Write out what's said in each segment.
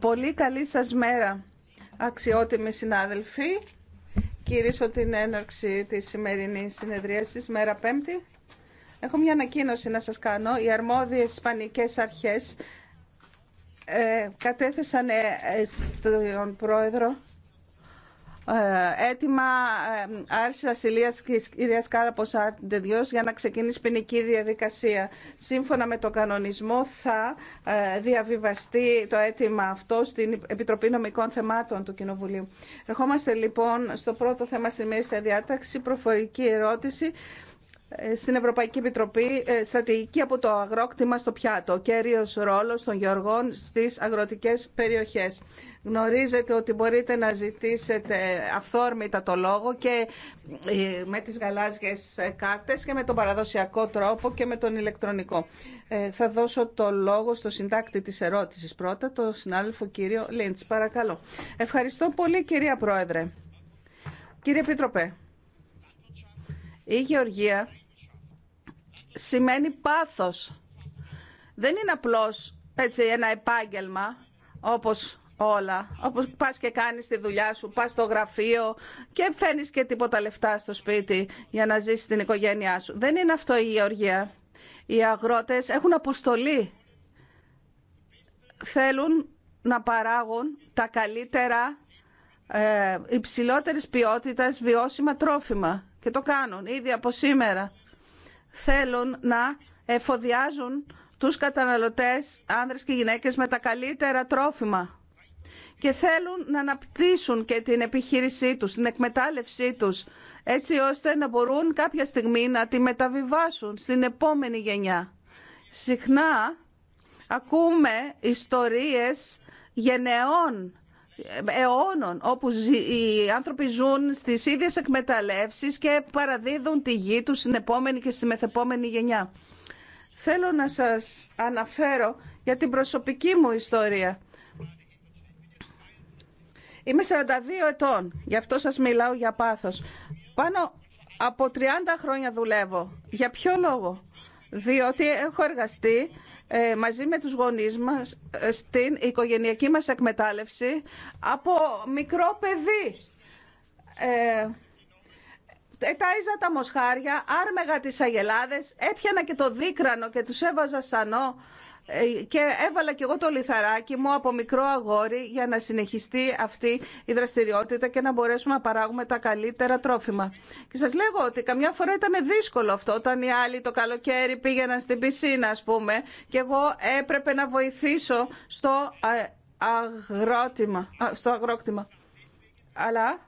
Πολύ καλή σας μέρα, αξιότιμοι συνάδελφοι. Κυρίσω την έναρξη της σημερινής συνεδρίασης, μέρα πέμπτη. Έχω μια ανακοίνωση να σας κάνω. Οι αρμόδιες ισπανικές αρχές ε, κατέθεσαν ε, στον πρόεδρο ε, έτοιμα ε, άρση ασυλίας και κυρίας Κάραπος Άρντεδιός για να ξεκινήσει ποινική διαδικασία. Σύμφωνα με το κανονισμό θα ε, διαβιβαστεί το αίτημα αυτό στην Επιτροπή Νομικών Θεμάτων του Κοινοβουλίου. Ερχόμαστε λοιπόν στο πρώτο θέμα στη μέση διάταξη, προφορική ερώτηση ε, στην Ευρωπαϊκή Επιτροπή ε, στρατηγική από το αγρόκτημα στο πιάτο, ο ρόλο των γεωργών στις αγροτικές περιοχές. Γνωρίζετε ότι μπορείτε να ζητήσετε αυθόρμητα το λόγο και ε, με τις γαλάζιες κάρτες και με τον παραδοσιακό τρόπο και με τον ηλεκτρονικό. θα δώσω το λόγο στο συντάκτη της ερώτησης πρώτα, τον συνάδελφο κύριο Λιντ. Παρακαλώ. Ευχαριστώ πολύ κυρία Πρόεδρε. Κύριε Επιτροπέ, η Γεωργία σημαίνει πάθος. Δεν είναι απλώς έτσι, ένα επάγγελμα όπως όλα. Όπως πας και κάνεις τη δουλειά σου, πας στο γραφείο και φέρνεις και τίποτα λεφτά στο σπίτι για να ζήσεις την οικογένειά σου. Δεν είναι αυτό η γεωργία. Οι αγρότες έχουν αποστολή. Θέλουν να παράγουν τα καλύτερα, ε, υψηλότερης ποιότητας βιώσιμα τρόφιμα. Και το κάνουν ήδη από σήμερα θέλουν να εφοδιάζουν τους καταναλωτές, άνδρες και γυναίκες, με τα καλύτερα τρόφιμα. Και θέλουν να αναπτύσσουν και την επιχείρησή τους, την εκμετάλλευσή τους, έτσι ώστε να μπορούν κάποια στιγμή να τη μεταβιβάσουν στην επόμενη γενιά. Συχνά ακούμε ιστορίες γενεών αιώνων όπου οι άνθρωποι ζουν στις ίδιες εκμεταλλεύσεις και παραδίδουν τη γη τους στην επόμενη και στη μεθεπόμενη γενιά. Θέλω να σας αναφέρω για την προσωπική μου ιστορία. Είμαι 42 ετών, γι' αυτό σας μιλάω για πάθος. Πάνω από 30 χρόνια δουλεύω. Για ποιο λόγο? Διότι έχω εργαστεί ε, μαζί με τους γονείς μας ε, στην οικογενειακή μας εκμετάλλευση από μικρό παιδί. Ε, ετάιζα τα μοσχάρια, άρμεγα τις αγελάδες, έπιανα και το δίκρανο και τους έβαζα σανό ε, και έβαλα και εγώ το λιθαράκι μου από μικρό αγόρι για να συνεχιστεί αυτή η δραστηριότητα και να μπορέσουμε να παράγουμε τα καλύτερα τρόφιμα. Και σας λέγω ότι καμιά φορά ήταν δύσκολο αυτό όταν οι άλλοι το καλοκαίρι πήγαιναν στην πισίνα ας πούμε και εγώ έπρεπε να βοηθήσω στο, ε, αγρότημα, στο αγρόκτημα. Αλλά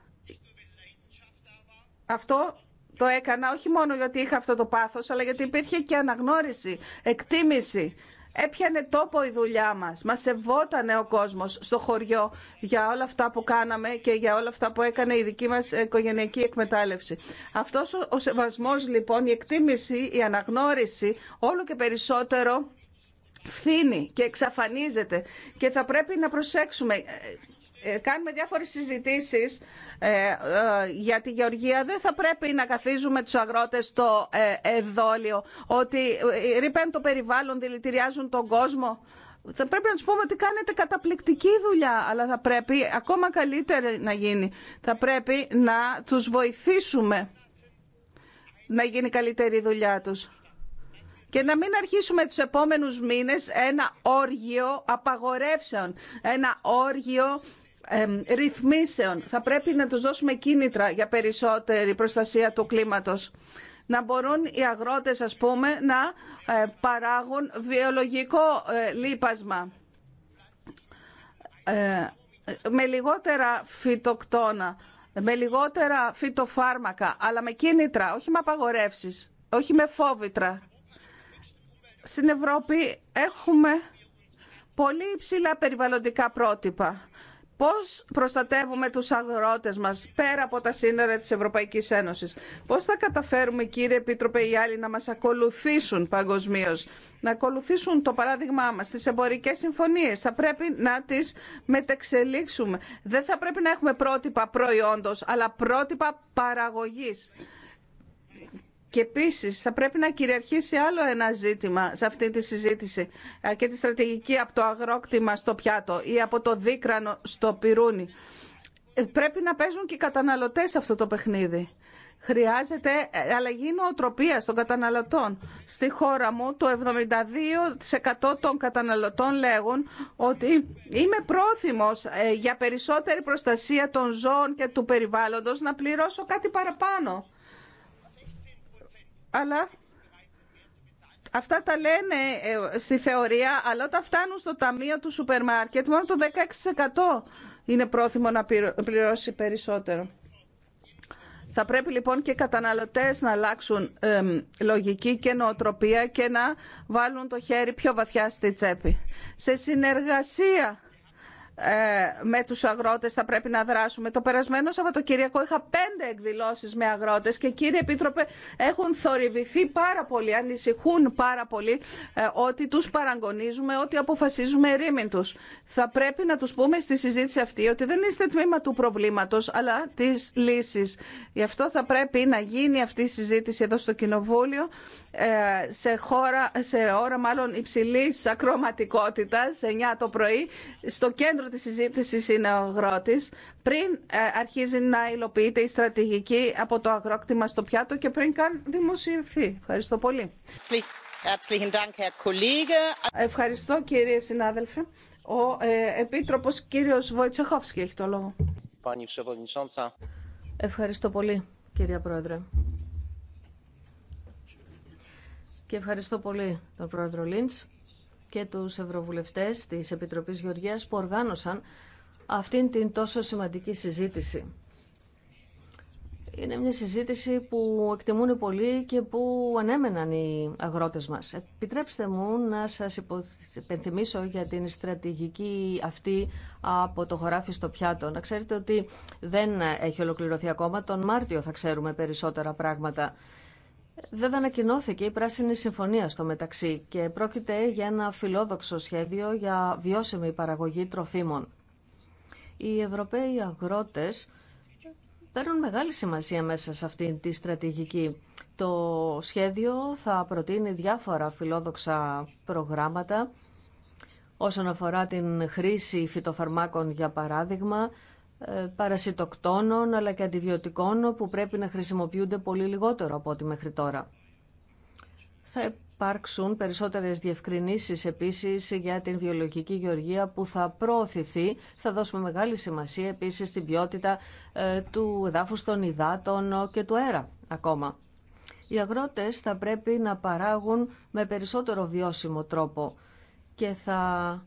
αυτό το έκανα όχι μόνο γιατί είχα αυτό το πάθος, αλλά γιατί υπήρχε και αναγνώριση, εκτίμηση έπιανε τόπο η δουλειά μας. Μας σεβότανε ο κόσμος στο χωριό για όλα αυτά που κάναμε και για όλα αυτά που έκανε η δική μας οικογενειακή εκμετάλλευση. Αυτός ο σεβασμός λοιπόν, η εκτίμηση, η αναγνώριση όλο και περισσότερο φθήνει και εξαφανίζεται και θα πρέπει να προσέξουμε ε, κάνουμε διάφορες συζητήσεις ε, ε, για τη γεωργία. Δεν θα πρέπει να καθίζουμε τους αγρότες στο εδόλιο ότι ρηπαίνουν το περιβάλλον, δηλητηριάζουν τον κόσμο. Θα πρέπει να του πούμε ότι κάνετε καταπληκτική δουλειά, αλλά θα πρέπει ακόμα καλύτερα να γίνει. Θα πρέπει να τους βοηθήσουμε να γίνει καλύτερη η δουλειά τους. Και να μην αρχίσουμε τους επόμενους μήνες ένα όργιο απαγορεύσεων, ένα όργιο ρυθμίσεων. Θα πρέπει να τους δώσουμε κίνητρα για περισσότερη προστασία του κλίματος. Να μπορούν οι αγρότες, ας πούμε, να ε, παράγουν βιολογικό ε, λίπασμα ε, με λιγότερα φυτοκτόνα, με λιγότερα φυτοφάρμακα, αλλά με κίνητρα, όχι με απαγορεύσεις, όχι με φόβητρα. Στην Ευρώπη έχουμε πολύ υψηλά περιβαλλοντικά πρότυπα Πώς προστατεύουμε τους αγρότες μας πέρα από τα σύνορα της Ευρωπαϊκής Ένωσης. Πώς θα καταφέρουμε κύριε Επίτροπε οι άλλοι να μας ακολουθήσουν παγκοσμίω, να ακολουθήσουν το παράδειγμά μας, τις εμπορικές συμφωνίες. Θα πρέπει να τις μετεξελίξουμε. Δεν θα πρέπει να έχουμε πρότυπα προϊόντος, αλλά πρότυπα παραγωγής. Και επίση θα πρέπει να κυριαρχήσει άλλο ένα ζήτημα σε αυτή τη συζήτηση και τη στρατηγική από το αγρόκτημα στο πιάτο ή από το δίκρανο στο πυρούνι. Ε, πρέπει να παίζουν και οι καταναλωτέ αυτό το παιχνίδι. Χρειάζεται ε, αλλαγή νοοτροπία των καταναλωτών. Στη χώρα μου το 72% των καταναλωτών λέγουν ότι είμαι πρόθυμος ε, για περισσότερη προστασία των ζώων και του περιβάλλοντος να πληρώσω κάτι παραπάνω αλλά αυτά τα λένε ε, στη θεωρία, αλλά όταν φτάνουν στο ταμείο του σούπερ μάρκετ, μόνο το 16% είναι πρόθυμο να πληρώσει περισσότερο. Θα πρέπει λοιπόν και οι καταναλωτές να αλλάξουν λογική και νοοτροπία και να βάλουν το χέρι πιο βαθιά στη τσέπη. Σε συνεργασία ε, με τους αγρότες θα πρέπει να δράσουμε. Το περασμένο Σαββατοκύριακο είχα πέντε εκδηλώσεις με αγρότες και κύριε Επίτροπε έχουν θορυβηθεί πάρα πολύ, ανησυχούν πάρα πολύ ε, ότι τους παραγωνίζουμε, ότι αποφασίζουμε ρήμην του. Θα πρέπει να τους πούμε στη συζήτηση αυτή ότι δεν είστε τμήμα του προβλήματο αλλά τη λύση. Γι' αυτό θα πρέπει να γίνει αυτή η συζήτηση εδώ στο Κοινοβούλιο ε, σε, χώρα, σε ώρα μάλλον υψηλής ακροματικότητας, 9 το πρωί, στο κέντρο της συζήτησης είναι ο αγρότης, πριν ε, αρχίζει να υλοποιείται η στρατηγική από το αγρόκτημα στο πιάτο και πριν καν δημοσιευθεί. Ευχαριστώ πολύ. Ευχαριστώ κύριε συνάδελφε. Ο ε, Επίτροπος κύριος Βοητσεχόφσκι έχει το λόγο. Ευχαριστώ πολύ κυρία Πρόεδρε. Και ευχαριστώ πολύ τον πρόεδρο Λίντς και τους ευρωβουλευτές της Επιτροπής Γεωργίας που οργάνωσαν αυτήν την τόσο σημαντική συζήτηση. Είναι μια συζήτηση που εκτιμούν πολύ και που ανέμεναν οι αγρότες μας. Επιτρέψτε μου να σας υπενθυμίσω για την στρατηγική αυτή από το χωράφι στο πιάτο. Να ξέρετε ότι δεν έχει ολοκληρωθεί ακόμα. Τον Μάρτιο θα ξέρουμε περισσότερα πράγματα. Δεν ανακοινώθηκε η Πράσινη Συμφωνία στο μεταξύ και πρόκειται για ένα φιλόδοξο σχέδιο για βιώσιμη παραγωγή τροφίμων. Οι Ευρωπαίοι αγρότες παίρνουν μεγάλη σημασία μέσα σε αυτή τη στρατηγική. Το σχέδιο θα προτείνει διάφορα φιλόδοξα προγράμματα όσον αφορά την χρήση φυτοφαρμάκων για παράδειγμα, ε, παρασιτοκτόνων αλλά και αντιβιωτικών που πρέπει να χρησιμοποιούνται πολύ λιγότερο από ό,τι μέχρι τώρα. Θα υπάρξουν περισσότερες διευκρινήσεις επίσης για την βιολογική γεωργία που θα προωθηθεί. Θα δώσουμε μεγάλη σημασία επίσης στην ποιότητα ε, του δάφους των υδάτων και του αέρα ακόμα. Οι αγρότες θα πρέπει να παράγουν με περισσότερο βιώσιμο τρόπο και θα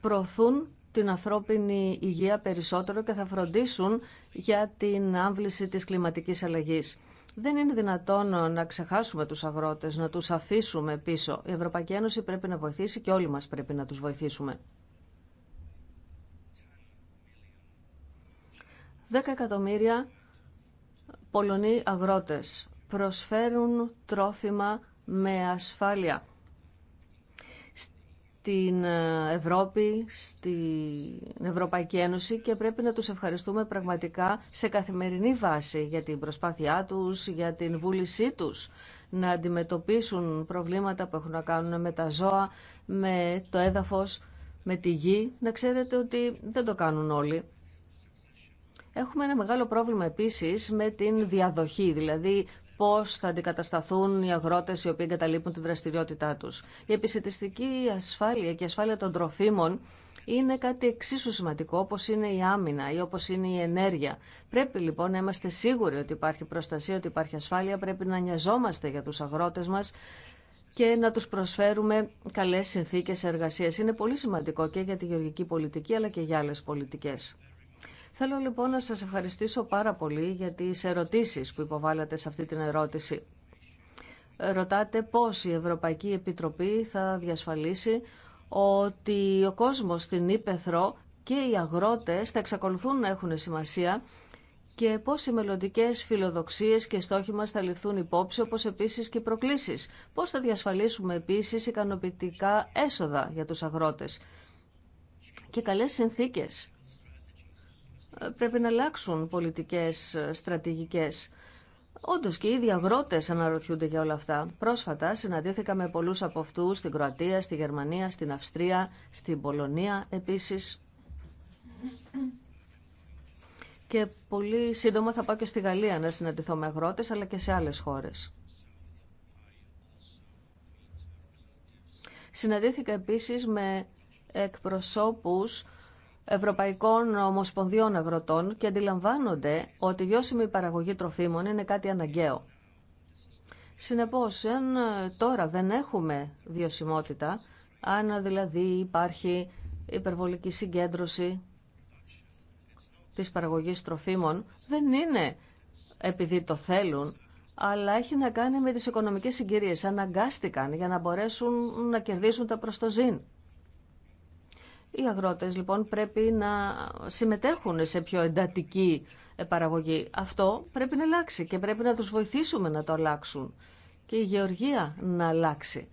προωθούν την ανθρώπινη υγεία περισσότερο και θα φροντίσουν για την άμβληση της κλιματικής αλλαγής. Δεν είναι δυνατόν να ξεχάσουμε τους αγρότες, να τους αφήσουμε πίσω. Η Ευρωπαϊκή Ένωση πρέπει να βοηθήσει και όλοι μας πρέπει να τους βοηθήσουμε. 10 εκατομμύρια Πολωνοί αγρότες προσφέρουν τρόφιμα με ασφάλεια στην ε, Ευρώπη, στην Ευρωπαϊκή Ένωση και πρέπει να τους ευχαριστούμε πραγματικά σε καθημερινή βάση για την προσπάθειά τους, για την βούλησή τους να αντιμετωπίσουν προβλήματα που έχουν να κάνουν με τα ζώα, με το έδαφος, με τη γη. Να ξέρετε ότι δεν το κάνουν όλοι. Έχουμε ένα μεγάλο πρόβλημα επίσης με την διαδοχή, δηλαδή πώ θα αντικατασταθούν οι αγρότε οι οποίοι εγκαταλείπουν τη δραστηριότητά του. Η επισητιστική ασφάλεια και η ασφάλεια των τροφίμων είναι κάτι εξίσου σημαντικό όπως είναι η άμυνα ή όπως είναι η ενέργεια. Πρέπει λοιπόν να είμαστε σίγουροι ότι υπάρχει προστασία, ότι υπάρχει ασφάλεια, πρέπει να νοιαζόμαστε για τους αγρότες μας και να τους προσφέρουμε καλές συνθήκες εργασίας. Είναι πολύ σημαντικό και για τη γεωργική πολιτική αλλά και για άλλες πολιτικές. Θέλω λοιπόν να σας ευχαριστήσω πάρα πολύ για τις ερωτήσεις που υποβάλλατε σε αυτή την ερώτηση. Ε, ρωτάτε πώς η Ευρωπαϊκή Επιτροπή θα διασφαλίσει ότι ο κόσμος στην Ήπεθρο και οι αγρότες θα εξακολουθούν να έχουν σημασία και πώς οι μελλοντικέ φιλοδοξίες και στόχοι μας θα ληφθούν υπόψη, όπως επίσης και οι προκλήσεις. Πώς θα διασφαλίσουμε επίσης ικανοποιητικά έσοδα για τους αγρότες και καλές συνθήκες πρέπει να αλλάξουν πολιτικές στρατηγικές. Όντω και οι ίδιοι αγρότε αναρωτιούνται για όλα αυτά. Πρόσφατα συναντήθηκα με πολλού από αυτού στην Κροατία, στη Γερμανία, στην Αυστρία, στην Πολωνία επίση. Και πολύ σύντομα θα πάω και στη Γαλλία να συναντηθώ με αγρότε, αλλά και σε άλλε χώρε. Συναντήθηκα επίσης με εκπροσώπους Ευρωπαϊκών Ομοσπονδιών Αγροτών και αντιλαμβάνονται ότι η βιώσιμη παραγωγή τροφίμων είναι κάτι αναγκαίο. Συνεπώς, αν τώρα δεν έχουμε βιωσιμότητα, αν δηλαδή υπάρχει υπερβολική συγκέντρωση της παραγωγής τροφίμων, δεν είναι επειδή το θέλουν, αλλά έχει να κάνει με τις οικονομικές συγκυρίες. Αναγκάστηκαν για να μπορέσουν να κερδίσουν τα προστοζήν. Οι αγρότες λοιπόν πρέπει να συμμετέχουν σε πιο εντατική παραγωγή. Αυτό πρέπει να αλλάξει και πρέπει να τους βοηθήσουμε να το αλλάξουν και η γεωργία να αλλάξει.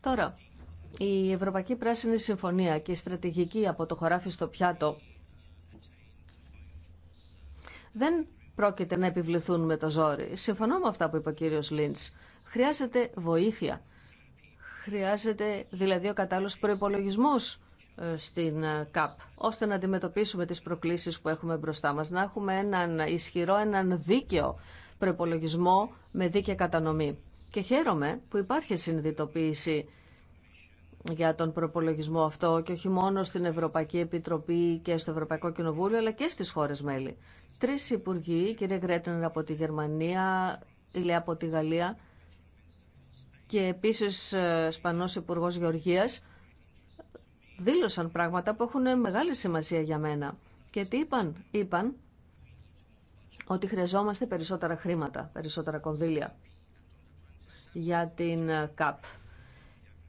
Τώρα, η Ευρωπαϊκή Πράσινη Συμφωνία και η στρατηγική από το χωράφι στο πιάτο δεν πρόκειται να επιβληθούν με το ζόρι. Συμφωνώ με αυτά που είπε ο κύριος Λίντς. Χρειάζεται βοήθεια. Χρειάζεται δηλαδή ο κατάλληλος προϋπολογισμός ε, στην ε, ΚΑΠ, ώστε να αντιμετωπίσουμε τις προκλήσεις που έχουμε μπροστά μας, να έχουμε έναν ισχυρό, έναν δίκαιο προϋπολογισμό με δίκαια κατανομή. Και χαίρομαι που υπάρχει συνειδητοποίηση για τον προπολογισμό αυτό και όχι μόνο στην Ευρωπαϊκή Επιτροπή και στο Ευρωπαϊκό Κοινοβούλιο, αλλά και στις χώρες μέλη. Τρεις υπουργοί, κύριε από τη Γερμανία, η από τη Γαλλία, και επίσης ε, Σπανός υπουργό Γεωργίας δήλωσαν πράγματα που έχουν μεγάλη σημασία για μένα. Και τι είπαν, είπαν ότι χρειαζόμαστε περισσότερα χρήματα, περισσότερα κονδύλια για την ε, ΚΑΠ.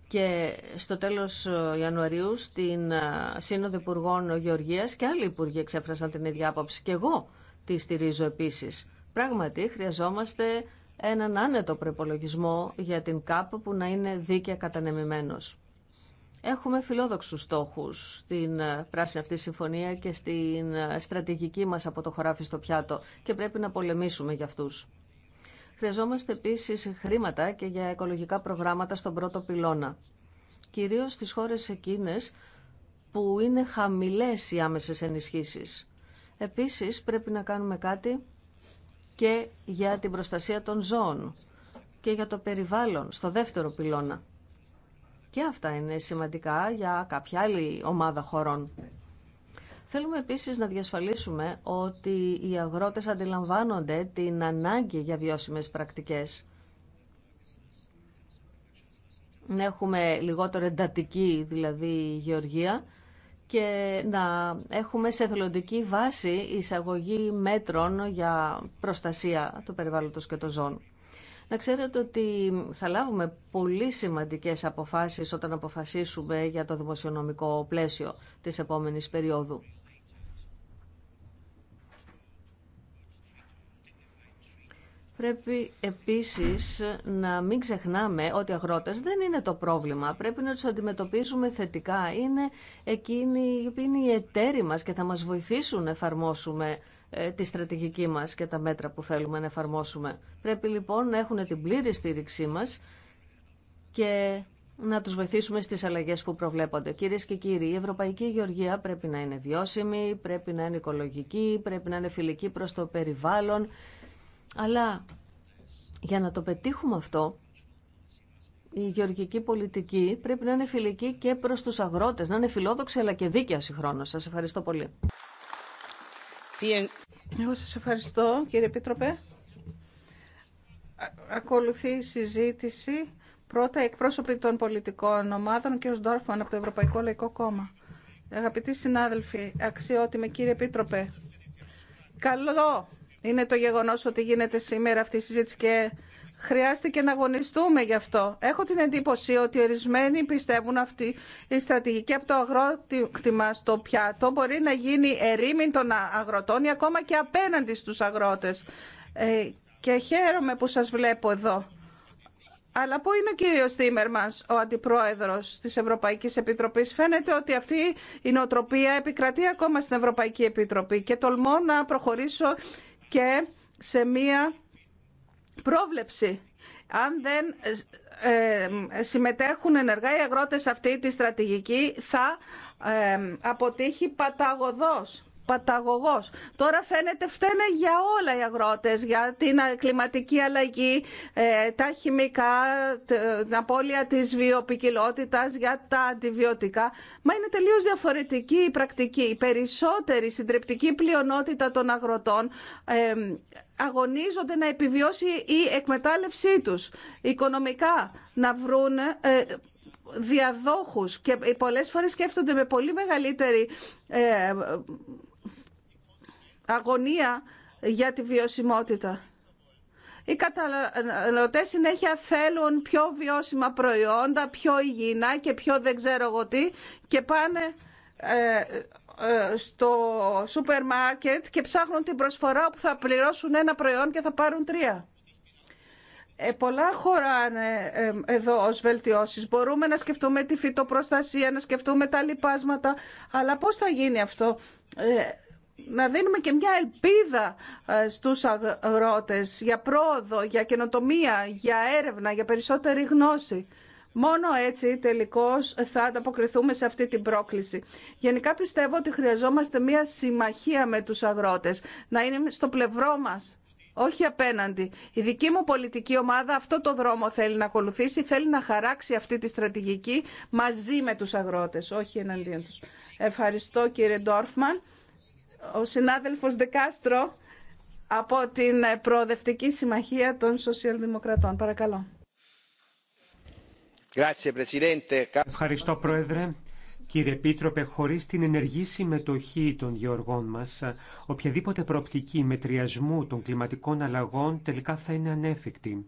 Και στο τέλος ε, Ιανουαρίου στην Σύνοδο Υπουργών Γεωργίας και άλλοι υπουργοί εξέφρασαν την ίδια άποψη. Και εγώ τη στηρίζω επίσης. Πράγματι χρειαζόμαστε έναν άνετο προπολογισμό για την ΚΑΠ που να είναι δίκαια κατανεμημένος. Έχουμε φιλόδοξους στόχους στην ε, πράσινη αυτή συμφωνία και στην ε, στρατηγική μας από το χωράφι στο πιάτο και πρέπει να πολεμήσουμε για αυτούς. Χρειαζόμαστε επίσης χρήματα και για οικολογικά προγράμματα στον πρώτο πυλώνα. Κυρίως στις χώρες εκείνες που είναι χαμηλές οι άμεσες ενισχύσεις. Επίσης πρέπει να κάνουμε κάτι και για την προστασία των ζώων και για το περιβάλλον στο δεύτερο πυλώνα. Και αυτά είναι σημαντικά για κάποια άλλη ομάδα χωρών. Θέλουμε επίσης να διασφαλίσουμε ότι οι αγρότες αντιλαμβάνονται την ανάγκη για βιώσιμες πρακτικές. Να έχουμε λιγότερο εντατική δηλαδή γεωργία και να έχουμε σε εθελοντική βάση εισαγωγή μέτρων για προστασία του περιβάλλοντος και των ζώων. Να ξέρετε ότι θα λάβουμε πολύ σημαντικές αποφάσεις όταν αποφασίσουμε για το δημοσιονομικό πλαίσιο της επόμενης περίοδου. Πρέπει επίσης να μην ξεχνάμε ότι οι αγρότες δεν είναι το πρόβλημα. Πρέπει να τους αντιμετωπίσουμε θετικά. Είναι εκείνοι είναι οι εταίροι μας και θα μας βοηθήσουν να εφαρμόσουμε ε, τη στρατηγική μας και τα μέτρα που θέλουμε να εφαρμόσουμε. Πρέπει λοιπόν να έχουν την πλήρη στήριξή μας και να τους βοηθήσουμε στις αλλαγές που προβλέπονται. Κυρίες και κύριοι, η Ευρωπαϊκή Γεωργία πρέπει να είναι βιώσιμη, πρέπει να είναι οικολογική, πρέπει να είναι φιλική προς το περιβάλλον αλλά για να το πετύχουμε αυτό, η γεωργική πολιτική πρέπει να είναι φιλική και προς τους αγρότες, να είναι φιλόδοξη αλλά και δίκαια συγχρόνως. Σας ευχαριστώ πολύ. Εγώ σας ευχαριστώ κύριε πίτροπε. Ακολουθεί η συζήτηση. Πρώτα εκπρόσωποι των πολιτικών ομάδων και ο Ντόρφμαν από το Ευρωπαϊκό Λαϊκό Κόμμα. Αγαπητοί συνάδελφοι, αξιότιμε κύριε Επίτροπε, καλό είναι το γεγονός ότι γίνεται σήμερα αυτή η συζήτηση και χρειάστηκε να αγωνιστούμε γι' αυτό. Έχω την εντύπωση ότι ορισμένοι πιστεύουν αυτή η στρατηγική από το αγρότημα στο πιάτο μπορεί να γίνει ερήμην των αγροτών ή ακόμα και απέναντι στους αγρότες. Ε, και χαίρομαι που σας βλέπω εδώ. Αλλά πού είναι ο κύριος Τίμερμανς, ο αντιπρόεδρος της Ευρωπαϊκής Επιτροπής. Φαίνεται ότι αυτή η νοοτροπία επικρατεί ακόμα στην Ευρωπαϊκή Επιτροπή και τολμώ να προχωρήσω και σε μία πρόβλεψη. Αν δεν ε, ε, συμμετέχουν ενεργά οι αγρότες σε αυτή τη στρατηγική θα ε, αποτύχει παταγωδός. Τώρα φαίνεται φταίνε για όλα οι αγρότες, για την κλιματική αλλαγή, ε, τα χημικά, την απώλεια της βιοπικιλότητας, για τα αντιβιωτικά. Μα είναι τελείως διαφορετική η πρακτική. Η περισσότερη συντριπτική πλειονότητα των αγροτών ε, αγωνίζονται να επιβιώσει η εκμετάλλευσή τους οικονομικά, να βρουν ε, διαδόχους και πολλές φορές σκέφτονται με πολύ μεγαλύτερη αγωνία για τη βιωσιμότητα. Οι καταναλωτές συνέχεια θέλουν πιο βιώσιμα προϊόντα, πιο υγιεινά και πιο δεν ξέρω εγώ τι και πάνε ε, ε, στο σούπερ μάρκετ και ψάχνουν την προσφορά που θα πληρώσουν ένα προϊόν και θα πάρουν τρία. Ε, πολλά χωράνε ε, εδώ ως βελτιώσεις. Μπορούμε να σκεφτούμε τη φυτοπροστασία, να σκεφτούμε τα λοιπάσματα, αλλά πώς θα γίνει αυτό να δίνουμε και μια ελπίδα ε, στους αγρότες για πρόοδο, για καινοτομία, για έρευνα, για περισσότερη γνώση. Μόνο έτσι τελικώς θα ανταποκριθούμε σε αυτή την πρόκληση. Γενικά πιστεύω ότι χρειαζόμαστε μια συμμαχία με τους αγρότες, να είναι στο πλευρό μας. Όχι απέναντι. Η δική μου πολιτική ομάδα αυτό το δρόμο θέλει να ακολουθήσει, θέλει να χαράξει αυτή τη στρατηγική μαζί με τους αγρότες, όχι εναντίον τους. Ευχαριστώ κύριε Ντόρφμαν ο συνάδελφος Δεκάστρο από την Προοδευτική Συμμαχία των Σοσιαλδημοκρατών. Παρακαλώ. Ευχαριστώ, Πρόεδρε. Κύριε Επίτροπε, χωρί την ενεργή συμμετοχή των γεωργών μα, οποιαδήποτε προοπτική μετριασμού των κλιματικών αλλαγών τελικά θα είναι ανέφικτη.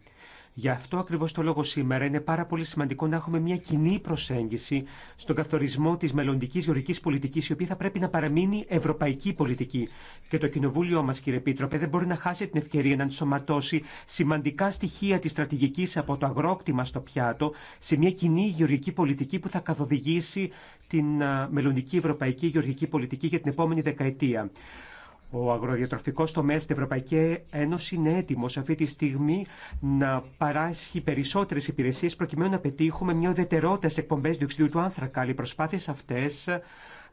Γι' αυτό ακριβώς το λόγο σήμερα είναι πάρα πολύ σημαντικό να έχουμε μια κοινή προσέγγιση στον καθορισμό της μελλοντική γεωργικής πολιτικής, η οποία θα πρέπει να παραμείνει ευρωπαϊκή πολιτική. Και το Κοινοβούλιο μας, κύριε Επίτροπε, δεν μπορεί να χάσει την ευκαιρία να ενσωματώσει σημαντικά στοιχεία της στρατηγικής από το αγρόκτημα στο πιάτο σε μια κοινή γεωργική πολιτική που θα καθοδηγήσει την μελλοντική ευρωπαϊκή γεωργική πολιτική για την επόμενη δεκαετία. Ο αγροδιατροφικός τομέας στην Ευρωπαϊκή Ένωση είναι έτοιμος αυτή τη στιγμή να παράσχει περισσότερες υπηρεσίες προκειμένου να πετύχουμε μια οδετερότητα σε εκπομπές διοξιδίου του άνθρακα. οι προσπάθειες αυτές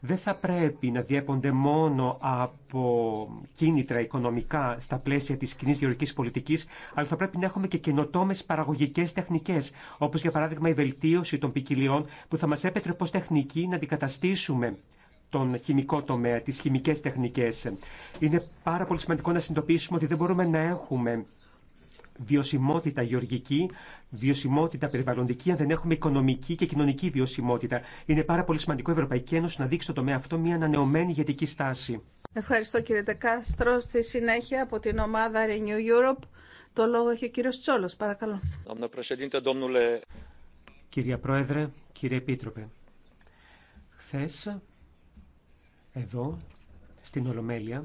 δεν θα πρέπει να διέπονται μόνο από κίνητρα οικονομικά στα πλαίσια της κοινή γεωργικής πολιτικής, αλλά θα πρέπει να έχουμε και καινοτόμε παραγωγικές τεχνικές, όπως για παράδειγμα η βελτίωση των ποικιλιών που θα μας έπαιτρε ως τεχνική να αντικαταστήσουμε τον χημικό τομέα, τις χημικές τεχνικές. Είναι πάρα πολύ σημαντικό να συνειδητοποιήσουμε ότι δεν μπορούμε να έχουμε βιωσιμότητα γεωργική, βιωσιμότητα περιβαλλοντική, αν δεν έχουμε οικονομική και κοινωνική βιωσιμότητα. Είναι πάρα πολύ σημαντικό η Ευρωπαϊκή Ένωση να δείξει στο τομέα αυτό μια ανανεωμένη ηγετική στάση. Ευχαριστώ κύριε Τεκάστρο. Στη συνέχεια από την ομάδα Renew Europe το λόγο έχει ο κύριος Τσόλος. Παρακαλώ. Κυρία Πρόεδρε, κύριε Επίτροπε, χθες εδώ, στην Ολομέλεια,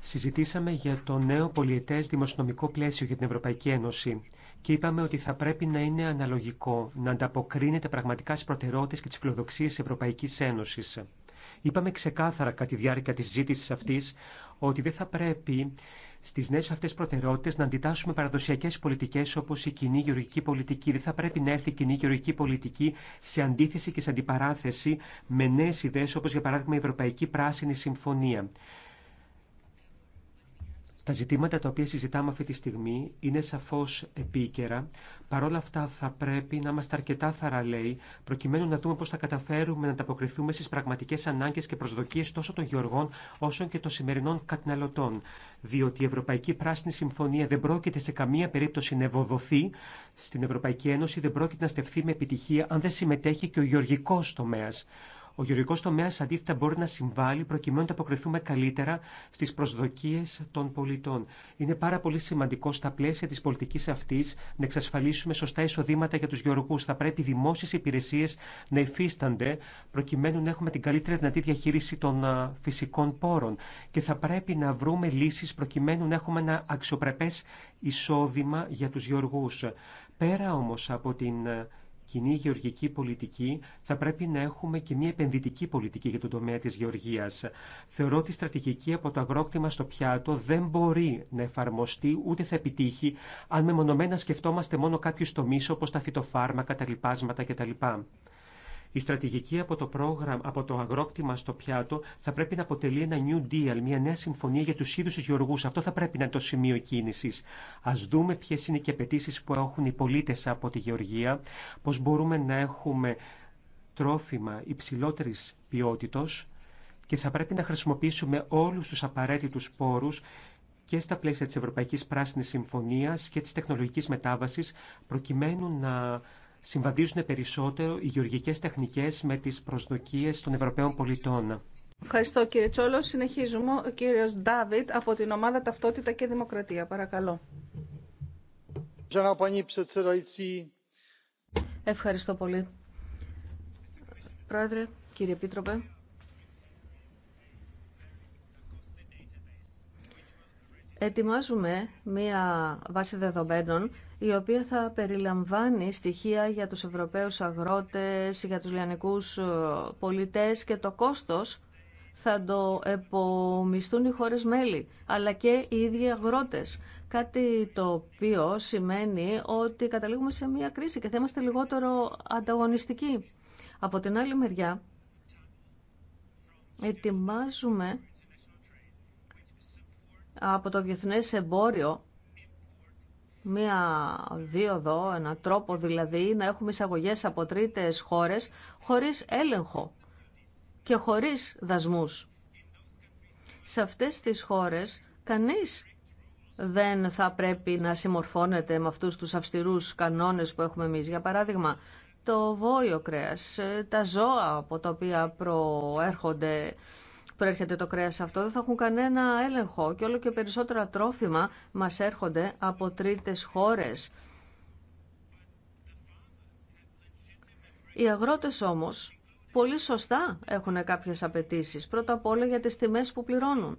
συζητήσαμε για το νέο πολιετές δημοσιονομικό πλαίσιο για την Ευρωπαϊκή Ένωση και είπαμε ότι θα πρέπει να είναι αναλογικό, να ανταποκρίνεται πραγματικά στις προτεραιότητες και τις φιλοδοξίες της Ευρωπαϊκής Ένωσης. Είπαμε ξεκάθαρα κατά τη διάρκεια της συζήτησης αυτής ότι δεν θα πρέπει στι νέε αυτέ προτεραιότητε να αντιτάσσουμε παραδοσιακέ πολιτικέ όπω η κοινή γεωργική πολιτική. Δεν θα πρέπει να έρθει η κοινή γεωργική πολιτική σε αντίθεση και σε αντιπαράθεση με νέε ιδέε όπω για παράδειγμα η Ευρωπαϊκή Πράσινη Συμφωνία. Τα ζητήματα τα οποία συζητάμε αυτή τη στιγμή είναι σαφώ επίκαιρα, Παρ' όλα αυτά θα πρέπει να είμαστε αρκετά θαραλέοι, προκειμένου να δούμε πώς θα καταφέρουμε να ανταποκριθούμε στι πραγματικέ ανάγκες και προσδοκίες τόσο των γεωργών όσο και των σημερινών καταναλωτών. Διότι η Ευρωπαϊκή Πράσινη Συμφωνία δεν πρόκειται σε καμία περίπτωση να ευοδοθεί στην Ευρωπαϊκή Ένωση, δεν πρόκειται να στεφθεί με επιτυχία αν δεν συμμετέχει και ο γεωργικό τομέα. Ο γεωργικό τομέα αντίθετα μπορεί να συμβάλλει προκειμένου να αποκριθούμε καλύτερα στι προσδοκίε των πολιτών. Είναι πάρα πολύ σημαντικό στα πλαίσια τη πολιτική αυτή να εξασφαλίσουμε σωστά εισοδήματα για του γεωργού. Θα πρέπει οι δημόσιε υπηρεσίε να υφίστανται προκειμένου να έχουμε την καλύτερη δυνατή διαχείριση των φυσικών πόρων. Και θα πρέπει να βρούμε λύσει προκειμένου να έχουμε ένα αξιοπρεπέ εισόδημα για του γεωργού. Πέρα όμω από την κοινή γεωργική πολιτική, θα πρέπει να έχουμε και μια επενδυτική πολιτική για τον τομέα της γεωργίας. Θεωρώ ότι η στρατηγική από το αγρόκτημα στο πιάτο δεν μπορεί να εφαρμοστεί ούτε θα επιτύχει αν μεμονωμένα σκεφτόμαστε μόνο κάποιου τομεί, όπω τα φυτοφάρμακα, τα λοιπάσματα κτλ. Η στρατηγική από το, πρόγραμμα, από το αγρόκτημα στο πιάτο θα πρέπει να αποτελεί ένα new deal, μια νέα συμφωνία για του ίδιου του γεωργού. Αυτό θα πρέπει να είναι το σημείο κίνηση. Α δούμε ποιε είναι και απαιτήσει που έχουν οι πολίτε από τη γεωργία, πώ μπορούμε να έχουμε τρόφιμα υψηλότερη ποιότητα και θα πρέπει να χρησιμοποιήσουμε όλου του απαραίτητου πόρου και στα πλαίσια της Ευρωπαϊκής Πράσινης Συμφωνίας και της τεχνολογικής μετάβασης προκειμένου να συμβαδίζουν περισσότερο οι γεωργικέ τεχνικέ με τι προσδοκίε των Ευρωπαίων πολιτών. Ευχαριστώ κύριε Τσόλο. Συνεχίζουμε. Ο κύριος Ντάβιτ από την ομάδα Ταυτότητα και Δημοκρατία. Παρακαλώ. Ευχαριστώ πολύ. Πρόεδρε, κύριε Επίτροπε. Ετοιμάζουμε μία βάση δεδομένων η οποία θα περιλαμβάνει στοιχεία για τους Ευρωπαίους αγρότες, για τους λιανικούς ε, πολιτές και το κόστος θα το επομιστούν οι χώρες μέλη, αλλά και οι ίδιοι αγρότες. Κάτι το οποίο σημαίνει ότι καταλήγουμε σε μια κρίση και θα είμαστε λιγότερο ανταγωνιστικοί. Από την άλλη μεριά, ετοιμάζουμε από το διεθνές εμπόριο μία δίωδο, ένα τρόπο δηλαδή να έχουμε εισαγωγέ από τρίτες χώρες χωρίς έλεγχο και χωρίς δασμούς. Σε αυτές τις χώρες κανείς δεν θα πρέπει να συμμορφώνεται με αυτούς τους αυστηρούς κανόνες που έχουμε εμείς. Για παράδειγμα, το βόλιο κρέας, ε, τα ζώα από τα οποία προέρχονται προέρχεται το κρέας αυτό, δεν θα έχουν κανένα έλεγχο και όλο και περισσότερα τρόφιμα μας έρχονται από τρίτες χώρες. Οι αγρότες όμως πολύ σωστά έχουν κάποιες απαιτήσεις. πρώτα απ' όλα για τις τιμές που πληρώνουν.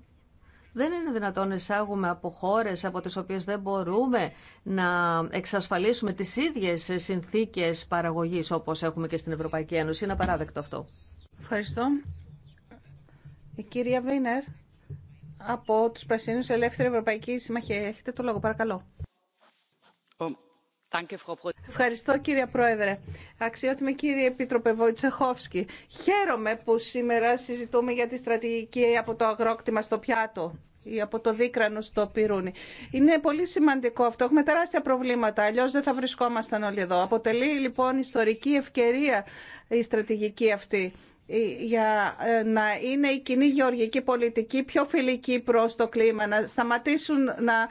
Δεν είναι δυνατόν να εισάγουμε από χώρες από τις οποίες δεν μπορούμε να εξασφαλίσουμε τις ίδιες συνθήκες παραγωγής όπως έχουμε και στην Ευρωπαϊκή Ένωση. Είναι απαράδεκτο αυτό. Ευχαριστώ. Η κυρία Βίνερ από τους Πρασίνους Ελεύθερη Ευρωπαϊκή Συμμαχία. Έχετε το λόγο, παρακαλώ. Ευχαριστώ κύριε Πρόεδρε. Αξιότιμη κύριε Επίτροπε Βοητσεχόφσκι. Χαίρομαι που σήμερα συζητούμε για τη στρατηγική από το αγρόκτημα στο πιάτο ή από το δίκρανο στο πυρούνι. Είναι πολύ σημαντικό αυτό. Έχουμε τεράστια προβλήματα. Αλλιώ δεν θα βρισκόμασταν όλοι εδώ. Αποτελεί λοιπόν ιστορική ευκαιρία η στρατηγική αυτή ε, για ε, να είναι η κοινή γεωργική πολιτική πιο φιλική προς το κλίμα, να σταματήσουν να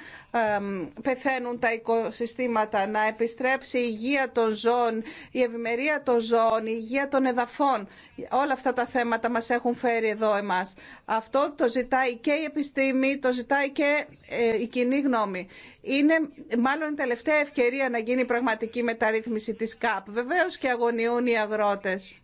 πεθαίνουν τα οικοσυστήματα, να επιστρέψει η υγεία των ζώων, η ευημερία των ζώων, η υγεία των εδαφών. Όλα αυτά τα θέματα μας έχουν φέρει εδώ εμάς. Αυτό το ζητάει και η επιστήμη, το ζητάει και ε, η κοινή γνώμη. Είναι μάλλον η τελευταία ευκαιρία να γίνει πραγματική μεταρρύθμιση της ΚΑΠ. Βεβαίως και αγωνιούν οι αγρότες.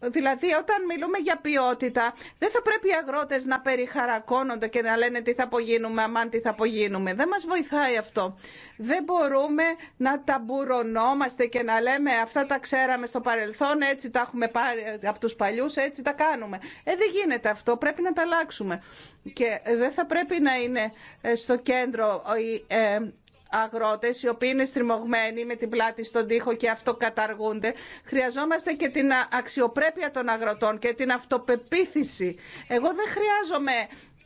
Δηλαδή όταν μιλούμε για ποιότητα δεν θα πρέπει οι αγρότες να περιχαρακώνονται και να λένε τι θα απογίνουμε, αμάν τι θα απογίνουμε. Δεν μας βοηθάει αυτό. Δεν μπορούμε να ταμπουρωνόμαστε και να λέμε αυτά τα ξέραμε στο παρελθόν, έτσι τα έχουμε πάρει από τους παλιούς, έτσι τα κάνουμε. Ε, δεν γίνεται αυτό, πρέπει να τα αλλάξουμε. Και δεν θα πρέπει να είναι ε, στο κέντρο ε, αγρότες οι οποίοι είναι στριμωγμένοι με την πλάτη στον τοίχο και αυτοκαταργούνται. Χρειαζόμαστε και την αξιοπρέπεια των αγροτών και την αυτοπεποίθηση. Εγώ δεν χρειάζομαι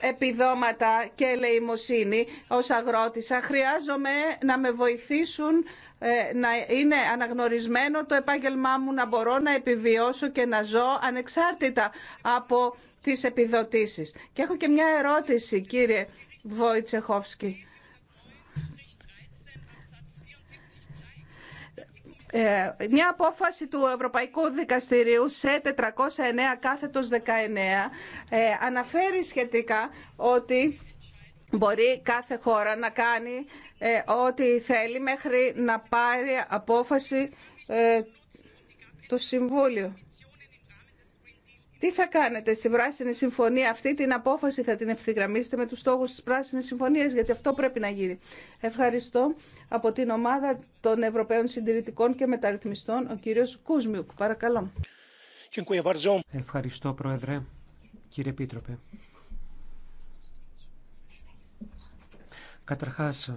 επιδόματα και ελεημοσύνη ως αγρότησα. Χρειάζομαι να με βοηθήσουν ε, να είναι αναγνωρισμένο το επάγγελμά μου, να μπορώ να επιβιώσω και να ζω ανεξάρτητα από τις επιδοτήσεις. Και έχω και μια ερώτηση, κύριε Βόιτσεχόφσκι. Ε, μια απόφαση του Ευρωπαϊκού Δικαστηρίου σε 409 κάθετος 19 ε, αναφέρει σχετικά ότι μπορεί κάθε χώρα να κάνει ε, ό,τι θέλει μέχρι να πάρει απόφαση του Συμβούλιο. Τι θα κάνετε στη Πράσινη Συμφωνία, αυτή την απόφαση θα την ευθυγραμμίσετε με τους στόχους της Πράσινης Συμφωνίας, γιατί αυτό πρέπει να γίνει. Ευχαριστώ από την ομάδα των Ευρωπαίων Συντηρητικών και Μεταρρυθμιστών, ο κύριος Κούσμιουκ. Παρακαλώ. Ευχαριστώ, Πρόεδρε. Κύριε Επίτροπε. Καταρχάς,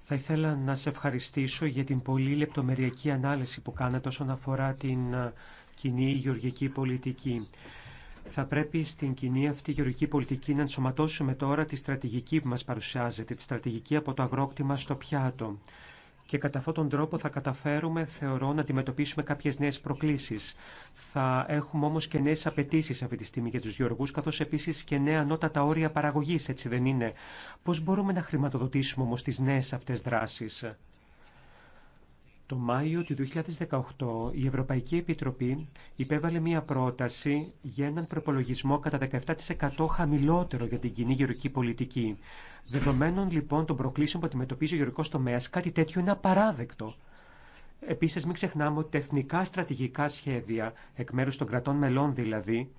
θα ήθελα να σε ευχαριστήσω για την πολύ λεπτομεριακή ανάλυση που κάνατε όσον αφορά την κοινή γεωργική πολιτική. Θα πρέπει στην κοινή αυτή γεωργική πολιτική να ενσωματώσουμε τώρα τη στρατηγική που μας παρουσιάζεται, τη στρατηγική από το αγρόκτημα στο πιάτο. Και κατά αυτόν τον τρόπο θα καταφέρουμε, θεωρώ, να αντιμετωπίσουμε κάποιε νέε προκλήσει. Θα έχουμε όμω και νέε απαιτήσει αυτή τη στιγμή για του γεωργού, καθώ επίση και νέα ανώτατα όρια παραγωγή, έτσι δεν είναι. Πώ μπορούμε να χρηματοδοτήσουμε όμω τι νέε αυτέ δράσει. Το Μάιο του 2018 η Ευρωπαϊκή Επιτροπή υπέβαλε μία πρόταση για έναν προπολογισμό κατά 17% χαμηλότερο για την κοινή γεωρική πολιτική. Δεδομένων λοιπόν των προκλήσεων που αντιμετωπίζει ο γεωρικός τομέα κάτι τέτοιο είναι απαράδεκτο. Επίση μην ξεχνάμε ότι τα εθνικά στρατηγικά σχέδια, εκ μέρου των κρατών μελών δηλαδή,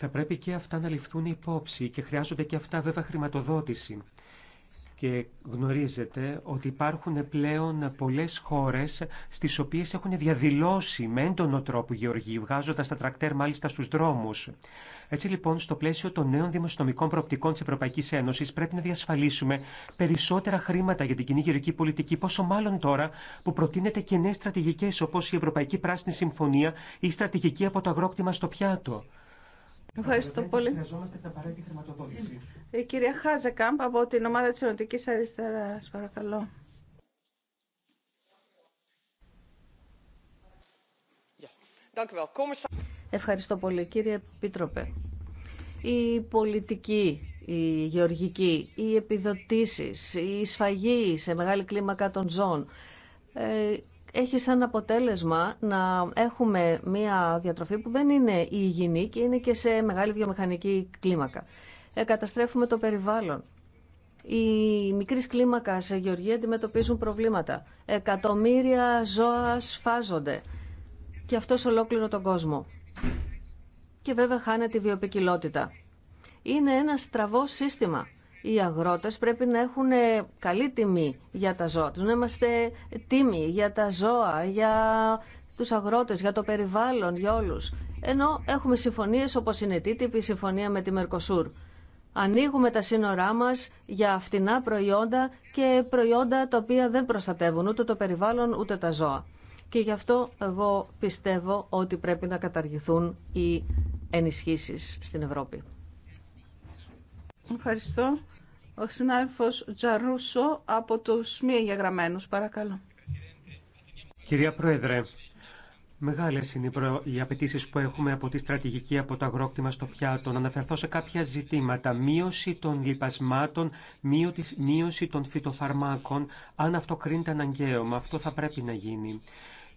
θα πρέπει και αυτά να ληφθούν υπόψη και χρειάζονται και αυτά βέβαια χρηματοδότηση και γνωρίζετε ότι υπάρχουν πλέον πολλές χώρες στις οποίες έχουν διαδηλώσει με έντονο τρόπο γεωργοί, βγάζοντα τα τρακτέρ μάλιστα στους δρόμους. Έτσι λοιπόν, στο πλαίσιο των νέων δημοσιονομικών προοπτικών της Ευρωπαϊκής Ένωσης πρέπει να διασφαλίσουμε περισσότερα χρήματα για την κοινή γεωργική πολιτική, πόσο μάλλον τώρα που προτείνεται και νέες στρατηγικές όπως η Ευρωπαϊκή Πράσινη Συμφωνία ή η στρατηγική από το αγρόκτημα στο πιάτο. Ευχαριστώ πολύ. Η ε, κυρία Χάζεκαμπ από την ομάδα της Ενωτικής Αριστεράς, παρακαλώ. Ευχαριστώ πολύ κύριε πίτροπε. Η πολιτική, η γεωργική, οι επιδοτήσεις, η σφαγή σε μεγάλη κλίμακα των ζώων, ε, έχει σαν αποτέλεσμα να έχουμε μια διατροφή που δεν είναι υγιεινή και είναι και σε μεγάλη βιομηχανική κλίμακα. Ε, καταστρέφουμε το περιβάλλον. Οι μικρής κλίμακας σε γεωργία αντιμετωπίζουν προβλήματα. Εκατομμύρια ζώα σφάζονται. Και αυτό σε ολόκληρο τον κόσμο. Και βέβαια χάνεται η βιοπικιλότητα. Είναι ένα στραβό σύστημα οι αγρότες πρέπει να έχουν ε, καλή τιμή για τα ζώα τους, να είμαστε τίμοι για τα ζώα, για τους αγρότες, για το περιβάλλον, για όλους. Ενώ έχουμε συμφωνίες όπως είναι TTIP, η συμφωνία με τη Μερκοσούρ. Ανοίγουμε τα σύνορά μας για φτηνά προϊόντα και προϊόντα τα οποία δεν προστατεύουν ούτε το περιβάλλον ούτε τα ζώα. Και γι' αυτό εγώ πιστεύω ότι πρέπει να καταργηθούν οι ενισχύσεις στην Ευρώπη. Ευχαριστώ. Ο συνάδελφος Τζαρούσο από τους μη εγγεγραμμένους. Παρακαλώ. Κυρία Πρόεδρε, Μεγάλε είναι οι απαιτήσει που έχουμε από τη στρατηγική, από το αγρόκτημα στο πιάτο. Να αναφερθώ σε κάποια ζητήματα. Μείωση των λιπασμάτων, μείωση των φυτοφαρμάκων. Αν αυτό κρίνεται αναγκαίο, αυτό θα πρέπει να γίνει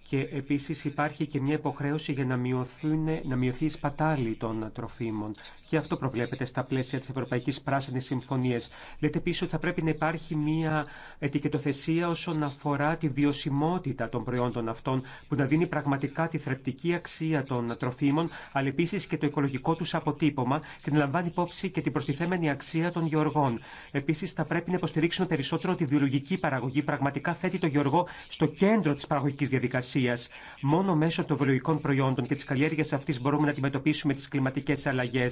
και επίσης υπάρχει και μια υποχρέωση για να, μειωθούν, να μειωθεί η σπατάλη των τροφίμων. Και αυτό προβλέπεται στα πλαίσια της Ευρωπαϊκής Πράσινης Συμφωνίας. Λέτε επίσης ότι θα πρέπει να υπάρχει μια ετικετοθεσία όσον αφορά τη βιωσιμότητα των προϊόντων αυτών που να δίνει πραγματικά τη θρεπτική αξία των τροφίμων αλλά επίσης και το οικολογικό τους αποτύπωμα και να λαμβάνει υπόψη και την προστιθέμενη αξία των γεωργών. Επίσης θα πρέπει να υποστηρίξουμε περισσότερο ότι η βιολογική παραγωγή πραγματικά θέτει το γεωργό στο κέντρο της παραγωγικής διαδικασίας εργασία. Μόνο μέσω των βιολογικών προϊόντων και τη καλλιέργεια αυτή μπορούμε να αντιμετωπίσουμε τι κλιματικέ αλλαγέ.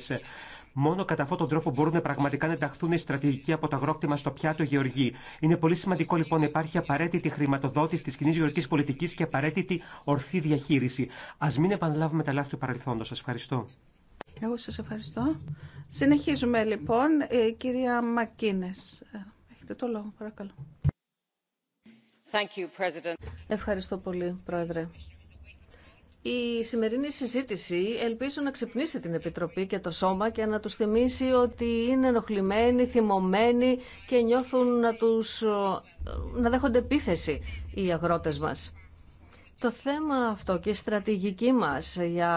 Μόνο κατά αυτόν τον τρόπο μπορούν πραγματικά να ενταχθούν οι στρατηγικοί από το αγρόκτημα στο πιάτο γεωργή. Είναι πολύ σημαντικό λοιπόν να υπάρχει απαραίτητη χρηματοδότηση τη κοινή γεωργική πολιτική και απαραίτητη ορθή διαχείριση. Α μην επαναλάβουμε τα λάθη του παρελθόντο. Σα ευχαριστώ. Εγώ σας ευχαριστώ. Συνεχίζουμε λοιπόν. κυρία Μακίνες, έχετε το λόγο, παρακαλώ. Ευχαριστώ πολύ, Πρόεδρε. Η σημερινή συζήτηση ελπίζω να ξυπνήσει την Επιτροπή και το Σώμα και να τους θυμίσει ότι είναι ενοχλημένοι, θυμωμένοι και νιώθουν να, τους, να δέχονται επίθεση οι αγρότες μας. Το θέμα αυτό και η στρατηγική μας για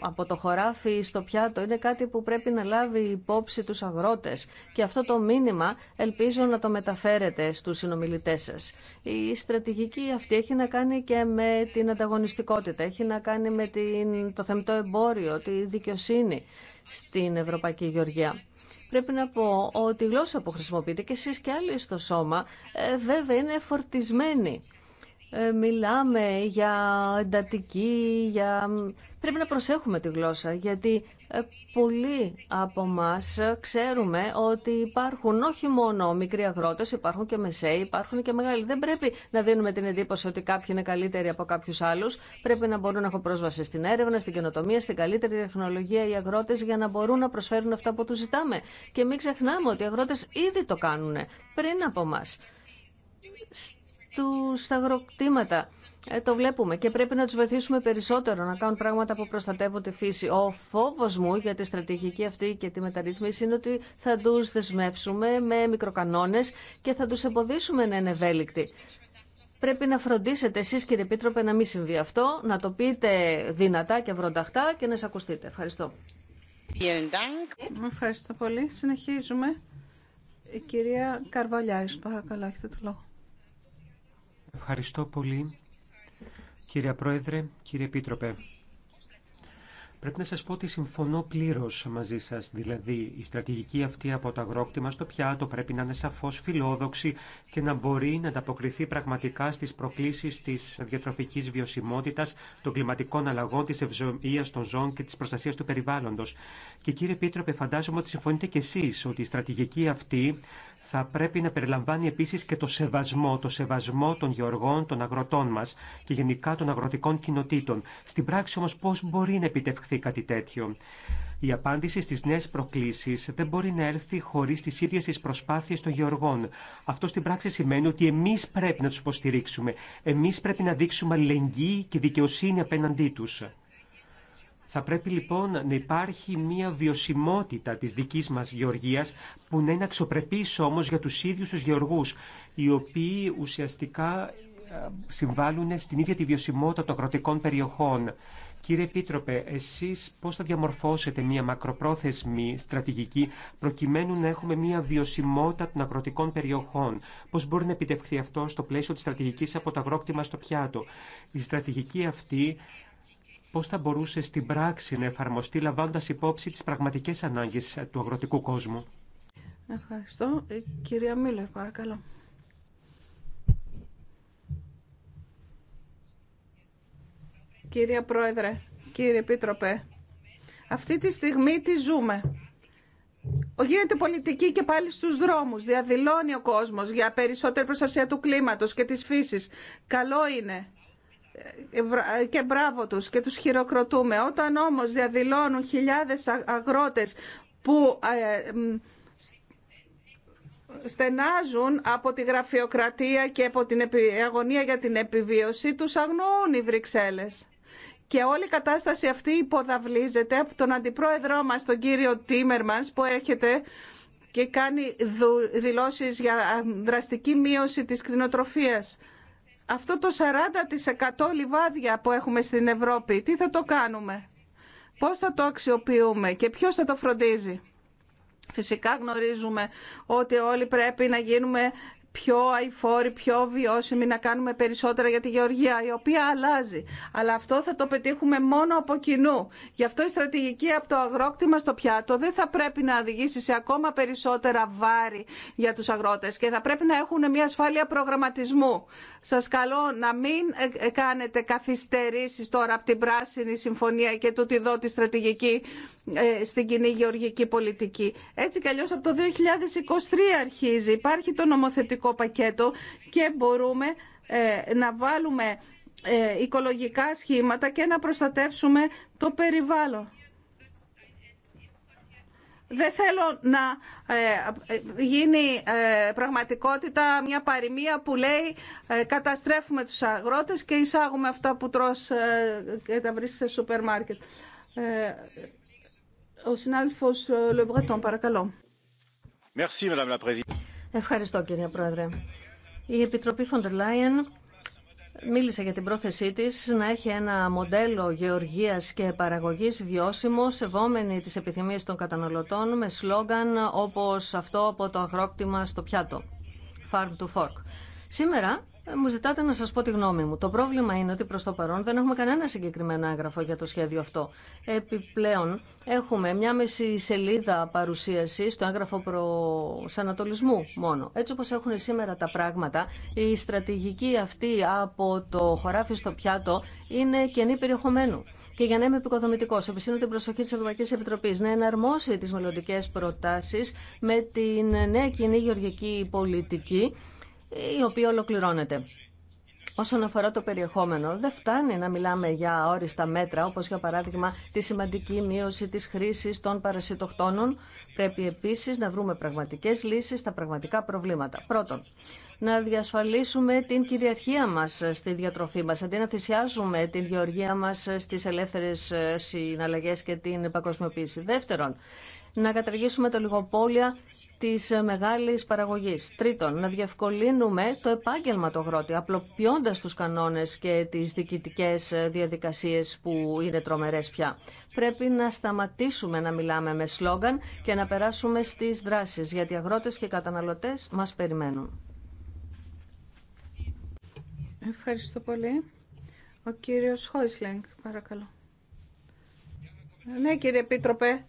από το χωράφι στο πιάτο είναι κάτι που πρέπει να λάβει υπόψη τους αγρότες και αυτό το μήνυμα ελπίζω να το μεταφέρετε στους συνομιλητές σας. Η στρατηγική αυτή έχει να κάνει και με την ανταγωνιστικότητα, έχει να κάνει με το θεμητό εμπόριο, τη δικαιοσύνη στην Ευρωπαϊκή Γεωργία. Πρέπει να πω ότι η γλώσσα που χρησιμοποιείτε και εσείς και άλλοι στο σώμα ε, βέβαια είναι φορτισμένη ε, μιλάμε για εντατική, για... πρέπει να προσέχουμε τη γλώσσα, γιατί ε, πολλοί από εμά ξέρουμε ότι υπάρχουν όχι μόνο μικροί αγρότες, υπάρχουν και μεσαίοι, υπάρχουν και μεγάλοι. Δεν πρέπει να δίνουμε την εντύπωση ότι κάποιοι είναι καλύτεροι από κάποιους άλλους. Πρέπει να μπορούν να έχουν πρόσβαση στην έρευνα, στην καινοτομία, στην καλύτερη τεχνολογία οι αγρότες για να μπορούν να προσφέρουν αυτά που τους ζητάμε. Και μην ξεχνάμε ότι οι αγρότες ήδη το κάνουν πριν από εμά στα αγροκτήματα. Ε, το βλέπουμε και πρέπει να τους βοηθήσουμε περισσότερο να κάνουν πράγματα που προστατεύουν τη φύση. Ο φόβος μου για τη στρατηγική αυτή και τη μεταρρύθμιση είναι ότι θα τους δεσμεύσουμε με μικροκανόνες και θα τους εμποδίσουμε να είναι ευέλικτοι. Πρέπει να φροντίσετε εσείς κύριε Επίτροπε να μην συμβεί αυτό, να το πείτε δυνατά και βρονταχτά και να σας ακουστείτε. Ευχαριστώ. Ευχαριστώ πολύ. Συνεχίζουμε. Η κυρία Καρβαλιάης, παρακαλώ, έχετε το λόγο. Ευχαριστώ πολύ, κύριε Πρόεδρε, κύριε Επίτροπε. Πρέπει να σας πω ότι συμφωνώ πλήρως μαζί σας. Δηλαδή, η στρατηγική αυτή από το αγρόκτημα στο πιάτο πρέπει να είναι σαφώς φιλόδοξη και να μπορεί να ανταποκριθεί πραγματικά στις προκλήσεις της διατροφικής βιωσιμότητας, των κλιματικών αλλαγών, της ευζοίας των ζώων και της προστασίας του περιβάλλοντος. Και κύριε Πίτροπε, φαντάζομαι ότι συμφωνείτε κι εσείς ότι η στρατηγική αυτή θα πρέπει να περιλαμβάνει επίσης και το σεβασμό, το σεβασμό των γεωργών, των αγροτών μας και γενικά των αγροτικών κοινοτήτων. Στην πράξη όμως πώς μπορεί να επιτευχθεί κάτι τέτοιο. Η απάντηση στις νέες προκλήσεις δεν μπορεί να έρθει χωρίς τις ίδιες τις προσπάθειες των γεωργών. Αυτό στην πράξη σημαίνει ότι εμείς πρέπει να τους υποστηρίξουμε. Εμείς πρέπει να δείξουμε αλληλεγγύη και δικαιοσύνη απέναντί τους. Θα πρέπει λοιπόν να υπάρχει μια βιωσιμότητα της δικής μας γεωργίας που να είναι αξιοπρεπής όμως για τους ίδιους τους γεωργούς οι οποίοι ουσιαστικά ε, συμβάλλουν στην ίδια τη βιωσιμότητα των αγροτικών περιοχών. Κύριε Επίτροπε, εσείς πώς θα διαμορφώσετε μια μακροπρόθεσμη στρατηγική προκειμένου να έχουμε μια βιωσιμότητα των αγροτικών περιοχών. Πώς μπορεί να επιτευχθεί αυτό στο πλαίσιο της στρατηγικής από το αγρόκτημα στο πιάτο. Η στρατηγική αυτή Πώ θα μπορούσε στην πράξη να εφαρμοστεί λαμβάνοντα υπόψη τι πραγματικέ ανάγκε του αγροτικού κόσμου. Ευχαριστώ. Ε, κυρία Μίλλερ, παρακαλώ. Κυρία Πρόεδρε, κύριε Επίτροπε, αυτή τη στιγμή τι ζούμε. Γίνεται πολιτική και πάλι στους δρόμους. Διαδηλώνει ο κόσμος για περισσότερη προστασία του κλίματος και της φύσης. Καλό είναι και μπράβο τους και τους χειροκροτούμε. Όταν όμως διαδηλώνουν χιλιάδες αγρότες που ε, στενάζουν από τη γραφειοκρατία και από την αγωνία για την επιβίωση, τους αγνοούν οι Βρυξέλλες. Και όλη η κατάσταση αυτή υποδαβλίζεται από τον αντιπρόεδρό μας, τον κύριο Τίμερμανς, που έρχεται και κάνει δηλώσεις για δραστική μείωση της κτηνοτροφίας. Αυτό το 40% λιβάδια που έχουμε στην Ευρώπη, τι θα το κάνουμε, πώς θα το αξιοποιούμε και ποιος θα το φροντίζει. Φυσικά γνωρίζουμε ότι όλοι πρέπει να γίνουμε πιο αηφόροι, πιο βιώσιμοι, να κάνουμε περισσότερα για τη γεωργία, η οποία αλλάζει. Αλλά αυτό θα το πετύχουμε μόνο από κοινού. Γι' αυτό η στρατηγική από το αγρόκτημα στο πιάτο δεν θα πρέπει να οδηγήσει σε ακόμα περισσότερα βάρη για τους αγρότες και θα πρέπει να έχουν μια ασφάλεια προγραμματισμού. Σας καλώ να μην ε, ε, κάνετε καθυστερήσεις τώρα από την Πράσινη Συμφωνία και τούτη εδώ στρατηγική ε, στην κοινή γεωργική πολιτική. Έτσι κι από το 2023 αρχίζει. Υπάρχει το νομοθετικό οικολογικό πακέτο και μπορούμε ε, να βάλουμε ε, οικολογικά σχήματα και να προστατεύσουμε το περιβάλλον. Δεν θέλω να ε, γίνει πραγματικότητα μια παροιμία που λέει καταστρέφουμε τους αγρότες και εισάγουμε αυτά που τρως και τα βρίσκεις σε σούπερ μάρκετ. Ο συνάδελφος Λεμπρετών, παρακαλώ. Merci, Madame la Ευχαριστώ κύριε Πρόεδρε. Η Επιτροπή Φοντερ Λάιεν μίλησε για την πρόθεσή της να έχει ένα μοντέλο γεωργίας και παραγωγής βιώσιμο, σεβόμενη τις επιθυμίες των καταναλωτών, με σλόγγαν όπως αυτό από το αγρόκτημα στο πιάτο, Farm to Fork. Σήμερα ε, μου ζητάτε να σα πω τη γνώμη μου. Το πρόβλημα είναι ότι προ το παρόν δεν έχουμε κανένα συγκεκριμένο έγγραφο για το σχέδιο αυτό. Επιπλέον έχουμε μια μισή σελίδα παρουσίαση στο έγγραφο προ ανατολισμού μόνο. Έτσι όπως έχουν σήμερα τα πράγματα, η στρατηγική αυτή από το χωράφι στο πιάτο είναι κενή περιεχομένου. Και για να είμαι επικοδομητικό, επισύνω την προσοχή τη Ευρωπαϊκή Επιτροπή να εναρμόσει τι μελλοντικέ προτάσει με την νέα κοινή γεωργική πολιτική η οποία ολοκληρώνεται. Όσον αφορά το περιεχόμενο, δεν φτάνει να μιλάμε για όριστα μέτρα, όπως για παράδειγμα τη σημαντική μείωση της χρήσης των παρασιτοκτόνων. Πρέπει επίσης να βρούμε πραγματικές λύσεις στα πραγματικά προβλήματα. Πρώτον, να διασφαλίσουμε την κυριαρχία μας στη διατροφή μας, αντί να θυσιάζουμε την γεωργία μας στις ελεύθερες συναλλαγές και την παγκοσμιοποίηση. Δεύτερον, να καταργήσουμε τα λιγοπόλια Τη μεγάλη παραγωγή. Τρίτον, να διευκολύνουμε το επάγγελμα του αγρότη, απλοποιώντας τους κανόνες και τις διοικητικές διαδικασίες που είναι τρομερές πια. Πρέπει να σταματήσουμε να μιλάμε με σλόγγαν και να περάσουμε στις δράσεις, γιατί οι αγρότες και οι καταναλωτές μας περιμένουν. Ευχαριστώ πολύ. Ο κύριος Χόισλενγκ, παρακαλώ. Ναι, κύριε Επίτροπε,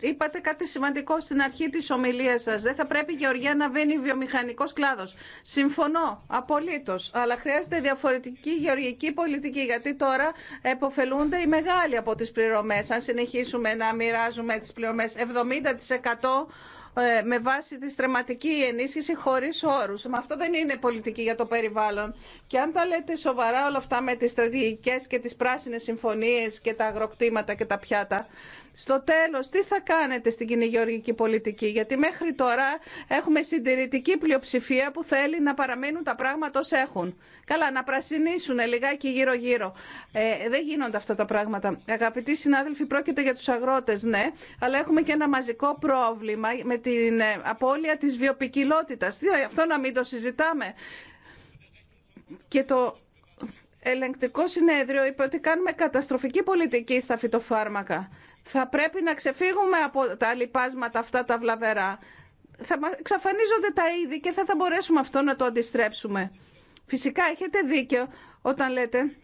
είπατε κάτι σημαντικό στην αρχή της ομιλίας σας. Δεν θα πρέπει η Γεωργία να βαίνει βιομηχανικός κλάδος. Συμφωνώ, απολύτως. Αλλά χρειάζεται διαφορετική γεωργική πολιτική, γιατί τώρα εποφελούνται οι μεγάλοι από τις πληρωμές. Αν συνεχίσουμε να μοιράζουμε τις πληρωμές 70% ε, με βάση τη στρεματική ενίσχυση χωρί όρου. αυτό δεν είναι πολιτική για το περιβάλλον. Και αν τα λέτε σοβαρά όλα αυτά με τι στρατηγικέ και τι πράσινε συμφωνίε και τα αγροκτήματα και τα πιάτα, στο τέλος τι θα κάνετε στην κυνηγεωργική πολιτική. Γιατί μέχρι τώρα έχουμε συντηρητική πλειοψηφία που θέλει να παραμείνουν τα πράγματα όσο έχουν. Καλά, να πρασινίσουν λιγάκι γύρω-γύρω. Ε, δεν γίνονται αυτά τα πράγματα. Αγαπητοί συνάδελφοι, πρόκειται για τους αγρότες, ναι, αλλά έχουμε και ένα μαζικό πρόβλημα με την ε, απώλεια της βιοπικιλότητας. Τι, αυτό να μην το συζητάμε. Και το ελεγκτικό συνέδριο είπε ότι κάνουμε καταστροφική πολιτική στα φυτοφάρμακα. Θα πρέπει να ξεφύγουμε από τα λοιπάσματα αυτά τα βλαβερά. Θα εξαφανίζονται τα είδη και θα, θα μπορέσουμε αυτό να το αντιστρέψουμε. Φυσικά έχετε δίκιο όταν λέτε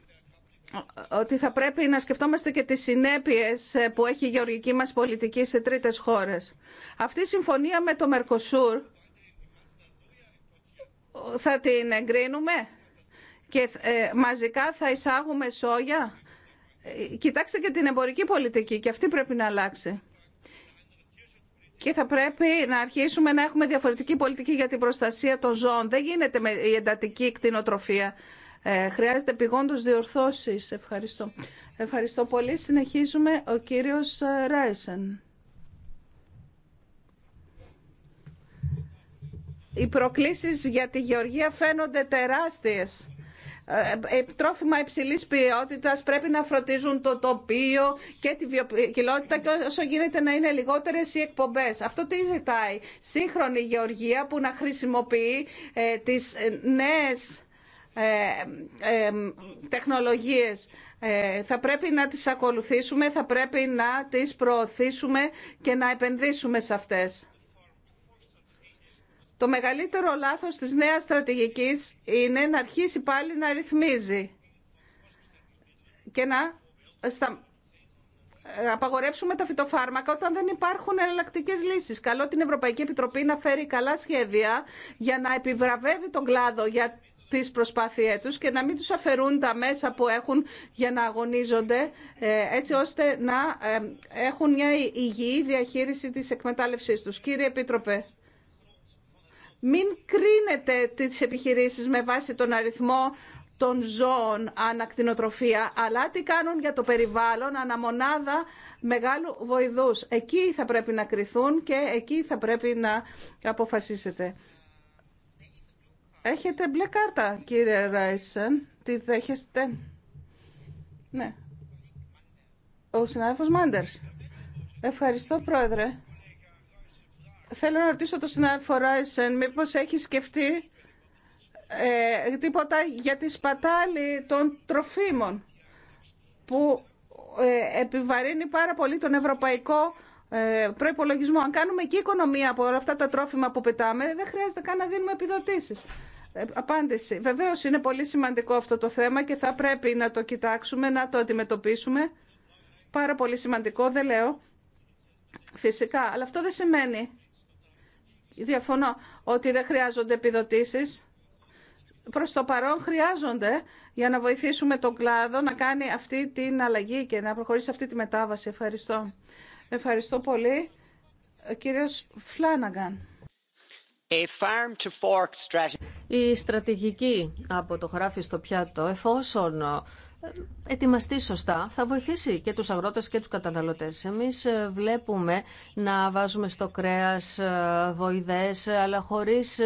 ότι θα πρέπει να σκεφτόμαστε και τις συνέπειες που έχει η γεωργική μας πολιτική σε τρίτες χώρες. Αυτή η συμφωνία με το Μερκοσούρ θα την εγκρίνουμε και ε, μαζικά θα εισάγουμε σόγια ε, κοιτάξτε και την εμπορική πολιτική και αυτή πρέπει να αλλάξει. Και θα πρέπει να αρχίσουμε να έχουμε διαφορετική πολιτική για την προστασία των ζώων. Δεν γίνεται με η εντατική κτηνοτροφία. Ε, χρειάζεται πηγόντως διορθώσεις. Ευχαριστώ. Ευχαριστώ πολύ. Συνεχίζουμε. Ο κύριος ε, Ράισεν. Οι προκλήσεις για τη γεωργία φαίνονται τεράστιες ε, ε, τρόφιμα υψηλής ποιότητας, πρέπει να φροντίζουν το τοπίο και τη βιοποικιλότητα και όσο γίνεται να είναι λιγότερες οι εκπομπές. Αυτό τι ζητάει σύγχρονη γεωργία που να χρησιμοποιεί ε, τις νέες τεχνολογίες. Θα πρέπει να τις ακολουθήσουμε, θα πρέπει να τις προωθήσουμε και να επενδύσουμε σε αυτές. Το μεγαλύτερο λάθος της νέας στρατηγικής είναι να αρχίσει πάλι να ρυθμίζει και να απαγορεύσουμε τα φυτοφάρμακα όταν δεν υπάρχουν εναλλακτικέ λύσεις. Καλό την Ευρωπαϊκή Επιτροπή να φέρει καλά σχέδια για να επιβραβεύει τον κλάδο για τις προσπάθειές τους και να μην τους αφαιρούν τα μέσα που έχουν για να αγωνίζονται ε, έτσι ώστε να ε, έχουν μια υγιή διαχείριση της εκμετάλλευσής τους. Κύριε Επίτροπε, μην κρίνετε τις επιχειρήσεις με βάση τον αριθμό των ζώων ανακτηνοτροφία, αλλά τι κάνουν για το περιβάλλον αναμονάδα μεγάλου βοηδούς. Εκεί θα πρέπει να κριθούν και εκεί θα πρέπει να αποφασίσετε. Έχετε μπλε κάρτα, κύριε Ράισεν. Τι δέχεστε. Ναι. Ο συνάδελφος Μάντερς. Ευχαριστώ, Πρόεδρε. Θέλω να ρωτήσω το συναφορά Ράισεν, μήπως έχει σκεφτεί ε, τίποτα για τη σπατάλη των τροφίμων που ε, επιβαρύνει πάρα πολύ τον ευρωπαϊκό ε, προϋπολογισμό. Αν κάνουμε και οικονομία από όλα αυτά τα τρόφιμα που πετάμε, δεν χρειάζεται καν να δίνουμε επιδοτήσεις. Ε, απάντηση. Βεβαίως είναι πολύ σημαντικό αυτό το θέμα και θα πρέπει να το κοιτάξουμε, να το αντιμετωπίσουμε. Πάρα πολύ σημαντικό, δεν λέω. Φυσικά, αλλά αυτό δεν σημαίνει Διαφωνώ ότι δεν χρειάζονται επιδοτήσεις. Προς το παρόν χρειάζονται για να βοηθήσουμε τον κλάδο να κάνει αυτή την αλλαγή και να προχωρήσει αυτή τη μετάβαση. Ευχαριστώ. Ευχαριστώ πολύ. Ο κύριος Φλάναγκαν. Η στρατηγική από το χωράφι στο πιάτο, εφόσον ετοιμαστεί σωστά θα βοηθήσει και τους αγρότες και τους καταναλωτές. Εμείς ε, βλέπουμε να βάζουμε στο κρέας ε, βοηδές ε, αλλά χωρίς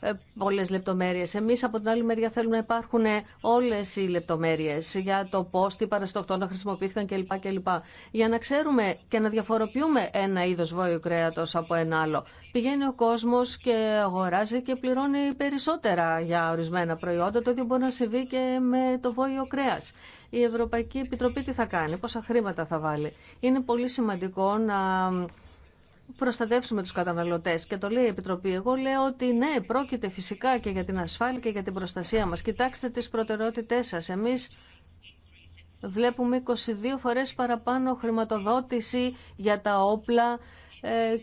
ε, Πολλέ λεπτομέρειε. Εμεί από την άλλη μεριά θέλουμε να υπάρχουν όλε οι λεπτομέρειε για το πώ τι παραστοκτόνα χρησιμοποιήθηκαν κλπ. Για να ξέρουμε και να διαφοροποιούμε ένα είδο βόρειο κρέατο από ένα άλλο. Πηγαίνει ο κόσμο και αγοράζει και πληρώνει περισσότερα για ορισμένα προϊόντα, το ίδιο μπορεί να συμβεί και με το βόλιο κρέα. η Ευρωπαϊκή Επιτροπή τι θα κάνει, πόσα χρήματα θα βάλει. Είναι πολύ σημαντικό να προστατεύσουμε τους καταναλωτές. Και το λέει η Επιτροπή. Εγώ λέω ότι ναι, πρόκειται φυσικά και για την ασφάλεια και για την προστασία μας. Κοιτάξτε τις προτεραιότητές σας. Εμείς βλέπουμε 22 φορές παραπάνω χρηματοδότηση για τα όπλα, ε,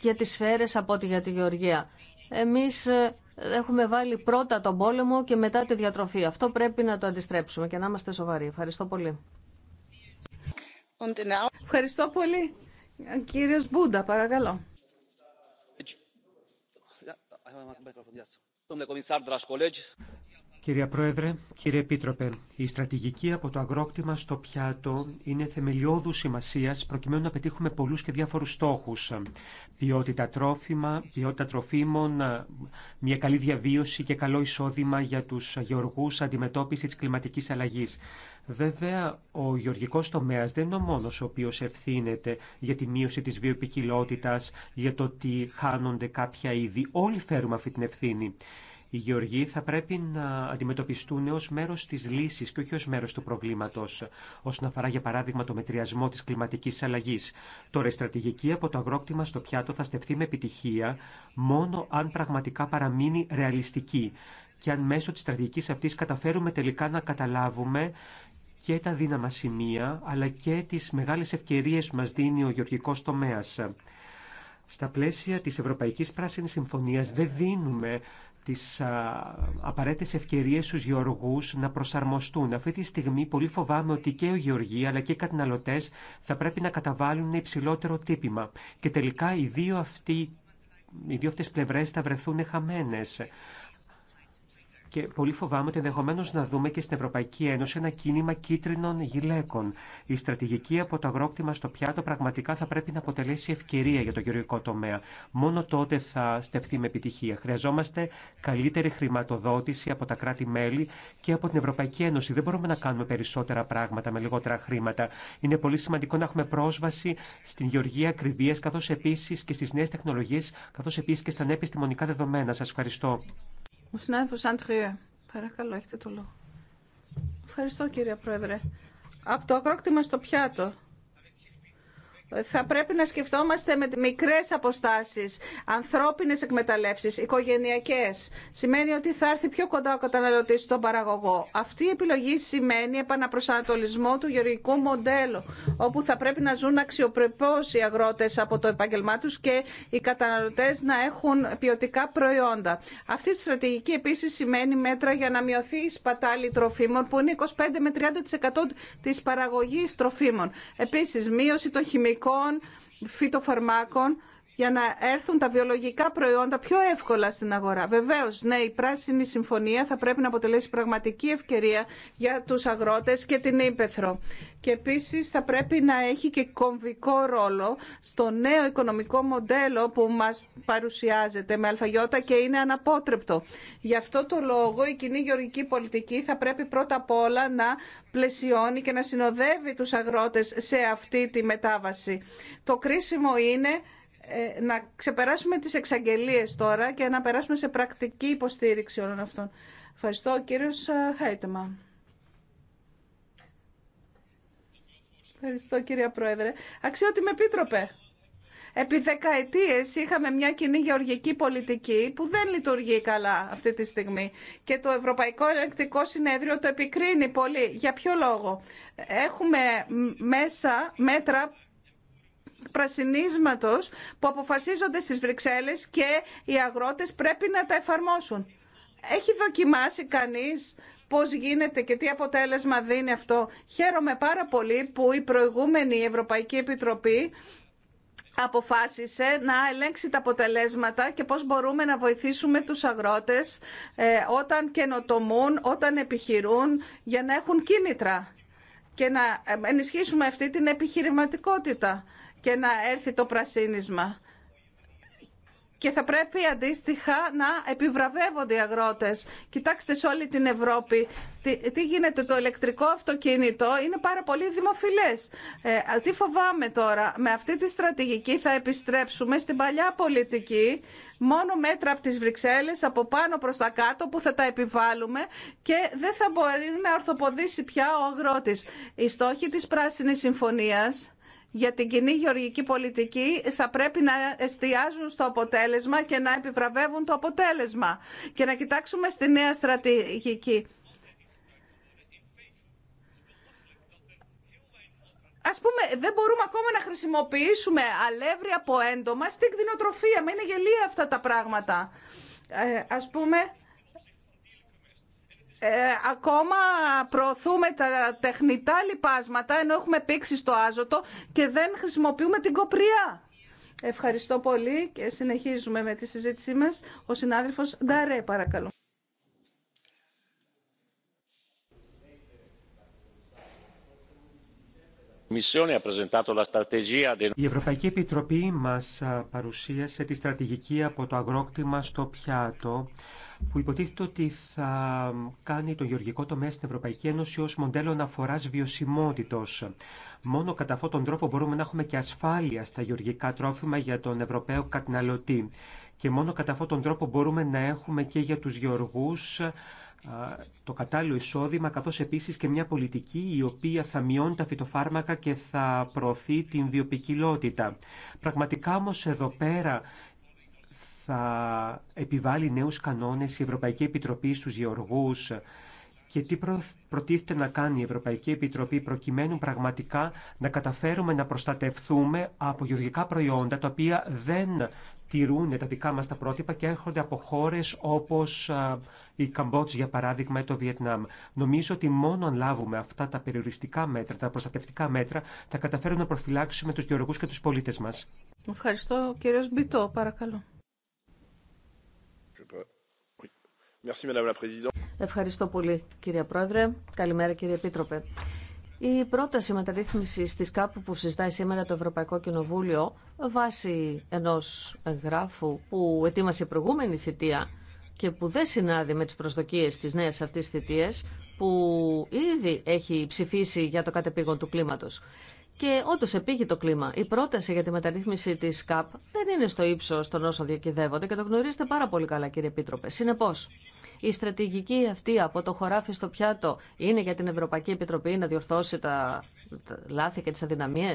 για τις σφαίρες από ό,τι για τη Γεωργία. Εμείς ε, έχουμε βάλει πρώτα τον πόλεμο και μετά τη διατροφή. Αυτό πρέπει να το αντιστρέψουμε και να είμαστε σοβαροί. Ευχαριστώ πολύ. Ευχαριστώ πολύ. Κύριος Μπούντα, παρακαλώ. Κύριε Πρόεδρε, κύριε Επίτροπε, η στρατηγική από το αγρόκτημα στο πιάτο είναι θεμελιώδου σημασία προκειμένου να πετύχουμε πολλού και διάφορου στόχου. Ποιότητα τρόφιμα, ποιότητα τροφίμων, μια καλή διαβίωση και καλό εισόδημα για του γεωργού, αντιμετώπιση τη κλιματική αλλαγή. Βέβαια, ο γεωργικό τομέα δεν είναι ο μόνο ο οποίο ευθύνεται για τη μείωση τη βιοπικιλότητα, για το ότι χάνονται κάποια είδη. Όλοι φέρουμε αυτή την ευθύνη. Οι γεωργοί θα πρέπει να αντιμετωπιστούν ως μέρος της λύσης και όχι ως μέρος του προβλήματος, όσον αφορά για παράδειγμα το μετριασμό της κλιματικής αλλαγής. Τώρα η στρατηγική από το αγρόκτημα στο πιάτο θα στεφθεί με επιτυχία μόνο αν πραγματικά παραμείνει ρεαλιστική και αν μέσω της στρατηγικής αυτής καταφέρουμε τελικά να καταλάβουμε και τα δύναμα σημεία, αλλά και τις μεγάλες ευκαιρίες που μας δίνει ο γεωργικός τομέας. Στα πλαίσια τη Ευρωπαϊκή Πράσινη Συμφωνία δεν δίνουμε τις απαραίτητες ευκαιρίες στους γεωργούς να προσαρμοστούν. Αυτή τη στιγμή πολύ φοβάμαι ότι και οι γεωργοί αλλά και οι καταναλωτές θα πρέπει να καταβάλουν υψηλότερο τύπημα. Και τελικά οι δύο αυτοί οι δύο αυτές πλευρές θα βρεθούν χαμένες και πολύ φοβάμαι ότι ενδεχομένω να δούμε και στην Ευρωπαϊκή Ένωση ένα κίνημα κίτρινων γυλαίκων. Η στρατηγική από το αγρόκτημα στο πιάτο πραγματικά θα πρέπει να αποτελέσει ευκαιρία για το γεωργικό τομέα. Μόνο τότε θα στεφθεί με επιτυχία. Χρειαζόμαστε καλύτερη χρηματοδότηση από τα κράτη-μέλη και από την Ευρωπαϊκή Ένωση. Δεν μπορούμε να κάνουμε περισσότερα πράγματα με λιγότερα χρήματα. Είναι πολύ σημαντικό να έχουμε πρόσβαση στην γεωργία ακριβία καθώ επίση και στι νέε τεχνολογίε καθώ επίση και στα νέα επιστημονικά δεδομένα. Σα ευχαριστώ. Ο συνάδελφο Αντριέ, παρακαλώ, έχετε το λόγο. Ευχαριστώ κύριε Πρόεδρε. Από το ακρόκτημα στο πιάτο θα πρέπει να σκεφτόμαστε με μικρές αποστάσεις, ανθρώπινες εκμεταλλεύσεις, οικογενειακές. Σημαίνει ότι θα έρθει πιο κοντά ο καταναλωτής στον παραγωγό. Αυτή η επιλογή σημαίνει επαναπροσανατολισμό του γεωργικού μοντέλου, όπου θα πρέπει να ζουν αξιοπρεπώς οι αγρότες από το επαγγελμά τους και οι καταναλωτές να έχουν ποιοτικά προϊόντα. Αυτή η στρατηγική επίσης σημαίνει μέτρα για να μειωθεί η σπατάλη τροφίμων, που είναι 25 με 30% της παραγωγής τροφίμων. Επίσης, μείωση των χημικών χημικών φυτοφαρμάκων για να έρθουν τα βιολογικά προϊόντα πιο εύκολα στην αγορά. Βεβαίω, ναι, η Πράσινη Συμφωνία θα πρέπει να αποτελέσει πραγματική ευκαιρία για του αγρότε και την Ήπεθρο. Και επίση θα πρέπει να έχει και κομβικό ρόλο στο νέο οικονομικό μοντέλο που μα παρουσιάζεται με αλφαγιώτα και είναι αναπότρεπτο. Γι' αυτό το λόγο η κοινή γεωργική πολιτική θα πρέπει πρώτα απ' όλα να πλαισιώνει και να συνοδεύει τους αγρότες σε αυτή τη μετάβαση. Το κρίσιμο είναι ε, να ξεπεράσουμε τις εξαγγελίες τώρα και να περάσουμε σε πρακτική υποστήριξη όλων αυτών. Ευχαριστώ, ο κύριος ε, Χάιτεμα. Ευχαριστώ, κυρία Πρόεδρε. Αξιότιμη Επίτροπε. Επί δεκαετίες είχαμε μια κοινή γεωργική πολιτική που δεν λειτουργεί καλά αυτή τη στιγμή και το Ευρωπαϊκό Ελεκτικό Συνέδριο το επικρίνει πολύ. Για ποιο λόγο. Έχουμε μέσα μέτρα πρασινίσματος που αποφασίζονται στις Βρυξέλλες και οι αγρότες πρέπει να τα εφαρμόσουν. Έχει δοκιμάσει κανείς πώς γίνεται και τι αποτέλεσμα δίνει αυτό. Χαίρομαι πάρα πολύ που η προηγούμενη Ευρωπαϊκή Επιτροπή αποφάσισε να ελέγξει τα αποτελέσματα και πώς μπορούμε να βοηθήσουμε τους αγρότες ε, όταν καινοτομούν, όταν επιχειρούν για να έχουν κίνητρα και να ε, ενισχύσουμε αυτή την επιχειρηματικότητα και να έρθει το πρασίνισμα. Και θα πρέπει αντίστοιχα να επιβραβεύονται οι αγρότες. Κοιτάξτε σε όλη την Ευρώπη τι, γίνεται το ηλεκτρικό αυτοκίνητο. Είναι πάρα πολύ δημοφιλές. Ε, τι φοβάμαι τώρα. Με αυτή τη στρατηγική θα επιστρέψουμε στην παλιά πολιτική. Μόνο μέτρα από τις Βρυξέλλες από πάνω προς τα κάτω που θα τα επιβάλλουμε και δεν θα μπορεί να ορθοποδήσει πια ο αγρότης. Οι στόχοι της Πράσινης Συμφωνίας για την κοινή γεωργική πολιτική θα πρέπει να εστιάζουν στο αποτέλεσμα και να επιβραβεύουν το αποτέλεσμα και να κοιτάξουμε στη νέα στρατηγική. Ας πούμε, δεν μπορούμε ακόμα να χρησιμοποιήσουμε αλεύρι από έντομα στην κτηνοτροφία. Μα είναι γελία αυτά τα πράγματα. Ε, ας πούμε, ε, ακόμα προωθούμε τα τεχνητά λιπάσματα ενώ έχουμε πήξει στο άζωτο και δεν χρησιμοποιούμε την κοπριά. Ευχαριστώ πολύ και συνεχίζουμε με τη συζήτησή μας. Ο συνάδελφος Νταρέ παρακαλώ. Η Ευρωπαϊκή Επιτροπή μας παρουσίασε τη στρατηγική από το αγρόκτημα στο πιάτο που υποτίθεται ότι θα κάνει τον γεωργικό τομέα στην Ευρωπαϊκή Ένωση ως μοντέλο αναφοράς βιωσιμότητος. Μόνο κατά αυτόν τον τρόπο μπορούμε να έχουμε και ασφάλεια στα γεωργικά τρόφιμα για τον Ευρωπαίο καταναλωτή. Και μόνο κατά αυτόν τον τρόπο μπορούμε να έχουμε και για τους γεωργούς το κατάλληλο εισόδημα, καθώς επίσης και μια πολιτική η οποία θα μειώνει τα φυτοφάρμακα και θα προωθεί την βιοπικιλότητα. Πραγματικά όμως εδώ πέρα θα επιβάλλει νέους κανόνες η Ευρωπαϊκή Επιτροπή στους γεωργούς και τι προτίθεται να κάνει η Ευρωπαϊκή Επιτροπή προκειμένου πραγματικά να καταφέρουμε να προστατευθούμε από γεωργικά προϊόντα τα οποία δεν τηρούν τα δικά μας τα πρότυπα και έρχονται από χώρες όπως η Καμπότζη για παράδειγμα ή το Βιετνάμ. Νομίζω ότι μόνο αν λάβουμε αυτά τα περιοριστικά μέτρα, τα προστατευτικά μέτρα, θα καταφέρουμε να προφυλάξουμε τους γεωργούς και τους πολίτες μας. Ευχαριστώ κύριος Μπιτό, παρακαλώ. Ευχαριστώ πολύ κύριε Πρόεδρε. Καλημέρα κύριε Επίτροπε. Η πρόταση μεταρρύθμιση τη ΚΑΠ που συζητάει σήμερα το Ευρωπαϊκό Κοινοβούλιο βάσει ενό γράφου που ετοίμασε η προηγούμενη θητεία και που δεν συνάδει με τι προσδοκίε τη νέα αυτή θητεία, που ήδη έχει ψηφίσει για το κατεπήγον του κλίματο. Και όντω επήγει το κλίμα. Η πρόταση για τη μεταρρύθμιση τη ΚΑΠ δεν είναι στο ύψο των όσων διακυδεύονται και το γνωρίζετε πάρα πολύ καλά, κύριε Επίτροπε. Συνεπώ, η στρατηγική αυτή από το χωράφι στο πιάτο είναι για την Ευρωπαϊκή Επιτροπή να διορθώσει τα, τα λάθη και τι αδυναμίε.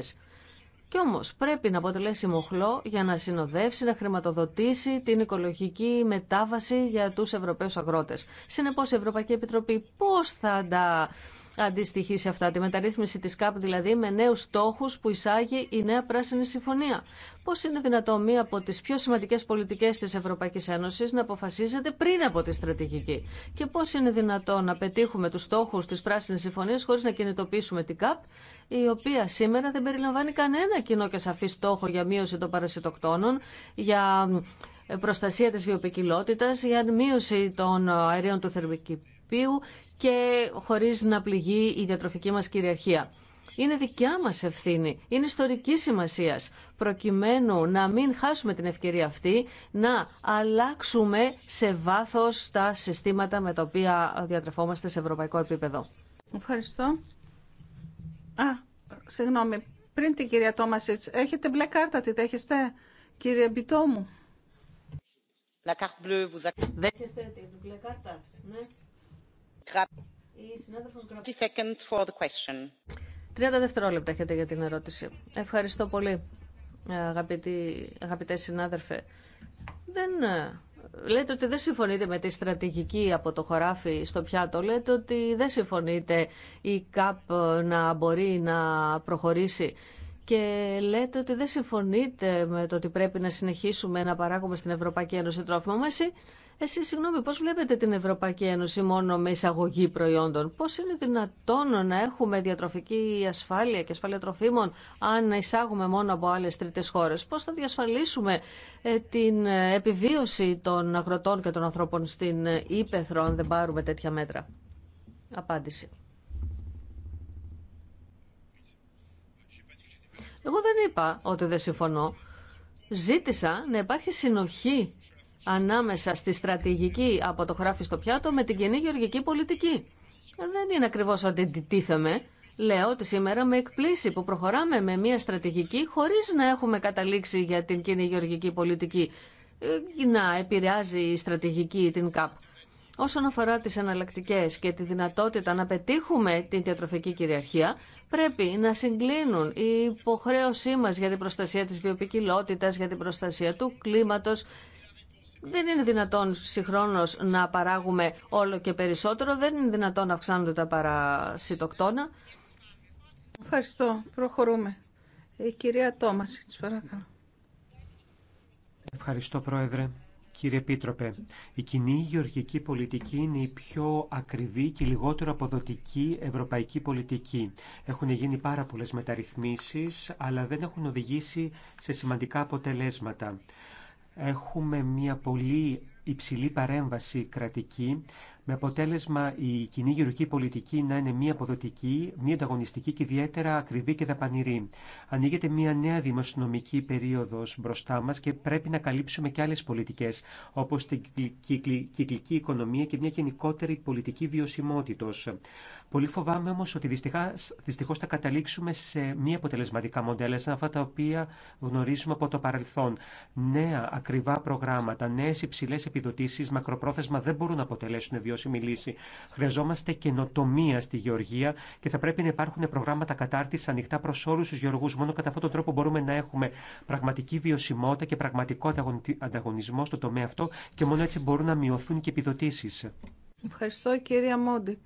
Κι όμω πρέπει να αποτελέσει μοχλό για να συνοδεύσει, να χρηματοδοτήσει την οικολογική μετάβαση για του Ευρωπαίου αγρότε. Συνεπώ, η Ευρωπαϊκή Επιτροπή πώ θα τα αντιστοιχεί σε αυτά. Τη μεταρρύθμιση τη ΚΑΠ δηλαδή με νέου στόχου που εισάγει η νέα πράσινη συμφωνία. Πώ είναι δυνατόν μία από τι πιο σημαντικέ πολιτικέ τη Ευρωπαϊκή Ένωση να αποφασίζεται πριν από τη στρατηγική. Και πώ είναι δυνατόν να πετύχουμε του στόχου τη πράσινη συμφωνία, χωρί να κινητοποιήσουμε την ΚΑΠ, η οποία σήμερα δεν περιλαμβάνει κανένα κοινό και σαφή στόχο για μείωση των παρασιτοκτόνων, για ε, προστασία της βιοπικιλότητας, για μείωση των αερίων του θερμικού ποίου και χωρίς να πληγεί η διατροφική μας κυριαρχία. Είναι δικιά μας ευθύνη, είναι ιστορική σημασίας, προκειμένου να μην χάσουμε την ευκαιρία αυτή, να αλλάξουμε σε βάθος τα συστήματα με τα οποία διατρεφόμαστε σε ευρωπαϊκό επίπεδο. Ευχαριστώ. Α, συγγνώμη, πριν την κυρία Τόμασιτς, έχετε μπλε κάρτα, τη δέχεστε, κύριε Μπιτόμου. La carte bleue, vous... Δέχεστε την μπλε κάρτα, ναι. 30 δευτερόλεπτα έχετε για την ερώτηση. Ευχαριστώ πολύ, αγαπητοί, αγαπητές συνάδελφε. Δεν... Ε, λέτε ότι δεν συμφωνείτε με τη στρατηγική από το χωράφι στο πιάτο. Λέτε ότι δεν συμφωνείτε η ΚΑΠ να μπορεί να προχωρήσει. Και λέτε ότι δεν συμφωνείτε με το ότι πρέπει να συνεχίσουμε να παράγουμε στην Ευρωπαϊκή Ένωση τρόφιμα. Εσείς, συγγνώμη, πώς βλέπετε την Ευρωπαϊκή Ένωση μόνο με εισαγωγή προϊόντων. Πώς είναι δυνατόν να έχουμε διατροφική ασφάλεια και ασφάλεια τροφίμων αν εισάγουμε μόνο από άλλες τρίτες χώρες. Πώς θα διασφαλίσουμε ε, την ε, επιβίωση των αγροτών και των ανθρώπων στην ε, Ήπεθρο αν δεν πάρουμε τέτοια μέτρα. Απάντηση. Εγώ δεν είπα ότι δεν συμφωνώ. Ζήτησα να υπάρχει συνοχή ανάμεσα στη στρατηγική από το χράφι στο πιάτο με την κοινή γεωργική πολιτική. Δεν είναι ακριβώς ότι αντιτίθεμε. Λέω ότι σήμερα με εκπλήσει που προχωράμε με μια στρατηγική χωρίς να έχουμε καταλήξει για την κοινή γεωργική πολιτική ε, να επηρεάζει η στρατηγική την ΚΑΠ. Όσον αφορά τις εναλλακτικέ και τη δυνατότητα να πετύχουμε την διατροφική κυριαρχία, πρέπει να συγκλίνουν η υποχρέωσή μας για την προστασία της βιοπικιλότητας, για την προστασία του κλίματος, δεν είναι δυνατόν συγχρόνως να παράγουμε όλο και περισσότερο, δεν είναι δυνατόν να αυξάνονται τα παρασυτοκτόνα. Ευχαριστώ. Προχωρούμε. Η κυρία Τόμαση, τη παρακαλώ. Ευχαριστώ, Πρόεδρε. Κύριε Επίτροπε, η κοινή γεωργική πολιτική είναι η πιο ακριβή και λιγότερο αποδοτική ευρωπαϊκή πολιτική. Έχουν γίνει πάρα πολλές μεταρρυθμίσεις, αλλά δεν έχουν οδηγήσει σε σημαντικά αποτελέσματα έχουμε μια πολύ υψηλή παρέμβαση κρατική με αποτέλεσμα η κοινή γεωργική πολιτική να είναι μη αποδοτική, μη ανταγωνιστική και ιδιαίτερα ακριβή και δαπανηρή. Ανοίγεται μια νέα δημοσιονομική περίοδο μπροστά μα και πρέπει να καλύψουμε και άλλε πολιτικέ, όπω την κυκλική οικονομία και μια γενικότερη πολιτική βιωσιμότητα. Πολύ φοβάμαι όμως ότι δυστυχώς, θα καταλήξουμε σε μη αποτελεσματικά μοντέλα, σαν αυτά τα οποία γνωρίζουμε από το παρελθόν. Νέα ακριβά προγράμματα, νέες υψηλέ επιδοτήσεις, μακροπρόθεσμα δεν μπορούν να αποτελέσουν βιώσιμη λύση. Χρειαζόμαστε καινοτομία στη γεωργία και θα πρέπει να υπάρχουν προγράμματα κατάρτισης ανοιχτά προς όλους τους γεωργούς. Μόνο κατά αυτόν τον τρόπο μπορούμε να έχουμε πραγματική βιωσιμότητα και πραγματικό ανταγωνισμό στο τομέα αυτό και μόνο έτσι μπορούν να μειωθούν και επιδοτήσεις. Ευχαριστώ κυρία Μόντικ.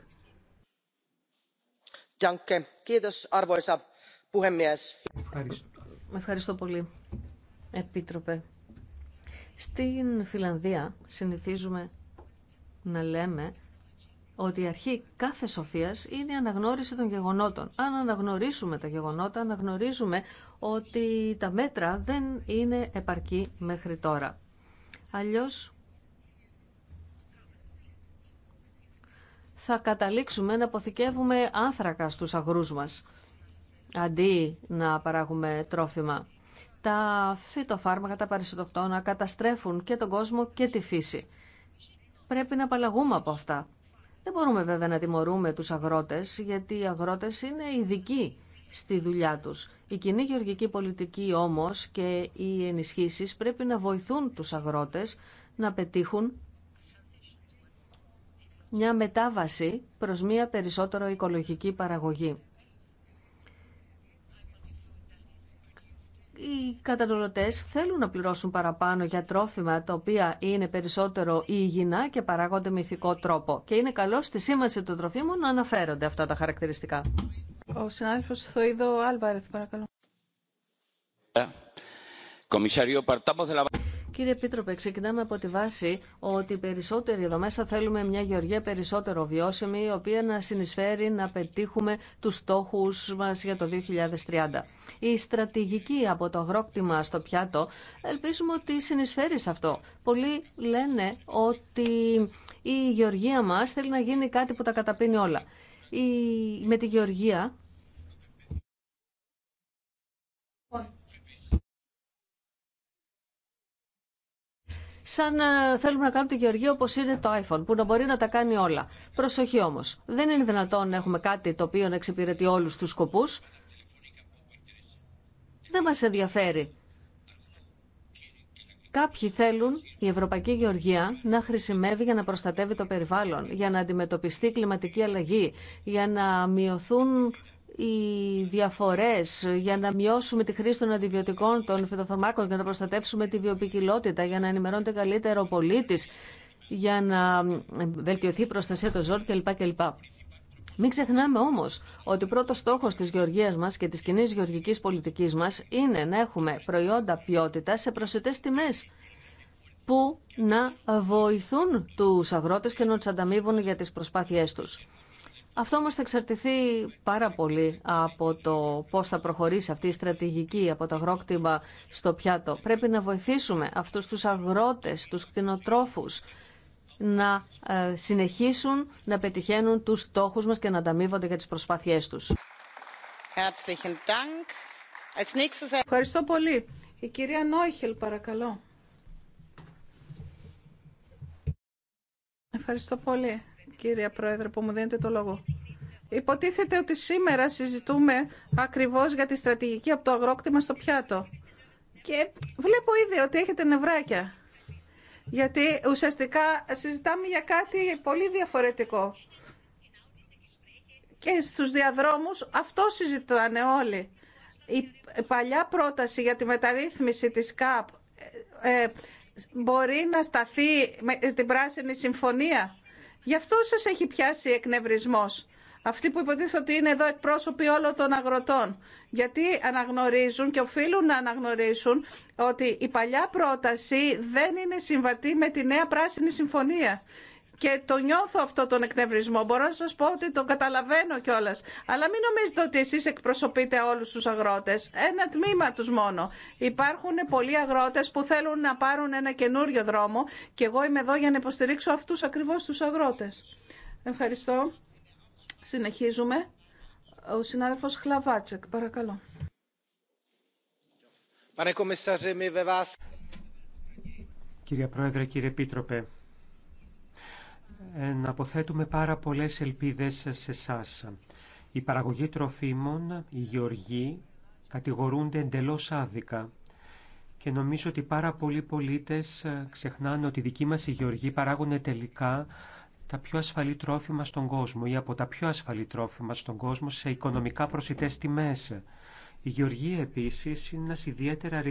Ευχαριστώ. Ευχαριστώ πολύ, Επίτροπε. Στην Φιλανδία συνηθίζουμε να λέμε ότι η αρχή κάθε σοφίας είναι η αναγνώριση των γεγονότων. Αν αναγνωρίσουμε τα γεγονότα, αναγνωρίζουμε ότι τα μέτρα δεν είναι επαρκή μέχρι τώρα. Αλλιώς θα καταλήξουμε να αποθηκεύουμε άνθρακα στους αγρούς μας, αντί να παράγουμε τρόφιμα. Τα φυτοφάρμακα, τα παριστοκτόνα καταστρέφουν και τον κόσμο και τη φύση. Πρέπει να απαλλαγούμε από αυτά. Δεν μπορούμε βέβαια να τιμωρούμε τους αγρότες, γιατί οι αγρότες είναι ειδικοί στη δουλειά τους. Η κοινή γεωργική πολιτική όμως και οι ενισχύσεις πρέπει να βοηθούν τους αγρότες να πετύχουν μια μετάβαση προς μια περισσότερο οικολογική παραγωγή. οι καταναλωτές θέλουν να πληρώσουν παραπάνω για τρόφιμα τα οποία είναι περισσότερο υγιεινά και παράγονται με ηθικό τρόπο. Και είναι καλό στη σήμανση των τροφίμων να αναφέρονται αυτά τα χαρακτηριστικά. Ο συνάδελφος Θοίδο Άλβαρεθ, παρακαλώ. Κύριε Επίτροπε, ξεκινάμε από τη βάση ότι περισσότεροι εδώ μέσα θέλουμε μια γεωργία περισσότερο βιώσιμη, η οποία να συνεισφέρει να πετύχουμε τους στόχους μας για το 2030. Η στρατηγική από το αγρόκτημα στο πιάτο, ελπίζουμε ότι συνεισφέρει σε αυτό. Πολλοί λένε ότι η γεωργία μας θέλει να γίνει κάτι που τα καταπίνει όλα. Η... Με τη γεωργία σαν θέλουμε να κάνουμε τη γεωργία όπω είναι το iPhone, που να μπορεί να τα κάνει όλα. Προσοχή όμως, δεν είναι δυνατόν να έχουμε κάτι το οποίο να εξυπηρετεί όλους τους σκοπούς. Δεν μα ενδιαφέρει. Κάποιοι θέλουν η Ευρωπαϊκή Γεωργία να χρησιμεύει για να προστατεύει το περιβάλλον, για να αντιμετωπιστεί κλιματική αλλαγή, για να μειωθούν οι διαφορές για να μειώσουμε τη χρήση των αντιβιωτικών των φυτοφαρμάκων, για να προστατεύσουμε τη βιοπικιλότητα, για να ενημερώνεται καλύτερο ο πολίτης, για να βελτιωθεί η προστασία των ζώων κλπ. κλπ. Μην ξεχνάμε όμω ότι ο πρώτο στόχο τη γεωργία μα και τη κοινή γεωργική πολιτική μα είναι να έχουμε προϊόντα ποιότητα σε προσιτέ τιμέ που να βοηθούν τους αγρότες και να τους ανταμείβουν για τις προσπάθειές τους. Αυτό όμως θα εξαρτηθεί πάρα πολύ από το πώς θα προχωρήσει αυτή η στρατηγική από το αγρόκτημα στο πιάτο. Πρέπει να βοηθήσουμε αυτούς τους αγρότες, τους κτηνοτρόφους να ε, συνεχίσουν να πετυχαίνουν τους στόχους μας και να ανταμείβονται για τις προσπάθειές τους. Ευχαριστώ πολύ. Η κυρία Νόιχελ, παρακαλώ. Ευχαριστώ πολύ κύριε Πρόεδρε, που μου δίνετε το λόγο. Υποτίθεται ότι σήμερα συζητούμε ακριβώς για τη στρατηγική από το αγρόκτημα στο πιάτο. Και βλέπω ήδη ότι έχετε νευράκια. Γιατί ουσιαστικά συζητάμε για κάτι πολύ διαφορετικό. Και στους διαδρόμους αυτό συζητάνε όλοι. Η παλιά πρόταση για τη μεταρρύθμιση της ΚΑΠ ε, ε, μπορεί να σταθεί με την Πράσινη Συμφωνία. Γι' αυτό σας έχει πιάσει εκνευρισμός. Αυτοί που υποτίθεται ότι είναι εδώ εκπρόσωποι όλων των αγροτών. Γιατί αναγνωρίζουν και οφείλουν να αναγνωρίσουν ότι η παλιά πρόταση δεν είναι συμβατή με τη νέα πράσινη συμφωνία. Και το νιώθω αυτό τον εκνευρισμό. Μπορώ να σας πω ότι το καταλαβαίνω κιόλα. Αλλά μην νομίζετε ότι εσεί εκπροσωπείτε όλους τους αγρότες. Ένα τμήμα τους μόνο. Υπάρχουν πολλοί αγρότες που θέλουν να πάρουν ένα καινούριο δρόμο και εγώ είμαι εδώ για να υποστηρίξω αυτού ακριβώς τους αγρότες. Ευχαριστώ. Συνεχίζουμε. Ο συνάδελφος Χλαβάτσεκ, παρακαλώ. Κυρία Πρόεδρε, κύριε Επίτροπε, ε, να αποθέτουμε πάρα πολλές ελπίδες σε εσά. Η παραγωγή τροφίμων, οι γεωργοί, κατηγορούνται εντελώς άδικα. Και νομίζω ότι πάρα πολλοί πολίτες ε, ξεχνάνε ότι οι δικοί μας οι γεωργοί παράγουν τελικά τα πιο ασφαλή τρόφιμα στον κόσμο ή από τα πιο ασφαλή τρόφιμα στον κόσμο σε οικονομικά προσιτές τιμές. Η γεωργία επίσης είναι ένας ιδιαίτερα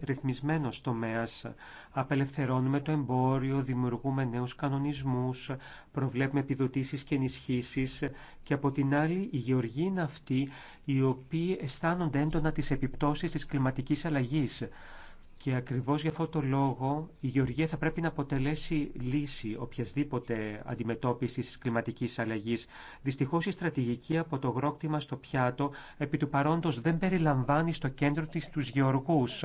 ρυθμισμένος τομέας. Απελευθερώνουμε το εμπόριο, δημιουργούμε νέους κανονισμούς, προβλέπουμε επιδοτήσεις και ενισχύσεις και από την άλλη η γεωργία είναι αυτή οι οποίοι αισθάνονται έντονα τις επιπτώσεις της κλιματικής αλλαγής. Και ακριβώς για αυτό το λόγο η γεωργία θα πρέπει να αποτελέσει λύση οποιασδήποτε αντιμετώπισης της κλιματικής αλλαγής. Δυστυχώς η στρατηγική από το γρόκτημα στο πιάτο επί του παρόντος δεν περιλαμβάνει στο κέντρο της τους γεωργούς.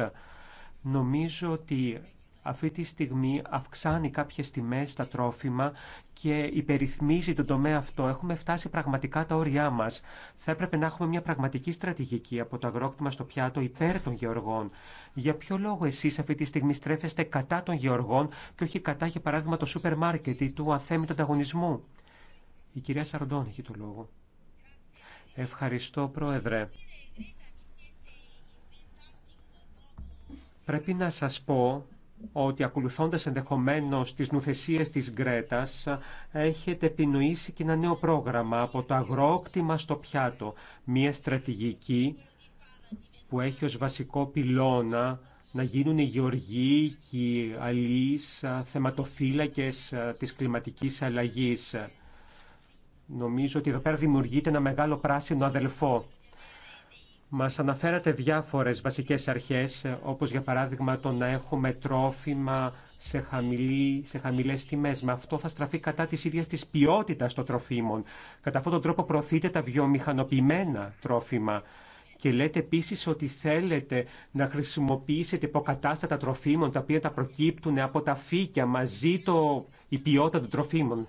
Νομίζω ότι αυτή τη στιγμή αυξάνει κάποιες τιμές στα τρόφιμα και υπεριθμίζει τον τομέα αυτό. Έχουμε φτάσει πραγματικά τα όρια μας. Θα έπρεπε να έχουμε μια πραγματική στρατηγική από το αγρόκτημα στο πιάτο υπέρ των γεωργών. Για ποιο λόγο εσείς αυτή τη στιγμή στρέφεστε κατά των γεωργών και όχι κατά, για παράδειγμα, το σούπερ μάρκετ ή του αθέμητου ανταγωνισμού. Η κυρία Σαροντών έχει το λόγο. Ευχαριστώ, Πρόεδρε. Πρέπει να σας πω ότι ακολουθώντας ενδεχομένως τις νουθεσίες της Γκρέτας έχετε επινοήσει και ένα νέο πρόγραμμα από το αγρόκτημα στο πιάτο. Μία στρατηγική που έχει ως βασικό πυλώνα να γίνουν οι γεωργοί και οι αλείς θεματοφύλακες της κλιματικής αλλαγής. Νομίζω ότι εδώ πέρα δημιουργείται ένα μεγάλο πράσινο αδελφό. Μας αναφέρατε διάφορες βασικές αρχές, όπως για παράδειγμα το να έχουμε τρόφιμα σε, χαμηλή, σε χαμηλές τιμές. Με αυτό θα στραφεί κατά της ίδιας της ποιότητας των τροφίμων. Κατά αυτόν τον τρόπο προωθείτε τα βιομηχανοποιημένα τρόφιμα. Και λέτε επίσης ότι θέλετε να χρησιμοποιήσετε υποκατάστατα τροφίμων τα οποία τα προκύπτουν από τα φύκια μαζί το, η ποιότητα των τροφίμων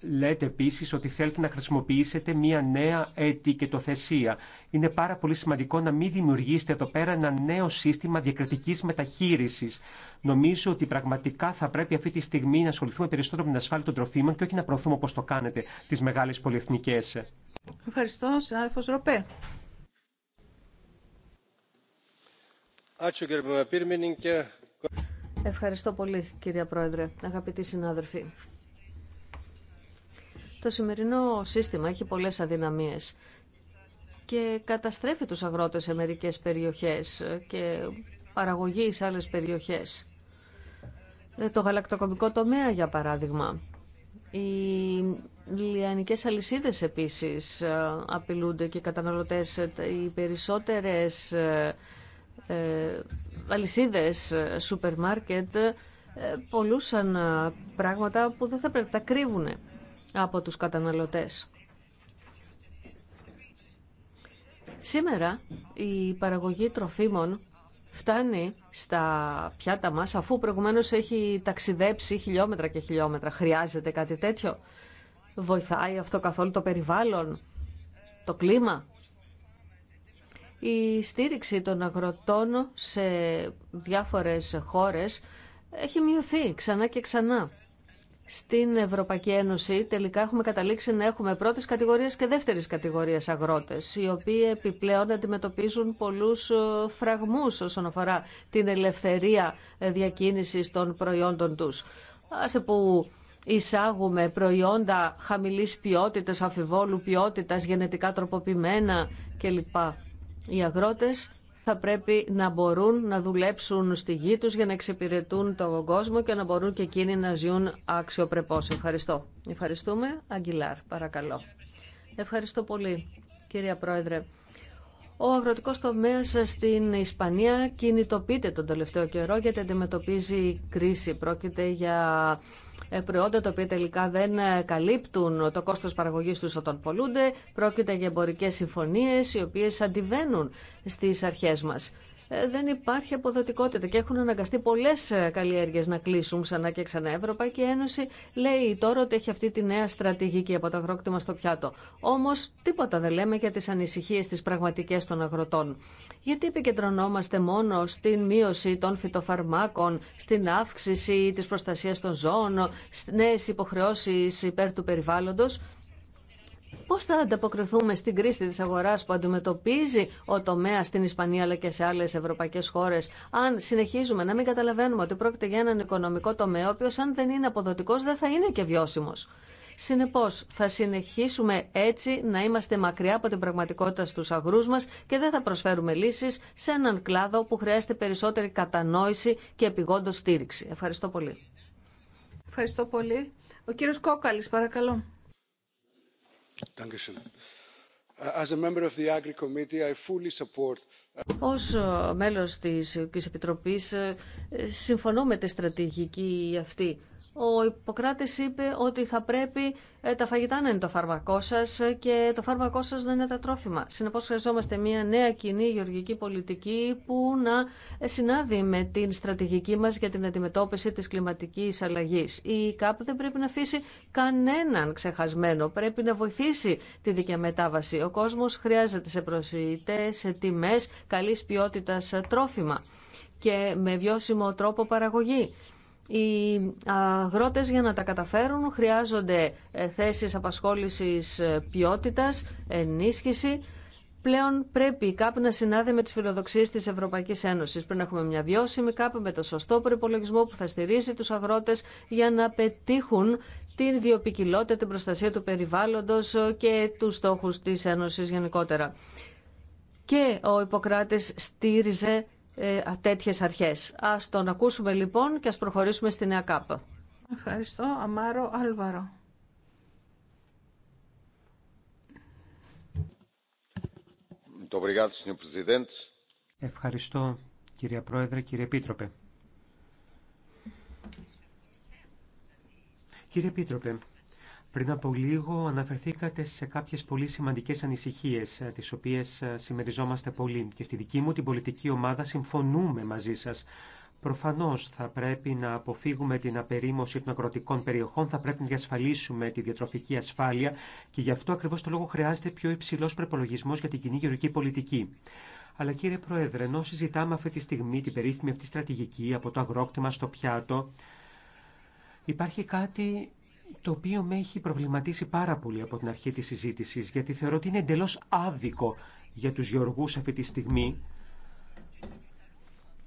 λέτε επίση ότι θέλετε να χρησιμοποιήσετε μια νέα ετικετοθεσία. Είναι πάρα πολύ σημαντικό να μην δημιουργήσετε εδώ πέρα ένα νέο σύστημα διακριτικής μεταχείρισης. Νομίζω ότι πραγματικά θα πρέπει αυτή τη στιγμή να ασχοληθούμε περισσότερο με την ασφάλεια των τροφίμων και όχι να προωθούμε όπω το κάνετε τις μεγάλε πολυεθνικές. Ευχαριστώ, συνάδελφο Ροπέ. Ευχαριστώ πολύ, κυρία Πρόεδρε, αγαπητοί συνάδελφοι. Το σημερινό σύστημα έχει πολλές αδυναμίες και καταστρέφει τους αγρότες σε μερικές περιοχές και παραγωγή σε άλλες περιοχές. Ε, το γαλακτοκομικό τομέα, για παράδειγμα. Οι λιανικές αλυσίδες επίσης ε, απειλούνται και οι καταναλωτές. Οι περισσότερες ε, αλυσίδες σούπερ μάρκετ πολλούσαν πράγματα που δεν θα πρέπει να τα κρύβουν από τους καταναλωτές. Σήμερα η παραγωγή τροφίμων φτάνει στα πιάτα μας αφού προηγουμένως έχει ταξιδέψει χιλιόμετρα και χιλιόμετρα. Χρειάζεται κάτι τέτοιο. Βοηθάει αυτό καθόλου το περιβάλλον, το κλίμα. Η στήριξη των αγροτών σε διάφορες χώρες έχει μειωθεί ξανά και ξανά στην Ευρωπαϊκή Ένωση τελικά έχουμε καταλήξει να έχουμε πρώτης κατηγορίας και δεύτερης κατηγορίας αγρότες, οι οποίοι επιπλέον αντιμετωπίζουν πολλούς ε, φραγμούς όσον αφορά την ελευθερία ε, διακίνησης των προϊόντων τους. Άσε που εισάγουμε προϊόντα χαμηλής ποιότητας, αφιβόλου ποιότητας, γενετικά τροποποιημένα κλπ. Οι αγρότες θα πρέπει να μπορούν να δουλέψουν στη γη τους για να εξυπηρετούν τον κόσμο και να μπορούν και εκείνοι να ζουν αξιοπρεπώς. Ευχαριστώ. Ευχαριστούμε. Αγγιλάρ, παρακαλώ. Ευχαριστώ πολύ, κυρία Πρόεδρε. Ο αγροτικός τομέας στην Ισπανία κινητοποιείται τον τελευταίο καιρό γιατί αντιμετωπίζει κρίση. Πρόκειται για ε, προϊόντα τα οποία τελικά δεν ε, καλύπτουν το κόστος παραγωγής του όταν πολλούνται. Πρόκειται για εμπορικέ συμφωνίες οι οποίες αντιβαίνουν στις αρχές μας δεν υπάρχει αποδοτικότητα και έχουν αναγκαστεί πολλέ ε, καλλιέργειε να κλείσουν ξανά και ξανά. Η Ευρωπαϊκή Ένωση λέει τώρα ότι έχει αυτή τη νέα στρατηγική από το αγρόκτημα στο πιάτο. Όμως τίποτα δεν λέμε για τις ανησυχίε, τι πραγματικέ των αγροτών. Γιατί επικεντρωνόμαστε μόνο στην μείωση των φυτοφαρμάκων, στην αύξηση τη προστασία των ζώων, στι νέε υποχρεώσει υπέρ του περιβάλλοντος Πώ θα ανταποκριθούμε στην κρίση τη αγορά που αντιμετωπίζει ο τομέα στην Ισπανία αλλά και σε άλλε ευρωπαϊκέ χώρε. αν συνεχίζουμε να μην καταλαβαίνουμε ότι πρόκειται για έναν οικονομικό τομέα, ο οποίο αν δεν είναι αποδοτικό, δεν θα είναι και βιώσιμο. Συνεπώ, θα συνεχίσουμε έτσι να είμαστε μακριά από την πραγματικότητα στους αγρού μα και δεν θα προσφέρουμε λύσει σε έναν κλάδο που χρειάζεται περισσότερη κατανόηση και επιγόντω στήριξη. Ευχαριστώ πολύ. Ευχαριστώ πολύ. Ο κύριος Κόκαλης, παρακαλώ. Ως μέλος της ε, Επιτροπής ε, συμφωνώ με τη στρατηγική αυτή ο Ιπποκράτης είπε ότι θα πρέπει ε, τα φαγητά να είναι το φάρμακό σας και το φάρμακό σας να είναι τα τρόφιμα. Συνεπώς χρειαζόμαστε μια νέα κοινή γεωργική πολιτική που να ε, συνάδει με την στρατηγική μας για την αντιμετώπιση της κλιματικής αλλαγής. Η ΚΑΠ δεν πρέπει να αφήσει κανέναν ξεχασμένο. Πρέπει να βοηθήσει τη δίκαια μετάβαση. Ο κόσμος χρειάζεται σε προσιτές, σε τιμές, καλής ποιότητας ε, τρόφιμα και με βιώσιμο τρόπο παραγωγή. Οι αγρότες για να τα καταφέρουν χρειάζονται ε, θέσεις απασχόλησης ε, ποιότητας, ενίσχυση. Πλέον πρέπει η ΚΑΠ να συνάδει με τις φιλοδοξίες της Ευρωπαϊκής Ένωσης. Πρέπει να έχουμε μια βιώσιμη ΚΑΠ με το σωστό προπολογισμό που θα στηρίζει τους αγρότες για να πετύχουν την βιοπικιλότητα, την προστασία του περιβάλλοντος ε, και τους στόχους της Ένωσης γενικότερα. Και ο Ιπποκράτης στήριζε ε, τέτοιες αρχές. Ας τον ακούσουμε λοιπόν και ας προχωρήσουμε στην Νέα Ευχαριστώ. Αμάρο Άλβαρο. Ευχαριστώ κυρία Πρόεδρε, κύριε Επίτροπε. Κύριε Επίτροπε, πριν από λίγο αναφερθήκατε σε κάποιες πολύ σημαντικές ανησυχίες, ε, τις οποίες ε, συμμεριζόμαστε πολύ και στη δική μου την πολιτική ομάδα συμφωνούμε μαζί σας. Προφανώς θα πρέπει να αποφύγουμε την απερίμωση των αγροτικών περιοχών, θα πρέπει να διασφαλίσουμε τη διατροφική ασφάλεια και γι' αυτό ακριβώς το λόγο χρειάζεται πιο υψηλός προπολογισμό για την κοινή γεωργική πολιτική. Αλλά κύριε Πρόεδρε, ενώ συζητάμε αυτή τη στιγμή την περίφημη αυτή στρατηγική από το αγρόκτημα στο πιάτο, υπάρχει κάτι το οποίο με έχει προβληματίσει πάρα πολύ από την αρχή της συζήτησης, γιατί θεωρώ ότι είναι εντελώς άδικο για τους γεωργούς αυτή τη στιγμή,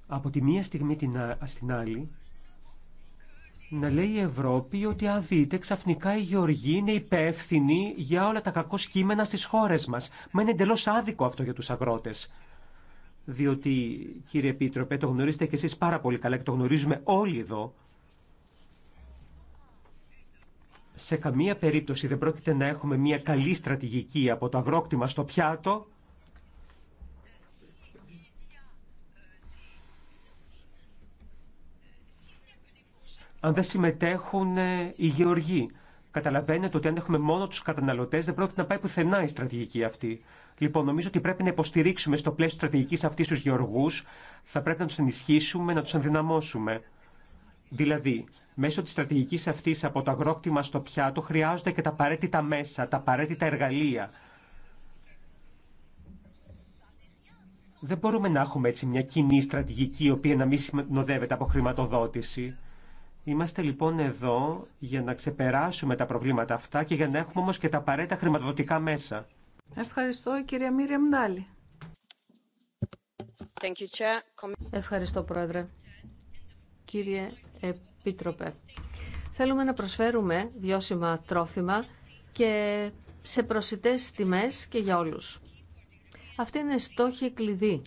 από τη μία στιγμή στην άλλη, να λέει η Ευρώπη ότι αν δείτε ξαφνικά οι γεωργοί είναι υπεύθυνοι για όλα τα κακό σκήμενα στις χώρες μας. Μα είναι εντελώς άδικο αυτό για τους αγρότες. Διότι, κύριε Επίτροπε, το γνωρίζετε και εσείς πάρα πολύ καλά και το γνωρίζουμε όλοι εδώ, σε καμία περίπτωση δεν πρόκειται να έχουμε μια καλή στρατηγική από το αγρόκτημα στο πιάτο αν δεν συμμετέχουν ε, οι γεωργοί. Καταλαβαίνετε ότι αν έχουμε μόνο τους καταναλωτές δεν πρόκειται να πάει πουθενά η στρατηγική αυτή. Λοιπόν, νομίζω ότι πρέπει να υποστηρίξουμε στο πλαίσιο στρατηγικής αυτής τους γεωργούς, θα πρέπει να τους ενισχύσουμε, να τους ενδυναμώσουμε. Δηλαδή, Μέσω τη στρατηγική αυτή από το αγρόκτημα στο πιάτο χρειάζονται και τα απαραίτητα μέσα, τα απαραίτητα εργαλεία. Δεν μπορούμε να έχουμε έτσι μια κοινή στρατηγική η οποία να μην συνοδεύεται από χρηματοδότηση. Είμαστε λοιπόν εδώ για να ξεπεράσουμε τα προβλήματα αυτά και για να έχουμε όμως και τα απαραίτητα χρηματοδοτικά μέσα. Ευχαριστώ κυρία Μύρια Μνάλη. Ευχαριστώ πρόεδρε. Κύριε Πίτροπε, Θέλουμε να προσφέρουμε βιώσιμα τρόφιμα και σε προσιτές τιμές και για όλους. Αυτή είναι στόχη κλειδί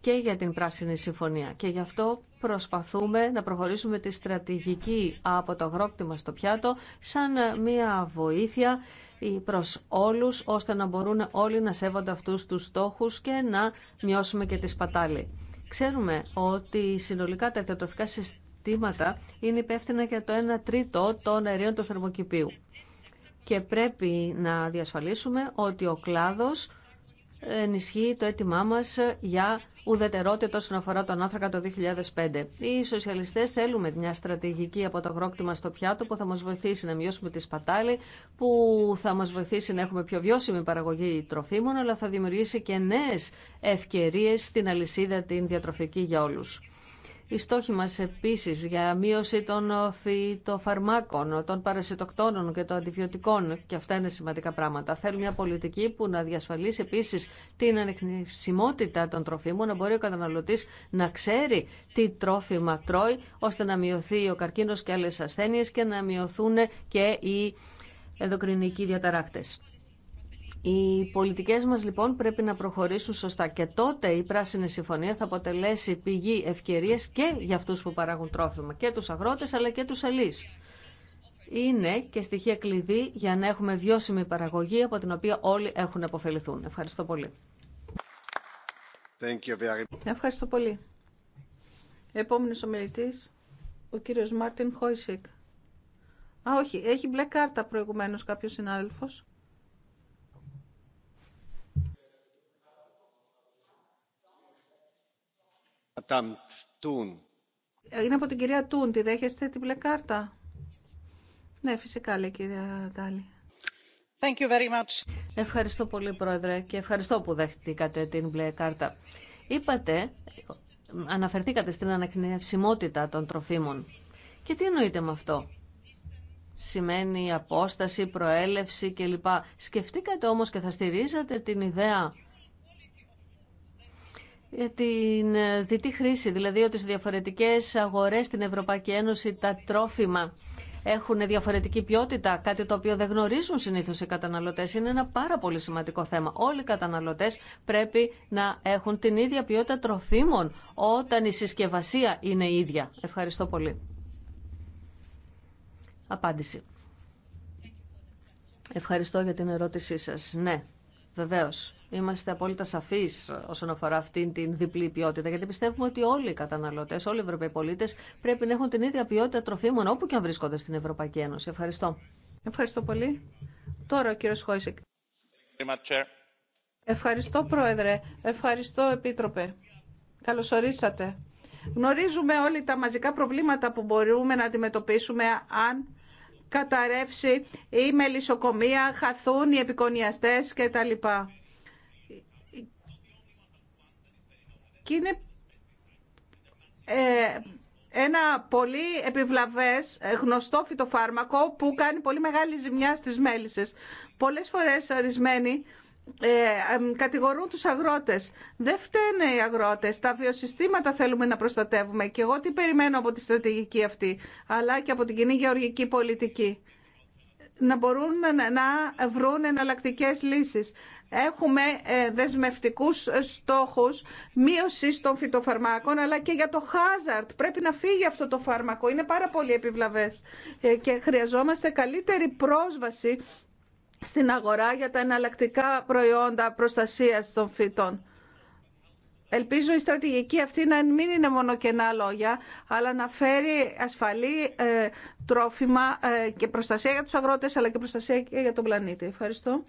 και για την Πράσινη Συμφωνία και γι' αυτό προσπαθούμε να προχωρήσουμε τη στρατηγική από το αγρόκτημα στο πιάτο σαν μια βοήθεια προς όλους ώστε να μπορούν όλοι να σέβονται αυτούς τους στόχους και να μειώσουμε και τη σπατάλη. Ξέρουμε ότι συνολικά τα ιδιοτροφικά συστήματα είναι υπεύθυνα για το 1 τρίτο των αερίων του θερμοκηπίου. Και πρέπει να διασφαλίσουμε ότι ο κλάδος ενισχύει το αίτημά μας για ουδετερότητα όσον αφορά τον άνθρακα το 2005. Οι σοσιαλιστές θέλουμε μια στρατηγική από το αγρόκτημα στο πιάτο που θα μας βοηθήσει να μειώσουμε τη σπατάλη, που θα μας βοηθήσει να έχουμε πιο βιώσιμη παραγωγή τροφίμων, αλλά θα δημιουργήσει και νέες ευκαιρίες στην αλυσίδα την διατροφική για όλους. Η στόχη μας επίσης για μείωση των φυτοφαρμάκων, των παρασιτοκτόνων και των αντιβιωτικών και αυτά είναι σημαντικά πράγματα. Θέλουμε μια πολιτική που να διασφαλίσει επίσης την ανεκνησιμότητα των τροφίμων, να μπορεί ο καταναλωτής να ξέρει τι τρόφιμα τρώει, ώστε να μειωθεί ο καρκίνος και άλλες ασθένειες και να μειωθούν και οι ενδοκρινικοί διαταράκτες. Οι πολιτικές μας λοιπόν πρέπει να προχωρήσουν σωστά και τότε η Πράσινη Συμφωνία θα αποτελέσει πηγή ευκαιρίε και για αυτούς που παράγουν τρόφιμα, και τους αγρότες αλλά και τους αλεί. Είναι και στοιχεία κλειδί για να έχουμε βιώσιμη παραγωγή από την οποία όλοι έχουν να αποφεληθούν. Ευχαριστώ πολύ. Thank you very Ευχαριστώ πολύ. Επόμενος ομιλητής, ο κύριος Μάρτιν Χόισικ. Α, όχι, έχει μπλε κάρτα προηγουμένως κάποιος συνάδελφος. Είναι από την κυρία Τούν. Τη δέχεστε την μπλε κάρτα. Ναι, φυσικά λέει κυρία Ντάλη. Thank you very much. Ευχαριστώ πολύ, Πρόεδρε, και ευχαριστώ που δέχτηκατε την μπλε κάρτα. Είπατε, αναφερθήκατε στην ανακνευσιμότητα των τροφίμων. Και τι εννοείτε με αυτό. Σημαίνει απόσταση, προέλευση κλπ. Σκεφτήκατε όμως και θα στηρίζατε την ιδέα για ε, την ε, διτή χρήση, δηλαδή ότι στις διαφορετικές αγορές στην Ευρωπαϊκή Ένωση τα τρόφιμα έχουν διαφορετική ποιότητα, κάτι το οποίο δεν γνωρίζουν συνήθως οι καταναλωτές. Είναι ένα πάρα πολύ σημαντικό θέμα. Όλοι οι καταναλωτές πρέπει να έχουν την ίδια ποιότητα τροφίμων όταν η συσκευασία είναι ίδια. Ευχαριστώ πολύ. Απάντηση. Ευχαριστώ για την ερώτησή σας. Ναι, Βεβαίω, είμαστε απόλυτα σαφείς όσον αφορά αυτήν την διπλή ποιότητα, γιατί πιστεύουμε ότι όλοι οι καταναλωτές, όλοι οι Ευρωπαίοι πολίτες πρέπει να έχουν την ίδια ποιότητα τροφίμων όπου και αν βρίσκονται στην Ευρωπαϊκή Ένωση. Ευχαριστώ. Ευχαριστώ πολύ. Τώρα ο κύριο Χόισεκ. Ευχαριστώ Πρόεδρε. Ευχαριστώ Επίτροπε. Καλωσορίσατε. Γνωρίζουμε όλοι τα μαζικά προβλήματα που μπορούμε να αντιμετωπίσουμε αν καταρρεύσει η μελισσοκομεία, χαθούν οι επικονιαστές και λοιπά. Και είναι ε, ένα πολύ επιβλαβές ε, γνωστό φυτοφάρμακο που κάνει πολύ μεγάλη ζημιά στις μέλισσες. Πολλές φορές ορισμένοι ε, κατηγορούν τους αγρότες. Δεν φταίνε οι αγρότες. Τα βιοσυστήματα θέλουμε να προστατεύουμε. Και εγώ τι περιμένω από τη στρατηγική αυτή, αλλά και από την κοινή γεωργική πολιτική. Να μπορούν να βρουν εναλλακτικέ λύσεις. Έχουμε ε, δεσμευτικούς στόχους μείωση των φυτοφαρμάκων, αλλά και για το hazard. Πρέπει να φύγει αυτό το φάρμακο. Είναι πάρα πολύ επιβλαβές. Ε, και χρειαζόμαστε καλύτερη πρόσβαση στην αγορά για τα εναλλακτικά προϊόντα προστασίας των φυτών. Ελπίζω η στρατηγική αυτή να μην είναι μόνο κενά λόγια, αλλά να φέρει ασφαλή ε, τρόφιμα ε, και προστασία για τους αγρότες, αλλά και προστασία και για τον πλανήτη. Ευχαριστώ.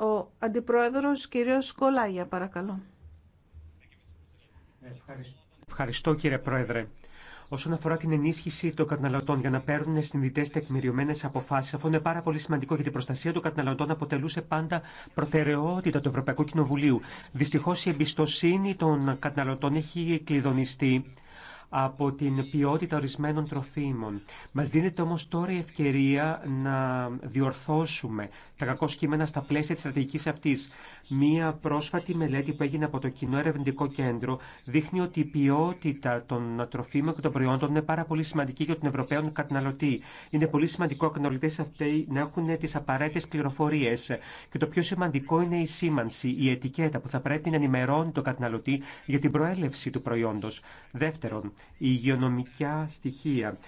Ο Αντιπρόεδρος, κύριος Σκολάγια, παρακαλώ. Ευχαριστώ, Ευχαριστώ κύριε Πρόεδρε όσον αφορά την ενίσχυση των καταναλωτών για να παίρνουν συνειδητέ τεκμηριωμένε αποφάσει. Αυτό είναι πάρα πολύ σημαντικό γιατί η προστασία των καταναλωτών αποτελούσε πάντα προτεραιότητα του Ευρωπαϊκού Κοινοβουλίου. Δυστυχώ η εμπιστοσύνη των καταναλωτών έχει κλειδονιστεί από την ποιότητα ορισμένων τροφίμων. Μας δίνεται όμως τώρα η ευκαιρία να διορθώσουμε τα κακό κείμενα στα πλαίσια τη στρατηγική αυτή. Μία πρόσφατη μελέτη που έγινε από το Κοινό Ερευνητικό Κέντρο δείχνει ότι η ποιότητα των τροφίμων και των προϊόντων είναι πάρα πολύ σημαντική για τον Ευρωπαίο καταναλωτή. Είναι πολύ σημαντικό οι καταναλωτέ αυτοί να έχουν τι απαραίτητε πληροφορίε. Και το πιο σημαντικό είναι η σήμανση, η ετικέτα που θα πρέπει να ενημερώνει τον καταναλωτή για την προέλευση του προϊόντο. Δεύτερον, η υγειονομικά στοιχεία.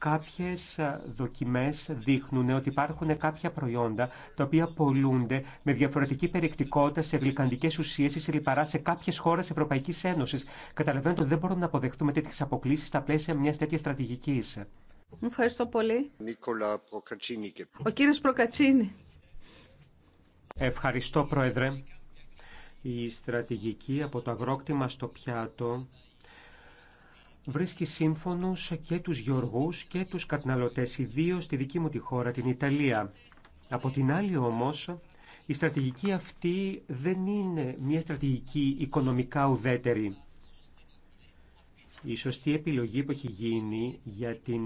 Κάποιες ε, δοκιμές δείχνουν ότι υπάρχουν κάποια προϊόντα τα οποία πολλούνται με διαφορετική περιεκτικότητα σε γλυκαντικές ουσίες ή σε λιπαρά σε κάποιες χώρες Ευρωπαϊκής Ένωσης. Καταλαβαίνετε ότι δεν μπορούμε να αποδεχτούμε τέτοιες αποκλήσεις στα πλαίσια μιας τέτοιας στρατηγικής. Ευχαριστώ πολύ. Ο κύριος Προκατσίνη. Ευχαριστώ, Πρόεδρε. Η στρατηγική από το αγρόκτημα στο πιάτο βρίσκει σύμφωνος και τους γεωργούς και τους καταναλωτές, ιδίω στη δική μου τη χώρα, την Ιταλία. Από την άλλη όμως, η στρατηγική αυτή δεν είναι μια στρατηγική οικονομικά ουδέτερη η σωστή επιλογή που έχει γίνει για την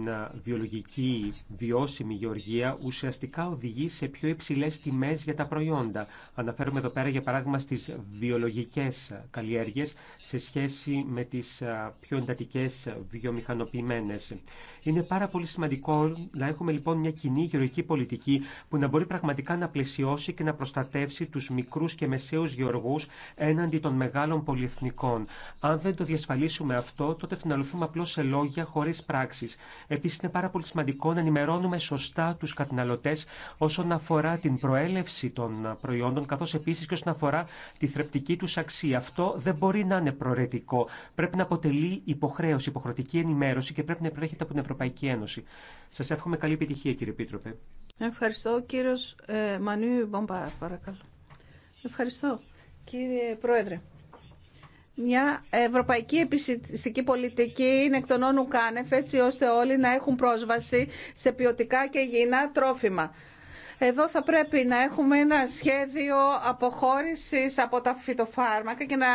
βιολογική βιώσιμη γεωργία ουσιαστικά οδηγεί σε πιο υψηλές τιμές για τα προϊόντα. Αναφέρομαι εδώ πέρα για παράδειγμα στις βιολογικές καλλιέργειες σε σχέση με τις πιο εντατικές βιομηχανοποιημένες. Είναι πάρα πολύ σημαντικό να έχουμε λοιπόν μια κοινή γεωργική πολιτική που να μπορεί πραγματικά να πλαισιώσει και να προστατεύσει τους μικρούς και μεσαίους γεωργούς έναντι των μεγάλων πολυεθνικών. Αν δεν το διασφαλίσουμε αυτό, τότε θα απλώ σε λόγια χωρί πράξει. Επίση, είναι πάρα πολύ σημαντικό να ενημερώνουμε σωστά του καταναλωτέ όσον αφορά την προέλευση των προϊόντων, καθώ επίση και όσον αφορά τη θρεπτική του αξία. Αυτό δεν μπορεί να είναι προαιρετικό. Πρέπει να αποτελεί υποχρέωση, υποχρεωτική ενημέρωση και πρέπει να προέρχεται από την Ευρωπαϊκή Ένωση. Σα εύχομαι καλή επιτυχία, κύριε Πίτροφε. Ευχαριστώ, κύριο ε, Μανίου παρακαλώ. Ευχαριστώ, κύριε Πρόεδρε. Μια ευρωπαϊκή επιστημιστική πολιτική είναι εκ των κάνευ έτσι ώστε όλοι να έχουν πρόσβαση σε ποιοτικά και υγιεινά τρόφιμα. Εδώ θα πρέπει να έχουμε ένα σχέδιο αποχώρησης από τα φυτοφάρμακα και να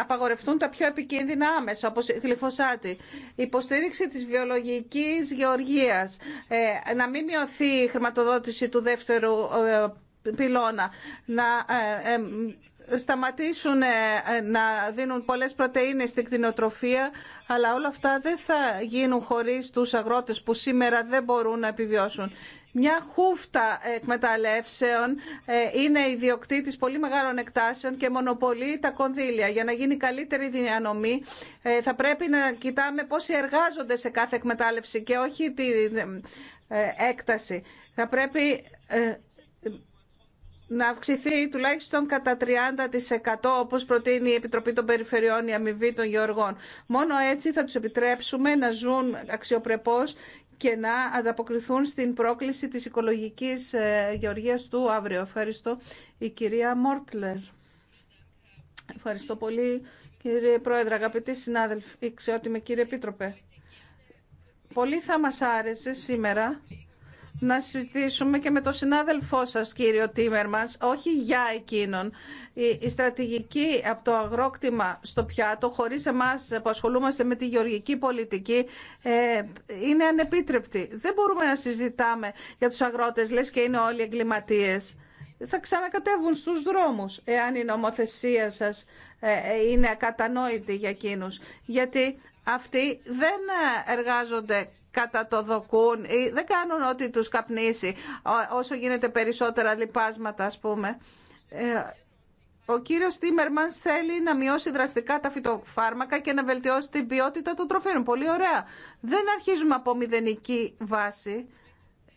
απαγορευτούν τα πιο επικίνδυνα άμεσα, όπως η γλυφοσάτη. Υποστήριξη της βιολογικής γεωργίας. Ε, να μην μειωθεί η χρηματοδότηση του δεύτερου ε, πυλώνα. Να ε, σταματήσουν ε, να δίνουν πολλές πρωτεΐνες στην κτηνοτροφία, αλλά όλα αυτά δεν θα γίνουν χωρίς τους αγρότες που σήμερα δεν μπορούν να επιβιώσουν. Μια χούφτα εκμεταλλεύσεων ε, είναι ιδιοκτήτης πολύ μεγάλων εκτάσεων και μονοπολεί τα κονδύλια. Για να γίνει καλύτερη διανομή ε, θα πρέπει να κοιτάμε πόσοι εργάζονται σε κάθε εκμετάλλευση και όχι την έκταση. Θα πρέπει να αυξηθεί τουλάχιστον κατά 30% όπως προτείνει η Επιτροπή των Περιφερειών η αμοιβή των γεωργών. Μόνο έτσι θα τους επιτρέψουμε να ζουν αξιοπρεπώς και να ανταποκριθούν στην πρόκληση της οικολογικής ε, γεωργίας του αύριο. Ευχαριστώ η κυρία Μόρτλερ. Ευχαριστώ πολύ κύριε Πρόεδρε, αγαπητοί συνάδελφοι, εξαιότιμη κύριε Επίτροπε. Πολύ θα μας άρεσε σήμερα να συζητήσουμε και με τον συνάδελφό σας κύριο μας, όχι για εκείνον. Η, στρατηγική από το αγρόκτημα στο πιάτο, χωρίς εμάς που ασχολούμαστε με τη γεωργική πολιτική, ε, είναι ανεπίτρεπτη. Δεν μπορούμε να συζητάμε για τους αγρότες, λες και είναι όλοι εγκληματίες. Θα ξανακατεύουν στους δρόμους, εάν η νομοθεσία σας ε, είναι ακατανόητη για εκείνους. Γιατί αυτοί δεν ε, εργάζονται κατατοδοκούν ή δεν κάνουν ό,τι τους καπνίσει όσο γίνεται περισσότερα λιπάσματα ας πούμε. Ε, ο κύριος Τίμερμανς θέλει να μειώσει δραστικά τα φυτοφάρμακα και να βελτιώσει την ποιότητα των τροφίμων. Πολύ ωραία. Δεν αρχίζουμε από μηδενική βάση.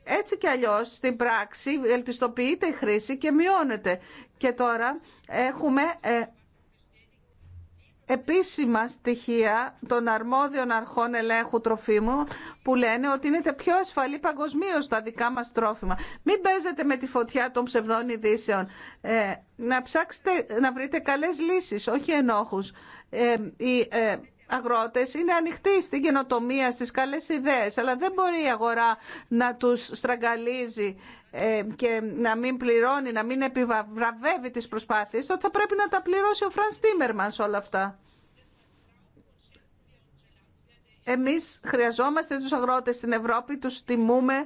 Έτσι κι αλλιώς στην πράξη βελτιστοποιείται η χρήση και μειώνεται. Και τώρα έχουμε ε, επίσημα στοιχεία των αρμόδιων αρχών ελέγχου τροφίμου που λένε ότι είναι τα πιο ασφαλή παγκοσμίω τα δικά μας τρόφιμα. Μην παίζετε με τη φωτιά των ψευδών ειδήσεων. Ε, να ψάξετε να βρείτε καλές λύσεις, όχι ενόχους. Ε, οι ε, αγρότες είναι ανοιχτοί στην καινοτομία, στις καλές ιδέες, αλλά δεν μπορεί η αγορά να τους στραγγαλίζει ε, και να μην πληρώνει, να μην επιβραβεύει τις προσπάθειες, τότε θα πρέπει να τα πληρώσει ο Φρανς Τίμερμανς όλα αυτά. Εμείς χρειαζόμαστε τους αγρότες στην Ευρώπη, τους τιμούμε.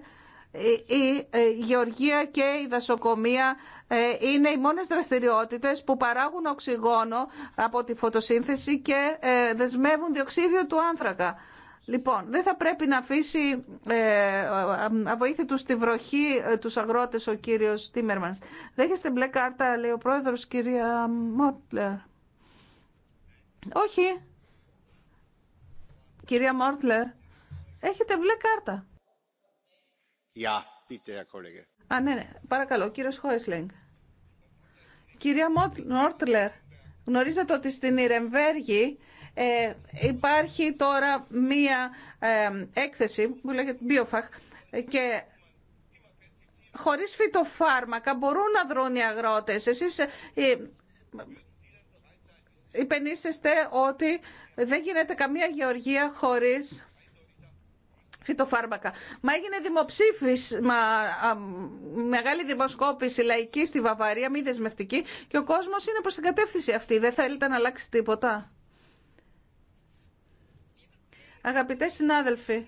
Η ε, γεωργία και η δασοκομεία ε, είναι οι μόνες δραστηριότητες που παράγουν οξυγόνο από τη φωτοσύνθεση και δεσμεύουν διοξίδιο του άνθρακα. Λοιπόν, δεν θα πρέπει να αφήσει ε, ε, αβοήθητους στη βροχή ε, τους αγρότες ο κύριος Τίμερμανς. Δέχεστε μπλε κάρτα, λέει ο πρόεδρος, κυρία Μόρτλερ. Όχι. Κυρία Μόρτλερ, έχετε μπλε κάρτα. Ja, bitte, Α, ναι, ναι. Παρακαλώ, Κύριο Χόισλινγκ. Κυρία Μόρτλερ, γνωρίζετε ότι στην Ιρεμβέργη ε, υπάρχει τώρα μία ε, έκθεση που λέγεται Biofach και χωρίς φυτοφάρμακα μπορούν να δρουν οι αγρότες. Εσείς ε, υπενήσεστε ότι δεν γίνεται καμία γεωργία χωρίς φυτοφάρμακα. Μα έγινε δημοψήφισμα, μεγάλη δημοσκόπηση λαϊκή στη Βαβαρία, μη δεσμευτική, και ο κόσμος είναι προς την κατεύθυνση αυτή. Δεν θέλετε να αλλάξει τίποτα. Αγαπητές συνάδελφοι,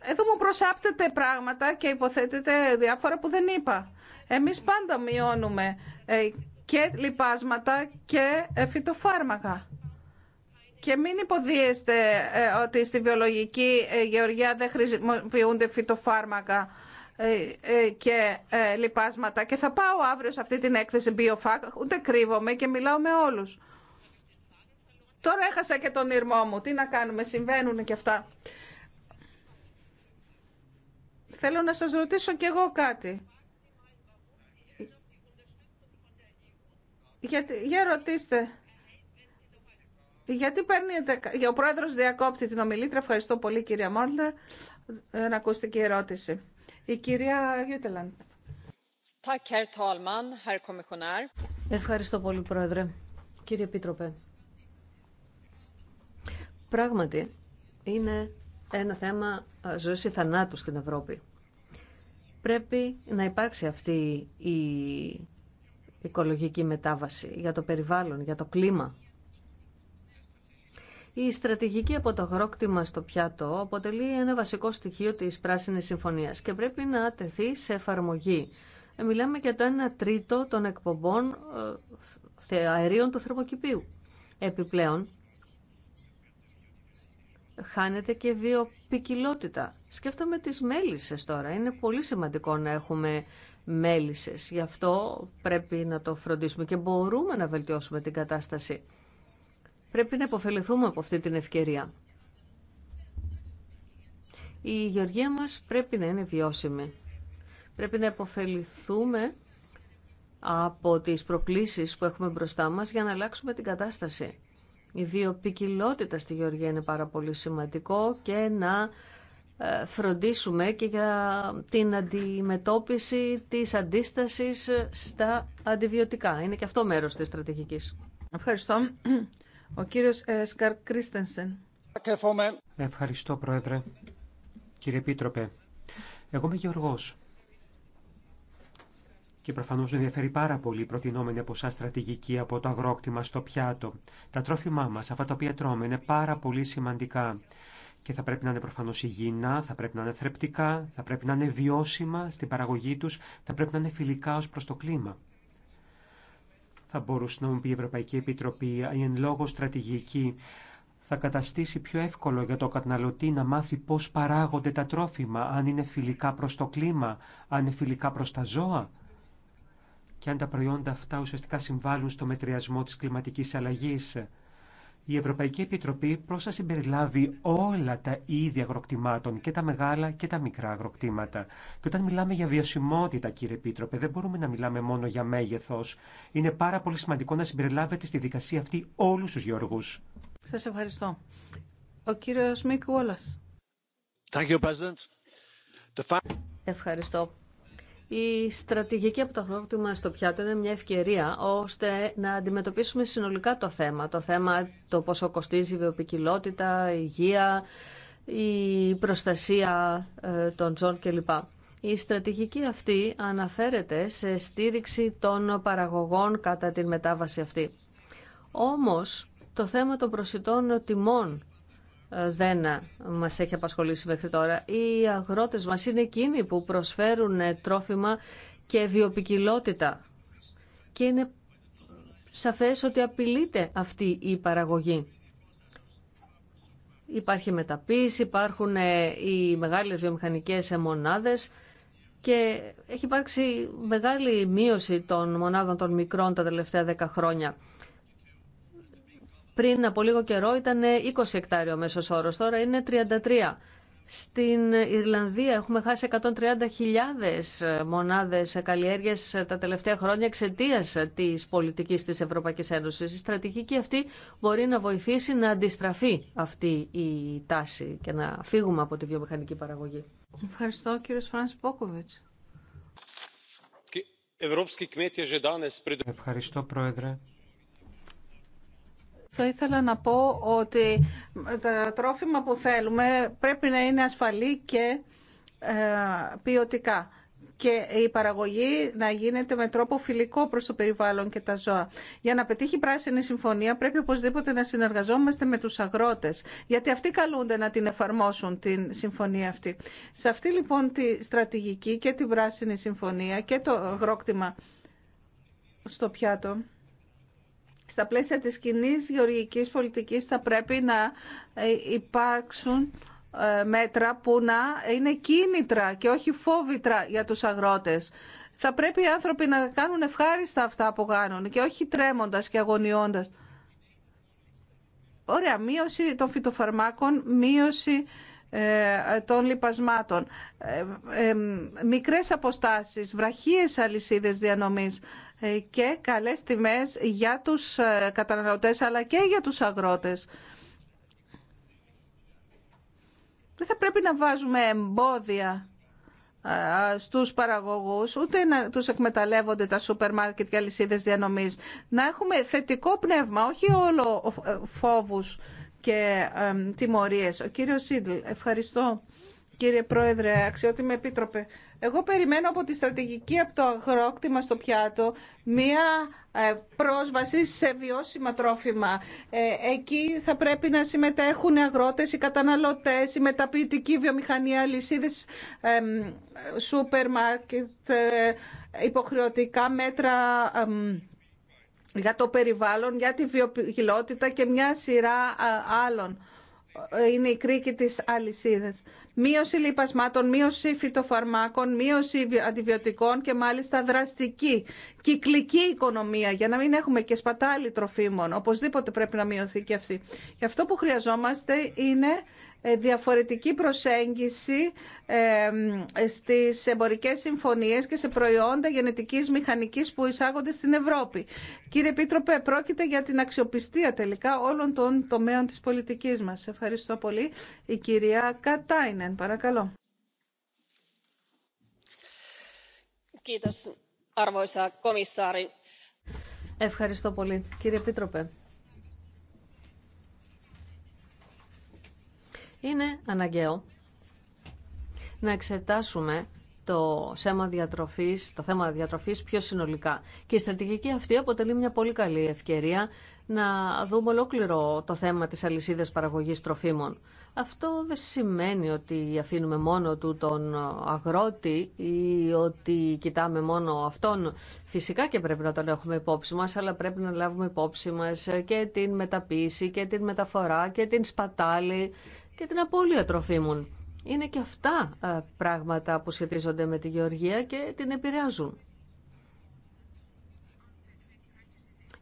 εδώ μου προσάπτεται πράγματα και υποθέτεται διάφορα που δεν είπα. Εμείς πάντα μειώνουμε ε, και λιπάσματα και ε, φυτοφάρμακα. Και μην υποδίεστε ε, ότι στη βιολογική γεωργία δεν χρησιμοποιούνται φυτοφάρμακα και λιπάσματα. Και θα πάω αύριο σε αυτή την έκθεση BioFac, ούτε κρύβομαι και μιλάω με όλους. Τώρα έχασα και τον ήρμό μου. Τι να κάνουμε, συμβαίνουν και αυτά. Θέλω να σας ρωτήσω κι εγώ κάτι. Γιατί, για ρωτήστε. Γιατί παίρνετε... Ο πρόεδρος διακόπτει την ομιλήτρα. Ευχαριστώ πολύ κυρία Μόρλερ. ακούστε και η ερώτηση. Η κυρία Γιούτελαντ. Ευχαριστώ πολύ πρόεδρε. Κύριε Επίτροπε. Πράγματι, είναι ένα θέμα ε, ζωής ή θανάτου στην Ευρώπη. Πρέπει να υπάρξει αυτή η οικολογική μετάβαση για το περιβάλλον, για το κλίμα. Η στρατηγική από το αγρόκτημα στο πιάτο αποτελεί ένα βασικό στοιχείο της Πράσινης Συμφωνίας και πρέπει να τεθεί σε εφαρμογή. Ε, μιλάμε για το 1 τρίτο των εκπομπών ε, αερίων του θερμοκηπίου. Επιπλέον, χάνεται και βιοπικιλότητα. Σκέφτομαι τις μέλισσες τώρα. Είναι πολύ σημαντικό να έχουμε μέλισσες. Γι' αυτό πρέπει να το φροντίσουμε και μπορούμε να βελτιώσουμε την κατάσταση. Πρέπει να υποφεληθούμε από αυτή την ευκαιρία. Η γεωργία μας πρέπει να είναι βιώσιμη. Πρέπει να υποφεληθούμε από τις προκλήσεις που έχουμε μπροστά μας για να αλλάξουμε την κατάσταση η βιοπικιλότητα στη Γεωργία είναι πάρα πολύ σημαντικό και να ε, φροντίσουμε και για την αντιμετώπιση της αντίστασης στα αντιβιωτικά. Είναι και αυτό μέρος της στρατηγικής. Ευχαριστώ. Ο κύριος ε, Σκαρ Κρίστενσεν. Ευχαριστώ, Πρόεδρε. Κύριε Επίτροπε, εγώ είμαι γεωργός. Και προφανώ με ενδιαφέρει πάρα πολύ η προτινόμενη από εσά στρατηγική από το αγρόκτημα στο πιάτο. Τα τρόφιμά μα, αυτά τα οποία τρώμε, είναι πάρα πολύ σημαντικά. Και θα πρέπει να είναι προφανώ υγιεινά, θα πρέπει να είναι θρεπτικά, θα πρέπει να είναι βιώσιμα στην παραγωγή του, θα πρέπει να είναι φιλικά ω προ το κλίμα. Θα μπορούσε να μου πει η Ευρωπαϊκή Επιτροπή, η εν λόγω στρατηγική, θα καταστήσει πιο εύκολο για το καταναλωτή να μάθει πώ παράγονται τα τρόφιμα, αν είναι φιλικά προ το κλίμα, αν είναι φιλικά προ τα ζώα και αν τα προϊόντα αυτά ουσιαστικά συμβάλλουν στο μετριασμό της κλιματικής αλλαγής. Η Ευρωπαϊκή Επιτροπή πρόσα συμπεριλάβει όλα τα είδη αγροκτημάτων, και τα μεγάλα και τα μικρά αγροκτήματα. Και όταν μιλάμε για βιωσιμότητα, κύριε Επίτροπε, δεν μπορούμε να μιλάμε μόνο για μέγεθο. Είναι πάρα πολύ σημαντικό να συμπεριλάβετε στη δικασία αυτή όλου του γεωργού. Σα ευχαριστώ. Ο κύριο Μικ Ευχαριστώ. Η στρατηγική από το είμαστε στο πιάτο είναι μια ευκαιρία ώστε να αντιμετωπίσουμε συνολικά το θέμα. Το θέμα το πόσο κοστίζει η βιοπικιλότητα, η υγεία, η προστασία ε, των ζών κλπ. Η στρατηγική αυτή αναφέρεται σε στήριξη των παραγωγών κατά την μετάβαση αυτή. Όμως, το θέμα των προσιτών τιμών δεν μας έχει απασχολήσει μέχρι τώρα. Οι αγρότες μας είναι εκείνοι που προσφέρουν τρόφιμα και βιοπικιλότητα. Και είναι σαφές ότι απειλείται αυτή η παραγωγή. Υπάρχει μεταποίηση, υπάρχουν ε, οι μεγάλες βιομηχανικές μονάδες και έχει υπάρξει μεγάλη μείωση των μονάδων των μικρών τα τελευταία δέκα χρόνια. Πριν από λίγο καιρό ήταν 20 εκτάριο μέσο όρο. τώρα είναι 33. Στην Ιρλανδία έχουμε χάσει 130.000 ε, μονάδες καλλιέργειας τα τελευταία χρόνια εξαιτία της πολιτικής της Ευρωπαϊκής Ένωσης. Η στρατηγική αυτή μπορεί να βοηθήσει να αντιστραφεί αυτή η τάση και να φύγουμε από τη βιομηχανική παραγωγή. Ευχαριστώ κύριος Φράνς Πόκοβιτς. Ευχαριστώ πρόεδρε. Θα ήθελα να πω ότι τα τρόφιμα που θέλουμε πρέπει να είναι ασφαλή και ε, ποιοτικά και η παραγωγή να γίνεται με τρόπο φιλικό προς το περιβάλλον και τα ζώα. Για να πετύχει η πράσινη συμφωνία πρέπει οπωσδήποτε να συνεργαζόμαστε με τους αγρότες, γιατί αυτοί καλούνται να την εφαρμόσουν την συμφωνία αυτή. Σε αυτή λοιπόν τη στρατηγική και την πράσινη συμφωνία και το αγρόκτημα στο πιάτο, στα πλαίσια της κοινή γεωργικής πολιτικής θα πρέπει να ε, υπάρξουν ε, μέτρα που να είναι κίνητρα και όχι φόβητρα για τους αγρότες. Θα πρέπει οι άνθρωποι να κάνουν ευχάριστα αυτά που κάνουν και όχι τρέμοντας και αγωνιώντας. Ωραία, μείωση των φυτοφαρμάκων, μείωση ε, των λιπασμάτων, ε, ε, μικρές αποστάσεις, βραχίες αλυσίδες διανομής και καλές τιμές για τους καταναλωτές αλλά και για τους αγρότες. Δεν θα πρέπει να βάζουμε εμπόδια στους παραγωγούς, ούτε να τους εκμεταλλεύονται τα σούπερ μάρκετ και αλυσίδες διανομής. Να έχουμε θετικό πνεύμα, όχι όλο φόβους και τιμωρίες. Ο κύριος Σίδλ, ευχαριστώ κύριε Πρόεδρε, αξιότιμη Επίτροπε. Εγώ περιμένω από τη στρατηγική, από το αγρόκτημα στο πιάτο, μία ε, πρόσβαση σε βιώσιμα τρόφιμα. Ε, εκεί θα πρέπει να συμμετέχουν οι αγρότες, οι καταναλωτές, η μεταποιητική βιομηχανία, λυσίδες, σούπερ μάρκετ, ε, υποχρεωτικά μέτρα για το περιβάλλον, για τη βιοποικιλότητα και μια σειρά άλλων. Είναι η κρίκη της αλυσίδας. Μείωση λιπασμάτων, μείωση φυτοφαρμάκων, μείωση αντιβιωτικών και μάλιστα δραστική, κυκλική οικονομία για να μην έχουμε και σπατάλη τροφίμων. Οπωσδήποτε πρέπει να μειωθεί και αυτή. Και αυτό που χρειαζόμαστε είναι ε, διαφορετική προσέγγιση ε, στις εμπορικές συμφωνίες και σε προϊόντα γενετικής μηχανικής που εισάγονται στην Ευρώπη. Κύριε Πίτροπε, πρόκειται για την αξιοπιστία τελικά όλων των τομέων της πολιτικής μας. Ευχαριστώ πολύ. Η κυρία Κατάινεν, παρακαλώ. Ευχαριστώ πολύ. Κύριε Πίτροπε. είναι αναγκαίο να εξετάσουμε το θέμα διατροφής, το θέμα διατροφής πιο συνολικά. Και η στρατηγική αυτή αποτελεί μια πολύ καλή ευκαιρία να δούμε ολόκληρο το θέμα της αλυσίδας παραγωγής τροφίμων. Αυτό δεν σημαίνει ότι αφήνουμε μόνο του τον αγρότη ή ότι κοιτάμε μόνο αυτόν. Φυσικά και πρέπει να τον έχουμε υπόψη μας, αλλά πρέπει να λάβουμε υπόψη μας και την μεταποίηση και την μεταφορά και την σπατάλη και την απώλεια τροφίμων. Είναι και αυτά ε, πράγματα που σχετίζονται με τη γεωργία και την επηρεάζουν.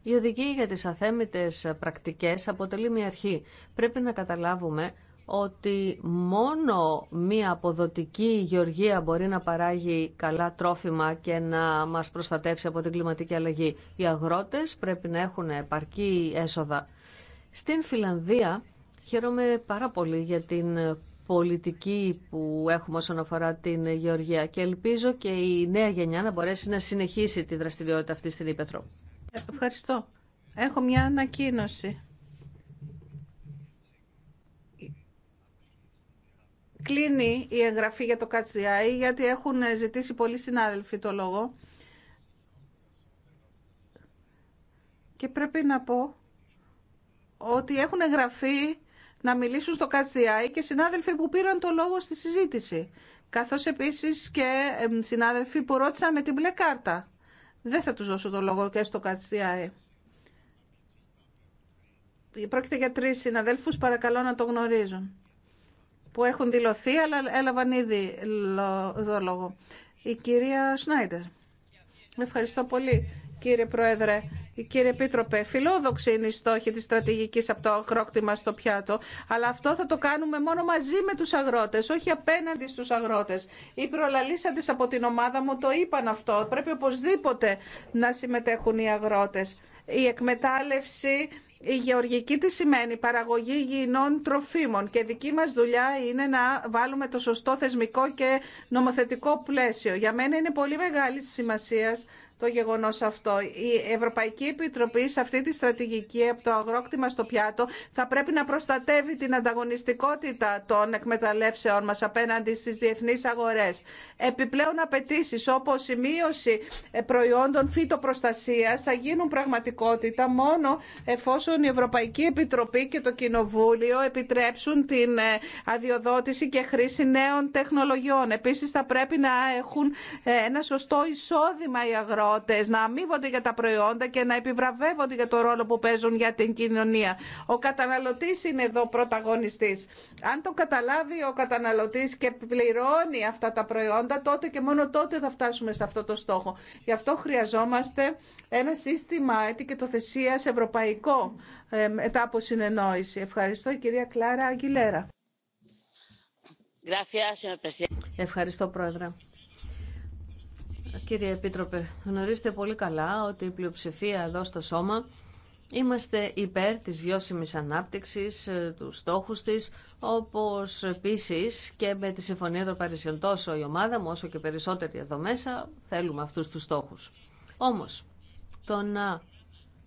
Η οδηγία για τις αθέμητες πρακτικές αποτελεί μια αρχή. Πρέπει να καταλάβουμε ότι μόνο μία αποδοτική γεωργία μπορεί να παράγει καλά τρόφιμα και να μας προστατεύσει από την κλιματική αλλαγή. Οι αγρότες πρέπει να έχουν επαρκή έσοδα. Στην Φιλανδία Χαίρομαι πάρα πολύ για την πολιτική που έχουμε όσον αφορά την Γεωργία και ελπίζω και η νέα γενιά να μπορέσει να συνεχίσει τη δραστηριότητα αυτή στην Ήπεθρο. Ευχαριστώ. Έχω μια ανακοίνωση. Κλείνει η εγγραφή για το ΚΑΤΣΙΑΗ γιατί έχουν ζητήσει πολλοί συνάδελφοι το λόγο. Και πρέπει να πω ότι έχουν εγγραφεί να μιλήσουν στο ΚΑΤΣΤΙΑΗ και συνάδελφοι που πήραν το λόγο στη συζήτηση. Καθώς επίσης και συνάδελφοι που ρώτησαν με την μπλε κάρτα. Δεν θα τους δώσω το λόγο και στο ΚΑΤΣΤΙΑΗ. Πρόκειται για τρεις συναδέλφους, παρακαλώ να το γνωρίζουν, που έχουν δηλωθεί, αλλά έλαβαν ήδη το λόγο. Η κυρία Σνάιντερ. Ευχαριστώ πολύ, κύριε Πρόεδρε. Κύριε Επίτροπε, φιλόδοξη είναι η στόχη της στρατηγικής από το αγρόκτημα στο πιάτο, αλλά αυτό θα το κάνουμε μόνο μαζί με τους αγρότες, όχι απέναντι στους αγρότες. Οι προλαλήσαντες από την ομάδα μου το είπαν αυτό. Πρέπει οπωσδήποτε να συμμετέχουν οι αγρότες. Η εκμετάλλευση η γεωργική τι σημαίνει, παραγωγή υγιεινών τροφίμων και δική μας δουλειά είναι να βάλουμε το σωστό θεσμικό και νομοθετικό πλαίσιο. Για μένα είναι πολύ μεγάλη σημασία το γεγονός αυτό. Η Ευρωπαϊκή Επιτροπή σε αυτή τη στρατηγική από το αγρόκτημα στο πιάτο θα πρέπει να προστατεύει την ανταγωνιστικότητα των εκμεταλλεύσεων μας απέναντι στις διεθνείς αγορές. Επιπλέον απαιτήσει όπως η μείωση προϊόντων φυτοπροστασίας θα γίνουν πραγματικότητα μόνο εφόσον η Ευρωπαϊκή Επιτροπή και το Κοινοβούλιο επιτρέψουν την ε, αδειοδότηση και χρήση νέων τεχνολογιών. Επίσης θα πρέπει να έχουν ε, ένα σωστό εισόδημα οι αγρό να αμείβονται για τα προϊόντα και να επιβραβεύονται για το ρόλο που παίζουν για την κοινωνία. Ο καταναλωτής είναι εδώ πρωταγωνιστής. Αν το καταλάβει ο καταναλωτής και πληρώνει αυτά τα προϊόντα, τότε και μόνο τότε θα φτάσουμε σε αυτό το στόχο. Γι' αυτό χρειαζόμαστε ένα σύστημα ετικετοθεσία ευρωπαϊκό μετά από συνεννόηση. Ευχαριστώ κυρία Κλάρα Αγγιλέρα. Ευχαριστώ πρόεδρε. Κύριε Επίτροπε, γνωρίζετε πολύ καλά ότι η πλειοψηφία εδώ στο σώμα είμαστε υπέρ της βιώσιμης ανάπτυξης, ε, του στόχους της, όπως επίσης και με τη Συμφωνία των Παρισιών τόσο η ομάδα μου όσο και περισσότεροι εδώ μέσα θέλουμε αυτούς τους στόχους. Όμως, το να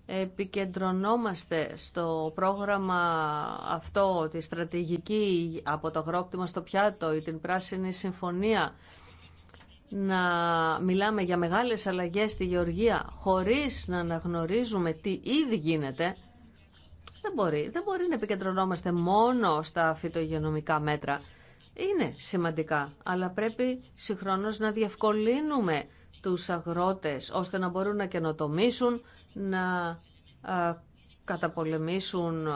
επικεντρωνόμαστε στο πρόγραμμα αυτό, τη στρατηγική από το αγρόκτημα στο πιάτο ή την πράσινη συμφωνία να μιλάμε για μεγάλες αλλαγές στη γεωργία χωρίς να αναγνωρίζουμε τι ήδη γίνεται, δεν μπορεί. Δεν μπορεί να επικεντρωνόμαστε μόνο στα φυτογενομικά μέτρα. Είναι σημαντικά, αλλά πρέπει συγχρόνως να διευκολύνουμε τους αγρότες ώστε να μπορούν να καινοτομήσουν, να καταπολεμήσουν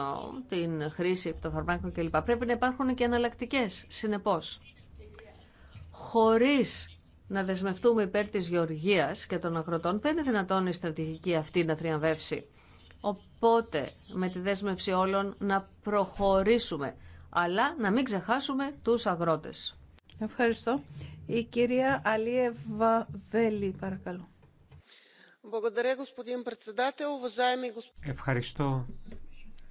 την χρήση των φαρμάκων κλπ. Πρέπει να υπάρχουν και εναλλακτικέ, συνεπώς. Χωρίς να δεσμευτούμε υπέρ της γεωργίας και των αγροτών, δεν είναι δυνατόν η στρατηγική αυτή να θριαμβεύσει. Οπότε με τη δέσμευση όλων να προχωρήσουμε, αλλά να μην ξεχάσουμε τους αγρότες. Ευχαριστώ. Η κυρία Αλίεβα Βέλη, παρακαλώ. Ευχαριστώ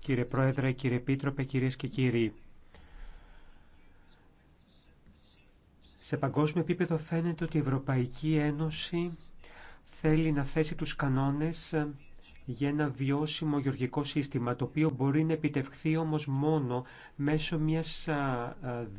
κύριε Πρόεδρε, κύριε Επίτροπε, κυρίες και κύριοι. Σε παγκόσμιο επίπεδο φαίνεται ότι η Ευρωπαϊκή Ένωση θέλει να θέσει τους κανόνες για ένα βιώσιμο γεωργικό σύστημα, το οποίο μπορεί να επιτευχθεί όμως μόνο μέσω μιας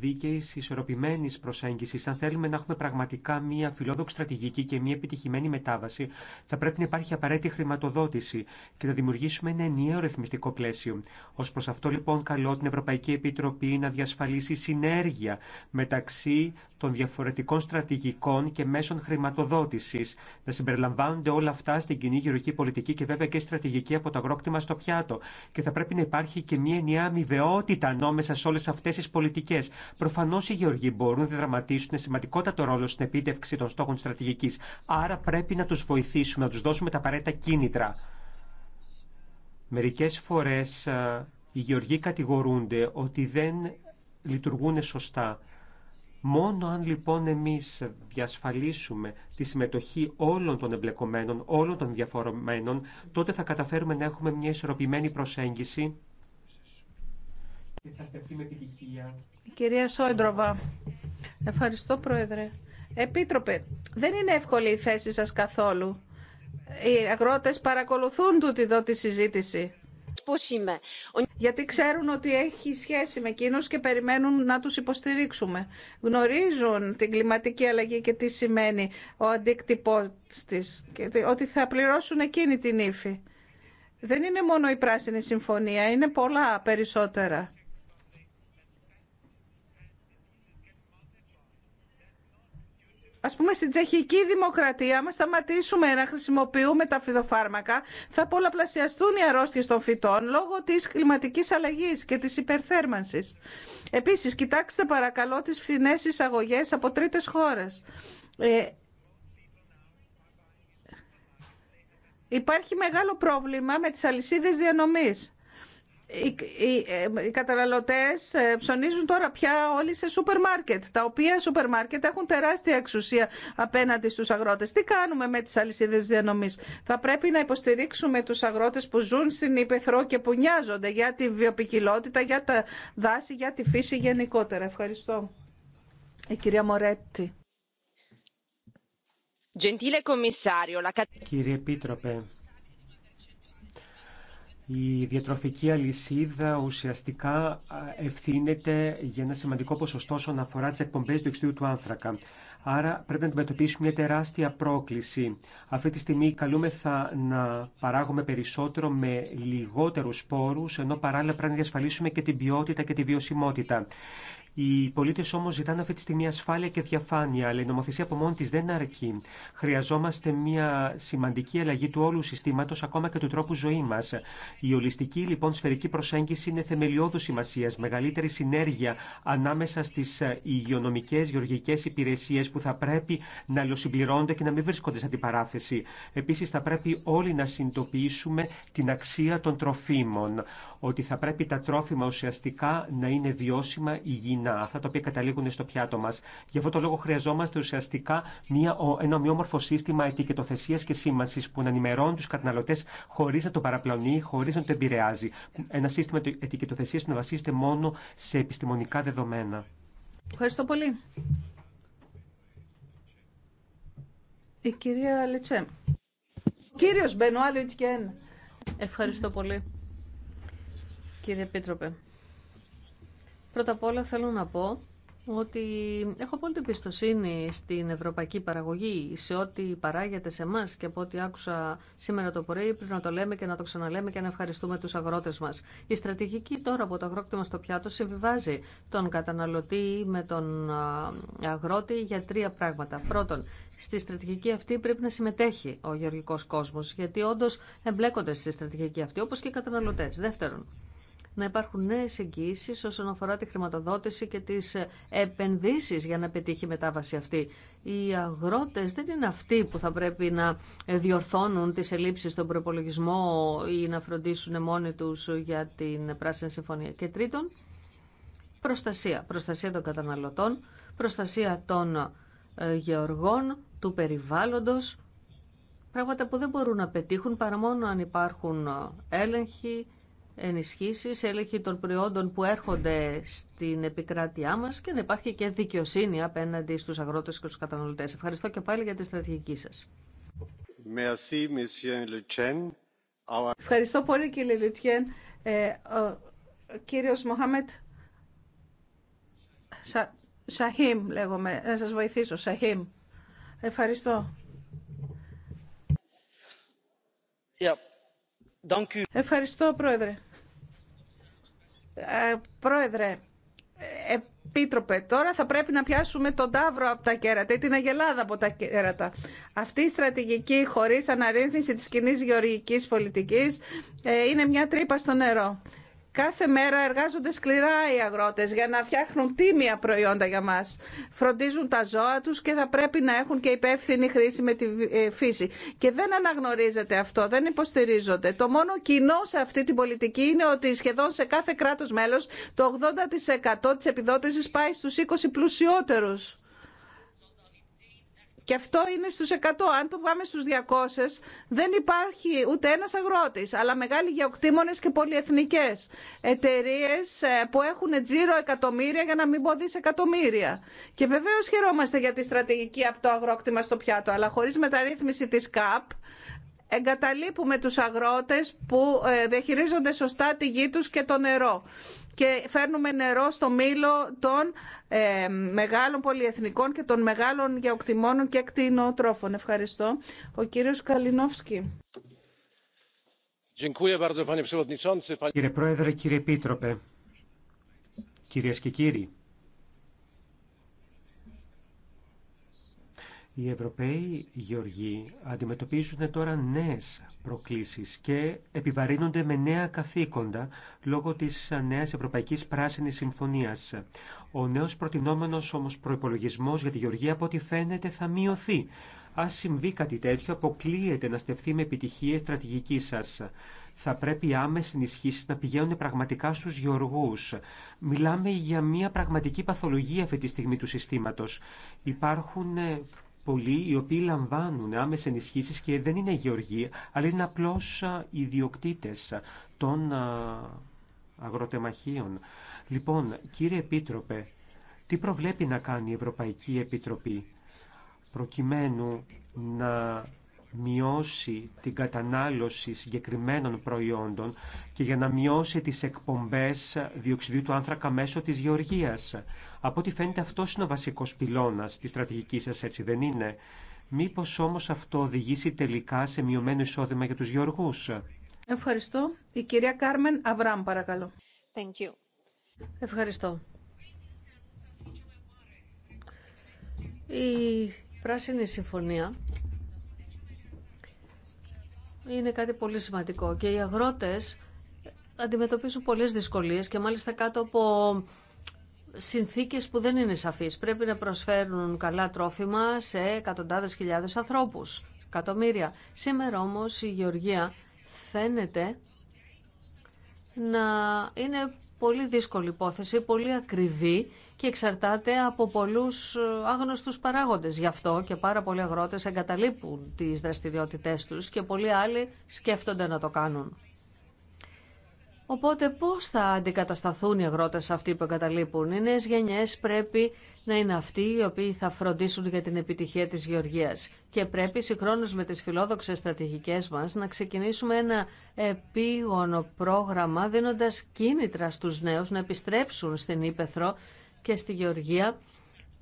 δίκαιης, ισορροπημένης προσέγγισης. Αν θέλουμε να έχουμε πραγματικά μια φιλόδοξη στρατηγική και μια επιτυχημένη μετάβαση, θα πρέπει να υπάρχει απαραίτητη χρηματοδότηση και να δημιουργήσουμε ένα ενιαίο ρυθμιστικό πλαίσιο. Ως προς αυτό λοιπόν καλώ την Ευρωπαϊκή Επιτροπή να διασφαλίσει συνέργεια μεταξύ των διαφορετικών στρατηγικών και μέσων χρηματοδότησης, να συμπεριλαμβάνονται όλα αυτά στην κοινή γεωργική πολιτική και βέβαια και στρατηγική από το αγρόκτημα στο πιάτο. Και θα πρέπει να υπάρχει και μια ενιαία αμοιβαιότητα ανάμεσα σε όλε αυτέ τι πολιτικέ. Προφανώ οι γεωργοί μπορούν να δραματίσουν σημαντικότατο ρόλο στην επίτευξη των στόχων στρατηγική. Άρα πρέπει να του βοηθήσουμε, να του δώσουμε τα απαραίτητα κίνητρα. Μερικές φορές ε, οι γεωργοί κατηγορούνται ότι δεν λειτουργούν σωστά. Μόνο αν λοιπόν εμείς διασφαλίσουμε τη συμμετοχή όλων των εμπλεκομένων, όλων των διαφορομένων, τότε θα καταφέρουμε να έχουμε μια ισορροπημένη προσέγγιση και θα στεφτεί με Κυρία Σόιντροβα, ευχαριστώ Πρόεδρε. Επίτροπε, δεν είναι εύκολη η θέση σας καθόλου. Οι αγρότες παρακολουθούν τούτη εδώ τη συζήτηση. Γιατί ξέρουν ότι έχει σχέση με εκείνους και περιμένουν να τους υποστηρίξουμε. Γνωρίζουν την κλιματική αλλαγή και τι σημαίνει ο αντίκτυπός της. Και ότι θα πληρώσουν εκείνη την ύφη. Δεν είναι μόνο η Πράσινη Συμφωνία, είναι πολλά περισσότερα. ας πούμε στην τσεχική δημοκρατία, άμα σταματήσουμε να χρησιμοποιούμε τα φυτοφάρμακα, θα πολλαπλασιαστούν οι αρρώστιες των φυτών λόγω της κλιματικής αλλαγή και της υπερθέρμανσης. Επίσης, κοιτάξτε παρακαλώ τι φθηνέ εισαγωγέ από τρίτε χώρε. Ε, υπάρχει μεγάλο πρόβλημα με τις αλυσίδες διανομής. Ε, οι καταναλωτές ε, ψωνίζουν τώρα πια όλοι σε σούπερ μάρκετ, τα οποία σούπερ μάρκετ έχουν τεράστια εξουσία απέναντι στους αγρότες. Τι κάνουμε με τις αλυσίδες διανομής. Θα πρέπει να υποστηρίξουμε τους αγρότες που ζουν στην υπεθρό και που νοιάζονται για τη βιοπικιλότητα, για τα δάση, για τη φύση γενικότερα. Ευχαριστώ. Η κυρία Μορέτη. Κύριε Επίτροπε, η διατροφική αλυσίδα ουσιαστικά ευθύνεται για ένα σημαντικό ποσοστό όσον αφορά τι εκπομπέ του εξτρίου του άνθρακα. Άρα πρέπει να αντιμετωπίσουμε μια τεράστια πρόκληση. Αυτή τη στιγμή καλούμεθα να παράγουμε περισσότερο με λιγότερου σπόρους ενώ παράλληλα πρέπει να διασφαλίσουμε και την ποιότητα και τη βιωσιμότητα. Οι πολίτε όμω ζητάνε αυτή τη στιγμή ασφάλεια και διαφάνεια, αλλά η νομοθεσία από μόνη τη δεν αρκεί. Χρειαζόμαστε μια σημαντική αλλαγή του όλου συστήματο, ακόμα και του τρόπου ζωή μα. Η ολιστική λοιπόν σφαιρική προσέγγιση είναι θεμελιώδου σημασία. Μεγαλύτερη συνέργεια ανάμεσα στι ε, υγειονομικέ γεωργικέ υπηρεσίε που θα πρέπει να αλλοσυμπληρώνονται και να μην βρίσκονται σε αντιπαράθεση. Επίση, θα πρέπει όλοι να συνειδητοποιήσουμε την αξία των τροφίμων. Ότι θα πρέπει τα τρόφιμα ουσιαστικά να είναι βιώσιμα, υγιεινή να αυτά τα οποία καταλήγουν στο πιάτο μα. Γι' αυτό το λόγο χρειαζόμαστε ουσιαστικά μια, ένα ομοιόμορφο σύστημα ετικετοθεσία και σήμανση που να ενημερώνει του καταναλωτέ χωρί να το παραπλανεί, χωρί να το επηρεάζει. Ένα σύστημα ετικετοθεσία που να βασίζεται μόνο σε επιστημονικά δεδομένα. Ευχαριστώ πολύ. Η κυρία Λετσέ. κύριος Μπενουάλιο Ευχαριστώ πολύ. Κύριε Πίτροπε. Πρώτα απ' όλα θέλω να πω ότι έχω πολύ την πιστοσύνη στην ευρωπαϊκή παραγωγή, σε ό,τι παράγεται σε εμά και από ό,τι άκουσα σήμερα το πρωί, πριν να το λέμε και να το ξαναλέμε και να ευχαριστούμε του αγρότε μα. Η στρατηγική τώρα από το αγρόκτημα στο πιάτο συμβιβάζει τον καταναλωτή με τον αγρότη για τρία πράγματα. Πρώτον, στη στρατηγική αυτή πρέπει να συμμετέχει ο γεωργικό κόσμο, γιατί όντω εμπλέκονται στη στρατηγική αυτή, όπω και οι καταναλωτέ. Δεύτερον, να υπάρχουν νέε εγγύησει όσον αφορά τη χρηματοδότηση και τι επενδύσεις για να πετύχει η μετάβαση αυτή. Οι αγρότες δεν είναι αυτοί που θα πρέπει να διορθώνουν τις ελλείψεις στον προπολογισμό ή να φροντίσουν μόνοι τους για την Πράσινη Συμφωνία. Και τρίτον, προστασία. Προστασία των καταναλωτών, προστασία των ε, γεωργών, του περιβάλλοντος, πράγματα που δεν μπορούν να πετύχουν παρά μόνο αν υπάρχουν ε, έλεγχοι ενισχύσεις, έλεγχη των προϊόντων που έρχονται στην επικράτειά μας και να υπάρχει και δικαιοσύνη απέναντι στους αγρότες και τους καταναλωτές. Ευχαριστώ και πάλι για τη στρατηγική σας. Ευχαριστώ πολύ κύριε Λουτσιέν. Ε, ο κύριος Μοχάμετ Σα... Σαχίμ λέγομαι. Να σας βοηθήσω. Σαχίμ. Ευχαριστώ. Yeah. Ευχαριστώ, Πρόεδρε. Ε, πρόεδρε, επίτροπε, τώρα θα πρέπει να πιάσουμε τον Ταύρο από τα κέρατα ή την αγελάδα από τα κέρατα. Αυτή η στρατηγική χωρίς αναρρύθμιση της κοινή γεωργικής πολιτικής ε, είναι μια τρύπα στο νερό. Κάθε μέρα εργάζονται σκληρά οι αγρότες για να φτιάχνουν τίμια προϊόντα για μας. Φροντίζουν τα ζώα τους και θα πρέπει να έχουν και υπεύθυνη χρήση με τη ε, φύση. Και δεν αναγνωρίζεται αυτό, δεν υποστηρίζονται. Το μόνο κοινό σε αυτή την πολιτική είναι ότι σχεδόν σε κάθε κράτος μέλος το 80% της επιδότησης πάει στους 20 πλουσιότερους. Και αυτό είναι στους 100. Αν το πάμε στους 200 δεν υπάρχει ούτε ένας αγρότης, αλλά μεγάλοι γεωκτήμονες και πολυεθνικές εταιρείε ε, που έχουν τζίρο εκατομμύρια για να μην πω εκατομμύρια. Και βεβαίως χαιρόμαστε για τη στρατηγική από το αγρόκτημα στο πιάτο, αλλά χωρίς μεταρρύθμιση της ΚΑΠ εγκαταλείπουμε τους αγρότες που ε, διαχειρίζονται σωστά τη γη τους και το νερό και φέρνουμε νερό στο μήλο των ε, μεγάλων πολυεθνικών και των μεγάλων γεωκτημόνων και κτηνοτρόφων. Ευχαριστώ. Ο κύριος Καλινόφσκι. Κύριε Πρόεδρε, κύριε Επίτροπε, κυρίες και κύριοι, Οι Ευρωπαίοι γεωργοί αντιμετωπίζουν τώρα νέες προκλήσεις και επιβαρύνονται με νέα καθήκοντα λόγω της νέας Ευρωπαϊκής Πράσινης Συμφωνίας. Ο νέος προτινόμενος όμως προϋπολογισμός για τη γεωργία από ό,τι φαίνεται θα μειωθεί. Αν συμβεί κάτι τέτοιο, αποκλείεται να στεφθεί με επιτυχίε στρατηγική σα. Θα πρέπει άμεση άμεσε ενισχύσει να πηγαίνουν πραγματικά στου γεωργού. Μιλάμε για μια πραγματική παθολογία αυτή τη στιγμή του συστήματο. Υπάρχουν ε, πολλοί οι οποίοι λαμβάνουν άμεσα ενισχύσει και δεν είναι γεωργοί, αλλά είναι απλώς ιδιοκτήτες των αγροτεμαχίων. Λοιπόν, κύριε Επίτροπε, τι προβλέπει να κάνει η Ευρωπαϊκή Επιτροπή προκειμένου να μειώσει την κατανάλωση συγκεκριμένων προϊόντων και για να μειώσει τις εκπομπές διοξιδίου του άνθρακα μέσω της γεωργίας. Από ό,τι φαίνεται αυτό είναι ο βασικό πυλώνα τη στρατηγική σα, έτσι δεν είναι. Μήπω όμω αυτό οδηγήσει τελικά σε μειωμένο εισόδημα για του γεωργού. Ευχαριστώ. Η κυρία Κάρμεν Αβραμ, παρακαλώ. Thank you. Ευχαριστώ. Η Πράσινη Συμφωνία είναι κάτι πολύ σημαντικό και οι αγρότες αντιμετωπίζουν πολλές δυσκολίες και μάλιστα κάτω από συνθήκες που δεν είναι σαφείς. Πρέπει να προσφέρουν καλά τρόφιμα σε εκατοντάδες χιλιάδες ανθρώπους, εκατομμύρια. Σήμερα όμως η Γεωργία φαίνεται να είναι πολύ δύσκολη υπόθεση, πολύ ακριβή και εξαρτάται από πολλούς ε, άγνωστους παράγοντες. Γι' αυτό και πάρα πολλοί αγρότες εγκαταλείπουν τις δραστηριότητές τους και πολλοί άλλοι σκέφτονται να το κάνουν. Οπότε πώς θα αντικατασταθούν οι αγρότες αυτοί που εγκαταλείπουν. Οι νέες γενιές πρέπει να είναι αυτοί οι οποίοι θα φροντίσουν για την επιτυχία της γεωργίας. Και πρέπει συγχρόνως με τις φιλόδοξες στρατηγικές μας να ξεκινήσουμε ένα επίγονο πρόγραμμα δίνοντας κίνητρα στους νέους να επιστρέψουν στην Ήπεθρο και στη γεωργία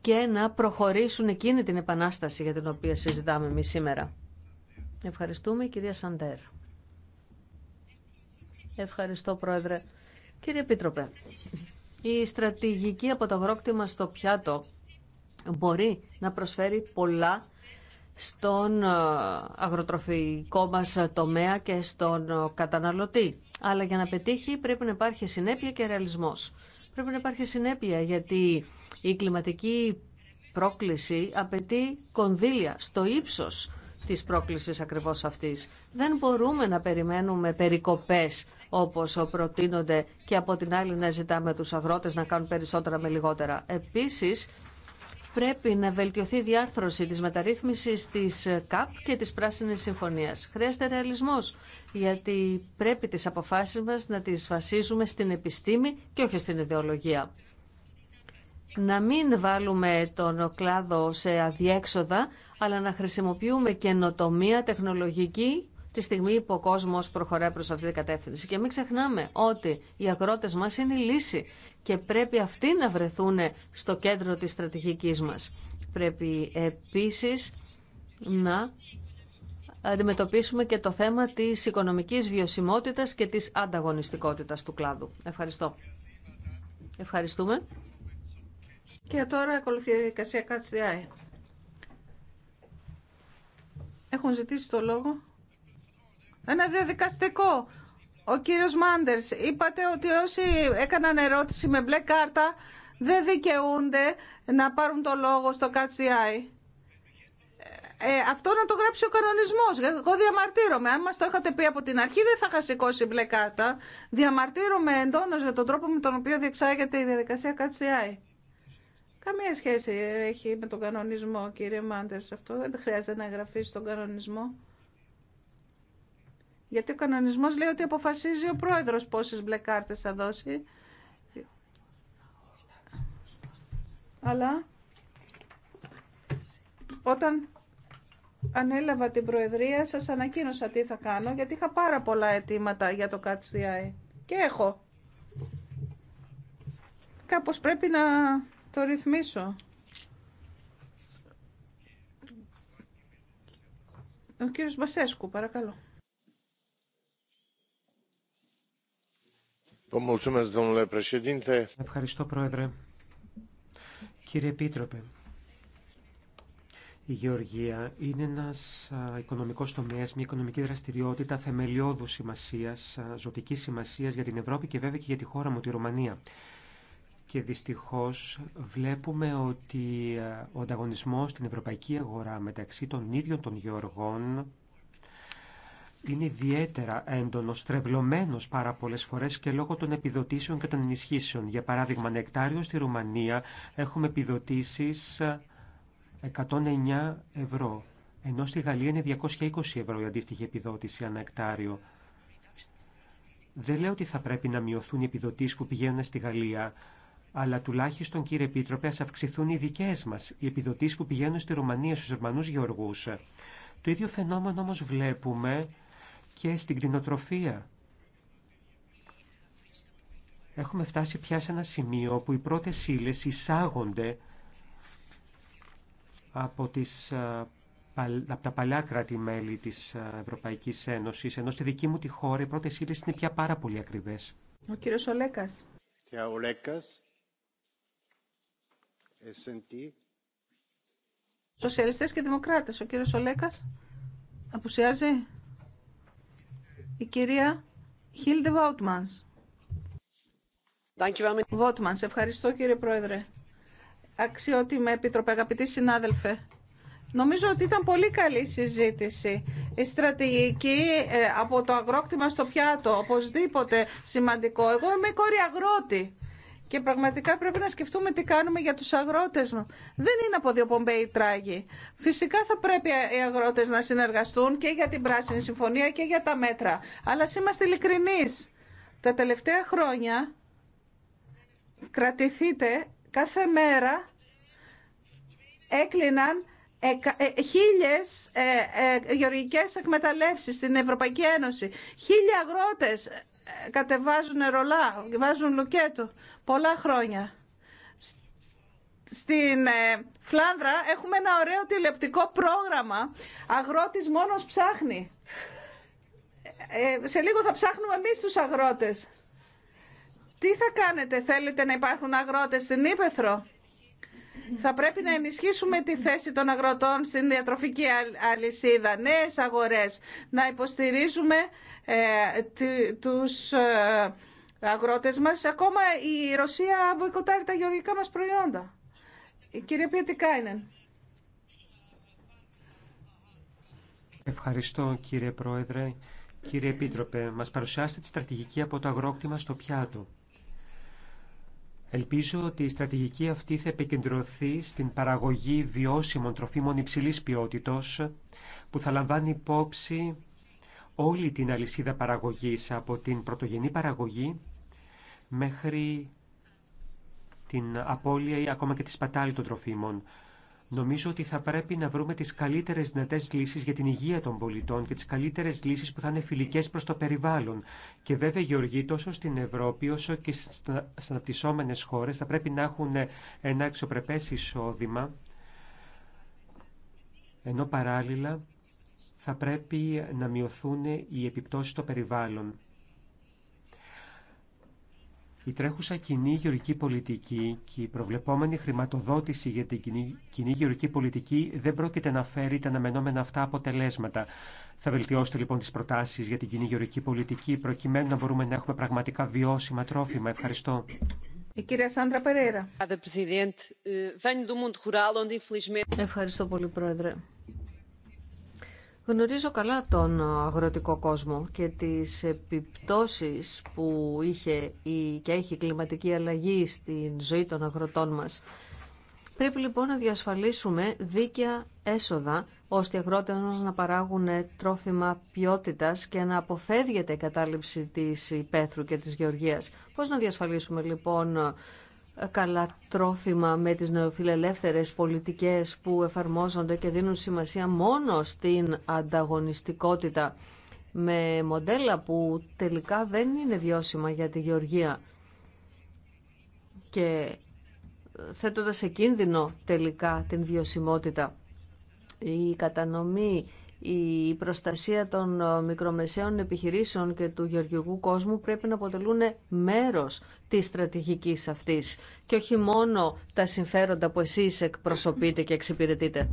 και να προχωρήσουν εκείνη την επανάσταση για την οποία συζητάμε εμείς σήμερα. Ευχαριστούμε κυρία Σαντέρ. Ευχαριστώ, Πρόεδρε. Κύριε Επίτροπε, η στρατηγική από το αγρόκτημα στο πιάτο μπορεί να προσφέρει πολλά στον ε, αγροτροφικό μας τομέα και στον ε, καταναλωτή. Αλλά για να πετύχει πρέπει να υπάρχει συνέπεια και ρεαλισμός. Πρέπει να υπάρχει συνέπεια γιατί η κλιματική πρόκληση απαιτεί κονδύλια στο ύψος της πρόκλησης ακριβώς αυτής. Δεν μπορούμε να περιμένουμε περικοπές Όπω προτείνονται και από την άλλη να ζητάμε τους αγρότες να κάνουν περισσότερα με λιγότερα. Επίσης, πρέπει να βελτιωθεί η διάρθρωση της μεταρρύθμισης της ΚΑΠ και της Πράσινης Συμφωνίας. Χρειάζεται ρεαλισμός, γιατί πρέπει τις αποφάσεις μας να τις βασίζουμε στην επιστήμη και όχι στην ιδεολογία. Να μην βάλουμε τον κλάδο σε αδιέξοδα, αλλά να χρησιμοποιούμε καινοτομία τεχνολογική τη στιγμή που ο κόσμο προχωράει προς αυτή την κατεύθυνση. Και μην ξεχνάμε ότι οι ακρότες μας είναι η λύση και πρέπει αυτοί να βρεθούν στο κέντρο τη στρατηγικής μας. Πρέπει επίσης να αντιμετωπίσουμε και το θέμα της οικονομικής βιωσιμότητας και της ανταγωνιστικότητας του κλάδου. Ευχαριστώ. Ευχαριστούμε. Και τώρα ακολουθεί η διαδικασία Έχουν ζητήσει το λόγο ένα διαδικαστικό. Ο κύριος Μάντερς, είπατε ότι όσοι έκαναν ερώτηση με μπλε κάρτα δεν δικαιούνται να πάρουν το λόγο στο ΚΑΤΣΙΑΙ. Ε, αυτό να το γράψει ο κανονισμό. Εγώ διαμαρτύρομαι. Αν μα το είχατε πει από την αρχή, δεν θα είχα σηκώσει μπλε κάρτα. Διαμαρτύρομαι εντόνω για τον τρόπο με τον οποίο διεξάγεται η διαδικασία ΚΑΤΣΙΑΙ. Καμία σχέση έχει με τον κανονισμό, κύριε Μάντερ, αυτό. Δεν χρειάζεται να εγγραφεί στον κανονισμό. Γιατί ο κανονισμός λέει ότι αποφασίζει ο πρόεδρος πόσες μπλε κάρτες θα δώσει. Αλλά όταν ανέλαβα την Προεδρία σας ανακοίνωσα τι θα κάνω γιατί είχα πάρα πολλά αιτήματα για το ΚΑΤΣΔΙ και έχω. Κάπως πρέπει να το ρυθμίσω. Ο κύριος Μπασέσκου, παρακαλώ. Ευχαριστώ, Πρόεδρε. Κύριε Επίτροπε, η γεωργία είναι ένας οικονομικός τομέας, μια οικονομική δραστηριότητα θεμελιώδου σημασίας, ζωτικής σημασίας για την Ευρώπη και βέβαια και για τη χώρα μου, τη Ρουμανία. Και δυστυχώς βλέπουμε ότι ο ανταγωνισμός στην ευρωπαϊκή αγορά μεταξύ των ίδιων των γεωργών είναι ιδιαίτερα έντονο, τρευλωμένο πάρα πολλέ φορέ και λόγω των επιδοτήσεων και των ενισχύσεων. Για παράδειγμα, νεκτάριο στη Ρουμανία έχουμε επιδοτήσει 109 ε, ευρώ, ενώ στη Γαλλία είναι 220 ευρώ η αντίστοιχη επιδότηση ανά εκτάριο. Δεν λέω ότι θα πρέπει να μειωθούν οι επιδοτήσει που πηγαίνουν στη Γαλλία, αλλά τουλάχιστον κύριε Επίτροπε, α αυξηθούν οι δικέ μα, οι επιδοτήσει που πηγαίνουν στη Ρουμανία στου Ρουμανού γεωργού. Το ίδιο φαινόμενο όμως βλέπουμε και στην κτηνοτροφία. Έχουμε φτάσει πια σε ένα σημείο όπου οι πρώτες ύλε εισάγονται από, τις, από τα παλιά κράτη-μέλη της Ευρωπαϊκής Ένωσης, ενώ στη δική μου τη χώρα οι πρώτες ύλε είναι πια πάρα πολύ ακριβές. Ο κύριος Ολέκας. Κύριε Ολέκας, Σοσιαλιστές και Δημοκράτες, ο κύριος Ολέκας απουσιάζει η κυρία Χίλντε Βότμανς. Βότμανς, ευχαριστώ κύριε Πρόεδρε. Αξιότιμη Επίτροπε, αγαπητοί συνάδελφε. Νομίζω ότι ήταν πολύ καλή η συζήτηση. Η στρατηγική ε, από το αγρόκτημα στο πιάτο, οπωσδήποτε σημαντικό. Εγώ είμαι κόρη αγρότη και πραγματικά πρέπει να σκεφτούμε τι κάνουμε για τους αγρότες μας. Δεν είναι από δύο Πομπέι τράγοι. Φυσικά θα πρέπει οι αγρότες να συνεργαστούν και για την Πράσινη Συμφωνία και για τα μέτρα. Αλλά ας είμαστε ειλικρινεί. Τα τελευταία χρόνια κρατηθείτε κάθε μέρα έκλειναν ε, ε, ε, χίλιες γεωργικές εκμεταλλεύσεις στην Ευρωπαϊκή Ένωση. Χίλια αγρότες κατεβάζουν ρολά, βάζουν λουκέτο πολλά χρόνια. Στην ε, Φλάνδρα έχουμε ένα ωραίο τηλεπτικό πρόγραμμα «Αγρότης μόνος ψάχνει». Ε, σε λίγο θα ψάχνουμε εμείς τους αγρότες. Τι θα κάνετε, θέλετε να υπάρχουν αγρότες στην Ήπεθρο. Θα πρέπει να ενισχύσουμε τη θέση των αγροτών στην διατροφική αλυσίδα, νέες αγορές, να υποστηρίζουμε ε, τους ε, αγρότες μας. Ακόμα η Ρωσία μποϊκοτάρει τα γεωργικά μας προϊόντα. Κύριε κυρία Πιετικάινεν. Ευχαριστώ κύριε Πρόεδρε. Κύριε Επίτροπε, μας παρουσιάσετε τη στρατηγική από το αγρόκτημα στο πιάτο. Ελπίζω ότι η στρατηγική αυτή θα επικεντρωθεί στην παραγωγή βιώσιμων τροφίμων υψηλής ποιότητος που θα λαμβάνει υπόψη όλη την αλυσίδα παραγωγής από την πρωτογενή παραγωγή μέχρι την απώλεια ή ακόμα και τη σπατάλη των τροφίμων. Νομίζω ότι θα πρέπει να βρούμε τις καλύτερες δυνατές λύσεις για την υγεία των πολιτών και τις καλύτερες λύσεις που θα είναι φιλικές προς το περιβάλλον. Και βέβαια, Γεωργή, τόσο στην Ευρώπη όσο και στις αναπτυσσόμενες χώρες θα πρέπει να έχουν ένα αξιοπρεπές εισόδημα, ενώ παράλληλα θα πρέπει να μειωθούν οι επιπτώσεις στο περιβάλλον. Η τρέχουσα κοινή γεωρική πολιτική και η προβλεπόμενη χρηματοδότηση για την κοινή γεωρική πολιτική δεν πρόκειται να φέρει τα αναμενόμενα αυτά αποτελέσματα. Θα βελτιώσετε λοιπόν τις προτάσεις για την κοινή γεωρική πολιτική προκειμένου να μπορούμε να έχουμε πραγματικά βιώσιμα τρόφιμα. Ευχαριστώ. Η κυρία Ευχαριστώ πολύ, Πρόεδρε. Γνωρίζω καλά τον αγροτικό κόσμο και τις επιπτώσεις που είχε η, και έχει η κλιματική αλλαγή στην ζωή των αγροτών μας. Πρέπει λοιπόν να διασφαλίσουμε δίκαια έσοδα ώστε οι αγρότες μας να παράγουν τρόφιμα ποιότητας και να αποφεύγεται η κατάληψη της υπαίθρου και της γεωργίας. Πώς να διασφαλίσουμε λοιπόν καλά τρόφιμα με τις νεοφιλελεύθερες πολιτικές που εφαρμόζονται και δίνουν σημασία μόνο στην ανταγωνιστικότητα με μοντέλα που τελικά δεν είναι βιώσιμα για τη γεωργία και θέτοντας σε κίνδυνο τελικά την βιωσιμότητα. Η κατανομή η προστασία των ε, μικρομεσαίων επιχειρήσεων και του γεωργικού κόσμου πρέπει να αποτελούν μέρος της στρατηγικής αυτής και όχι μόνο τα συμφέροντα που εσείς εκπροσωπείτε και εξυπηρετείτε.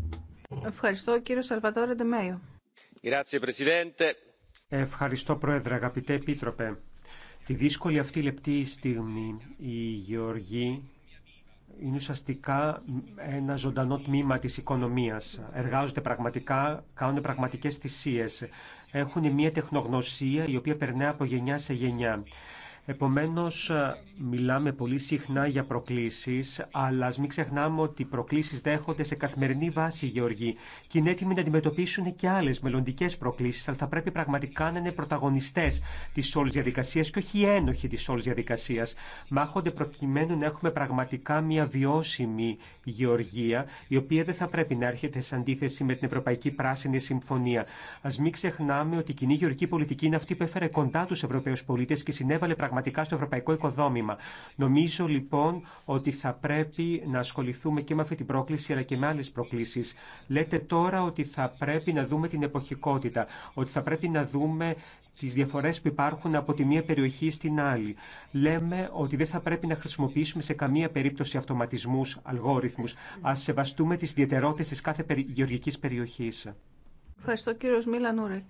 Ευχαριστώ κύριο Σαλβατόρε Ντεμέιο. Ευχαριστώ Πρόεδρε, αγαπητέ Επίτροπε. Τη δύσκολη αυτή λεπτή στιγμή η γεωργοί είναι ουσιαστικά ένα ζωντανό τμήμα της οικονομίας. Εργάζονται πραγματικά, κάνουν πραγματικές θυσίες. Έχουν μια τεχνογνωσία η οποία περνάει από γενιά σε γενιά. Επομένως, ε, μιλάμε πολύ συχνά για προκλήσεις, αλλά ας μην ξεχνάμε ότι οι προκλήσεις δέχονται σε καθημερινή βάση Γεωργή, γεωργοί και είναι έτοιμοι να αντιμετωπίσουν και άλλες μελλοντικέ προκλήσεις, αλλά θα πρέπει πραγματικά να είναι πρωταγωνιστές της όλης διαδικασίας και όχι ένοχοι της όλης διαδικασίας. Μάχονται προκειμένου να έχουμε πραγματικά μια βιώσιμη γεωργία, η οποία δεν θα πρέπει να έρχεται σε αντίθεση με την Ευρωπαϊκή Πράσινη Συμφωνία. Α μην ξεχνάμε ότι η κοινή γεωργική πολιτική είναι αυτή που έφερε κοντά του Ευρωπαίου πολίτε και συνέβαλε πραγματικά πραγματικά στο ευρωπαϊκό οικοδόμημα. Νομίζω λοιπόν ότι θα πρέπει να ασχοληθούμε και με αυτή την πρόκληση αλλά και με άλλε προκλήσει. Λέτε τώρα ότι θα πρέπει να δούμε την εποχικότητα, ότι θα πρέπει να δούμε τις διαφορές που υπάρχουν από τη μία περιοχή στην άλλη. Λέμε ότι δεν θα πρέπει να χρησιμοποιήσουμε σε καμία περίπτωση αυτοματισμούς, αλγόριθμους. Ας σεβαστούμε τις ιδιαιτερότητες της κάθε γεωργικής περιοχής. Ευχαριστώ κύριος Μίλαν Ούρεκ.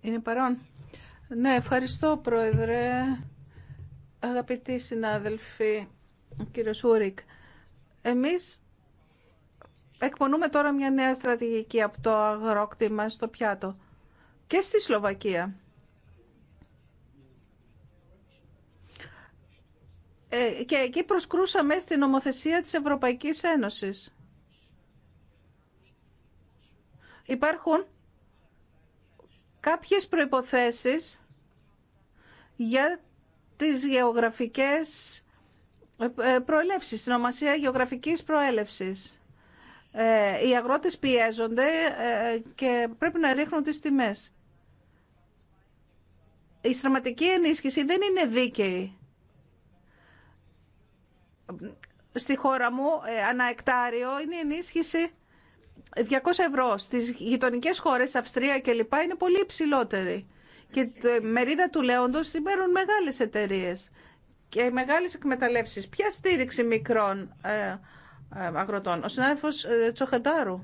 Είναι παρόν. Ναι, ευχαριστώ Πρόεδρε, αγαπητοί συνάδελφοι, κύριο Σούρικ. Εμείς εκπονούμε τώρα μια νέα στρατηγική από το αγρόκτημα στο πιάτο και στη Σλοβακία. Ε, και εκεί προσκρούσαμε στην νομοθεσία της Ευρωπαϊκής Ένωσης. Υπάρχουν κάποιες προϋποθέσεις για τις γεωγραφικές ε, ε, προελεύσεις, την ομασία γεωγραφικής προέλευσης. Ε, οι αγρότες πιέζονται και πρέπει να ρίχνουν τις τιμές. Η στραματική ενίσχυση δεν είναι δίκαιη. Στη χώρα μου, ανά εκτάριο, είναι η ενίσχυση 200 ευρώ στις γειτονικές χώρες, Αυστρία και λοιπά, είναι πολύ υψηλότερη. Και μερίδα του λέοντος την παίρνουν μεγάλες εταιρείε και μεγάλες εκμεταλλεύσεις. Ποια στήριξη μικρών ε, ε, αγροτών. Ο συνάδελφος ε, Τσοχεντάρου.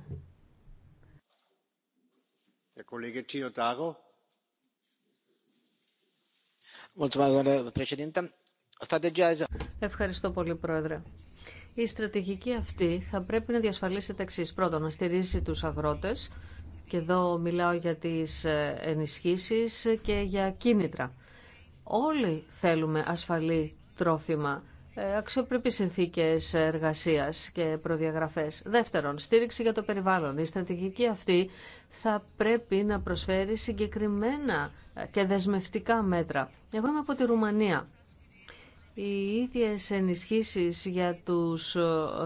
Ε, ε, Ευχαριστώ πολύ, Πρόεδρε. Η στρατηγική αυτή θα πρέπει να διασφαλίσει τα εξής. Πρώτον, να στηρίζει τους αγρότες και εδώ μιλάω για τις ε, ενισχύσεις και για κίνητρα. Όλοι θέλουμε ασφαλή τρόφιμα, ε, αξιοπρέπει συνθήκες εργασίας και προδιαγραφές. Δεύτερον, στήριξη για το περιβάλλον. Η στρατηγική αυτή θα πρέπει να προσφέρει συγκεκριμένα και δεσμευτικά μέτρα. Εγώ είμαι από τη Ρουμανία οι ίδιες ενισχύσεις για τους ε,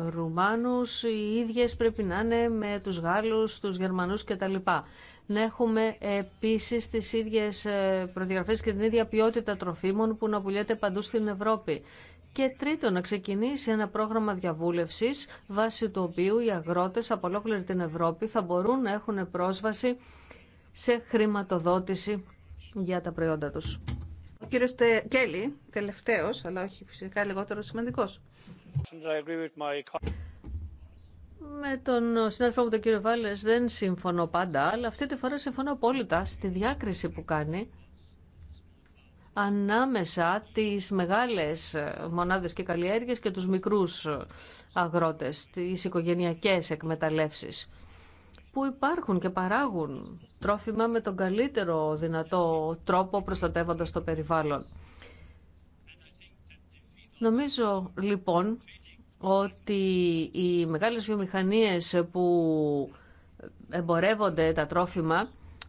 Ρουμάνους, οι ίδιες πρέπει να είναι με τους Γάλλους, τους Γερμανούς κτλ. Να έχουμε επίσης τις ίδιες ε, προδιαγραφές και την ίδια ποιότητα τροφίμων που να πουλιέται παντού στην Ευρώπη. Και τρίτον, να ξεκινήσει ένα πρόγραμμα διαβούλευσης, βάσει του οποίου οι αγρότες από ολόκληρη την Ευρώπη θα μπορούν να έχουν πρόσβαση σε χρηματοδότηση για τα προϊόντα τους. Ο κύριος Κέλλη, τελευταίος, αλλά όχι φυσικά λιγότερο σημαντικός. Με τον συνάδελφό μου τον κύριο Βάλλες δεν συμφωνώ πάντα, αλλά αυτή τη φορά συμφωνώ απόλυτα στη διάκριση που κάνει ανάμεσα τις μεγάλες μονάδες και καλλιέργειες και τους μικρούς αγρότες, τις οικογενειακές εκμεταλλεύσεις που υπάρχουν και παράγουν τρόφιμα με τον καλύτερο δυνατό τρόπο προστατεύοντας το περιβάλλον. Νομίζω λοιπόν ότι οι μεγάλες βιομηχανίες που εμπορεύονται τα τρόφιμα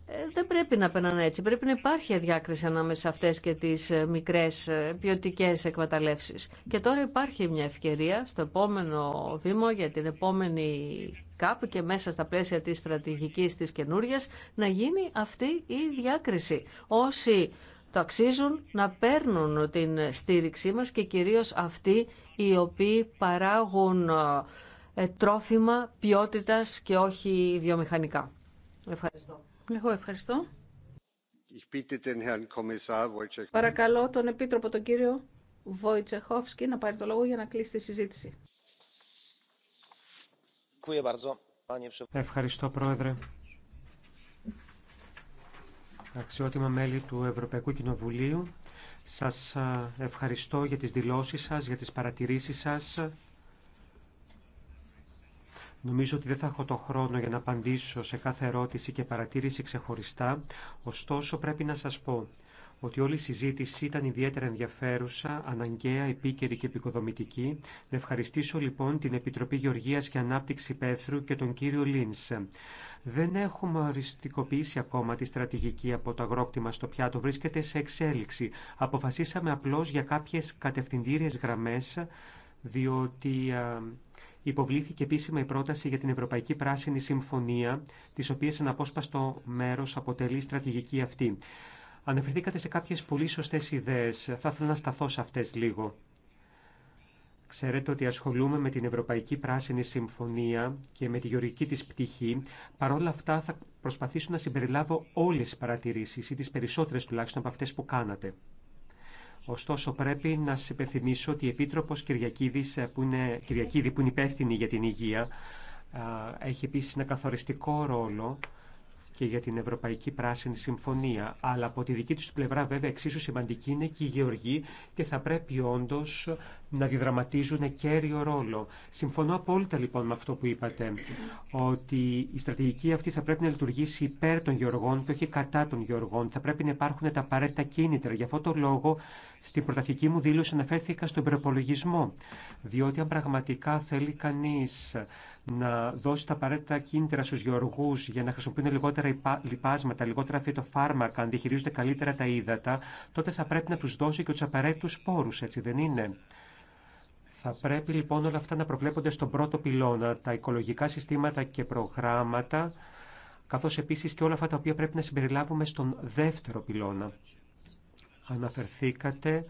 ε, δεν πρέπει να περνάνε έτσι. Πρέπει να υπάρχει διάκριση ανάμεσα αυτές και τις ε, μικρές ε, ποιοτικέ εκμεταλλεύσεις. Και τώρα υπάρχει μια ευκαιρία στο επόμενο βήμα για την επόμενη κάπου και μέσα στα πλαίσια της στρατηγικής της καινούρια να γίνει αυτή η διάκριση. Όσοι το αξίζουν να παίρνουν την στήριξή μας και κυρίως αυτοί οι οποίοι παράγουν ε, τρόφιμα ποιότητας και όχι βιομηχανικά. Ευχαριστώ. Εγώ ευχαριστώ. Παρακαλώ τον Επίτροπο τον κύριο Βοητσεχόφσκι να πάρει το λόγο για να κλείσει τη συζήτηση. Ευχαριστώ, Πρόεδρε. Αξιότιμα μέλη του Ευρωπαϊκού Κοινοβουλίου, σας ευχαριστώ για τις δηλώσεις σας, για τις παρατηρήσεις σας. Νομίζω ότι δεν θα έχω το χρόνο για να απαντήσω σε κάθε ερώτηση και παρατήρηση ξεχωριστά, ωστόσο πρέπει να σας πω ότι όλη η συζήτηση ήταν ιδιαίτερα ενδιαφέρουσα, αναγκαία, επίκαιρη και επικοδομητική. Να ευχαριστήσω λοιπόν την Επιτροπή Γεωργίας και Ανάπτυξη Πέθρου και τον κύριο Λίνς. Δεν έχουμε οριστικοποιήσει ακόμα τη στρατηγική από το αγρόκτημα στο πιάτο. Βρίσκεται σε εξέλιξη. Αποφασίσαμε απλώς για κάποιες κατευθυντήριες γραμμές, διότι Υποβλήθηκε επίσημα η πρόταση για την Ευρωπαϊκή Πράσινη Συμφωνία, τη οποία αναπόσπαστο μέρος αποτελεί στρατηγική αυτή. Αναφερθήκατε σε κάποιες πολύ σωστές ιδέες. Θα ήθελα να σταθώ σε αυτές λίγο. Ξέρετε ότι ασχολούμαι με την Ευρωπαϊκή Πράσινη Συμφωνία και με τη γεωργική της πτυχή. Παρ' όλα αυτά θα προσπαθήσω να συμπεριλάβω όλες τις παρατηρήσεις ή τις περισσότερες τουλάχιστον από αυτές που κάνατε. Ωστόσο, πρέπει να σα υπενθυμίσω ότι η Επίτροπος Κυριακίδης, ε, που Κυριακίδη, που είναι υπεύθυνη για την υγεία, ε, έχει επίσης ένα καθοριστικό ρόλο και για την Ευρωπαϊκή Πράσινη Συμφωνία. Αλλά από τη δική του πλευρά βέβαια εξίσου σημαντική είναι και η γεωργοί και θα πρέπει όντω να διδραματίζουν κέριο ρόλο. Συμφωνώ απόλυτα λοιπόν με αυτό που είπατε, ότι η στρατηγική αυτή θα πρέπει να λειτουργήσει υπέρ των γεωργών και όχι κατά των γεωργών. Θα πρέπει να υπάρχουν τα απαραίτητα κίνητρα. Γι' αυτό το λόγο στην πρωταρχική μου δήλωση αναφέρθηκα στον προπολογισμό. Διότι αν πραγματικά θέλει κανεί να δώσει τα απαραίτητα κίνητρα στου γεωργού για να χρησιμοποιούν λιγότερα λοιπάσματα, λιγότερα φυτοφάρμακα, να διαχειρίζονται καλύτερα τα ύδατα, τότε θα πρέπει να του δώσει και του απαραίτητου πόρου, έτσι δεν είναι. Θα πρέπει λοιπόν όλα αυτά να προβλέπονται στον πρώτο πυλώνα, τα οικολογικά συστήματα και προγράμματα, καθώ επίση και όλα αυτά τα οποία πρέπει να συμπεριλάβουμε στον δεύτερο πυλώνα. Αναφερθήκατε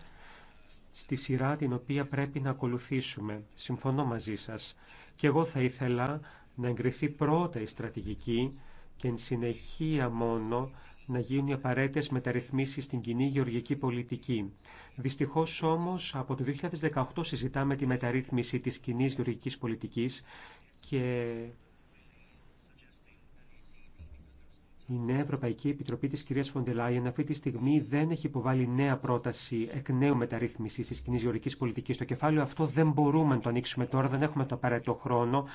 στη σειρά την οποία πρέπει να ακολουθήσουμε. Συμφωνώ μαζί σας. Και εγώ θα ήθελα να εγκριθεί πρώτα η στρατηγική και εν συνεχεία μόνο να γίνουν οι απαραίτητε μεταρρυθμίσει στην κοινή γεωργική πολιτική. Δυστυχώ όμω, από το 2018 συζητάμε τη μεταρρύθμιση τη κοινή γεωργική πολιτική και Η Νέα Ευρωπαϊκή Επιτροπή τη κυρία Φοντελάιεν αυτή τη στιγμή δεν έχει υποβάλει νέα πρόταση εκ νέου μεταρρύθμιση τη κοινή γεωρική πολιτική. Το κεφάλαιο αυτό δεν μπορούμε να το ανοίξουμε τώρα, δεν έχουμε το απαραίτητο χρόνο.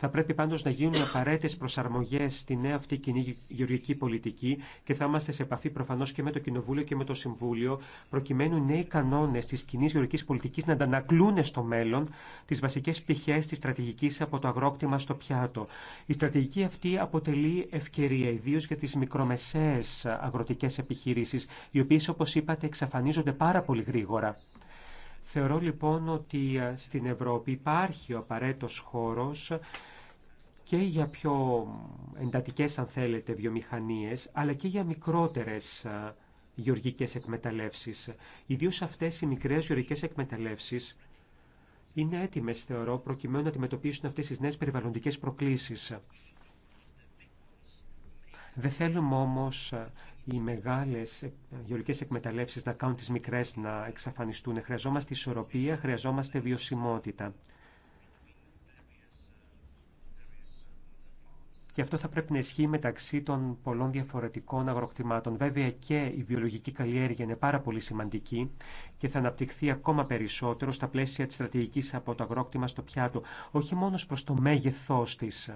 Θα πρέπει πάντως να γίνουν απαραίτητε προσαρμογέ στη νέα αυτή κοινή γεωργική πολιτική και θα είμαστε σε επαφή προφανώ και με το Κοινοβούλιο και με το Συμβούλιο προκειμένου νέοι κανόνε τη κοινή γεωργική πολιτική να αντανακλούν στο μέλλον τι βασικέ πτυχές τη στρατηγική από το αγρόκτημα στο πιάτο. Η στρατηγική αυτή αποτελεί ευκαιρία ιδίω για τι μικρομεσαίες αγροτικέ επιχειρήσει, οι οποίε, όπω είπατε εξαφανίζονται πάρα πολύ γρήγορα. Θεωρώ λοιπόν ότι ε, στην Ευρώπη υπάρχει ο απαραίτητος χώρος και για πιο εντατικές αν θέλετε βιομηχανίες, αλλά και για μικρότερες ε, γεωργικές εκμεταλλεύσεις. Ιδίως αυτές οι μικρές γεωργικές εκμεταλλεύσεις είναι έτοιμες, θεωρώ, προκειμένου να αντιμετωπίσουν αυτές τις νέες περιβαλλοντικές προκλήσεις. Δεν θέλουμε όμως ε, οι μεγάλες γεωργικές εκμεταλλεύσεις να κάνουν τι μικρές να εξαφανιστούν. Χρειαζόμαστε ισορροπία, χρειαζόμαστε βιωσιμότητα. Και αυτό θα πρέπει να ισχύει μεταξύ των πολλών διαφορετικών αγροκτημάτων. Βέβαια και η βιολογική καλλιέργεια είναι πάρα πολύ σημαντική και θα αναπτυχθεί ακόμα περισσότερο στα πλαίσια της στρατηγικής από το αγρόκτημα στο πιάτο, όχι μόνο προς το μέγεθός της,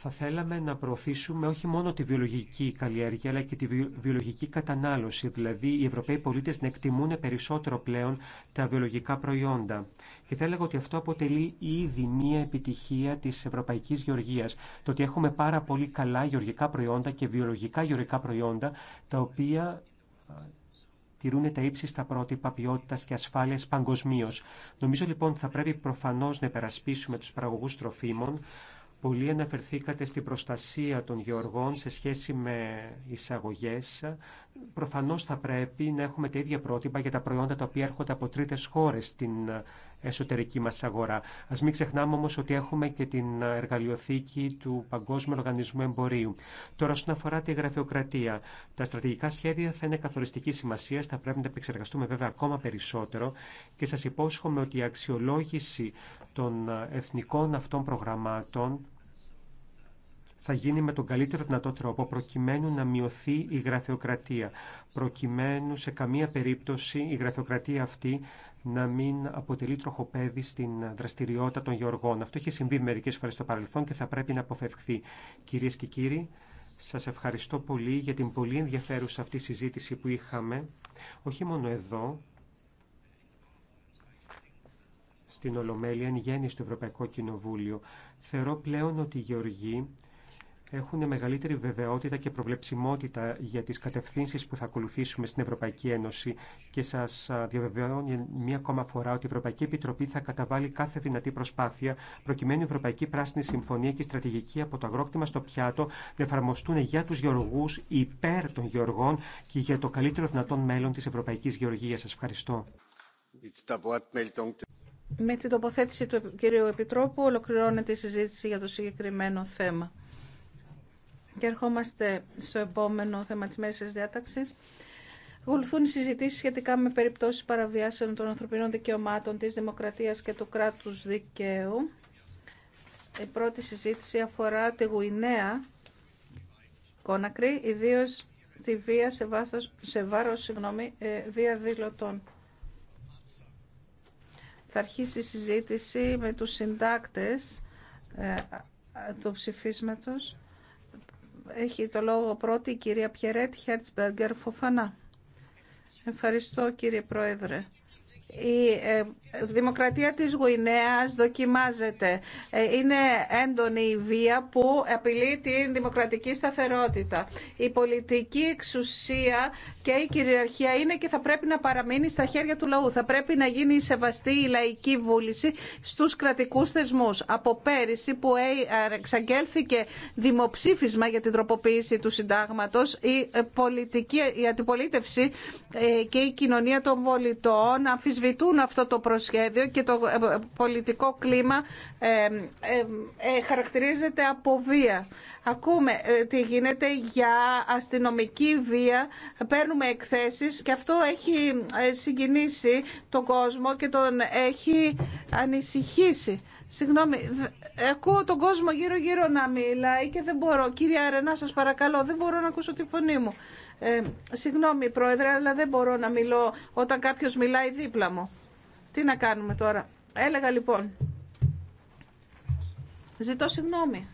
θα θέλαμε να προωθήσουμε όχι μόνο τη βιολογική καλλιέργεια, αλλά και τη βιολογική κατανάλωση. Δηλαδή, οι Ευρωπαίοι πολίτε να εκτιμούν περισσότερο πλέον τα βιολογικά προϊόντα. Και θα έλεγα ότι αυτό αποτελεί ήδη μία επιτυχία τη Ευρωπαϊκή Γεωργία. Το ότι έχουμε πάρα πολύ καλά γεωργικά προϊόντα και βιολογικά γεωργικά προϊόντα, τα οποία τηρούν τα ύψιστα πρότυπα ποιότητα και ασφάλεια παγκοσμίω. Νομίζω λοιπόν θα πρέπει προφανώ να υπερασπίσουμε του παραγωγού τροφίμων, Πολλοί αναφερθήκατε στην προστασία των γεωργών σε σχέση με εισαγωγέ. Προφανώς θα πρέπει να έχουμε τα ίδια πρότυπα για τα προϊόντα τα οποία έρχονται από τρίτες χώρε. στην εσωτερική μας αγορά. Ας μην ξεχνάμε όμως ότι έχουμε και την εργαλειοθήκη του Παγκόσμιου Οργανισμού Εμπορίου. Τώρα, όσον αφορά τη γραφειοκρατία, τα στρατηγικά σχέδια θα είναι καθοριστική σημασία, θα πρέπει να επεξεργαστούμε βέβαια ακόμα περισσότερο και σας υπόσχομαι ότι η αξιολόγηση των εθνικών αυτών προγραμμάτων θα γίνει με τον καλύτερο δυνατό τρόπο προκειμένου να μειωθεί η γραφειοκρατία, προκειμένου σε καμία περίπτωση η γραφειοκρατία αυτή να μην αποτελεί τροχοπέδι στην δραστηριότητα των γεωργών. Αυτό έχει συμβεί μερικές φορές στο παρελθόν και θα πρέπει να αποφευχθεί. Κυρίες και κύριοι, σας ευχαριστώ πολύ για την πολύ ενδιαφέρουσα αυτή συζήτηση που είχαμε, όχι μόνο εδώ, στην Ολομέλεια, εν γέννη στο Ευρωπαϊκό Κοινοβούλιο. Θεωρώ πλέον ότι οι γεωργοί έχουν μεγαλύτερη βεβαιότητα και προβλεψιμότητα για τις κατευθύνσεις που θα ακολουθήσουμε στην Ευρωπαϊκή Ένωση και σας διαβεβαιώνω μία ακόμα φορά ότι η Ευρωπαϊκή Επιτροπή θα καταβάλει κάθε δυνατή προσπάθεια προκειμένου η Ευρωπαϊκή Πράσινη Συμφωνία και η στρατηγική από το αγρόκτημα στο πιάτο να εφαρμοστούν για τους γεωργούς υπέρ των γεωργών και για το καλύτερο δυνατόν μέλλον της Ευρωπαϊκής Γεωργίας. Σας ευχαριστώ. Με την τοποθέτηση του κ. Επιτρόπου ολοκληρώνεται η συζήτηση για το συγκεκριμένο θέμα. Και ερχόμαστε στο επόμενο θέμα της μέρης της διάταξης. Ακολουθούν οι συζητήσεις σχετικά με περιπτώσεις παραβιάσεων των ανθρωπινών δικαιωμάτων, της δημοκρατίας και του κράτους δικαίου. Η πρώτη συζήτηση αφορά τη Γουινέα Κόνακρη, ιδίως τη βία σε, βάρος συγγνώμη, ε, διαδηλωτών. Θα αρχίσει η συζήτηση με τους συντάκτες ε, του ψηφίσματος. Έχει το λόγο πρώτη η κυρία Πιερέτ Χέρτσμπεργκερ Φοφανά. Ευχαριστώ κύριε Πρόεδρε. Η ε, δημοκρατία της Γουινέας δοκιμάζεται. Ε, είναι έντονη η βία που απειλεί την δημοκρατική σταθερότητα. Η πολιτική εξουσία και η κυριαρχία είναι και θα πρέπει να παραμείνει στα χέρια του λαού. Θα πρέπει να γίνει σεβαστή η λαϊκή βούληση στους κρατικούς θεσμούς. Από πέρυσι που ε, εξαγγέλθηκε δημοψήφισμα για την τροποποίηση του συντάγματος, η, πολιτική, η αντιπολίτευση και η κοινωνία των πολιτών αμφισβητούν αυτό το προσχέδιο και το ε, πολιτικό κλίμα ε, ε, χαρακτηρίζεται από βία. Ακούμε τι γίνεται για αστυνομική βία, παίρνουμε εκθέσεις και αυτό έχει συγκινήσει τον κόσμο και τον έχει ανησυχήσει. Συγγνώμη, ακούω τον κόσμο γύρω-γύρω να μιλάει και δεν μπορώ. Κύριε Αρενά, σας παρακαλώ, δεν μπορώ να ακούσω τη φωνή μου. Ε, συγγνώμη πρόεδρε, αλλά δεν μπορώ να μιλώ όταν κάποιος μιλάει δίπλα μου. Τι να κάνουμε τώρα. Έλεγα λοιπόν. Ζητώ συγγνώμη.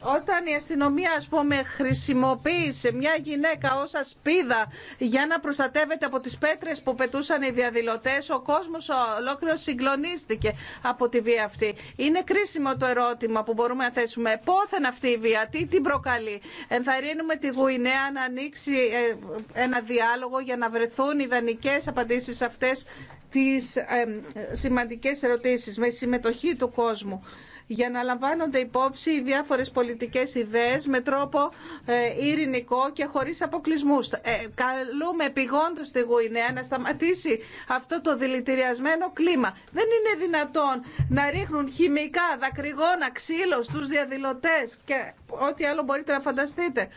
Όταν η αστυνομία, ας πούμε, χρησιμοποίησε μια γυναίκα ως ασπίδα για να προστατεύεται από τις πέτρες που πετούσαν οι διαδηλωτές, ο κόσμος ολόκληρο συγκλονίστηκε από τη βία αυτή. Είναι κρίσιμο το ερώτημα που μπορούμε να θέσουμε. Πόθεν αυτή η βία, τι την προκαλεί. Ενθαρρύνουμε τη Γουινέα να ανοίξει ε, ένα διάλογο για να βρεθούν ιδανικέ απαντήσεις σε αυτές τις ε, ε, σημαντικές ερωτήσεις με συμμετοχή του κόσμου για να λαμβάνονται υπόψη οι διάφορες πολιτικές ιδέες με τρόπο ε, ειρηνικό και χωρίς αποκλεισμούς. Ε, καλούμε επιγόντως τη Γουινέα να σταματήσει αυτό το δηλητηριασμένο κλίμα. Δεν είναι δυνατόν να ρίχνουν χημικά, δακρυγόνα, ξύλο στους διαδηλωτές και ό,τι άλλο μπορείτε να φανταστείτε.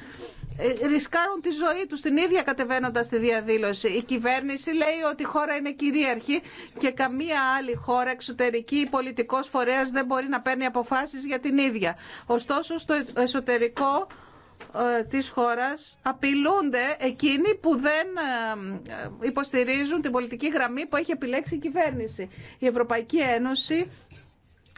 Ε, ρισκάρουν τη ζωή τους την ίδια κατεβαίνοντας στη διαδήλωση. Η κυβέρνηση λέει ότι η χώρα είναι κυρίαρχη και καμία άλλη χώρα εξωτερική ή πολιτικός φορέας δεν μπορεί να παίρνει αποφάσεις για την ίδια. Ωστόσο στο εσωτερικό ε, της χώρας απειλούνται εκείνοι που δεν ε, υποστηρίζουν την πολιτική γραμμή που έχει επιλέξει η κυβέρνηση. Η Ευρωπαϊκή Ένωση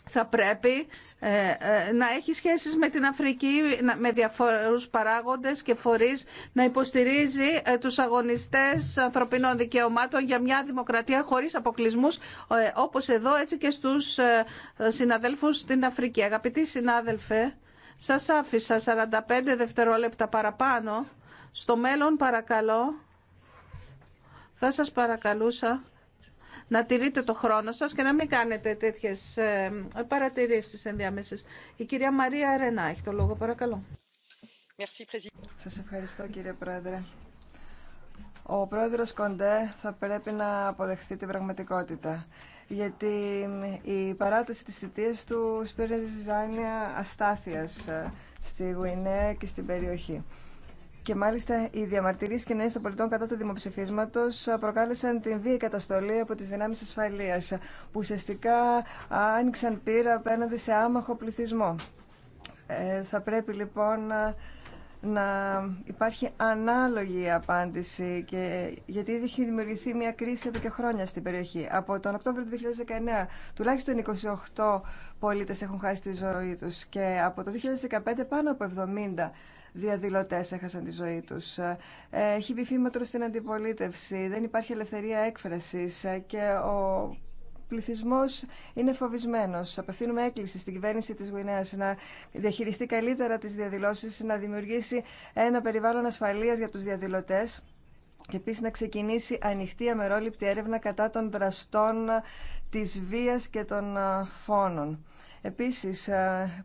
θα πρέπει ε, ε, να έχει σχέσεις με την Αφρική, με διαφορούς παράγοντες και φορείς, να υποστηρίζει ε, τους αγωνιστές ανθρωπινών δικαιωμάτων για μια δημοκρατία χωρίς αποκλεισμούς, όπως εδώ έτσι και στους συναδέλφους στην Αφρική. Αγαπητοί συνάδελφε, σας άφησα 45 δευτερόλεπτα παραπάνω. Στο μέλλον παρακαλώ, θα σας παρακαλούσα να τηρείτε το χρόνο σας και να μην κάνετε τέτοιες ε, παρατηρήσεις ενδιάμεσες. Η κυρία Μαρία Ρενά έχει το λόγο, παρακαλώ. Σας ευχαριστώ κύριε Πρόεδρε. Ο πρόεδρος Κοντέ θα πρέπει να αποδεχθεί την πραγματικότητα γιατί η παράταση της θητείας του σπήρε ζάνια αστάθειας ε, στη Γουινέα και στην περιοχή. Και μάλιστα οι διαμαρτυρίε κοινωνία των πολιτών κατά του δημοψηφίσματο προκάλεσαν την βία καταστολή από τι δυνάμει ασφαλεία, που ουσιαστικά άνοιξαν πύρα απέναντι σε άμαχο πληθυσμό. Ε, θα πρέπει λοιπόν ε, να υπάρχει ανάλογη απάντηση και, γιατί ήδη έχει δημιουργηθεί μια κρίση εδώ και χρόνια στην περιοχή. Από τον Οκτώβριο του 2019 τουλάχιστον 28 πολίτες έχουν χάσει τη ζωή τους και από το 2015 πάνω από 70 διαδηλωτέ έχασαν τη ζωή του. Ε, έχει βγει στην αντιπολίτευση, δεν υπάρχει ελευθερία έκφραση ε, και ο πληθυσμό είναι φοβισμένο. Απευθύνουμε έκκληση στην κυβέρνηση τη Γουινέα να διαχειριστεί καλύτερα τι διαδηλώσει, να δημιουργήσει ένα περιβάλλον ασφαλεία για του διαδηλωτέ και επίση να ξεκινήσει ανοιχτή αμερόληπτη έρευνα κατά των δραστών της βίας και των ε, φόνων. Επίσης, ε,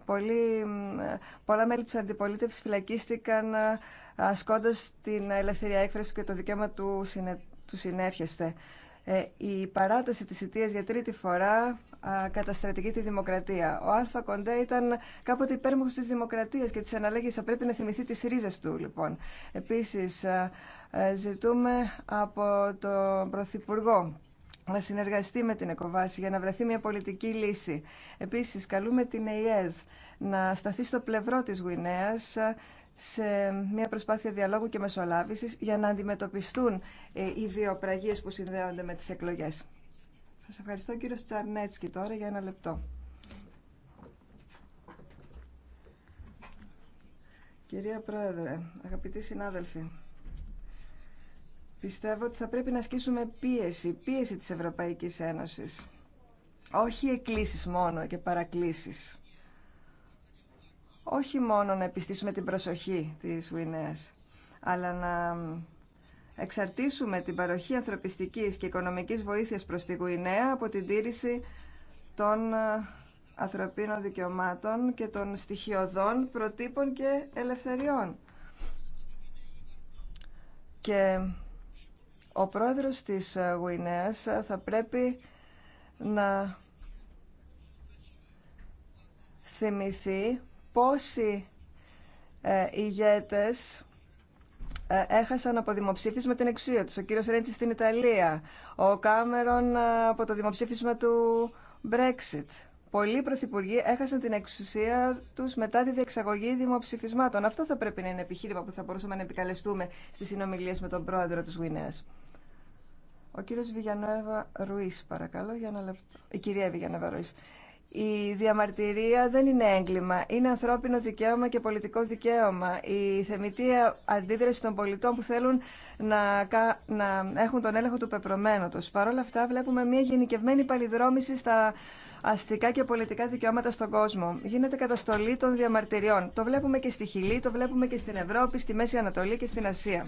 πολλά μέλη της αντιπολίτευσης φυλακίστηκαν ε, ασκώντας την ελευθερία έκφραση και το δικαίωμα του, συνε, ε, η παράταση της θητείας για τρίτη φορά καταστρατηγεί τη δημοκρατία. Ο Αλφα Κοντέ ήταν κάποτε υπέρμαχος της δημοκρατίας και της αναλέγης θα πρέπει να θυμηθεί τις ρίζες του λοιπόν. Επίσης ζητούμε από τον Πρωθυπουργό να συνεργαστεί με την ΕΚΟΒΑΣΗ για να βρεθεί μια πολιτική λύση. Επίσης, καλούμε την ΕΙΕΔ να σταθεί στο πλευρό της Γουινέας σε μια προσπάθεια διαλόγου και μεσολάβησης για να αντιμετωπιστούν ε, οι βιοπραγίες που συνδέονται με τις εκλογές. Σας ευχαριστώ κύριο Τσαρνέτσκι τώρα για ένα λεπτό. Κυρία Πρόεδρε, αγαπητοί συνάδελφοι, Πιστεύω ότι θα πρέπει να ασκήσουμε πίεση, πίεση της Ευρωπαϊκής Ένωσης. Όχι εκκλήσεις μόνο και παρακλήσεις. Όχι μόνο να επιστήσουμε την προσοχή της Γουινέας, αλλά να εξαρτήσουμε την παροχή ανθρωπιστικής και οικονομικής βοήθειας προς τη Γουινέα από την τήρηση των ε, ανθρωπίνων δικαιωμάτων και των στοιχειωδών προτύπων και ελευθεριών. Και ο πρόεδρος της ε, Γουινέας ε, θα πρέπει να θυμηθεί πόσοι ε, ηγέτες ε, έχασαν από δημοψήφισμα την εξουσία τους. Ο κύριος Ρέντσι στην Ιταλία, ο Κάμερον ε, από το δημοψήφισμα του Brexit. Πολλοί πρωθυπουργοί έχασαν την εξουσία τους μετά τη διεξαγωγή δημοψηφισμάτων. Αυτό θα πρέπει να είναι επιχείρημα που θα μπορούσαμε να επικαλεστούμε στις συνομιλίες με τον πρόεδρο της Γουινέας. Ο κύριος Βιγιανόεβα Ρουΐς, παρακαλώ, για ένα λεπτό. Η κυρία Βιγιανόεβα Ρουΐς. Η διαμαρτυρία δεν είναι έγκλημα, είναι ανθρώπινο δικαίωμα και πολιτικό δικαίωμα. Η θεμητή αντίδραση των πολιτών που θέλουν να, να έχουν τον έλεγχο του πεπρωμένου Παρ' όλα αυτά βλέπουμε μια γενικευμένη παλιδρόμηση στα αστικά και πολιτικά δικαιώματα στον κόσμο. Γίνεται καταστολή των διαμαρτυριών. Το βλέπουμε και στη Χιλή, το βλέπουμε και στην Ευρώπη, στη Μέση Ανατολή και στην Ασία.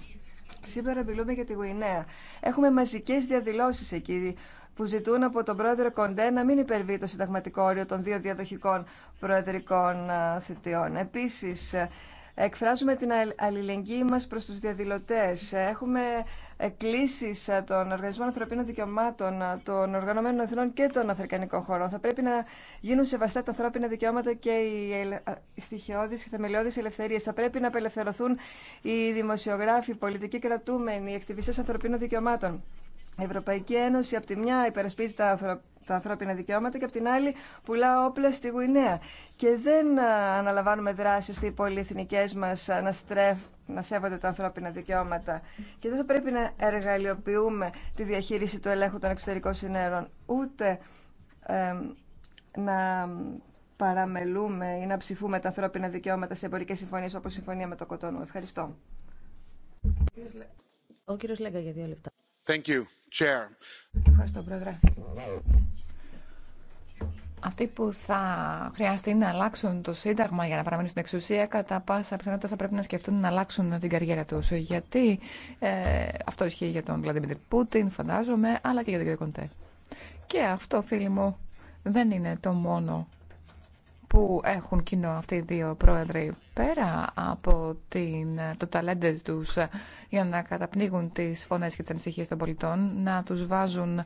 Σήμερα μιλούμε για τη Γουινέα. Έχουμε μαζικέ διαδηλώσει εκεί που ζητούν από τον πρόεδρο Κοντέ να μην υπερβεί το συνταγματικό όριο των δύο διαδοχικών προεδρικών θητιών. Επίση, ε, εκφράζουμε την αλληλεγγύη μα προ του διαδηλωτέ. Έχουμε εκκλήσεις ε, των Οργανισμών Ανθρωπίνων Δικαιωμάτων, ε, των Οργανωμένων Εθνών και των Αφρικανικών χωρών. Θα πρέπει να γίνουν σεβαστά τα ανθρώπινα δικαιώματα και οι ε, στοιχειώδεις και θεμελιώδει ελευθερίε. Θα πρέπει να απελευθερωθούν οι δημοσιογράφοι, οι πολιτικοί κρατούμενοι, οι εκτιμιστέ ανθρωπίνων δικαιωμάτων. Η Ευρωπαϊκή Ένωση, από τη μια, υπερασπίζει τα τα ανθρώπινα δικαιώματα και από την άλλη πουλά όπλα στη Γουινέα. Και δεν αναλαμβάνουμε δράσεις ώστε οι πολυεθνικές μας να, να σέβονται τα ανθρώπινα δικαιώματα. Και δεν θα πρέπει να εργαλειοποιούμε τη διαχείριση του ελέγχου των εξωτερικών συνέρων, ούτε να παραμελούμε ή να ψηφούμε τα ανθρώπινα δικαιώματα σε εμπορικές συμφωνίες όπως η συμφωνία με το Κοτόνου Ευχαριστώ. Ο κύριος Λέγκα για δύο λεπτά. Thank you, Chair. Ευχαριστώ, Πρόεδρε αυτοί που θα χρειαστεί να αλλάξουν το Σύνταγμα για να παραμείνουν στην εξουσία, κατά πάσα πιθανότητα θα πρέπει να σκεφτούν να αλλάξουν την καριέρα του. Γιατί ε, αυτό ισχύει για τον Βλαντιμίρ Πούτιν, φαντάζομαι, αλλά και για τον κύριο Κοντέ. Και αυτό, φίλοι μου, δεν είναι το μόνο που έχουν κοινό αυτοί οι δύο πρόεδροι πέρα από την, το ταλέντε τους για να καταπνίγουν τις φωνές και τις ανησυχίες των πολιτών, να τους βάζουν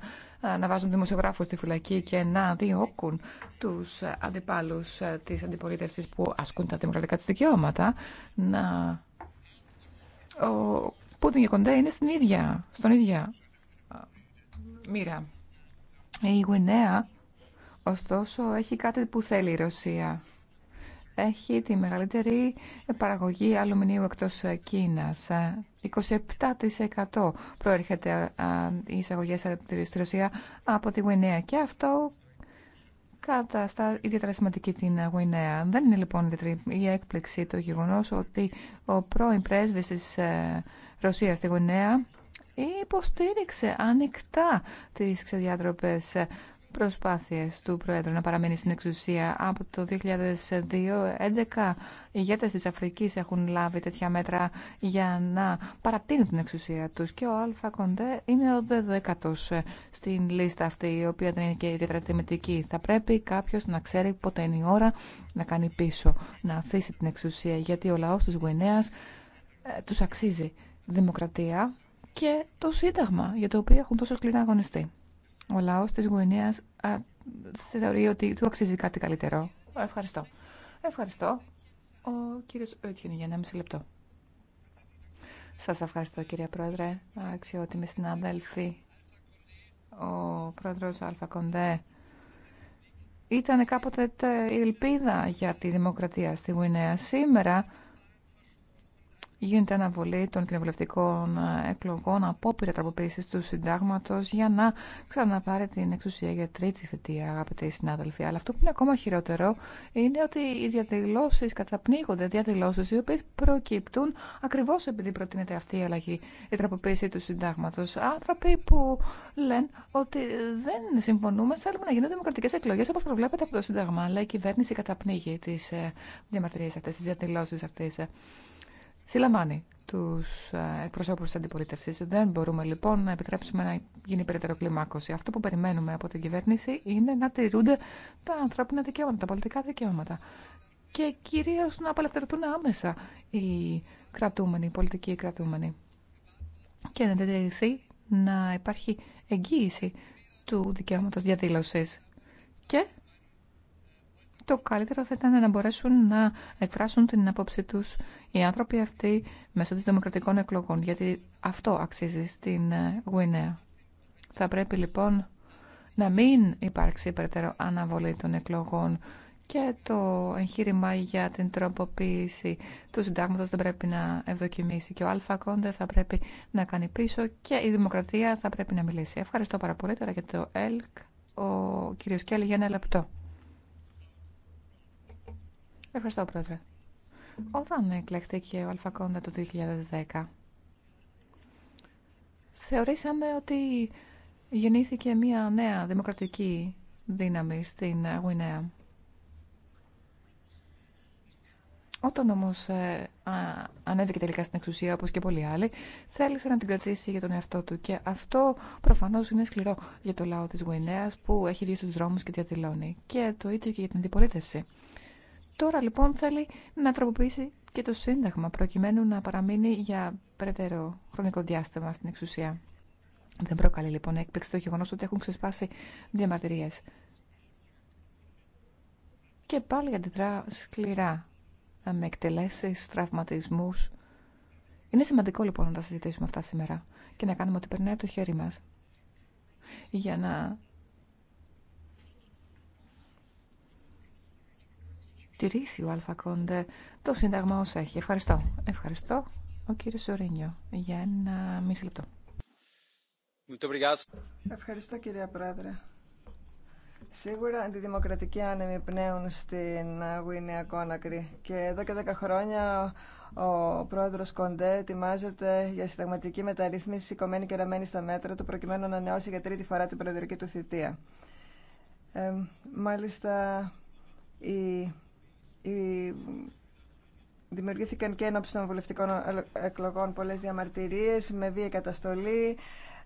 να βάζουν δημοσιογράφους στη φυλακή και να διώκουν τους αντιπάλους ε, της αντιπολίτευσης που ασκούν τα δημοκρατικά τους δικαιώματα, να... ο Πούτιν και Κοντέ είναι στην στον ίδια μοίρα. Η Γουινέα, ωστόσο, έχει κάτι που θέλει η Ρωσία έχει τη μεγαλύτερη παραγωγή αλουμινίου εκτός Κίνας. 27% προέρχεται οι εισαγωγή στη Ρωσία από τη Γουινέα και αυτό καταστά ιδιαίτερα σημαντική την Γουινέα. Δεν είναι λοιπόν η έκπληξη το γεγονός ότι ο πρώην πρέσβης της ε, Ρωσίας στη Γουινέα υποστήριξε ανοιχτά τις ξεδιάτροπες προσπάθειες του Πρόεδρου να παραμείνει στην εξουσία. Από το 2002, 11 ηγέτες της Αφρικής έχουν λάβει τέτοια μέτρα για να παρατείνουν την εξουσία τους και ο Αλφα Κοντέ είναι ο δεδέκατος στην λίστα αυτή, η οποία δεν είναι και ιδιαίτερα τιμητική. Θα πρέπει κάποιος να ξέρει πότε είναι η ώρα να κάνει πίσω, να αφήσει την εξουσία, γιατί ο λαός της Γουινέας ε, τους αξίζει δημοκρατία και το Σύνταγμα για το οποίο έχουν τόσο σκληρά αγωνιστεί. Ο λαό τη Γουινέας θεωρεί ότι του αξίζει κάτι καλύτερο. Ευχαριστώ. Ευχαριστώ. Ο κύριος Ότιον για ένα μισή λεπτό. Σας ευχαριστώ κύριε Πρόεδρε, αξιότιμοι συνάδελφοι. Ο πρόεδρο Αλφα Κοντέ ήταν κάποτε η ελπίδα για τη δημοκρατία στη Γουινέα. Σήμερα γίνεται αναβολή των κοινοβουλευτικών ε, εκλογών, από τραποποίηση του συντάγματο για να ξαναπάρει την εξουσία για τρίτη θετία, αγαπητοί συνάδελφοι. Αλλά αυτό που είναι ακόμα χειρότερο είναι ότι οι διαδηλώσει καταπνίγονται, διαδηλώσει οι οποίε προκύπτουν ακριβώ επειδή προτείνεται αυτή η αλλαγή, η τραποποίηση του συντάγματο. Άνθρωποι που λένε ότι δεν συμφωνούμε, θέλουμε να γίνουν δημοκρατικέ εκλογέ όπω προβλέπεται από το Σύνταγμα. Αλλά η κυβέρνηση καταπνίγει τι ε, διαμαρτυρίε αυτέ, τι διαδηλώσει αυτέ συλλαμβάνει τους ε, εκπροσώπους της αντιπολίτευσης. Δεν μπορούμε λοιπόν να επιτρέψουμε να γίνει περαιτέρω κλιμάκωση. Αυτό που περιμένουμε από την κυβέρνηση είναι να τηρούνται τα ανθρώπινα δικαιώματα, τα πολιτικά δικαιώματα και κυρίως να απελευθερωθούν άμεσα οι κρατούμενοι, οι πολιτικοί κρατούμενοι και να διατηρηθεί να υπάρχει εγγύηση του δικαιώματος διαδήλωσης και το καλύτερο θα ήταν να μπορέσουν να εκφράσουν την απόψη τους οι άνθρωποι αυτοί μέσω της δημοκρατικών εκλογών, γιατί αυτό αξίζει στην ε, Γουινέα. Θα πρέπει λοιπόν να μην υπάρξει υπερτερό αναβολή των εκλογών και το εγχείρημα για την τροποποίηση του συντάγματος δεν πρέπει να ευδοκιμήσει και ο Αλφα Κόντε θα πρέπει να κάνει πίσω και η δημοκρατία θα πρέπει να μιλήσει. Ευχαριστώ πάρα πολύ τώρα για το ΕΛΚ. Ο κύριος Κέλλη για ένα λεπτό. Ευχαριστώ, Πρόεδρε. Όταν εκλέχτηκε ο Αλφακόντα το 2010, θεωρήσαμε ότι γεννήθηκε μια νέα δημοκρατική δύναμη στην Γουινέα. Όταν όμω ε, ανέβηκε τελικά στην εξουσία, όπω και πολλοί άλλοι, θέλησε να την κρατήσει για τον εαυτό του. Και αυτό προφανώ είναι σκληρό για το λαό τη Γουινέας που έχει βγει στου δρόμου και διαδηλώνει. Και το ίδιο και για την αντιπολίτευση. Τώρα λοιπόν θέλει να τροποποιήσει και το Σύνταγμα προκειμένου να παραμείνει για περαιτέρω χρονικό διάστημα στην εξουσία. Δεν προκαλεί λοιπόν έκπληξη το γεγονό ότι έχουν ξεσπάσει διαμαρτυρίε. Και πάλι αντιδρά σκληρά ε, με εκτελέσει, τραυματισμού. Είναι σημαντικό λοιπόν να τα συζητήσουμε αυτά σήμερα και να κάνουμε ό,τι περνάει από το χέρι μα για να στηρίσει ο Αλφα Κόντε το Σύνταγμα έχει. Ευχαριστώ. Ευχαριστώ ο κύριο Σορίνιο για ένα μισή λεπτό. Ευχαριστώ κυρία Πρόεδρε. Σίγουρα αντιδημοκρατικοί άνεμοι πνέουν στην Γουινέα Κόνακρη και εδώ και 10 χρόνια ο πρόεδρος Κοντέ ετοιμάζεται για συνταγματική μεταρρύθμιση σηκωμένη και ραμμένη στα μέτρα του προκειμένου να ανανεώσει για τρίτη φορά την προεδρική του θητεία. Ε, μάλιστα η δημιουργήθηκαν και ένα των βουλευτικών εκλογών πολλές διαμαρτυρίες με βία καταστολή,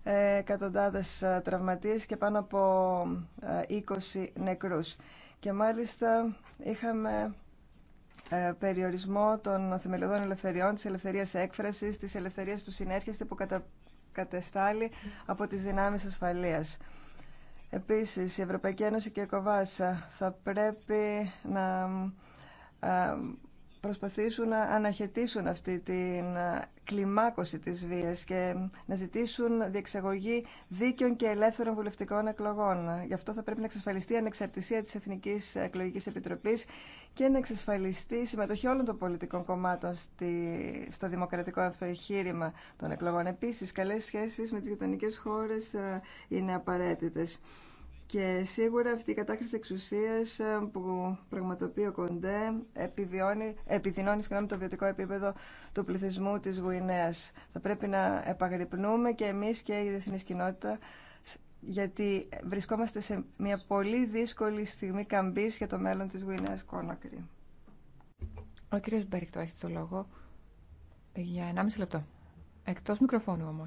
ε, εκατοντάδες ε, τραυματίες και πάνω από 20 ε, νεκρούς. Και μάλιστα είχαμε περιορισμό των θεμελιωδών ελευθεριών, της ελευθερίας έκφρασης, της ελευθερίας του συνέρχεστη που κατα... κατεστάλλει από τις δυνάμεις ασφαλείας. Επίσης, η Ευρωπαϊκή Ένωση και η Κοβάσα θα πρέπει να ε, προσπαθήσουν να αναχαιτήσουν αυτή την ε, κλιμάκωση της βίας και να ζητήσουν διεξαγωγή δίκαιων και ελεύθερων βουλευτικών εκλογών. Γι' αυτό θα πρέπει να εξασφαλιστεί η ανεξαρτησία της Εθνικής Εκλογικής Επιτροπής και να εξασφαλιστεί η συμμετοχή όλων των πολιτικών κομμάτων στο δημοκρατικό αυτό των εκλογών. Επίσης, καλές σχέσεις με τις γειτονικές χώρες ε, είναι απαραίτητες. Και σίγουρα αυτή η κατάχρηση εξουσία ε, που πραγματοποιεί ο Κοντέ επιδεινώνει το βιωτικό επίπεδο του πληθυσμού της Γουινέα. Θα πρέπει να επαγρυπνούμε και εμείς και η διεθνή κοινότητα γιατί βρισκόμαστε σε μια πολύ δύσκολη στιγμή καμπής για το μέλλον της Γουινέας Κόνακρη. Ο κύριος Μπέρικ έχει το λόγο για 1,5 λεπτό. Εκτός μικροφώνου όμω.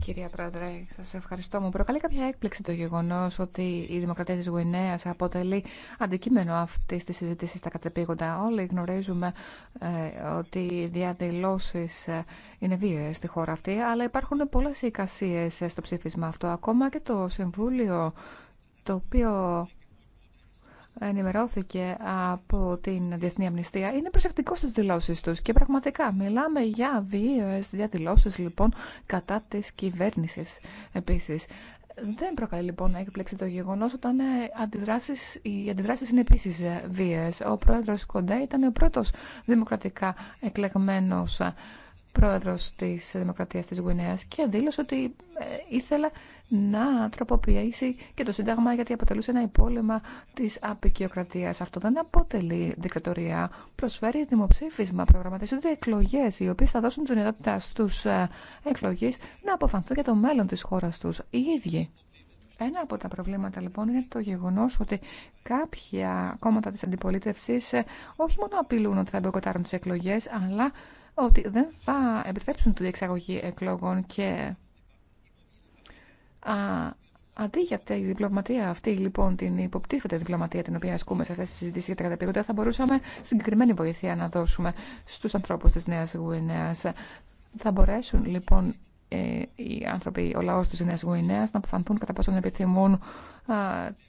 Κυρία Πρόεδρε, σα ευχαριστώ. Μου προκαλεί κάποια έκπληξη το γεγονό ότι η Δημοκρατία τη Γουινέα αποτελεί αντικείμενο αυτή τη συζήτηση στα κατεπήγοντα. Όλοι γνωρίζουμε ε, ότι οι διαδηλώσει ε, είναι βίαιε στη χώρα αυτή, αλλά υπάρχουν πολλέ εικασίε ε, στο ψήφισμα αυτό. Ακόμα και το Συμβούλιο, το οποίο ενημερώθηκε από την Διεθνή Αμνηστία είναι προσεκτικό στις δηλώσεις τους και πραγματικά μιλάμε για βίαιες διαδηλώσεις λοιπόν κατά της κυβέρνησης επίσης. Δεν προκαλεί λοιπόν έκπληξη το γεγονό όταν ε, αντιδράσεις, οι αντιδράσει είναι επίση ε, βίαιε. Ο πρόεδρο Κοντέ ήταν ο πρώτο δημοκρατικά εκλεγμένο ε, πρόεδρο τη Δημοκρατία τη Γουινέα και δήλωσε ότι ήθελε να τροποποιήσει και το Σύνταγμα γιατί αποτελούσε ένα υπόλοιμα της απεικιοκρατίας. Αυτό δεν αποτελεί δικτατορία. Προσφέρει δημοψήφισμα, προγραμματίζονται εκλογές οι οποίες θα δώσουν τη δυνατότητα στους ε, εκλογείς να αποφανθούν για το μέλλον της χώρας τους οι ίδιοι. Ένα από τα προβλήματα λοιπόν είναι το γεγονό ότι κάποια κόμματα τη αντιπολίτευση ε, όχι μόνο απειλούν ότι θα εμποκοτάρουν τι εκλογέ, αλλά ότι δεν θα επιτρέψουν τη διεξαγωγή εκλογών και Α, αντί για τη διπλωματία αυτή, λοιπόν, την υποπτήφεται διπλωματία την οποία ασκούμε σε αυτέ τι συζητήσει για τα καταπήγοντα, θα μπορούσαμε συγκεκριμένη βοήθεια να δώσουμε στου ανθρώπου τη Νέα Γουινέα. Θα μπορέσουν, λοιπόν, ε, οι άνθρωποι, ο λαό τη Νέα Γουινέα να αποφανθούν κατά πόσο επιθυμούν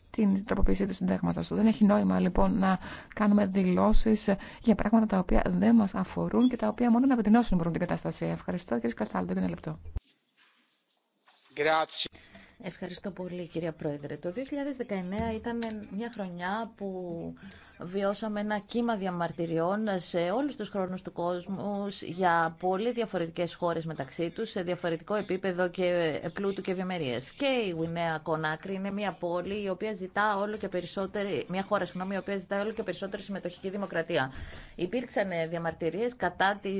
την τροποποίησή του συντάγματο. Δεν έχει νόημα λοιπόν να κάνουμε δηλώσει για πράγματα τα οποία δεν μα αφορούν και τα οποία μόνο να επιδεινώσουν μπορούν την κατάσταση. Ευχαριστώ κύριε Καστάλτο λεπτό. Ευχαριστώ πολύ κυρία Πρόεδρε. Το 2019 ήταν μια χρονιά που βιώσαμε ένα κύμα διαμαρτυριών σε όλους τους χρόνους του κόσμου για πολύ διαφορετικές χώρες μεταξύ τους σε διαφορετικό επίπεδο και πλούτου και ευημερίε. Και η Γουινέα Κονάκρη είναι μια πόλη η οποία ζητά όλο και περισσότερη, μια χώρα συγγνώμη, η οποία ζητά όλο και περισσότερη συμμετοχική δημοκρατία. Υπήρξαν διαμαρτυρίε κατά τη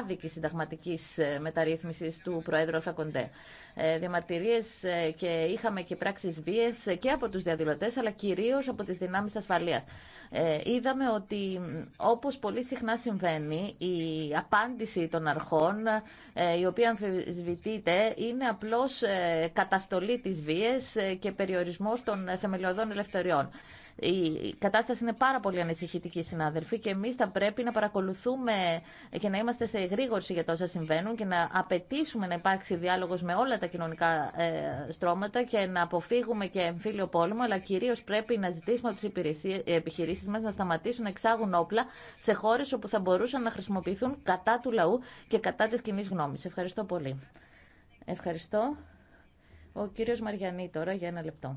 άδικη συνταγματική μεταρρύθμισης του Προέδρου Αλφακοντέ ε, Διαμαρτυρίε ε, και είχαμε και πράξει βίε και από του διαδηλωτέ, αλλά κυρίω από τι δυνάμει ασφαλεία. Ε, είδαμε ότι όπως πολύ συχνά συμβαίνει η απάντηση των αρχών ε, η οποία αμφισβητείται είναι απλώς ε, καταστολή της βίας και περιορισμός των θεμελιωδών ελευθεριών. Η κατάσταση είναι πάρα πολύ ανησυχητική, συνάδελφοι, και εμεί θα πρέπει να παρακολουθούμε και να είμαστε σε εγρήγορση για τα όσα συμβαίνουν και να απαιτήσουμε να υπάρξει διάλογο με όλα τα κοινωνικά ε, στρώματα και να αποφύγουμε και εμφύλιο πόλεμο, αλλά κυρίω πρέπει να ζητήσουμε από τι επιχειρήσει μα να σταματήσουν να εξάγουν όπλα σε χώρε όπου θα μπορούσαν να χρησιμοποιηθούν κατά του λαού και κατά τη κοινή γνώμη. Ευχαριστώ πολύ. Ευχαριστώ. Ο κύριος Μαριανή τώρα για ένα λεπτό.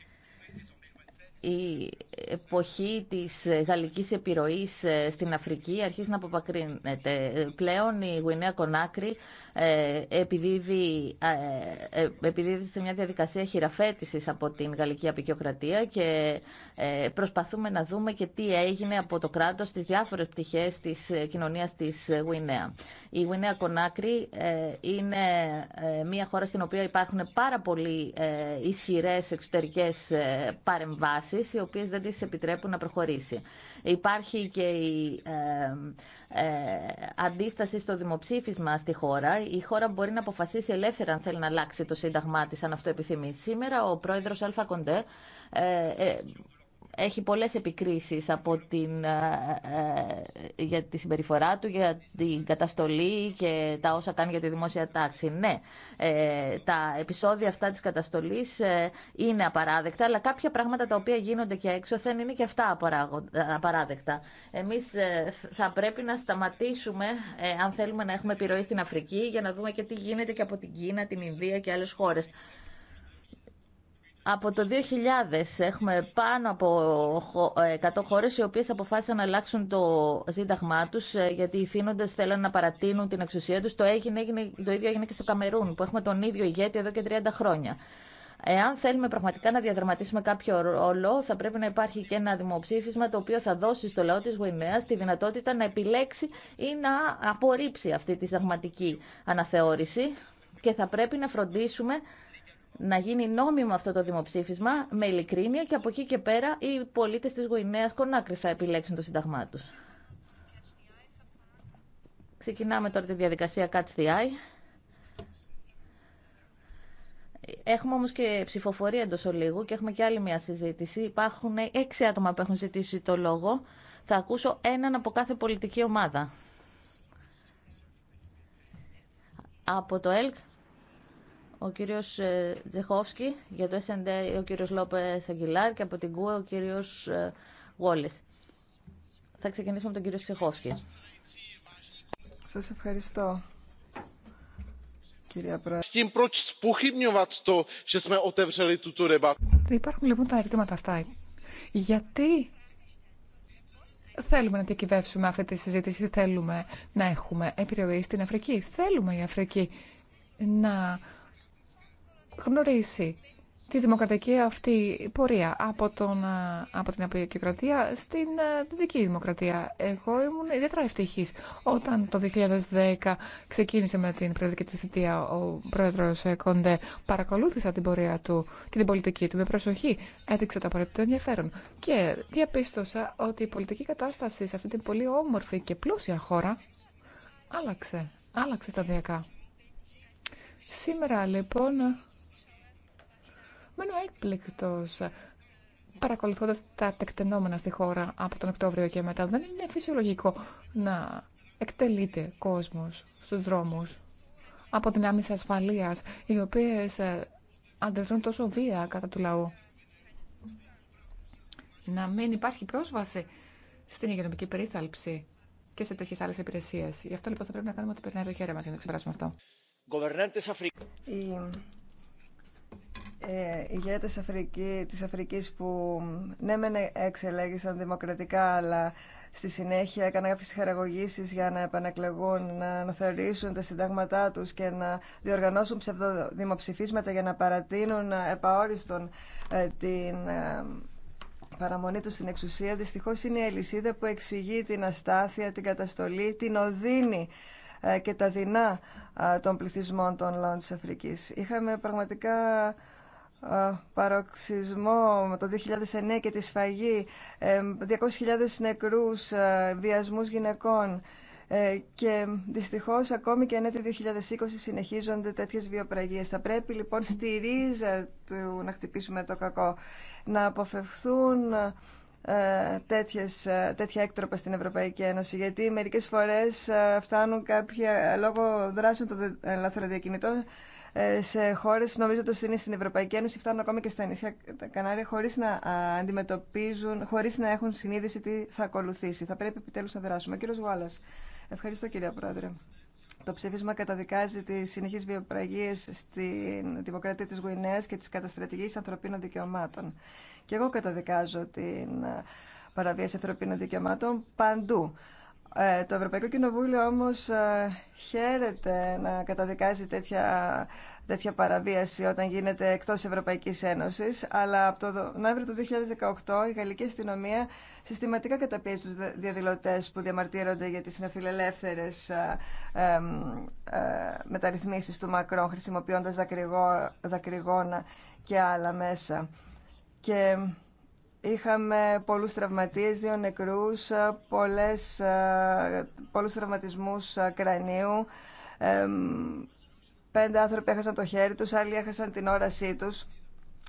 η εποχή της γαλλικής επιρροής ε, στην Αφρική αρχίζει να αποπακρίνεται. Ε, πλέον η Γουινέα Κονάκρη ε, επιδίδει, επιδίδει σε μια διαδικασία χειραφέτησης από την γαλλική απεικιοκρατία και προσπαθούμε να δούμε και τι έγινε από το κράτος στις διάφορες πτυχές της κοινωνίας της Γουινέα. Η Γουινέα Κονάκρη είναι μια χώρα στην οποία υπάρχουν πάρα πολύ ισχυρές εξωτερικές παρεμβάσεις αποφάσεις οι οποίες δεν της επιτρέπουν να προχωρήσει. Υπάρχει και η ε, ε, αντίσταση στο δημοψήφισμα στη χώρα. Η χώρα μπορεί να αποφασίσει ελεύθερα αν θέλει να αλλάξει το σύνταγμά της αν αυτό επιθυμεί. Σήμερα ο πρόεδρος Αλφα Κοντέ ε, ε έχει πολλές επικρίσεις από την, ε, ε, για τη συμπεριφορά του, για την καταστολή και τα όσα κάνει για τη δημόσια τάξη. Ναι, ε, τα επεισόδια αυτά της καταστολής είναι απαράδεκτα, αλλά κάποια πράγματα τα οποία γίνονται και έξω δεν είναι και αυτά απαράδεκτα. Εμείς θα πρέπει να σταματήσουμε, αν θέλουμε να έχουμε επιρροή στην Αφρική, για να δούμε και τι γίνεται και από την Κίνα, την Ινδία και άλλες χώρες. Από το 2000 έχουμε πάνω από 100 ε, χώρε οι οποίε αποφάσισαν να αλλάξουν το σύνταγμά του, ε, γιατί οι φύνοντε θέλαν να παρατείνουν την εξουσία του. Το, το ίδιο έγινε και στο Καμερούν που έχουμε τον ίδιο ηγέτη εδώ και 30 χρόνια. Εάν θέλουμε πραγματικά να διαδραματίσουμε κάποιο ρόλο, θα πρέπει να υπάρχει και ένα δημοψήφισμα το οποίο θα δώσει στο λαό τη Γουινέα τη δυνατότητα να επιλέξει ή να απορρίψει αυτή τη σταγματική αναθεώρηση και θα πρέπει να φροντίσουμε να γίνει νόμιμο αυτό το δημοψήφισμα με ειλικρίνεια και από εκεί και πέρα οι πολίτες της Γουινέας Κονάκρη θα επιλέξουν το σύνταγμά του. Ξεκινάμε τώρα τη διαδικασία Catch the Eye. Έχουμε όμως και ψηφοφορία εντός ολίγου και έχουμε και άλλη μια συζήτηση. Υπάρχουν έξι άτομα που έχουν ζητήσει το λόγο. Θα ακούσω έναν από κάθε πολιτική ομάδα. Από το ΕΛΚ, ο κύριος ε, Τζεχόφσκι, για το SND ο κύριος Λόπε Αγγιλάρ και από την ΚΟΕ ο κύριος ε, Γόλης. Θα ξεκινήσουμε με τον κύριο Τζεχόφσκι. Σας ευχαριστώ. Κυρία Υπάρχουν λοιπόν τα ερωτήματα αυτά. Γιατί θέλουμε να διακυβεύσουμε αυτή τη συζήτηση, θέλουμε να έχουμε επιρροή στην Αφρική. Θέλουμε η Αφρική να γνωρίσει τη δημοκρατική αυτή πορεία από, τον, από την απεικιοκρατία στην δική δημοκρατία. Εγώ ήμουν ιδιαίτερα ευτυχή όταν το 2010 ξεκίνησε με την προεδρική τη θητεία ο πρόεδρο ε, Κοντέ. Παρακολούθησα την πορεία του και την πολιτική του με προσοχή. Έδειξε το απαραίτητο ενδιαφέρον και διαπίστωσα ότι η πολιτική κατάσταση σε αυτή την πολύ όμορφη και πλούσια χώρα άλλαξε. Άλλαξε σταδιακά. Σήμερα λοιπόν Μένω έκπληκτό παρακολουθώντα τα τεκτενόμενα στη χώρα από τον Οκτώβριο και μετά. Δεν είναι φυσιολογικό να εκτελείται κόσμο στου δρόμου από δυνάμει ασφαλεία οι οποίε ε, αντεδρούν τόσο βία κατά του λαού. Να μην υπάρχει πρόσβαση στην υγειονομική περίθαλψη και σε τέτοιε άλλε υπηρεσίε. Γι' αυτό λοιπόν θα πρέπει να κάνουμε ό,τι περνάει το χέρι μα για να ξεπεράσουμε αυτό. Οι ε, ηγέτες Αφρική, της Αφρικής που ναι μεν εξελέγησαν δημοκρατικά αλλά στη συνέχεια έκαναν κάποιες χαραγωγήσεις για να επανακλεγούν, να αναθεωρήσουν τα συντάγματά τους και να διοργανώσουν ψευδοδημοψηφίσματα για να παρατείνουν επαόριστον ε, την ε, παραμονή του στην εξουσία. Δυστυχώς είναι η ελισίδα που εξηγεί την αστάθεια, την καταστολή, την οδύνη ε, και τα δεινά των πληθυσμών των λαών της Αφρικής. Είχαμε πραγματικά παροξισμό το 2009 και τη σφαγή, 200.000 ε, νεκρούς, ε, βιασμούς γυναικών ε, και δυστυχώς ακόμη και ενέτειο 2020 συνεχίζονται τέτοιες βιοπραγίες. Θα πρέπει λοιπόν στη ρίζα του να χτυπήσουμε το κακό, να αποφευχθούν ε, τέτοιες, ε, τέτοια έκτροπα στην Ευρωπαϊκή Ένωση γιατί μερικές φορές ε, φτάνουν κάποια λόγω δράσεων των λαθροδιακινητών σε χώρε νομίζω ότι είναι στην Ευρωπαϊκή Ένωση φτάνουν ακόμα και στα νησιά τα Κανάρια χωρίς να αντιμετωπίζουν, χωρίς να έχουν συνείδηση τι θα ακολουθήσει. Θα πρέπει επιτέλου να δράσουμε. Κύριο Γουάλλα. ευχαριστώ κύριε Πρόεδρε. Το ψήφισμα καταδικάζει τι συνεχεί βιοπραγίε στην δημοκρατία τη Γουινέα και τι καταστρατηγήσει ανθρωπίνων δικαιωμάτων. Και εγώ καταδικάζω την ε, παραβίαση ανθρωπίνων δικαιωμάτων παντού. Ε, το Ευρωπαϊκό Κοινοβούλιο όμως ε, χαίρεται να καταδικάζει τέτοια, τέτοια παραβίαση όταν γίνεται εκτός Ευρωπαϊκής Ένωσης, αλλά από το Νοέμβριο του 2018 η Γαλλική Αστυνομία συστηματικά καταπιέζει τους διαδηλωτές που διαμαρτύρονται για τις συναφιλελεύθερες ε, ε, μεταρρυθμίσεις του Μακρόν, χρησιμοποιώντας δακρυγόνα και άλλα μέσα. Και Είχαμε πολλούς τραυματίες, δύο νεκρούς, πολλές, ε, πολλούς τραυματισμούς ε, κρανίου. Πέντε άνθρωποι έχασαν το χέρι τους, άλλοι έχασαν την όρασή τους.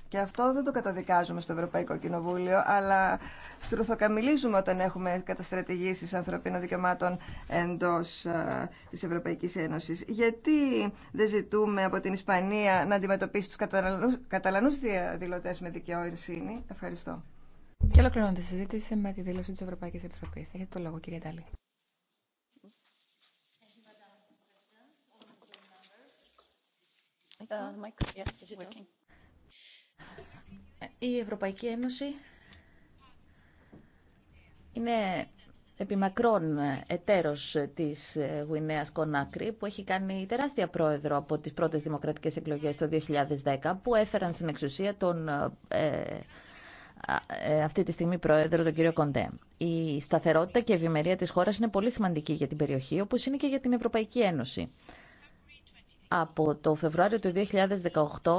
Και αυτό δεν το καταδικάζουμε στο Ευρωπαϊκό Κοινοβούλιο, αλλά στρουθοκαμιλίζουμε όταν έχουμε καταστρατηγήσει ανθρωπίνων δικαιωμάτων εντός ε, της Ευρωπαϊκή Ένωση. Γιατί δεν ζητούμε από την Ισπανία να αντιμετωπίσει του καταλανούς διαδηλωτέ με δικαιοσύνη. Ευχαριστώ. Και ολοκληρώνω τη συζήτηση με τη δήλωση τη Ευρωπαϊκή Επιτροπή. Έχετε το λόγο, κύριε Ντάλη. Uh, Η Ευρωπαϊκή Ένωση είναι επιμακρόν εταίρος της Γουινέας Κονάκρη που έχει κάνει τεράστια πρόεδρο από τις πρώτες δημοκρατικές εκλογές το 2010 που έφεραν στην εξουσία τον ε, ε, αυτή τη στιγμή πρόεδρο, τον κύριο Κοντέ. Η σταθερότητα και η ευημερία της χώρας είναι πολύ σημαντική για την περιοχή, όπως είναι και για την Ευρωπαϊκή Ένωση. Από το Φεβρουάριο του 2018,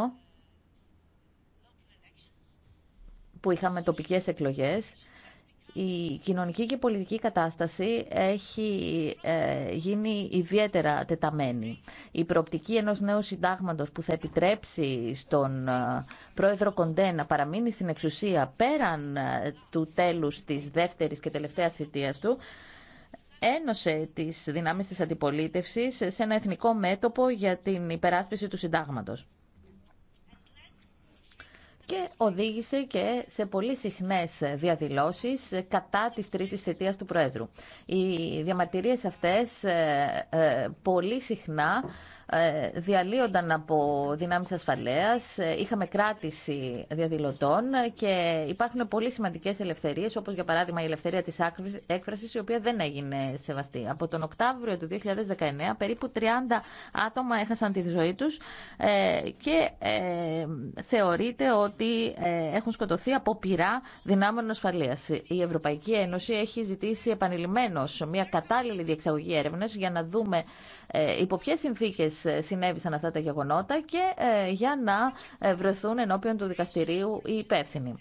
που είχαμε τοπικές εκλογές, η κοινωνική και πολιτική κατάσταση έχει ε, γίνει ιδιαίτερα τεταμένη. Η προοπτική ενός νέου συντάγματος που θα επιτρέψει στον ε, πρόεδρο Κοντέ να παραμείνει στην εξουσία πέραν ε, του τέλους της δεύτερης και τελευταίας θητείας του ένωσε τις δυνάμεις της αντιπολίτευσης σε ένα εθνικό μέτωπο για την υπεράσπιση του συντάγματος και οδήγησε και σε πολύ συχνές διαδηλώσει κατά τη τρίτη θετίας του Προέδρου. Οι διαμαρτυρίε αυτέ ε, ε, πολύ συχνά ε, διαλύονταν από δυνάμεις ασφαλείας, ε, είχαμε κράτηση διαδηλωτών και υπάρχουν πολύ σημαντικές ελευθερίες, όπως για παράδειγμα η ελευθερία της έκφρασης, η οποία δεν έγινε σεβαστή. Από τον Οκτάβριο του 2019 περίπου 30 άτομα έχασαν τη ζωή τους ε, και θεωρείται ότι έχουν σκοτωθεί από πειρά δυνάμεων ασφαλείας. Η Ευρωπαϊκή Ένωση έχει ζητήσει επανειλημμένως μια κατάλληλη διεξαγωγή έρευνες για να δούμε ε, υπό ποιε συνθήκε ε, συνέβησαν αυτά τα γεγονότα και ε, για να βρεθούν ενώπιον του δικαστηρίου οι υπεύθυνοι.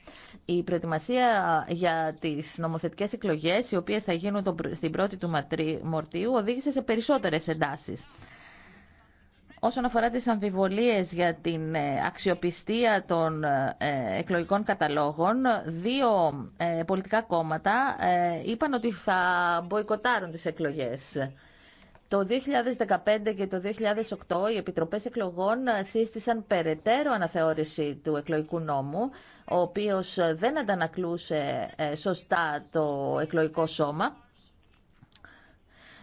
Η προετοιμασία για τι νομοθετικέ εκλογέ, οι οποίε θα γίνουν στην 1 του μορτίου, οδήγησε σε περισσότερε εντάσει. Όσον αφορά τις αμφιβολίες για την αξιοπιστία των εκλογικών καταλόγων, δύο πολιτικά κόμματα είπαν ότι θα μποϊκοτάρουν τις εκλογές. Το 2015 και το 2008 οι Επιτροπές Εκλογών ε, σύστησαν περαιτέρω αναθεώρηση του εκλογικού νόμου, ο οποίος δεν αντανακλούσε ε, σωστά το εκλογικό σώμα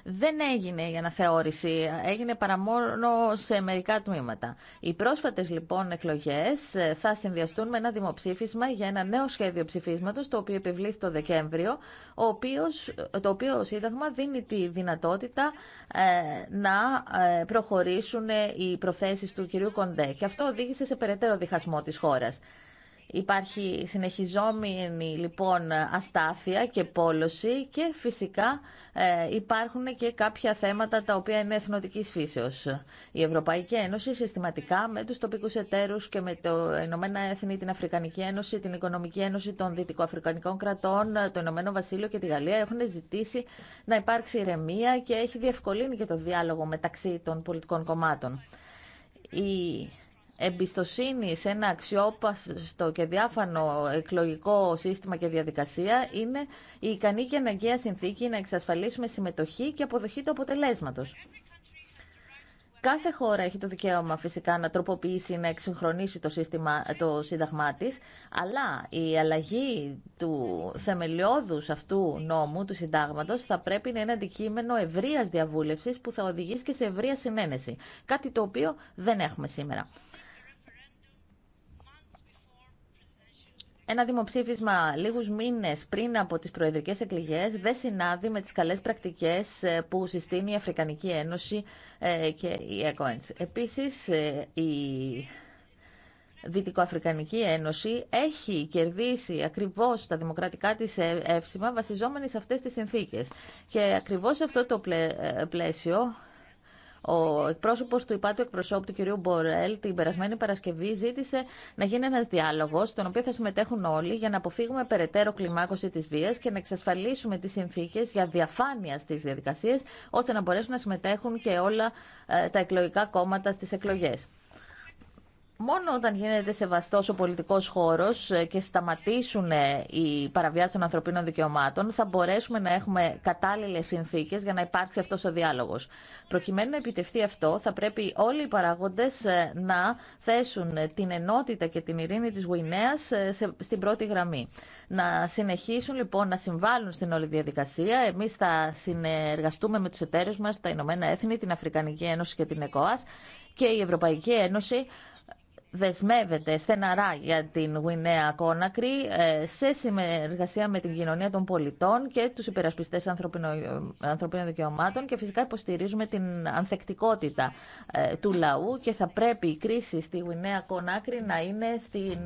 δεν έγινε η αναθεώρηση, έγινε παρά μόνο σε μερικά τμήματα. Οι πρόσφατες λοιπόν εκλογές ε, θα συνδυαστούν με ένα δημοψήφισμα για ένα νέο σχέδιο ψηφίσματος το οποίο επιβλήθη το Δεκέμβριο, το οποίο Σύνταγμα δίνει τη δυνατότητα ε, να ε, προχωρήσουν οι προθέσεις του κυρίου Κοντέ. Και αυτό οδήγησε σε περαιτέρω διχασμό της χώρας. Υπάρχει συνεχιζόμενη λοιπόν αστάθεια και πόλωση και φυσικά ε, υπάρχουν και κάποια θέματα τα οποία είναι εθνοτικής φύσεως. Η Ευρωπαϊκή Ένωση συστηματικά με τους τοπικούς εταίρους και με το Ηνωμένα Έθνη, την Αφρικανική Ένωση, την Οικονομική Ένωση των Δυτικοαφρικανικών Κρατών, το Ηνωμένο Βασίλειο και τη Γαλλία έχουν ζητήσει να υπάρξει ηρεμία και έχει διευκολύνει και το διάλογο μεταξύ των πολιτικών κομμάτων. Η εμπιστοσύνη σε ένα αξιόπαστο και διάφανο εκλογικό σύστημα και διαδικασία είναι η ικανή και αναγκαία συνθήκη να εξασφαλίσουμε συμμετοχή και αποδοχή του αποτελέσματος. Κάθε χώρα έχει το δικαίωμα φυσικά να τροποποιήσει, να εξυγχρονίσει το, σύστημα, το σύνταγμά τη, αλλά η αλλαγή του θεμελιώδους αυτού νόμου, του συντάγματο, θα πρέπει να είναι αντικείμενο ευρεία διαβούλευση που θα οδηγήσει και σε ευρεία συνένεση. Κάτι το οποίο δεν έχουμε σήμερα. Ένα δημοψήφισμα λίγους μήνες πριν από τις προεδρικές εκλογές δεν συνάδει με τις καλές πρακτικές ε, που συστήνει η Αφρικανική Ένωση ε, και η ΕΚΟΕΝΤΣ. Επίσης, ε, η Δυτικοαφρικανική Ένωση έχει κερδίσει ακριβώς τα δημοκρατικά της εύσημα βασιζόμενη σε αυτές τις συνθήκες. Και ακριβώς σε αυτό το πλαίσιο ο εκπρόσωπο του υπάτου εκπροσώπου του κ. Μπορέλ την περασμένη Παρασκευή ζήτησε να γίνει ένα διάλογο, στον οποίο θα συμμετέχουν όλοι, για να αποφύγουμε περαιτέρω κλιμάκωση τη βία και να εξασφαλίσουμε τι συνθήκε για διαφάνεια στι διαδικασίε, ώστε να μπορέσουν να συμμετέχουν και όλα ε, τα εκλογικά κόμματα στι εκλογέ. Μόνο όταν γίνεται σεβαστός ο πολιτικός χώρος ε, και σταματήσουν ε, οι παραβιάσεις των ανθρωπίνων δικαιωμάτων θα μπορέσουμε να έχουμε κατάλληλες συνθήκες για να υπάρξει αυτός ο διάλογος. Προκειμένου να επιτευχθεί αυτό θα πρέπει όλοι οι παράγοντες ε, να θέσουν την ενότητα και την ειρήνη της Γουινέας στην πρώτη γραμμή. Να συνεχίσουν λοιπόν να συμβάλλουν στην όλη διαδικασία. Εμεί θα συνεργαστούμε με του εταίρους μα, τα Ηνωμένα Έθνη, την Αφρικανική Ένωση και την ΕΚΟΑΣ και η Ευρωπαϊκή Ένωση δεσμεύεται στεναρά για την Γουινέα Κόνακρη ε, σε συνεργασία με την κοινωνία των πολιτών και τους υπερασπιστές ε, ανθρωπίνων δικαιωμάτων και φυσικά υποστηρίζουμε την ανθεκτικότητα ε, του λαού και θα πρέπει η κρίση στη Γουινέα Κόνακρη να είναι στην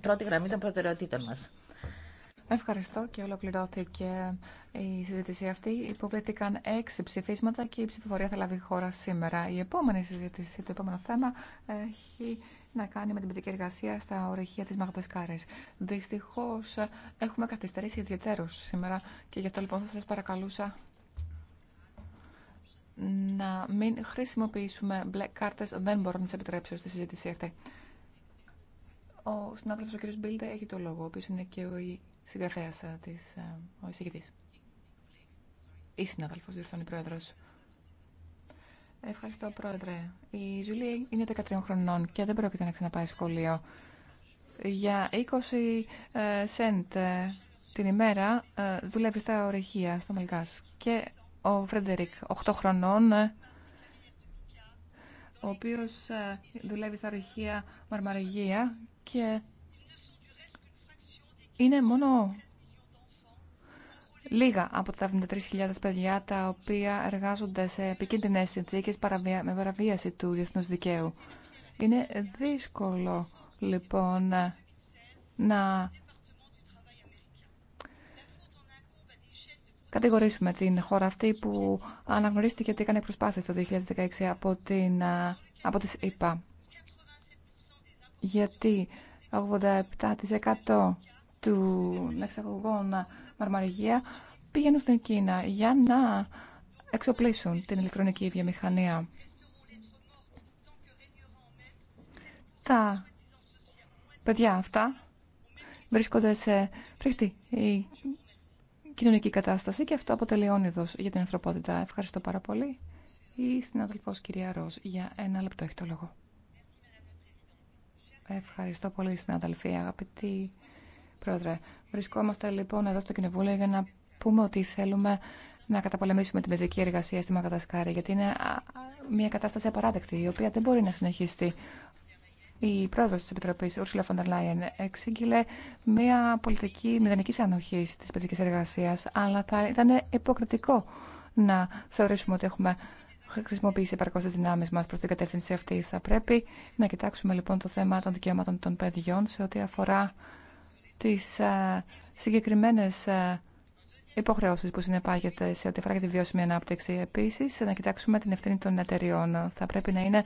πρώτη γραμμή των προτεραιοτήτων μας. Ευχαριστώ και ολοκληρώθηκε η συζήτηση αυτή. Υποβλήθηκαν έξι ψηφίσματα και η ψηφοφορία θα λάβει χώρα σήμερα. Η επόμενη συζήτηση, το επόμενο θέμα, έχει να κάνει με την παιδική εργασία στα ορυχεία της Μαγδασκάρη. Δυστυχώς έχουμε καθυστερήσει ιδιαίτερως σήμερα και γι' αυτό λοιπόν θα σας παρακαλούσα να μην χρησιμοποιήσουμε μπλε κάρτες. Δεν μπορώ να σα επιτρέψω στη συζήτηση αυτή. Ο συνάδελφος ο κ. Μπίλτε έχει το λόγο, ο οποίο είναι και ο Συγγραφέα ε, τη ε, ο εισηγητή. Ή συνάδελφο, διορθώνει πρόεδρο. Ευχαριστώ, πρόεδρε. Η συναδελφο διορθωνει πρόεδρο. ευχαριστω είναι 13 χρονών και δεν πρόκειται να ξαναπάει σχολείο. Για 20 ε, σέντ την ημέρα δουλεύει στα ορυχεία, στο Μελγάς. Και ο Φρεντερικ, 8 χρονών, ο οποίος δουλεύει στα ορυχεία Μαρμαριγία και είναι μόνο λίγα από τα 73.000 παιδιά τα οποία εργάζονται σε επικίνδυνες συνθήκες με παραβίαση του διεθνούς δικαίου. Είναι δύσκολο λοιπόν να κατηγορήσουμε την χώρα αυτή που αναγνωρίστηκε ότι έκανε προσπάθειες το 2016 από, την, από τις ΕΠΑ. Γιατί 87% του εξαγωγών μαρμαριγία πήγαιναν στην Κίνα για να εξοπλίσουν την ηλεκτρονική βιομηχανία. Τα παιδιά αυτά βρίσκονται σε φρικτή η κοινωνική κατάσταση και αυτό αποτελεί όνειδος για την ανθρωπότητα. Ευχαριστώ πάρα πολύ. Η συνάδελφος κυρία Ροζ για ένα λεπτό έχει το λόγο. Ευχαριστώ πολύ συνάδελφοι, αγαπητοί Πρόεδρε, βρισκόμαστε λοιπόν εδώ στο Κοινοβούλιο για να πούμε ότι θέλουμε να καταπολεμήσουμε την παιδική εργασία στη Μακαδασκάρη, γιατί είναι μια κατάσταση απαράδεκτη, η οποία δεν μπορεί να συνεχιστεί. Η πρόεδρο τη Επιτροπή, Ursula von der εξήγηλε μια πολιτική μηδενική ανοχή τη παιδική εργασία, αλλά θα ήταν υποκριτικό να θεωρήσουμε ότι έχουμε χρησιμοποιήσει επαρκώ τι δυνάμει μα προ την κατεύθυνση αυτή. Θα πρέπει να κοιτάξουμε λοιπόν το θέμα των δικαιωμάτων των παιδιών σε ό,τι αφορά τις ε, συγκεκριμένες ε, υποχρεώσει που συνεπάγεται σε ό,τι αφορά τη βιώσιμη ανάπτυξη. Επίση, να κοιτάξουμε την ευθύνη των εταιριών. Θα πρέπει να είναι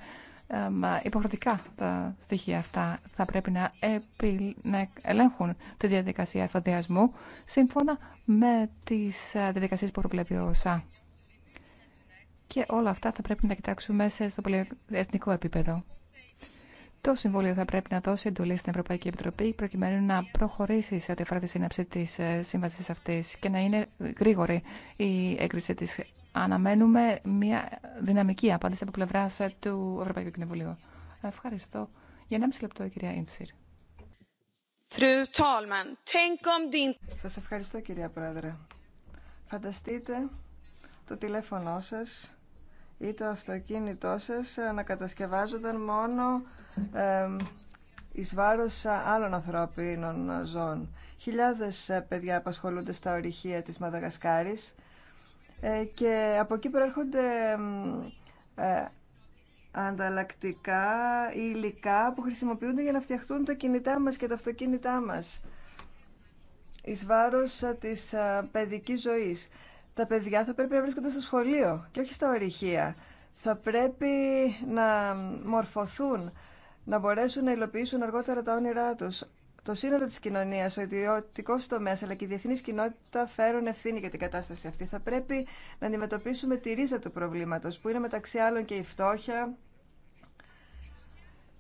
υποχρεωτικά τα στοιχεία αυτά. Θα πρέπει να, επι... να ελέγχουν τη διαδικασία εφοδιασμού σύμφωνα με τι ε, διαδικασίε που προβλέπει ο ΩΣΑ. Και όλα αυτά θα πρέπει να κοιτάξουμε στο πολυεθνικό επίπεδο. Το Συμβούλιο θα πρέπει να δώσει εντολή στην Ευρωπαϊκή Επιτροπή προκειμένου να προχωρήσει σε ό,τι αφορά τη σύναψη τη ε, σύμβαση αυτή και να είναι γρήγορη η έγκριση τη. Αναμένουμε μια δυναμική απάντηση από πλευρά ε, του Ευρωπαϊκού Κοινοβουλίου. Ευχαριστώ. Για 1,5 λεπτό, η κυρία Ίντσιρ. Σα ευχαριστώ, κυρία Πρόεδρε. Φανταστείτε το τηλέφωνό σα ή το αυτοκίνητό σα να κατασκευάζονταν μόνο εις βάρος ε, άλλων ανθρώπινων ε, ζώων. Χιλιάδες ε, παιδιά απασχολούνται στα ορυχεία της Μαδαγασκάρης και από εκεί προέρχονται ανταλλακτικά υλικά που χρησιμοποιούνται για να φτιαχτούν τα κινητά μας και τα αυτοκίνητά μας εις βάρος της παιδικής ζωής. Τα παιδιά θα πρέπει να βρίσκονται στο σχολείο και όχι στα ορυχεία. Θα πρέπει να μορφωθούν, να μπορέσουν να υλοποιήσουν αργότερα τα όνειρά του. Το σύνολο τη κοινωνία, ο ιδιωτικό τομέα αλλά και η διεθνή κοινότητα φέρουν ευθύνη για την κατάσταση αυτή. Θα πρέπει να αντιμετωπίσουμε τη ρίζα του προβλήματο που είναι μεταξύ άλλων και η φτώχεια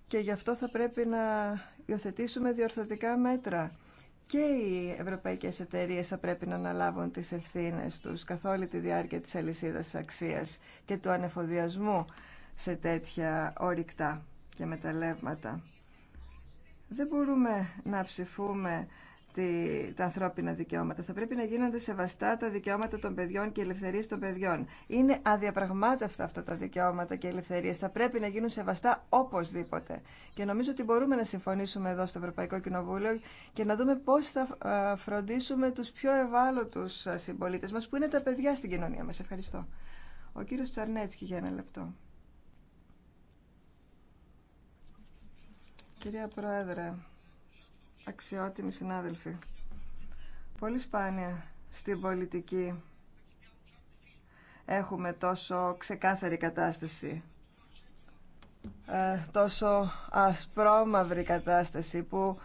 και γι' αυτό θα πρέπει να υιοθετήσουμε διορθωτικά μέτρα. Και οι ευρωπαϊκέ εταιρείε θα πρέπει να αναλάβουν τι ευθύνε του καθ' όλη τη διάρκεια της αλυσίδα αξία και του ανεφοδιασμού σε τέτοια ορυκτά και μεταλλεύματα. Δεν μπορούμε να ψηφούμε τα ανθρώπινα δικαιώματα. Θα πρέπει να γίνονται σεβαστά τα δικαιώματα των παιδιών και ελευθερίε των παιδιών. Είναι αδιαπραγμάτευτα αυτά τα δικαιώματα και οι ελευθερίε. Θα πρέπει να γίνουν σεβαστά οπωσδήποτε. Και νομίζω ότι μπορούμε να συμφωνήσουμε εδώ στο Ευρωπαϊκό Κοινοβούλιο και να δούμε πώ θα ε, φροντίσουμε του πιο ευάλωτου ε, συμπολίτε μα, που είναι τα παιδιά στην κοινωνία μα. Ευχαριστώ. Ο κύριο Τσαρνέτσκι για ένα λεπτό. Κυρία Πρόεδρε, αξιότιμοι συνάδελφοι, πολύ σπάνια στην πολιτική έχουμε τόσο ξεκάθαρη κατάσταση, ε, τόσο ασπρόμαυρη κατάσταση που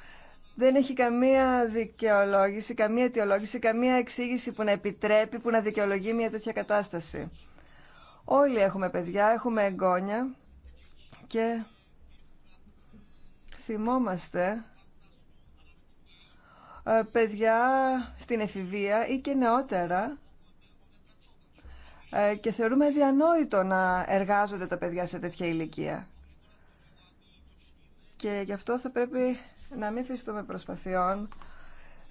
δεν έχει καμία δικαιολόγηση, καμία αιτιολόγηση, καμία εξήγηση που να επιτρέπει, που να δικαιολογεί μια τέτοια κατάσταση. Όλοι έχουμε παιδιά, έχουμε εγγόνια και θυμόμαστε ε, παιδιά στην εφηβεία ή και νεότερα ε, και θεωρούμε διανόητο να εργάζονται τα παιδιά σε τέτοια ηλικία. Και γι' αυτό θα πρέπει να μην φυστούμε προσπαθειών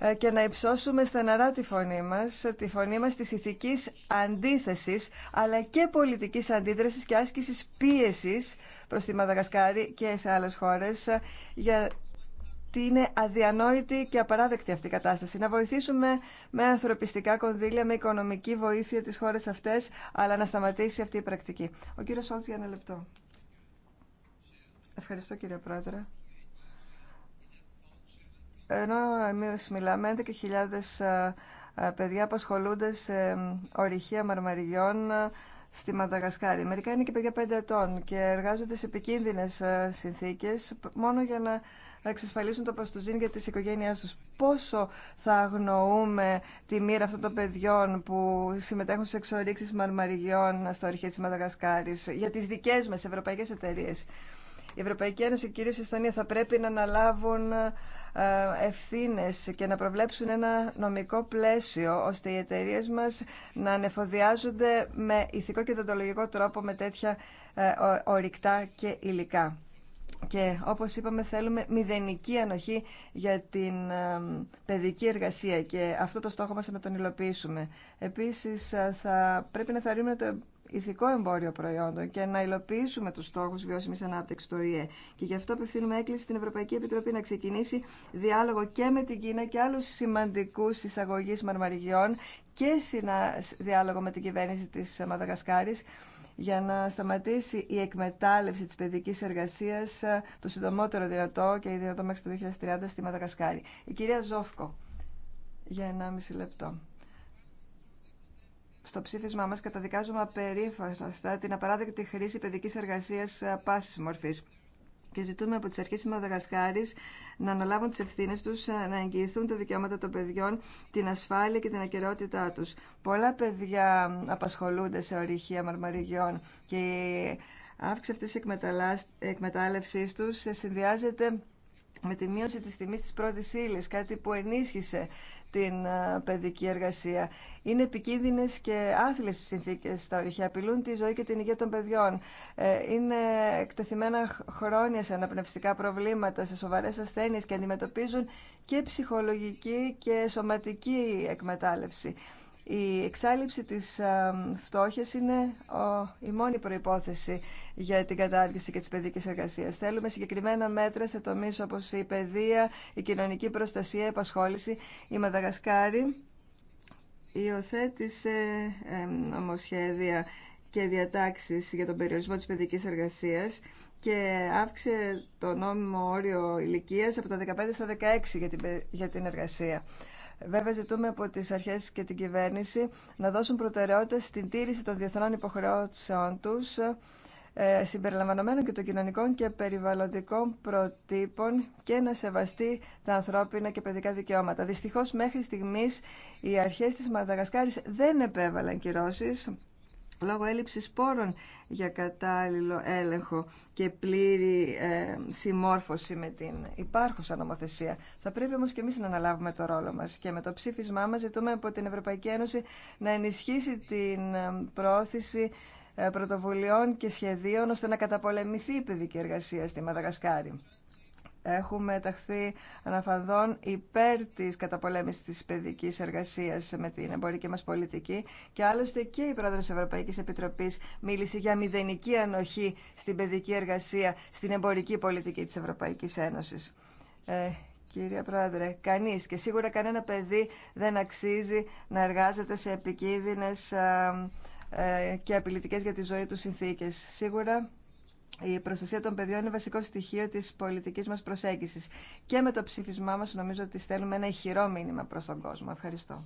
ε, και να υψώσουμε στεναρά τη φωνή μας, τη φωνή μας τη ηθικής αντίθεσης, αλλά και πολιτικής αντίδρασης και άσκησης πίεσης προς τη Μαδαγασκάρη και σε άλλες χώρες, ε, γιατί είναι αδιανόητη και απαράδεκτη αυτή η κατάσταση. Να βοηθήσουμε με ανθρωπιστικά κονδύλια, με οικονομική βοήθεια τις χώρες αυτές, αλλά να σταματήσει αυτή η πρακτική. Ο κύριος Σόλτς για ένα λεπτό. Ευχαριστώ κύριε Πρόεδρε. Ενώ εμείς μιλάμε 11.000 ε, ε, παιδιά απασχολούνται σε ορυχεία μαρμαριών ε, στη Μαδαγασκάρη. Μερικά είναι και παιδιά 5 ετών και εργάζονται σε επικίνδυνες συνθήκες μόνο για να εξασφαλίσουν το παστοζίν για τις οικογένειές τους. Πόσο θα αγνοούμε τη μοίρα αυτών των παιδιών που συμμετέχουν σε εξορίξεις μαρμαριών στα ορυχεία της Μαδαγασκάρης για τις δικές μας ευρωπαϊκές εταιρείες η Ευρωπαϊκή Ένωση, και η θα πρέπει να αναλάβουν ε, ευθύνε και να προβλέψουν ένα νομικό πλαίσιο ώστε οι εταιρείε μας να ανεφοδιάζονται με ηθικό και δοντολογικό τρόπο με τέτοια ε, ορυκτά και υλικά. Και όπως είπαμε θέλουμε μηδενική ανοχή για την ε, παιδική εργασία και αυτό το στόχο μας να τον υλοποιήσουμε. Επίσης θα πρέπει να θεωρούμε το ηθικό εμπόριο προϊόντων και να υλοποιήσουμε του στόχου βιώσιμη ανάπτυξη του ΟΗΕ. Και γι' αυτό απευθύνουμε έκκληση στην Ευρωπαϊκή Επιτροπή να ξεκινήσει διάλογο και με την Κίνα και άλλου σημαντικού εισαγωγεί μαρμαριγιών και διάλογο με την κυβέρνηση τη Μαδαγασκάρη για να σταματήσει η εκμετάλλευση της παιδικής εργασίας ε, το συντομότερο δυνατό και δυνατό μέχρι το 2030 στη Μαδαγασκάρη. Η κυρία Ζόφκο, για 1,5 λεπτό. Στο ψήφισμά μας καταδικάζουμε απερίφαστα την απαράδεκτη χρήση παιδική εργασία ε, πάση μορφής και ζητούμε από τις αρχέ της Μαδαγασκάρης να αναλάβουν τις ευθύνες τους, ε, να εγγυηθούν τα δικαιώματα των παιδιών, την ασφάλεια και την ακαιρεότητά τους. Πολλά παιδιά απασχολούνται σε ορυχεία μαρμαριγιών και η αύξηση αυτή τη εκμετάλλευση του ε, συνδυάζεται με τη μείωση της τιμής της πρώτης ύλης, κάτι που ενίσχυσε την ε, παιδική εργασία. Είναι επικίνδυνες και άθλιες συνθήκες στα ορυχεία, απειλούν τη ζωή και την υγεία των παιδιών. Ε, είναι εκτεθειμένα χρόνια σε αναπνευστικά προβλήματα, σε σοβαρές ασθένειες και αντιμετωπίζουν και ψυχολογική και σωματική εκμετάλλευση. Η εξάλληψη της φτώχειας είναι η μόνη προϋπόθεση για την κατάργηση και της παιδικής εργασίας. Θέλουμε συγκεκριμένα μέτρα σε τομείς όπως η παιδεία, η κοινωνική προστασία, η επασχόληση. Η Μαδαγασκάρη υιοθέτησε νομοσχέδια και διατάξεις για τον περιορισμό της παιδικής εργασίας και αύξησε το νόμιμο όριο ηλικίας από τα 15 στα 16 για την, για την εργασία. Βέβαια, ζητούμε από τι αρχέ και την κυβέρνηση να δώσουν προτεραιότητα στην τήρηση των διεθνών υποχρεώσεών του, ε, συμπεριλαμβανομένων και των κοινωνικών και περιβαλλοντικών προτύπων και να σεβαστεί τα ανθρώπινα και παιδικά δικαιώματα. Δυστυχώ, μέχρι στιγμή οι αρχέ τη Μαδαγασκάρη δεν επέβαλαν κυρώσει λόγω έλλειψης σπόρων για κατάλληλο έλεγχο και πλήρη ε, συμμόρφωση με την υπάρχουσα νομοθεσία. Θα πρέπει όμως και εμείς να αναλάβουμε το ρόλο μας και με το ψήφισμά μας ζητούμε από την Ευρωπαϊκή Ένωση να ενισχύσει την ε, πρόθεση ε, πρωτοβουλειών και σχεδίων ώστε να καταπολεμηθεί η παιδική εργασία στη Μαδαγασκάρη. Έχουμε ταχθεί αναφαδόν υπέρ της καταπολέμησης της παιδικής εργασίας με την εμπορική μας πολιτική και άλλωστε και η πρόεδρος της Ευρωπαϊκής Επιτροπής μίλησε για μηδενική ανοχή στην παιδική εργασία στην εμπορική πολιτική της Ευρωπαϊκής Ένωσης. Ε, Κύριε Πρόεδρε, κανείς και σίγουρα κανένα παιδί δεν αξίζει να εργάζεται σε επικίνδυνες ε, ε, και απειλητικές για τη ζωή του συνθήκες. Σίγουρα η προστασία των παιδιών είναι βασικό στοιχείο της πολιτικής μας προσέγγισης. Και με το ψήφισμά μας νομίζω ότι στέλνουμε ένα ηχηρό μήνυμα προς τον κόσμο. Ευχαριστώ.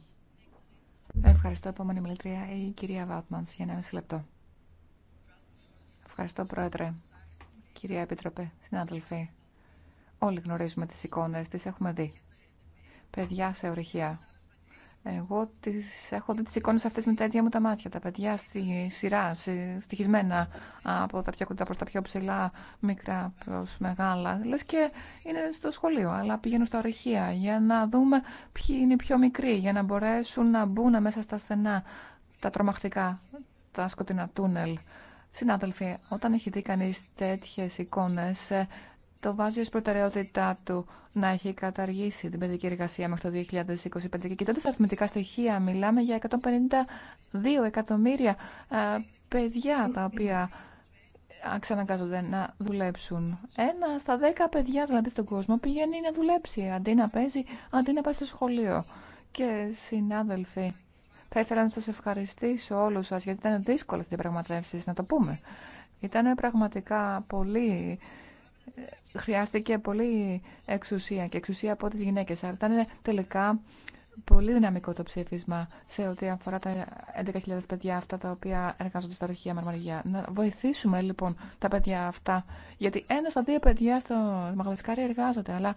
Ευχαριστώ. Επόμενη μιλήτρια η κυρία Βάτμανς, για ένα μισή λεπτό. Ευχαριστώ Πρόεδρε. Κυρία Επιτροπέ, συνάδελφοι. Όλοι γνωρίζουμε τι εικόνε, τι έχουμε δει. Παιδιά σε ορυχεία, εγώ τις, έχω δει τις εικόνες αυτές με τα ίδια μου τα μάτια. Τα παιδιά στη σειρά, στοιχισμένα από τα πιο κοντά προς τα πιο ψηλά, μικρά προς μεγάλα. Λες και είναι στο σχολείο, αλλά πηγαίνουν στα ορυχεία για να δούμε ποιοι είναι οι πιο μικροί, για να μπορέσουν να μπουν μέσα στα στενά, τα τρομακτικά, τα σκοτεινά τούνελ. Συνάδελφοι, όταν έχει δει κανεί τέτοιες εικόνες το βάζει ω προτεραιότητά του να έχει καταργήσει την παιδική εργασία μέχρι το 2025. Και κοιτώντα τα αριθμητικά στοιχεία, μιλάμε για 152 εκατομμύρια ε, παιδιά τα οποία ξαναγκάζονται να δουλέψουν. Ένα στα δέκα παιδιά δηλαδή στον κόσμο πηγαίνει να δουλέψει αντί να παίζει, αντί να πάει στο σχολείο. Και συνάδελφοι, θα ήθελα να σας ευχαριστήσω όλους σας γιατί ήταν δύσκολες διαπραγματεύσεις, να το πούμε. Ήταν πραγματικά πολύ χρειάστηκε πολύ εξουσία και εξουσία από τις γυναίκες. Αλλά ήταν τελικά πολύ δυναμικό το ψήφισμα σε ό,τι αφορά τα 11.000 παιδιά αυτά τα οποία εργάζονται στα αρχεία Μαρμαριά. Να βοηθήσουμε λοιπόν τα παιδιά αυτά, γιατί ένα στα δύο παιδιά στο Μαγδασκάρι εργάζονται, αλλά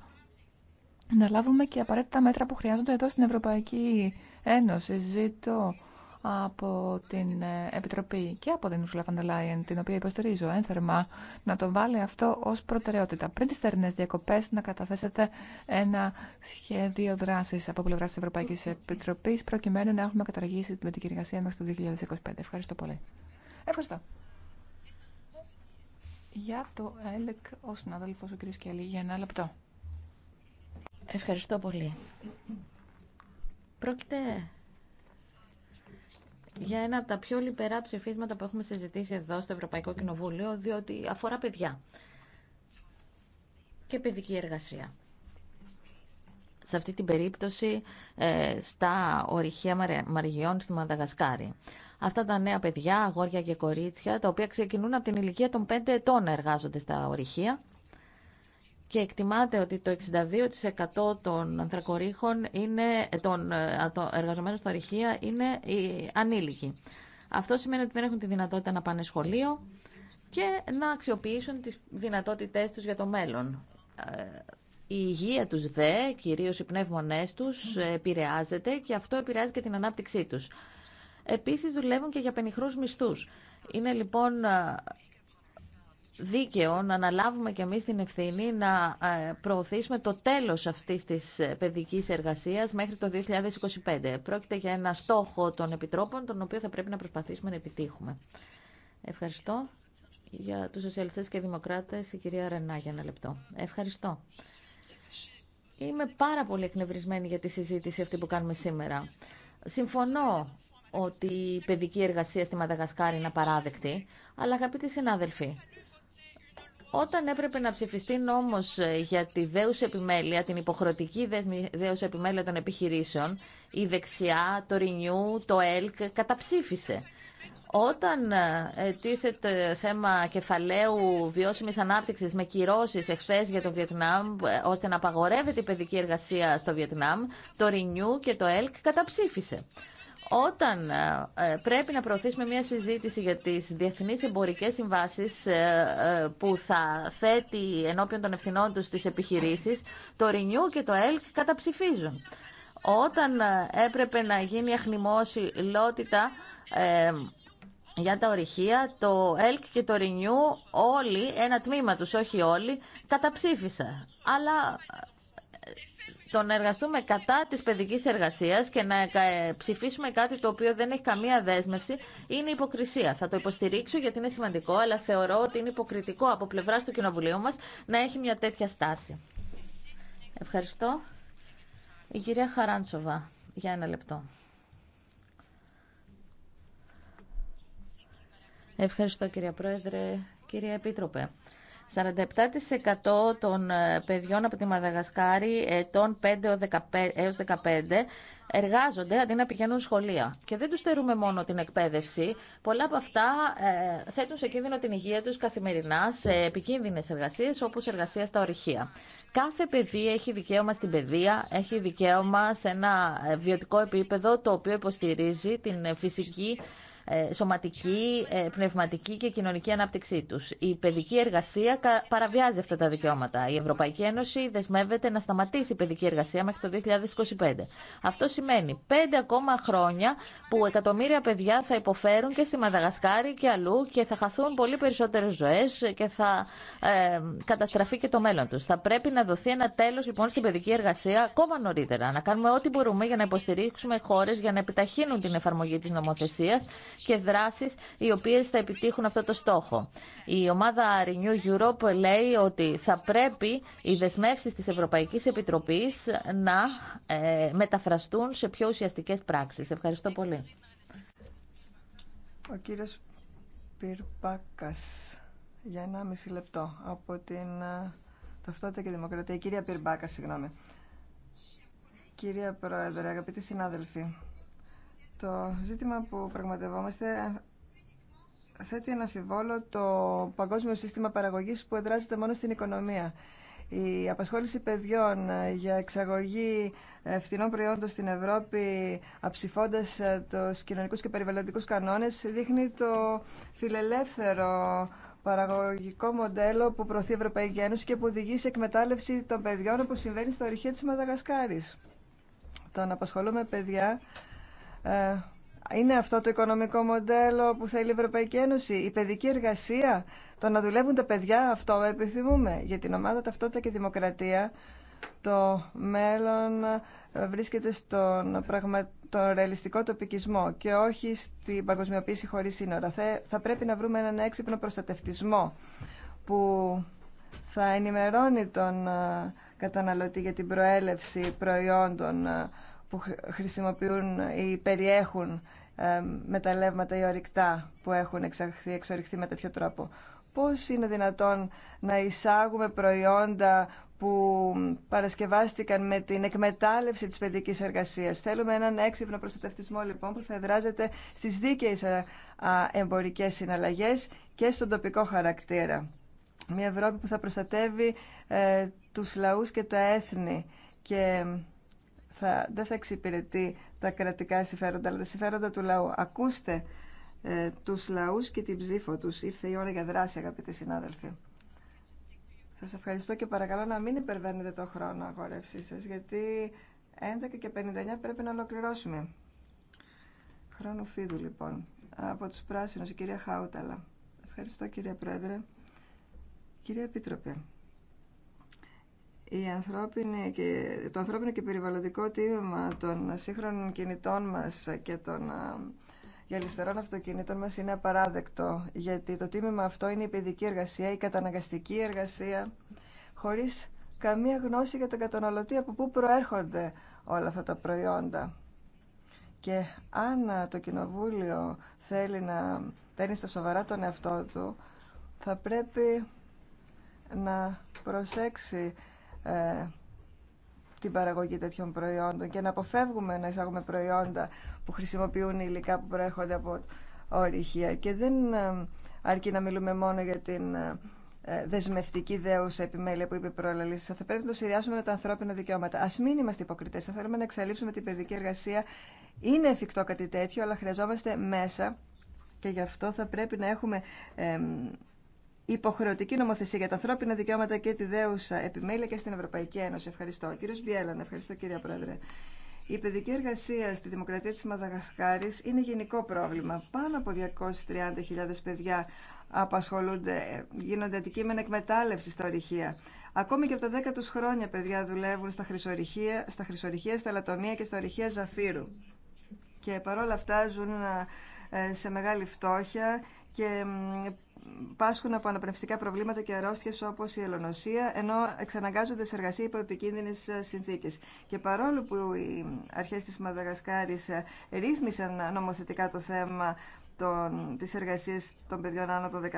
να λάβουμε και απαραίτητα μέτρα που χρειάζονται εδώ στην Ευρωπαϊκή Ένωση. Ζήτω από την ε, Επιτροπή και από την Ursula von der Leyen, την οποία υποστηρίζω ένθερμα, να το βάλει αυτό ως προτεραιότητα. Πριν τις θερινές διακοπές να καταθέσετε ένα σχέδιο δράσης από πλευρά της Ευρωπαϊκής Επιτροπής, προκειμένου να έχουμε καταργήσει με την κυριαρχία μέχρι το 2025. Ευχαριστώ πολύ. Ευχαριστώ. Για το ΕΛΕΚ ο συνάδελφος ο κ. Κέλλη για ένα λεπτό. Ευχαριστώ πολύ. Πρόκειται για ένα από τα πιο λιπερά ψηφίσματα που έχουμε συζητήσει εδώ στο Ευρωπαϊκό Κοινοβούλιο, διότι αφορά παιδιά και παιδική εργασία. Σε αυτή την περίπτωση, ε, στα ορυχεία μαργιών στη Μαδαγασκάρη. Αυτά τα νέα παιδιά, αγόρια και κορίτσια, τα οποία ξεκινούν από την ηλικία των 5 ετών να εργάζονται στα ορυχεία και εκτιμάται ότι το 62% των ανθρακορίχων είναι, των ε, εργαζομένων στα ορυχεία είναι ε, ανήλικοι. Αυτό σημαίνει ότι δεν έχουν τη δυνατότητα να πάνε σχολείο και να αξιοποιήσουν τις δυνατότητές τους για το μέλλον. Ε, η υγεία τους δε, κυρίως οι πνεύμονές τους, επηρεάζεται και αυτό επηρεάζει και την ανάπτυξή τους. Επίσης δουλεύουν και για πενιχρούς μισθούς. Είναι λοιπόν δίκαιο να αναλάβουμε και εμείς την ευθύνη να ε, προωθήσουμε το τέλος αυτής της ε, παιδικής εργασίας μέχρι το 2025. Πρόκειται για ένα στόχο των επιτρόπων, τον οποίο θα πρέπει να προσπαθήσουμε να επιτύχουμε. Ευχαριστώ. Για τους σοσιαλιστές και δημοκράτες, η κυρία Ρενά για ένα λεπτό. Ευχαριστώ. Είμαι πάρα πολύ εκνευρισμένη για τη συζήτηση αυτή που κάνουμε σήμερα. Συμφωνώ ότι η παιδική εργασία στη Μαδαγασκάρη είναι απαράδεκτη, αλλά αγαπητοί συνάδελφοι, όταν έπρεπε να ψηφιστεί νόμος ε, για τη δέουσα επιμέλεια, την υποχρεωτική δέουσα επιμέλεια των επιχειρήσεων, η δεξιά, το Ρινιού, το ΕΛΚ καταψήφισε. Όταν ε, τίθεται θέμα κεφαλαίου βιώσιμη ανάπτυξη με κυρώσει εχθέ για το Βιετνάμ, ε, ώστε να απαγορεύεται η παιδική εργασία στο Βιετνάμ, το Ρινιού και το ΕΛΚ καταψήφισε. Όταν ε, ε, πρέπει να προωθήσουμε μια συζήτηση για τις διεθνείς εμπορικές συμβάσεις ε, που θα θέτει ενώπιον των ευθυνών τους τις επιχειρήσεις, το ΡΙΝΙΟΥ και το ΕΛΚ καταψηφίζουν. Όταν έπρεπε να γίνει λότητα για τα ορυχεία, το ΕΛΚ και το ΡΙΝΙΟΥ όλοι, ένα τμήμα τους, όχι όλοι, καταψήφισαν. Αλλά το να εργαστούμε κατά της παιδικής εργασίας και να ε, ψηφίσουμε κάτι το οποίο δεν έχει καμία δέσμευση είναι υποκρισία. Θα το υποστηρίξω γιατί είναι σημαντικό, αλλά θεωρώ ότι είναι υποκριτικό από πλευράς του Κοινοβουλίου μας να έχει μια τέτοια στάση. Ευχαριστώ. Η κυρία Χαράντσοβα, για ένα λεπτό. Ευχαριστώ κυρία Πρόεδρε, κυρία Επίτροπε. 47% των ε, παιδιών από τη Μαδαγασκάρη ετών 5 έως 15 εργάζονται αντί να πηγαίνουν σχολεία. Και δεν τους στερούμε μόνο την εκπαίδευση. Πολλά από αυτά ε, θέτουν σε κίνδυνο την υγεία τους καθημερινά σε επικίνδυνες εργασίες όπως εργασία στα ορυχεία. Κάθε παιδί έχει δικαίωμα στην παιδεία, έχει δικαίωμα σε ένα ε, βιωτικό επίπεδο το οποίο υποστηρίζει την ε, φυσική ε, σωματική, ε, πνευματική και κοινωνική ανάπτυξή του. Η παιδική εργασία παραβιάζει αυτά τα δικαιώματα. Η Ευρωπαϊκή Ένωση δεσμεύεται να σταματήσει η παιδική εργασία μέχρι το 2025. Αυτό σημαίνει πέντε ακόμα χρόνια που εκατομμύρια παιδιά θα υποφέρουν και στη Μαδαγασκάρη και αλλού και θα χαθούν πολύ περισσότερε ζωέ και θα ε, καταστραφεί και το μέλλον του. Θα πρέπει να δοθεί ένα τέλο λοιπόν στην παιδική εργασία ακόμα νωρίτερα, να κάνουμε ό,τι μπορούμε για να υποστηρίξουμε χώρε για να επιταχύνουν την εφαρμογή τη νομοθεσία και δράσεις οι οποίες θα επιτύχουν αυτό το στόχο. Η ομάδα Renew Europe λέει ότι θα πρέπει οι δεσμεύσεις της Ευρωπαϊκής Επιτροπής να ε, μεταφραστούν σε πιο ουσιαστικές πράξεις. Ευχαριστώ πολύ. Ο κύριος Πυρπάκας για 1,5 λεπτό από την ε, Ταυτότητα και Δημοκρατία. κυρία Πυρμπάκα, συγγνώμη. Κυρία Πρόεδρε, αγαπητοί συνάδελφοι, το ζήτημα που πραγματευόμαστε θέτει ένα αμφιβόλο το παγκόσμιο σύστημα παραγωγής που εδράζεται μόνο στην οικονομία. Η απασχόληση παιδιών για εξαγωγή ε, φθηνών προϊόντων στην Ευρώπη, αψηφώντας ε, τους κοινωνικούς και περιβαλλοντικούς κανόνες, δείχνει το φιλελεύθερο παραγωγικό μοντέλο που προωθεί η Ευρωπαϊκή Ένωση και που οδηγεί σε εκμετάλλευση των παιδιών, όπως συμβαίνει στα ορυχεία της Μαδαγασκάρης. απασχολούμε παιδιά ε, είναι αυτό το οικονομικό μοντέλο που θέλει η Ευρωπαϊκή Ένωση, η παιδική εργασία, το να δουλεύουν τα παιδιά, αυτό επιθυμούμε. Για την ομάδα Ταυτότητα και Δημοκρατία το μέλλον ε, βρίσκεται στον πραγμα... ρεαλιστικό τοπικισμό και όχι στην παγκοσμιοποίηση χωρίς σύνορα. Θα πρέπει να βρούμε έναν έξυπνο προστατευτισμό που θα ενημερώνει τον ε, καταναλωτή για την προέλευση προϊόντων που χρησιμοποιούν ή περιέχουν μεταλλεύματα ή ορυκτά που έχουν εξαχθεί, εξορυχθεί με τέτοιο τρόπο. Πώς είναι δυνατόν να εισάγουμε προϊόντα που παρασκευάστηκαν με την εκμετάλλευση της παιδικής εργασίας. Θέλουμε έναν έξυπνο προστατευτισμό λοιπόν που θα εδράζεται στις δίκαιες εμπορικές συναλλαγές και στον τοπικό χαρακτήρα. Μια Ευρώπη που θα προστατεύει ε, τους λαούς και τα έθνη θα, δεν θα εξυπηρετεί τα κρατικά συμφέροντα, αλλά τα συμφέροντα του λαού. Ακούστε ε, τους λαούς και την ψήφο τους. Ήρθε η ώρα για δράση, αγαπητοί συνάδελφοι. Σας ευχαριστώ και παρακαλώ να μην υπερβαίνετε το χρόνο αγόρευσή σας, γιατί 11 και 59 πρέπει να ολοκληρώσουμε. Χρόνο φίδου, λοιπόν. Από τους πράσινους, η κυρία Χάουταλα. Ευχαριστώ, κυρία Πρόεδρε. Κυρία Επίτροπε η ανθρώπινη και, το ανθρώπινο και περιβαλλοντικό τίμημα των σύγχρονων κινητών μας και των γελιστερών αυτοκινήτων μας είναι απαράδεκτο, γιατί το τίμημα αυτό είναι η παιδική εργασία, η καταναγκαστική εργασία, χωρίς καμία γνώση για τα καταναλωτή από πού προέρχονται όλα αυτά τα προϊόντα. Και αν το Κοινοβούλιο θέλει να παίρνει στα σοβαρά τον εαυτό του, θα πρέπει να προσέξει ε, την παραγωγή τέτοιων προϊόντων και να αποφεύγουμε να εισάγουμε προϊόντα που χρησιμοποιούν υλικά που προέρχονται από ορυχεία. Και δεν ε, αρκεί να μιλούμε μόνο για την ε, δεσμευτική δέουσα επιμέλεια που είπε η προαλλαλήσα. Θα πρέπει να το συνδυάσουμε με τα ανθρώπινα δικαιώματα. Α μην είμαστε υποκριτέ. Θα θέλουμε να εξαλείψουμε την παιδική εργασία. Είναι εφικτό κάτι τέτοιο, αλλά χρειαζόμαστε μέσα και γι' αυτό θα πρέπει να έχουμε υποχρεωτική νομοθεσία για τα ανθρώπινα δικαιώματα και τη δέουσα επιμέλεια και στην Ευρωπαϊκή Ένωση. Ευχαριστώ. Κύριο Μπιέλλαν, ευχαριστώ κύριε Πρόεδρε. Η παιδική εργασία στη Δημοκρατία τη Μαδαγασκάρης είναι γενικό πρόβλημα. Πάνω από 230.000 παιδιά απασχολούνται, γίνονται αντικείμενα εκμετάλλευση στα ορυχεία. Ακόμη και από τα δέκα του χρόνια παιδιά δουλεύουν στα χρυσορυχεία, στα, χρυσορυχεία, στα και στα ορυχεία Ζαφύρου. Και παρόλα αυτά ζουν ε, σε μεγάλη φτώχεια και πάσχουν από αναπνευστικά προβλήματα και αρρώστιε όπω η ελονοσία, ενώ εξαναγκάζονται σε εργασία υπό επικίνδυνε ε, συνθήκε. Και παρόλο που οι αρχέ τη Μαδαγασκάρης ε, ρύθμισαν νομοθετικά το θέμα τη εργασία των παιδιών άνω των 15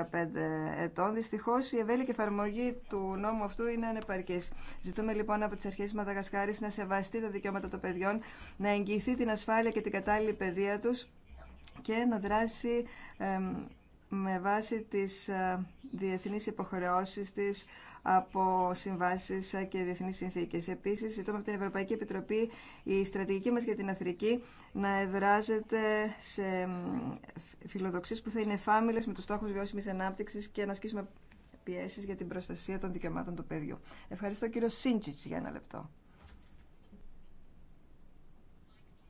ετών. δυστυχώ η ευέλικη εφαρμογή του νόμου αυτού είναι ανεπαρκή. Ζητούμε λοιπόν από τι αρχέ τη Μαδαγασκάρης να σεβαστεί τα δικαιώματα των παιδιών, να εγγυηθεί την ασφάλεια και την κατάλληλη παιδεία του και να δράσει με βάση τις ε, διεθνείς υποχρεώσεις της από συμβάσει και διεθνεί συνθήκες. Επίσης, ζητούμε από την Ευρωπαϊκή Επιτροπή η στρατηγική μας για την Αφρική να εδράζεται σε φιλοδοξίες που θα είναι φάμιλες με τους στόχους βιώσιμης ανάπτυξη και να ασκήσουμε πιέσει για την προστασία των δικαιωμάτων του παιδιού. Ευχαριστώ, κύριο Σίντζιτς, για ένα λεπτό.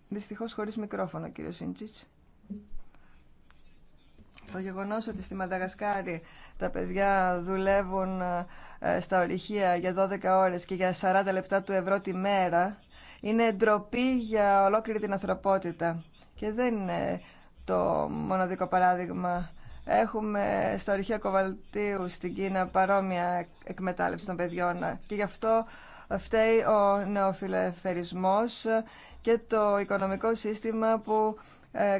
Δυστυχώ, χωρίς μικρόφωνο, κύριο Σίντζιτ. Το γεγονός ότι στη Μαδαγασκάρη τα παιδιά δουλεύουν ε, στα ορυχεία για 12 ώρες και για 40 λεπτά του ευρώ τη μέρα είναι ντροπή για ολόκληρη την ανθρωπότητα. Και δεν είναι το μοναδικό παράδειγμα. Έχουμε στα ορυχεία Κοβαλτίου στην Κίνα παρόμοια εκμετάλλευση των παιδιών και γι' αυτό φταίει ο νεοφιλελευθερισμός και το οικονομικό σύστημα που ε,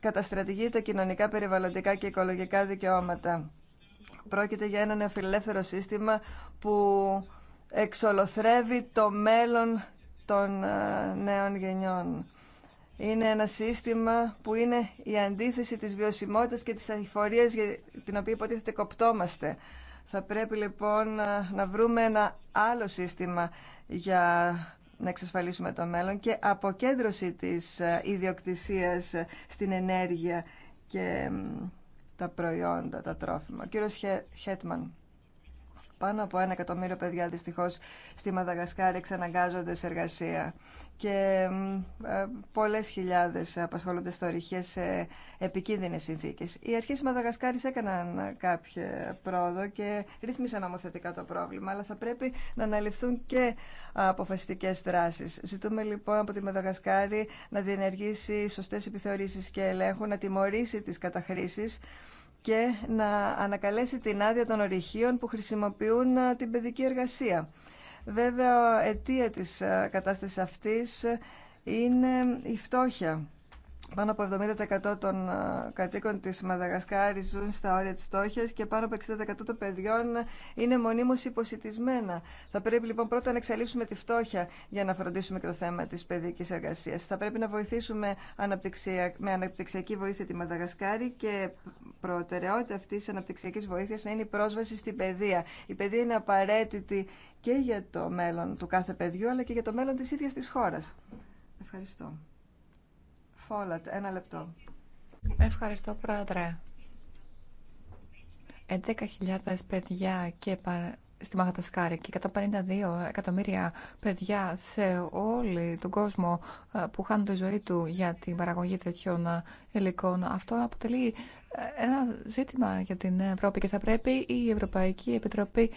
καταστρατηγεί τα κοινωνικά, περιβαλλοντικά και οικολογικά δικαιώματα. Πρόκειται για ένα νεοφιλελεύθερο σύστημα που εξολοθρεύει το μέλλον των ε, νέων γενιών. Είναι ένα σύστημα που είναι η αντίθεση της βιωσιμότητας και της αφορίας για την οποία υποτίθεται κοπτόμαστε. Θα πρέπει λοιπόν ε, να βρούμε ένα άλλο σύστημα για να εξασφαλίσουμε το μέλλον και αποκέντρωση της ε, ιδιοκτησίας ε, στην ενέργεια και τα προϊόντα, τα τρόφιμα. κύριος Χέτμαν. Πάνω από ένα εκατομμύριο παιδιά δυστυχώ στη Μαδαγασκάρη εξαναγκάζονται σε εργασία και ε, πολλέ χιλιάδε απασχολούνται στο ρηχέ σε επικίνδυνες συνθήκες. Οι αρχέ της Μαδαγασκάρης έκαναν κάποια πρόοδο και ρύθμισαν νομοθετικά το πρόβλημα, αλλά θα πρέπει να αναλυφθούν και αποφασιστικέ δράσεις. Ζητούμε λοιπόν από τη Μαδαγασκάρη να διενεργήσει σωστέ επιθεωρήσεις και ελέγχου, να τιμωρήσει τις καταχρήσεις και να ανακαλέσει την άδεια των ορυχείων που χρησιμοποιούν ε, την παιδική εργασία. Βέβαια, αιτία της ε, κατάστασης αυτής ε, είναι η φτώχεια πάνω από 70% των ε, κατοίκων της Μαδαγασκάρης ζουν στα όρια της φτώχειας και πάνω από 60% των παιδιών είναι μονίμως υποσυτισμένα. Θα πρέπει λοιπόν πρώτα να εξαλείψουμε τη φτώχεια για να φροντίσουμε και το θέμα της παιδικής εργασίας. Θα πρέπει να βοηθήσουμε με αναπτυξιακή βοήθεια τη Μαδαγασκάρη και προτεραιότητα αυτή τη αναπτυξιακή βοήθεια να είναι η πρόσβαση στην παιδεία. Η παιδεία είναι απαραίτητη και για το μέλλον του κάθε παιδιού αλλά και για το μέλλον της ίδιας της χώρας. Ευχαριστώ. Φόλατ, ένα λεπτό. Ευχαριστώ, Πρόεδρε. 11.000 παιδιά και στη Μαγατασκάρη και 152 εκατομμύρια παιδιά σε όλη τον κόσμο ε, που χάνουν τη ζωή του για την παραγωγή τέτοιων ε, υλικών. Αυτό αποτελεί ε, ένα ζήτημα για την Ευρώπη και θα πρέπει η Ευρωπαϊκή Επιτροπή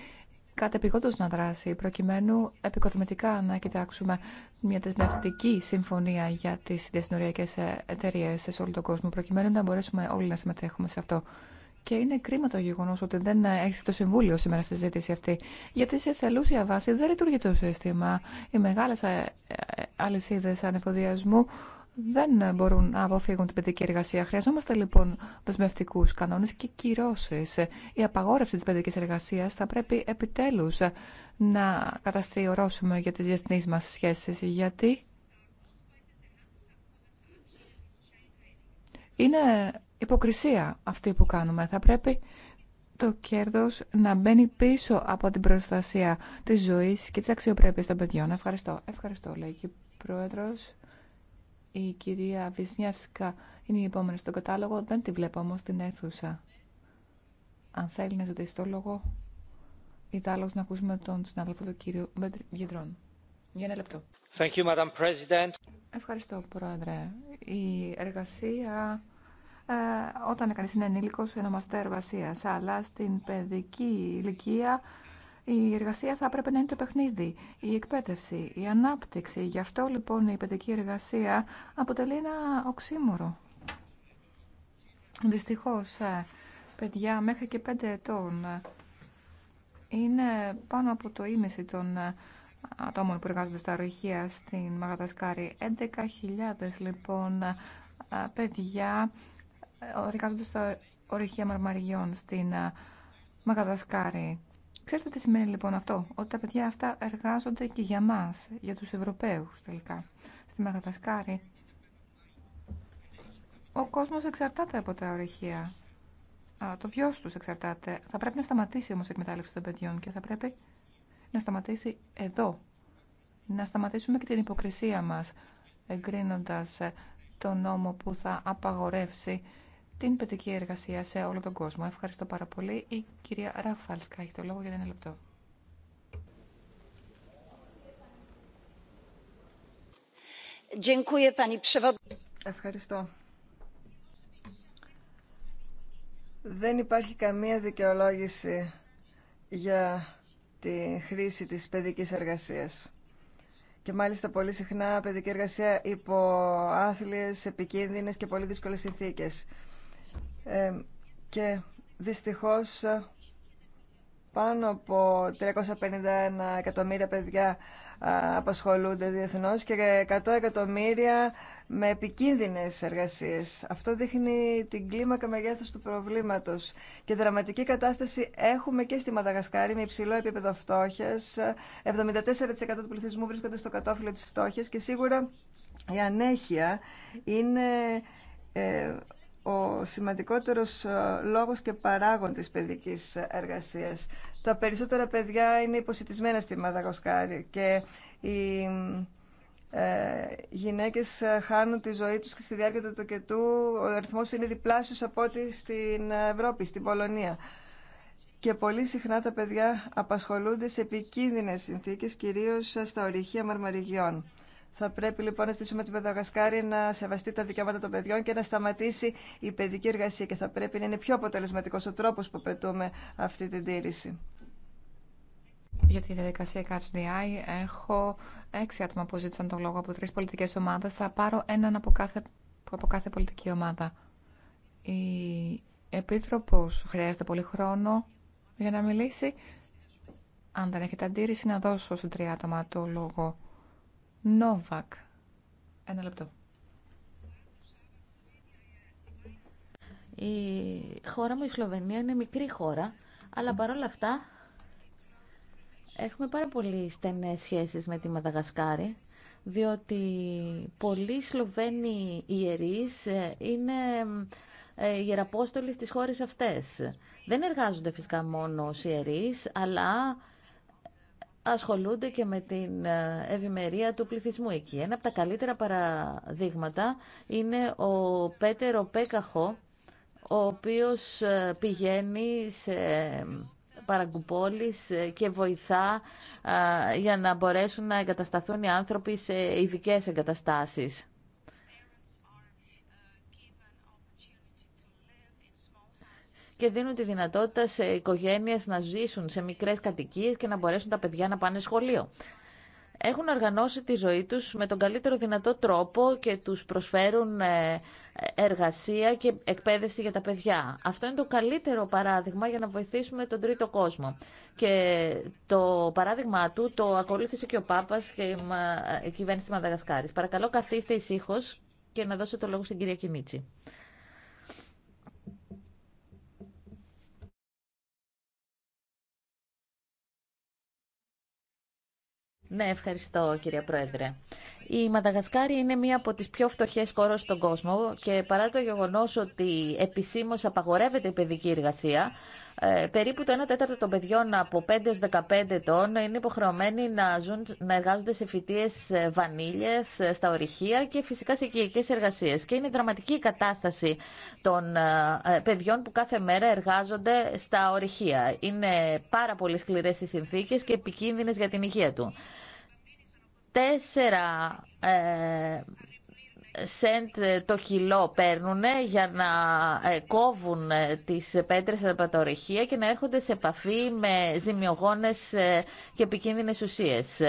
κατεπηγόντως να δράσει προκειμένου επικοδομητικά να κοιτάξουμε μια δεσμευτική συμφωνία για τις διασυνοριακές εταιρείε σε όλο τον κόσμο προκειμένου να μπορέσουμε όλοι να συμμετέχουμε σε αυτό. Και είναι κρίμα το γεγονό ότι δεν έρχεται το Συμβούλιο σήμερα στη ζήτηση αυτή. Γιατί σε θελούσια βάση δεν λειτουργεί το σύστημα. Οι μεγάλε ε, ε, αλυσίδε ανεφοδιασμού δεν μπορούν να αποφύγουν την παιδική εργασία. Χρειαζόμαστε λοιπόν δεσμευτικού κανόνε και κυρώσει. Η απαγόρευση τη παιδική εργασία θα πρέπει επιτέλου να καταστεί ορόσημο για τι διεθνεί μα σχέσει, γιατί είναι υποκρισία αυτή που κάνουμε. Θα πρέπει το κέρδος να μπαίνει πίσω από την προστασία της ζωής και της αξιοπρέπειας των παιδιών. Ευχαριστώ. Ευχαριστώ, λέει και η Πρόεδρος. Η κυρία Βυσνιεύσκα είναι η επόμενη στον κατάλογο, δεν τη βλέπω όμω στην αίθουσα. Αν θέλει να ζητήσει το λόγο, Ιτάλος να ακούσουμε τον συνάδελφο του κύριο Γεντρών. Για ένα λεπτό. you, Ευχαριστώ, Πρόεδρε. Η εργασία ε, όταν κανείς είναι ενήλικος ονομαστεί εργασία, αλλά στην παιδική ηλικία η εργασία θα έπρεπε να είναι το παιχνίδι, η εκπαίδευση, η ανάπτυξη. Γι' αυτό λοιπόν η παιδική εργασία αποτελεί ένα οξύμορο. Δυστυχώς, ε, παιδιά μέχρι και 5 ετών ε, είναι πάνω από το ίμιση των ε, ατόμων που εργάζονται στα ορυχεία στην Μαγαδασκάρη. 11.000 λοιπόν παιδιά εργάζονται στα ορυχεία μαρμαριών στην Μαγαδασκάρη. Ξέρετε τι σημαίνει λοιπόν αυτό, ότι τα παιδιά αυτά εργάζονται και για μας, για τους Ευρωπαίους τελικά. Στη Μαγατασκάρη. ο κόσμος εξαρτάται από τα ορυχεία. το βιός τους εξαρτάται. Θα πρέπει να σταματήσει όμως η εκμετάλλευση των παιδιών και θα πρέπει να σταματήσει εδώ. Να σταματήσουμε και την υποκρισία μας, εγκρίνοντας το νόμο που θα απαγορεύσει την παιδική εργασία σε όλο τον κόσμο. Ευχαριστώ πάρα πολύ. Η κυρία Ραφάλσκα έχει το λόγο για ένα λεπτό. Ευχαριστώ. Δεν υπάρχει καμία δικαιολόγηση για τη χρήση της παιδικής εργασίας. Και μάλιστα πολύ συχνά παιδική εργασία υπό άθλιες, επικίνδυνες και πολύ δύσκολες συνθήκες. Ε, και δυστυχώς πάνω από 351 εκατομμύρια παιδιά απασχολούνται διεθνώς και 100 εκατομμύρια με επικίνδυνες εργασίες. Αυτό δείχνει την κλίμακα μεγέθους του προβλήματος. Και δραματική κατάσταση έχουμε και στη Μαδαγασκάρη με υψηλό επίπεδο φτώχειας. 74% του πληθυσμού βρίσκονται στο κατόφυλλο της φτώχειας και σίγουρα η ανέχεια είναι ε, ο σημαντικότερος ε, λόγος και παράγον της παιδικής εργασίας. Τα περισσότερα παιδιά είναι υποσυτισμένα στη Μαδαγοσκάρη και οι ε, γυναίκες ε, χάνουν τη ζωή τους και στη διάρκεια του τοκετού ο αριθμός είναι διπλάσιος από ό,τι στην Ευρώπη, στην Πολωνία. Και πολύ συχνά τα παιδιά απασχολούνται σε επικίνδυνες συνθήκες, κυρίως στα ορυχεία μαρμαριγιών. Θα πρέπει λοιπόν να στήσουμε την Πεδαγασκάρη να σεβαστεί τα δικαιώματα των παιδιών και να σταματήσει η παιδική εργασία και θα πρέπει να είναι πιο αποτελεσματικό ο τρόπος που πετούμε αυτή την τήρηση. Για τη διαδικασία Catch έχω έξι άτομα που ζήτησαν τον λόγο από τρει πολιτικέ ομάδε. Θα πάρω έναν από κάθε, από κάθε πολιτική ομάδα. Η Επίτροπο χρειάζεται πολύ χρόνο για να μιλήσει. Αν δεν έχετε αντίρρηση, να δώσω σε τρία άτομα το λόγο. Νόβακ. Ένα λεπτό. Η χώρα μου, η Σλοβενία, είναι μικρή χώρα, αλλά παρόλα αυτά έχουμε πάρα πολύ στενές σχέσεις με τη Μαδαγασκάρη, διότι πολλοί Σλοβαίνοι ιερείς ε, είναι γεραπόστολοι ε, στις χώρες αυτές. Δεν εργάζονται φυσικά μόνο ως ιερείς, αλλά ασχολούνται και με την ε, ευημερία του πληθυσμού εκεί. Ένα από τα καλύτερα παραδείγματα είναι ο Πέτερο Πέκαχο, ο οποίος ε, πηγαίνει σε παραγκουπόλεις ε, και βοηθά για να μπορέσουν να εγκατασταθούν οι άνθρωποι σε ειδικέ εγκαταστάσεις. και δίνουν τη δυνατότητα σε οικογένειε να ζήσουν σε μικρέ κατοικίε και να μπορέσουν τα παιδιά να πάνε σχολείο. Έχουν οργανώσει τη ζωή τους με τον καλύτερο δυνατό τρόπο και τους προσφέρουν ε, εργασία και εκπαίδευση για τα παιδιά. Αυτό είναι το καλύτερο παράδειγμα για να βοηθήσουμε τον τρίτο κόσμο. Και το παράδειγμα του το ακολούθησε και ο Πάπας και η ε, κυβέρνηση της Μαδαγασκάρης. Παρακαλώ καθίστε ησύχως και να δώσω το λόγο στην κυρία Κιμίτση. Ναι, ευχαριστώ κυρία Πρόεδρε. Η Μαδαγασκάρη είναι μία από τις πιο φτωχές χώρες στον κόσμο και παρά το γεγονός ότι επισήμως απαγορεύεται η παιδική εργασία, ε, περίπου το 1 τέταρτο των παιδιών από 5 έως 15 ετών είναι υποχρεωμένοι να, εργάζονται σε φοιτίες ε, βανίλιες, ε, στα ορυχεία και φυσικά σε οικιακές εργασίες. Και είναι δραματική η κατάσταση των παιδιών που κάθε μέρα εργάζονται στα ορυχεία. Είναι πάρα πολύ σκληρές οι συνθήκες και επικίνδυνες για την υγεία του. Τέσσερα ε, σεντ ε, το κιλό παίρνουν για να ε, κόβουν ε, τις πέτρες από τα ορυχεία και να έρχονται σε επαφή με ζημιογόνες και επικίνδυνες ουσίες.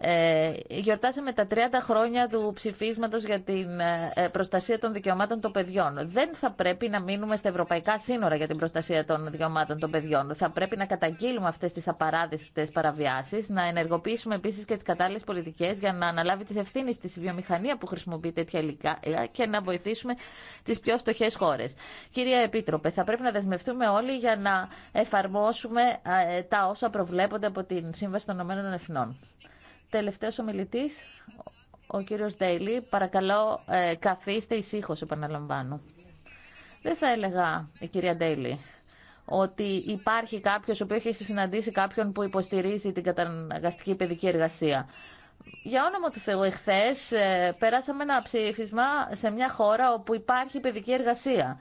Ε, γιορτάσαμε τα 30 χρόνια του ψηφίσματο για την ε, ε, προστασία των δικαιωμάτων των παιδιών. Δεν θα πρέπει να μείνουμε στα ευρωπαϊκά σύνορα για την προστασία των δικαιωμάτων των παιδιών. Θα πρέπει να καταγγείλουμε αυτέ τι απαράδεκτε παραβιάσεις, να ενεργοποιήσουμε επίση και τι κατάλληλε πολιτικέ για να αναλάβει τις ευθύνες της βιομηχανία που χρησιμοποιεί τέτοια υλικά και να βοηθήσουμε τι πιο φτωχέ χώρε. Κυρία Επίτροπε, θα πρέπει να δεσμευτούμε όλοι για να εφαρμόσουμε ε, τα όσα προβλέπονται από την Σύμβαση των Ηνωμένων Εθνών. Τελευταίος ομιλητής, ο κύριος Ντέιλι. Παρακαλώ, ε, καθίστε ησύχως, επαναλαμβάνω. Δεν θα έλεγα, η κυρία Ντέιλι, ότι υπάρχει κάποιος που έχει συναντήσει κάποιον που υποστηρίζει την καταναγκαστική παιδική εργασία. Για όνομα του Θεού, εχθέ ε, περάσαμε ένα ψήφισμα σε μια χώρα όπου υπάρχει παιδική εργασία.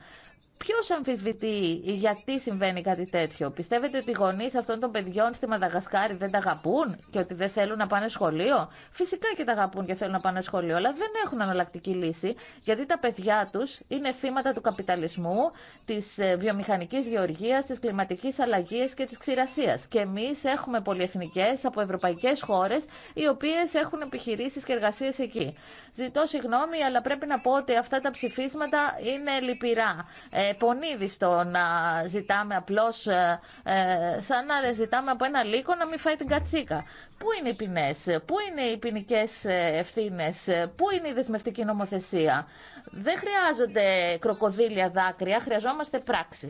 Ποιο αμφισβητεί γιατί συμβαίνει κάτι τέτοιο. Πιστεύετε ότι οι γονεί αυτών των παιδιών στη Μαδαγασκάρη δεν τα αγαπούν και ότι δεν θέλουν να πάνε σχολείο. Φυσικά και τα αγαπούν και θέλουν να πάνε σχολείο, αλλά δεν έχουν αναλλακτική λύση γιατί τα παιδιά του είναι θύματα του καπιταλισμού, τη ε, βιομηχανική γεωργίας, τη κλιματική αλλαγή και τη ξηρασίας. Και εμεί έχουμε πολυεθνικέ από ευρωπαϊκέ χώρε οι οποίε έχουν επιχειρήσει και εργασίε εκεί. Ζητώ συγγνώμη, αλλά πρέπει να πω ότι αυτά τα ψηφίσματα είναι λυπηρά. Ε, πονίδιστο να ζητάμε απλώ, ε, ε, σαν να ζητάμε από ένα λύκο να μην φάει την κατσίκα. Πού είναι οι ποινέ, πού είναι οι ποινικέ ε, ευθύνε, ε, πού είναι η δεσμευτική νομοθεσία. Δεν χρειάζονται κροκοδίλια δάκρυα, χρειαζόμαστε πράξει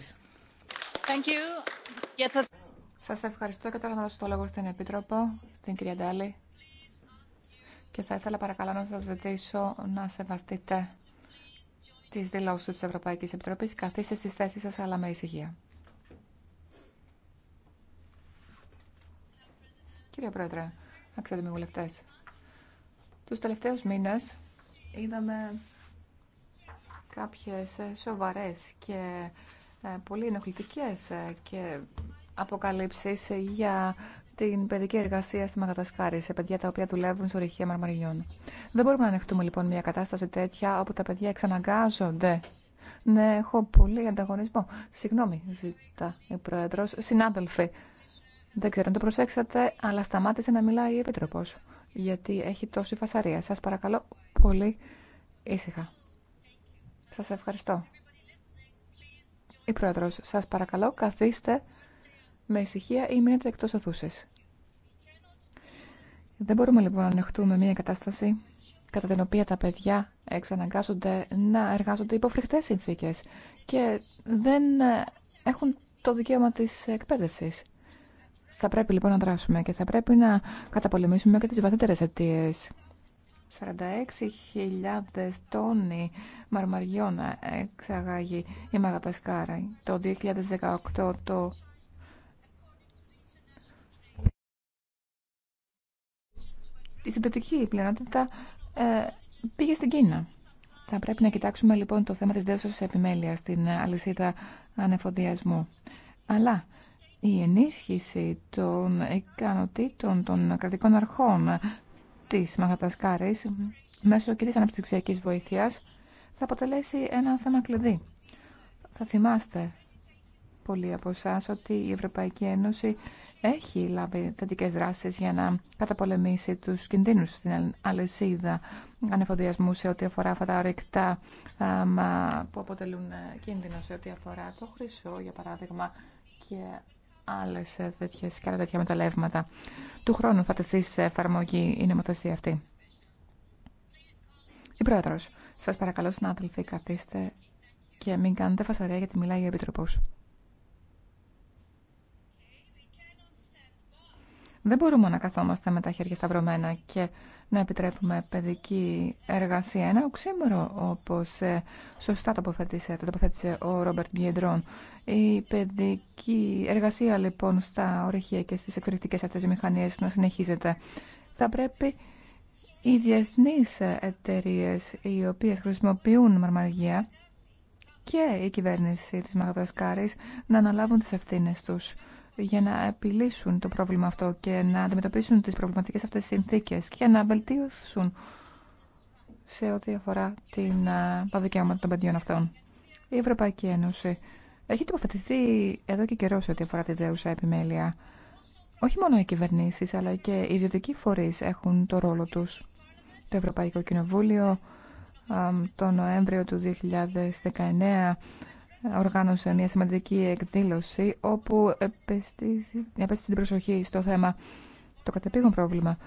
Thank ευχαριστώ και τώρα να δώσω το λόγο στην Επίτροπο, στην κυρία Ντάλη, και θα ήθελα παρακαλώ να σας ζητήσω να σεβαστείτε τις δηλώσεις της Ευρωπαϊκής Επιτροπής. Καθίστε στις θέσεις σας, αλλά με ησυχία. Κύριε Πρόεδρε, αξιότιμοι βουλευτές, τους τελευταίους μήνες είδαμε κάποιες σοβαρές και ε, πολύ ενοχλητικές ε, και αποκαλύψεις για την παιδική εργασία στη Μαγατασκάρη σε παιδιά τα οποία δουλεύουν στο ρηχείο μαρμαριών. Δεν μπορούμε να ανεχτούμε λοιπόν μια κατάσταση τέτοια όπου τα παιδιά εξαναγκάζονται. Ναι, έχω πολύ ανταγωνισμό. Συγγνώμη, ζητά η Πρόεδρο. Συνάδελφοι, δεν ξέρω αν το προσέξατε, αλλά σταμάτησε να μιλάει η Επίτροπο. Γιατί έχει τόση φασαρία. Σα παρακαλώ πολύ ήσυχα. Σα ευχαριστώ. Η Πρόεδρο, σα παρακαλώ, καθίστε με ησυχία ή μείνετε εκτός οθούσες. Δεν μπορούμε λοιπόν να ανεχτούμε μια κατάσταση κατά την οποία τα παιδιά εξαναγκάζονται να εργάζονται υπό φρικτές συνθήκες και δεν ε, έχουν το δικαίωμα της εκπαίδευσης. Θα πρέπει λοιπόν να δράσουμε και θα πρέπει να καταπολεμήσουμε και τις βαθύτερες αιτίε. 46.000 τόνοι μαρμαριών εξαγάγει η Μαγαπασκάρα. Το 2018 το η συντατική πλειονότητα ε, πήγε στην Κίνα. Θα πρέπει να κοιτάξουμε λοιπόν το θέμα της δέωσης επιμέλειας στην ε, αλυσίδα ανεφοδιασμού. Αλλά η ενίσχυση των ικανοτήτων των κρατικών αρχών ε, της Μαγατασκάρης μέσω και της αναπτυξιακής βοήθειας θα αποτελέσει ένα θέμα κλειδί. Θα θυμάστε πολλοί από εσά ότι η Ευρωπαϊκή Ένωση έχει λάβει θετικέ δράσει για να καταπολεμήσει του κινδύνου στην αλυσίδα ανεφοδιασμού σε ό,τι αφορά αυτά τα ορεικτά που αποτελούν ε, κίνδυνο σε ό,τι αφορά το χρυσό, για παράδειγμα, και άλλε τέτοιε και τέτοια μεταλλεύματα. Του χρόνου θα τεθεί σε εφαρμογή η νομοθεσία αυτή. Η πρόεδρο, σα παρακαλώ, συνάδελφοι, καθίστε και μην κάνετε φασαρία γιατί μιλάει για Επιτροπός. Δεν μπορούμε να καθόμαστε με τα χέρια σταυρωμένα και να επιτρέπουμε παιδική εργασία. Ένα οξύμερο, όπως ε, σωστά τοποθέτησε, το τοποθέτησε ο Ρόμπερτ Μιέντρον. Η παιδική εργασία λοιπόν στα ορυχεία και στις εκτορυκτικές αυτές μηχανίες να συνεχίζεται. Θα πρέπει οι διεθνείς εταιρείε οι οποίες χρησιμοποιούν μαρμαργία και η κυβέρνηση της Μαγαδασκάρης να αναλάβουν τις ευθύνες τους για να επιλύσουν το πρόβλημα αυτό και να αντιμετωπίσουν τις προβληματικές αυτές συνθήκες και να βελτίωσουν σε ό,τι αφορά την, τα δικαιώματα των παιδιών αυτών. Η Ευρωπαϊκή Ένωση έχει τοποθετηθεί εδώ και καιρό σε ό,τι αφορά τη δέουσα επιμέλεια. Όχι μόνο οι κυβερνήσεις, αλλά και οι ιδιωτικοί φορείς έχουν το ρόλο τους. Το Ευρωπαϊκό Κοινοβούλιο το Νοέμβριο του 2019 οργάνωσε μια σημαντική εκδήλωση όπου επέστησε την προσοχή στο θέμα το κατεπήγον πρόβλημα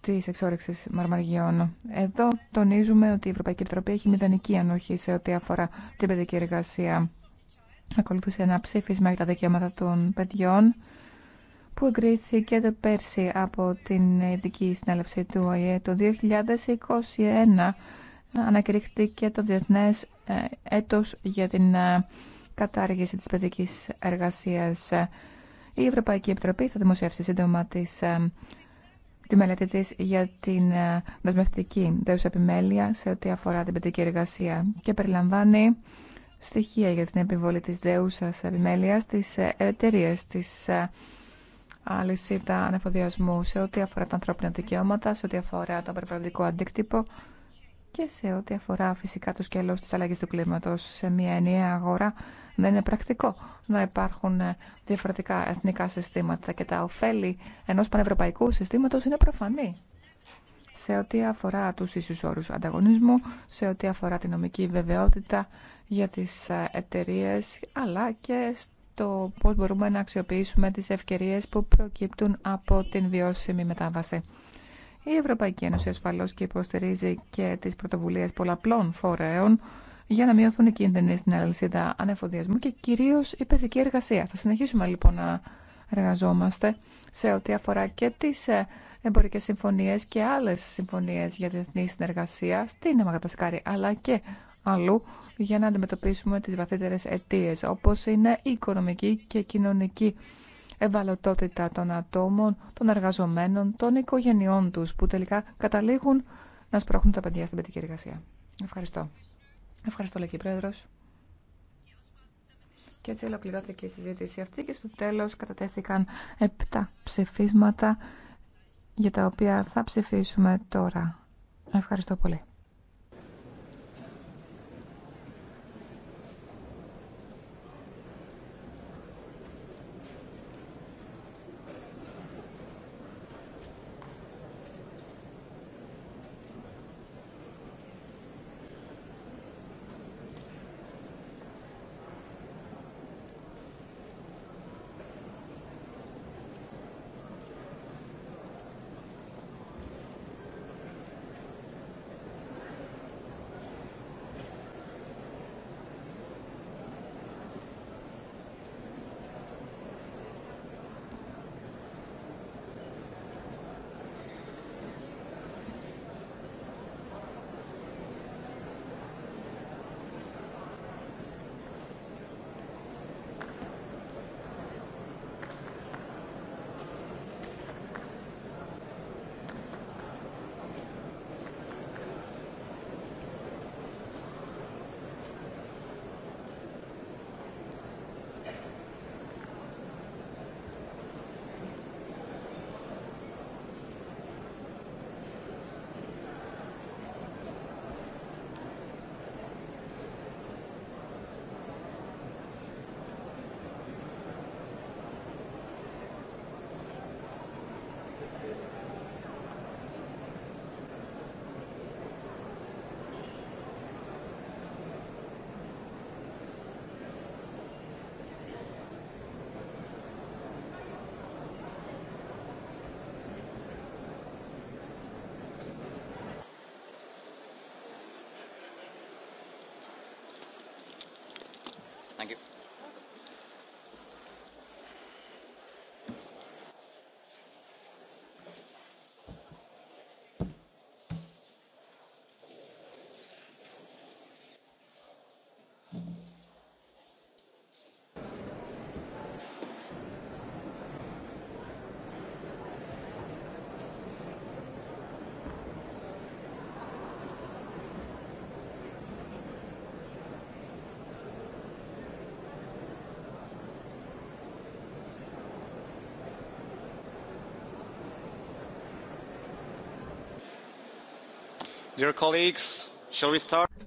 τη εξόρυξη μαρμαργιών. Εδώ τονίζουμε ότι η Ευρωπαϊκή Επιτροπή έχει μηδενική ανοχή σε ό,τι αφορά την παιδική εργασία. Ακολουθούσε ένα ψήφισμα για τα δικαιώματα των παιδιών που εγκρίθηκε το πέρσι από την ειδική συνέλευση του ΟΗΕ το 2021 ανακηρύχθηκε το Διεθνές ε, έτος για την ε, κατάργηση της παιδικής εργασίας. Η Ευρωπαϊκή Επιτροπή θα δημοσιεύσει σύντομα ε, τη μελέτη της για την δεσμευτική δέουσα επιμέλεια σε ό,τι αφορά την παιδική εργασία και περιλαμβάνει στοιχεία για την επιβολή της δέουσας επιμέλειας της εταιρείε της αλυσίδα ανεφοδιασμού σε ό,τι αφορά τα ανθρώπινα δικαιώματα, σε ό,τι αφορά τον περιβαλλοντικό αντίκτυπο, και σε ό,τι αφορά φυσικά το σκέλος της αλλαγής του κλίματος σε μια ενιαία αγορά δεν είναι πρακτικό να υπάρχουν ε, διαφορετικά εθνικά συστήματα και τα ωφέλη ενός πανευρωπαϊκού συστήματος είναι προφανή σε ό,τι αφορά τους ίσους όρους ανταγωνισμού, σε ό,τι αφορά τη νομική βεβαιότητα για τις ε, εταιρείε, αλλά και στο πώς μπορούμε να αξιοποιήσουμε τις ευκαιρίες που προκύπτουν από την βιώσιμη μετάβαση. Η Ευρωπαϊκή Ένωση ασφαλώ και υποστηρίζει και τι πρωτοβουλίε πολλαπλών φορέων για να μειωθούν οι κίνδυνοι στην αλυσίδα ανεφοδιασμού και κυρίω η παιδική εργασία. Θα συνεχίσουμε λοιπόν να εργαζόμαστε σε ό,τι αφορά και τι ε, εμπορικέ συμφωνίε και άλλε συμφωνίε για διεθνή συνεργασία στην αμαγατασκάρη, αλλά και αλλού για να αντιμετωπίσουμε τι βαθύτερε αιτίε, όπω είναι η οικονομική και κοινωνική ευαλωτότητα των ατόμων, των εργαζομένων, των οικογενειών τους που τελικά καταλήγουν να σπρώχνουν τα παιδιά στην παιδική εργασία. Ευχαριστώ. Ευχαριστώ, Λεκή Πρόεδρος. Και έτσι ολοκληρώθηκε η συζήτηση αυτή και στο τέλος κατατέθηκαν 7 ψηφίσματα για τα οποία θα ψηφίσουμε τώρα. Ευχαριστώ πολύ.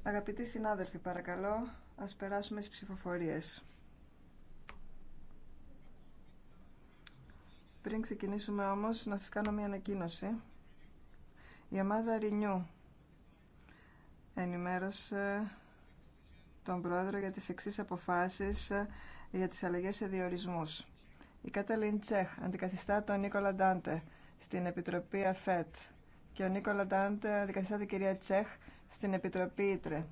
Αγαπητοί συνάδελφοι, παρακαλώ, ας περάσουμε στις ψηφοφορίες. Πριν ξεκινήσουμε όμως, να σας κάνω μια ανακοίνωση. Η ομάδα Renew ενημέρωσε τον Πρόεδρο για τις εξής αποφάσεις ε, για τις αλλαγές σε διορισμούς. Η Καταλίν Τσέχ αντικαθιστά τον Νίκολα Ντάντε στην Επιτροπή ΑΦΕΤ και ο Νίκολα Ντάντ κυρία Τσέχ στην Επιτροπή Ήτρε.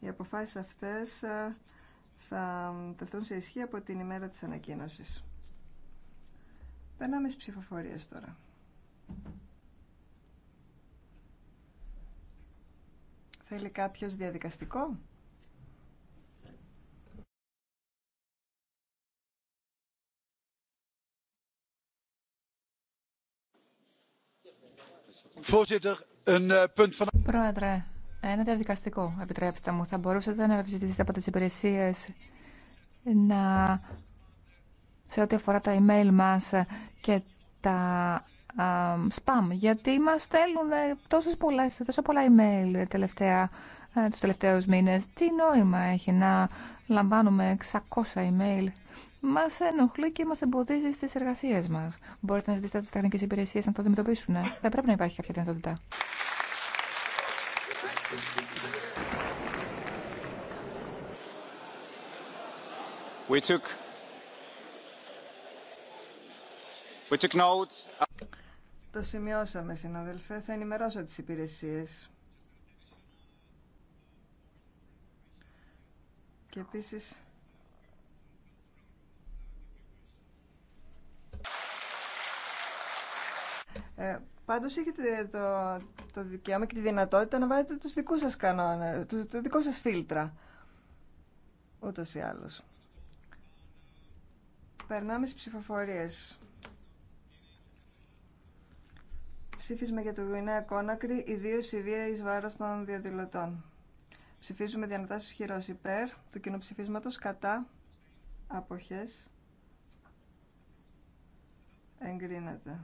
Οι αποφάσεις αυτές ε, θα τεθούν σε ισχύ από την ημέρα της ανακοίνωσης. Περνάμε στις ψηφοφορίες τώρα. Θέλει κάποιος διαδικαστικό? Eh, Πρόεδρε, ένα διαδικαστικό, επιτρέψτε μου. Θα μπορούσατε να ζητήσετε από τις υπηρεσίε να... σε ό,τι αφορά τα email μα και τα spam, γιατί μας στέλνουν ε, τόσες πολλά email τελευταία, ε, τους τελευταίους μήνες. Τι νόημα έχει να λαμβάνουμε 600 email μα ενοχλεί και μα εμποδίζει στι εργασίε μα. Μπορείτε να ζητήσετε από τι τεχνικέ υπηρεσίε να το αντιμετωπίσουν. Ε. Θα πρέπει να υπάρχει κάποια δυνατότητα. We took... We took notes. Το σημειώσαμε, συναδελφέ. Θα ενημερώσω τις υπηρεσίες. Και επίσης Ε, πάντως έχετε το, το δικαίωμα και τη δυνατότητα να βάλετε τους δικούς σας κανόνες, το δικό σας φίλτρα, ούτως ή άλλως. Περνάμε στις ψηφοφορίες. Ψήφισμα για το Γουινέα Κόνακρη, ιδίως η βία εις βάρος των διαδηλωτών. Ψηφίζουμε διανατάσεις χειρός υπέρ του κοινοψηφίσματος κατά αποχές. Εγκρίνεται.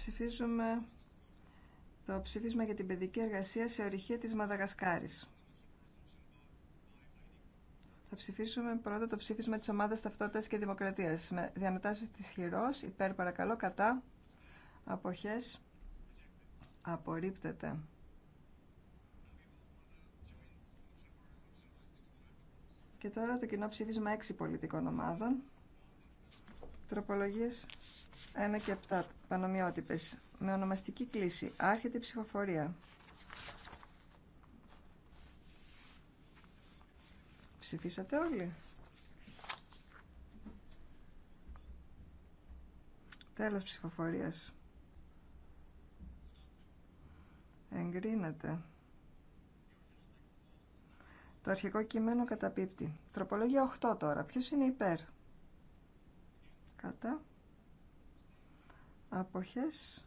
ψηφίζουμε το ψήφισμα για την παιδική εργασία σε ορυχία της Μαδαγασκάρης. Θα ψηφίσουμε πρώτα το ψήφισμα της Ομάδας Ταυτότητας και Δημοκρατίας. Με διαμετάσεις της χειρός, υπέρ παρακαλώ, κατά, αποχές, απορρίπτεται. Και τώρα το κοινό ψήφισμα έξι πολιτικών ομάδων. Τροπολογίες 1 και 7 πανομοιότυπες με ονομαστική κλίση. Άρχεται η ψηφοφορία. Ψηφίσατε όλοι. Τέλος ψηφοφορίας. Εγκρίνεται. Το αρχικό κείμενο καταπίπτει. Τροπολογία 8 τώρα. Ποιος είναι υπέρ. Κατά. Αποχές.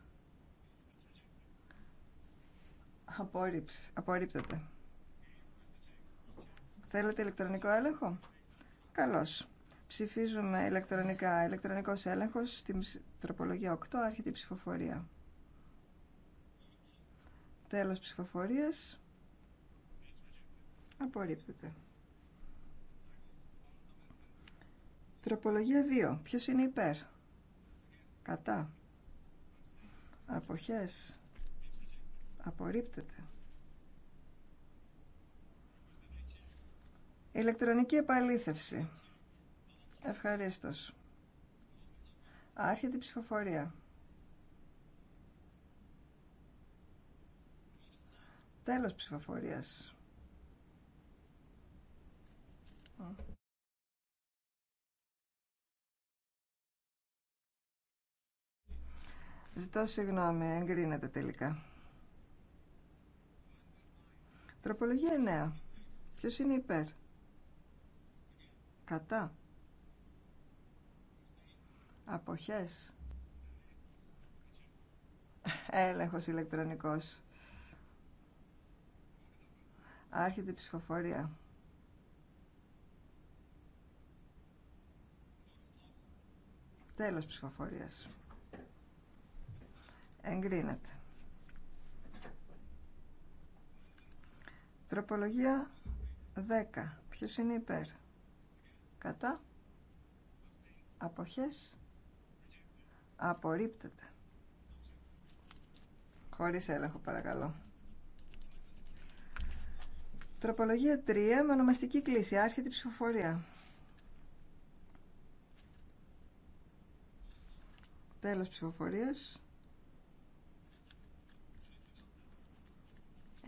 Απόρριψη. Απορρίπτεται. Θέλετε ηλεκτρονικό έλεγχο. Καλώς. Ψηφίζουμε ηλεκτρονικά. Ηλεκτρονικός έλεγχος στην τροπολογία 8. Άρχεται η ψηφοφορία. Τέλος ψηφοφορίας. Απορρίπτεται. Τροπολογία 2. Ποιος είναι υπέρ. Κατά. Αποχές. Απορρίπτεται. Ηλεκτρονική επαλήθευση. Ευχαριστώ. Άρχεται η ψηφοφορία. Τέλος ψηφοφορίας. Ζητώ συγγνώμη, εγκρίνεται τελικά. Τροπολογία 9. Ποιος είναι υπέρ. Κατά. Αποχές. Έλεγχος ηλεκτρονικός. Άρχεται η ψηφοφορία. Τέλος ψηφοφορίας. Εγκρίνεται. Τροπολογία 10. Ποιος είναι υπέρ. Κατά. Αποχές. Απορρίπτεται. Χωρίς έλεγχο παρακαλώ. Τροπολογία 3 με ονομαστική κλίση. Άρχεται η ψηφοφορία. Τέλος ψηφοφορίας.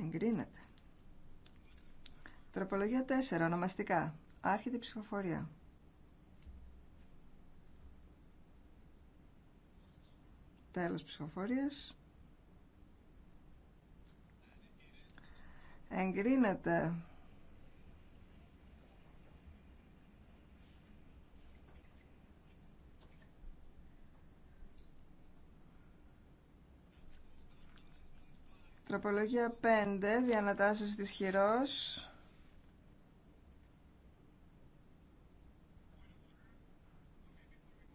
Εγκρίνεται. Τροπολογία 4. Ονομαστικά. Άρχεται η ψηφοφορία. Τέλος ψηφοφορίας. Εγκρίνεται. Τροπολογία 5, διανατάσσεως της χειρός.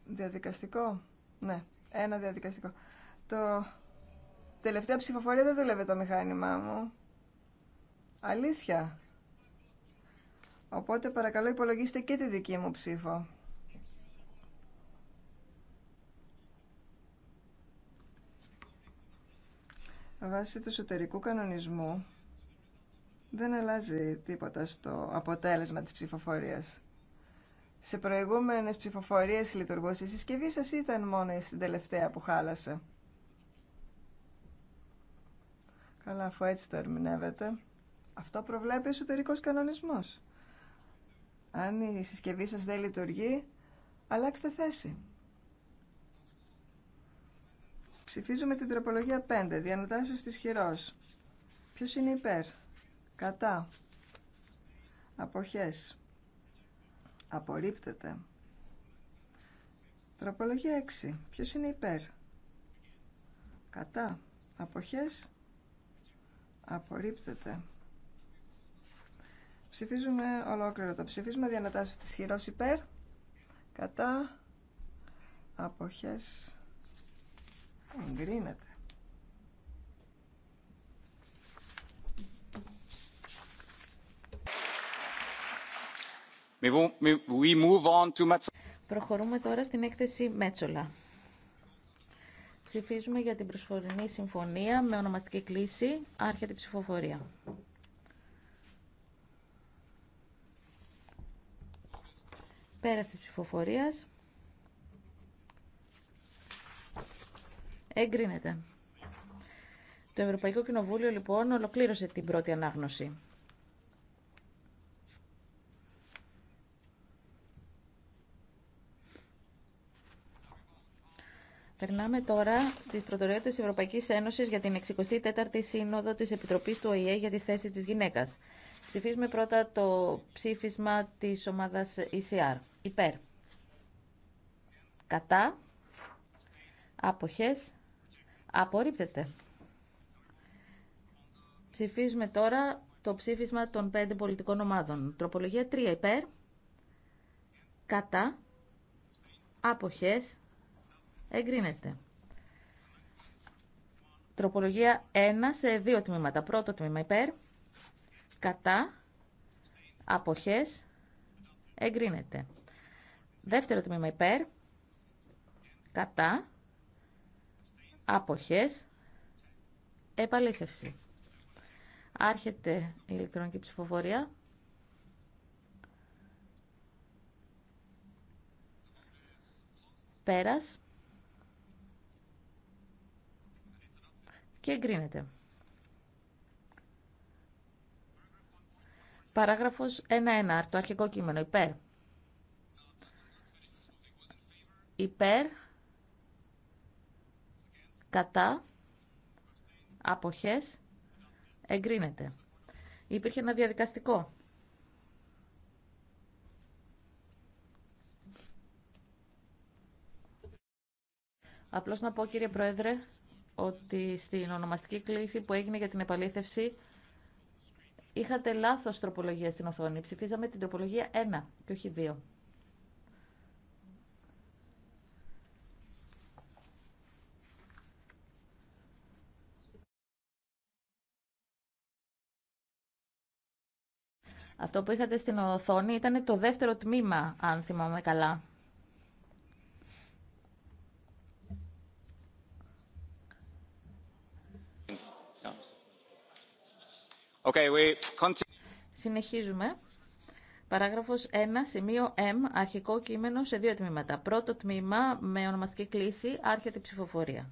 Διαδικαστικό. Ναι, ένα διαδικαστικό. Το τελευταία ψηφοφορία δεν δουλεύει το μηχάνημά μου. Αλήθεια. Οπότε παρακαλώ υπολογίστε και τη δική μου ψήφο. Βάσει του εσωτερικού κανονισμού δεν αλλάζει τίποτα στο αποτέλεσμα της ψηφοφορίας. Σε προηγούμενες ψηφοφορίες λειτουργούσε η συσκευή σας ήταν μόνο στην τελευταία που χάλασε. Καλά, αφού έτσι το ερμηνεύεται. Αυτό προβλέπει ο εσωτερικός κανονισμός. Αν η συσκευή σας δεν λειτουργεί, αλλάξτε θέση. Ψηφίζουμε την τροπολογία 5. Διανοτάσεως της χειρός. Ποιος είναι υπέρ. Κατά. Αποχές. Απορρίπτεται. Τροπολογία 6. Ποιο είναι υπέρ. Κατά. Αποχές. Απορρίπτεται. Ψηφίζουμε ολόκληρο το ψήφισμα. Διανοτάσιο της χειρός υπέρ. Κατά. Αποχές. Εγκρίνεται. Προχωρούμε τώρα στην έκθεση Μέτσολα. Ψηφίζουμε για την προσφορινή συμφωνία με ονομαστική κλίση. Άρχεται ψηφοφορία. Πέραση της ψηφοφορίας. Εγκρίνεται. Το Ευρωπαϊκό Κοινοβούλιο λοιπόν ολοκλήρωσε την πρώτη ανάγνωση. Περνάμε τώρα στι προτεραιότητε τη Ευρωπαϊκή Ένωση για την 64η Σύνοδο τη Επιτροπή του ΟΗΕ για τη θέση τη γυναίκα. Ψηφίζουμε πρώτα το ψήφισμα τη ομάδα ECR. Υπέρ. Κατά. Άποχες. Απορρίπτεται. Ψηφίζουμε τώρα το ψήφισμα των πέντε πολιτικών ομάδων. Τροπολογία 3 υπέρ, κατά, άποχες, εγκρίνεται. Τροπολογία 1 σε δύο τμήματα. Πρώτο τμήμα υπέρ, κατά, άποχες, εγκρίνεται. Δεύτερο τμήμα υπέρ, κατά, Άποχες. Επαλήθευση. Άρχεται η ηλεκτρονική ψηφοφορία. Πέρας. Και εγκρίνεται. Παράγραφος 1-1. Το αρχικό κείμενο. Υπέρ. Υπέρ κατά, αποχές, εγκρίνεται. Υπήρχε ένα διαδικαστικό. Απλώς να πω κύριε Πρόεδρε ότι στην ονομαστική κλήθη που έγινε για την επαλήθευση είχατε λάθος τροπολογία στην οθόνη. Ψηφίζαμε την τροπολογία 1 και όχι 2. Αυτό που είχατε στην οθόνη ήταν το δεύτερο τμήμα, αν θυμάμαι καλά. Okay, we... Συνεχίζουμε. Παράγραφος 1, σημείο M, αρχικό κείμενο σε δύο τμήματα. Πρώτο τμήμα με ονομαστική κλίση, άρχεται η ψηφοφορία.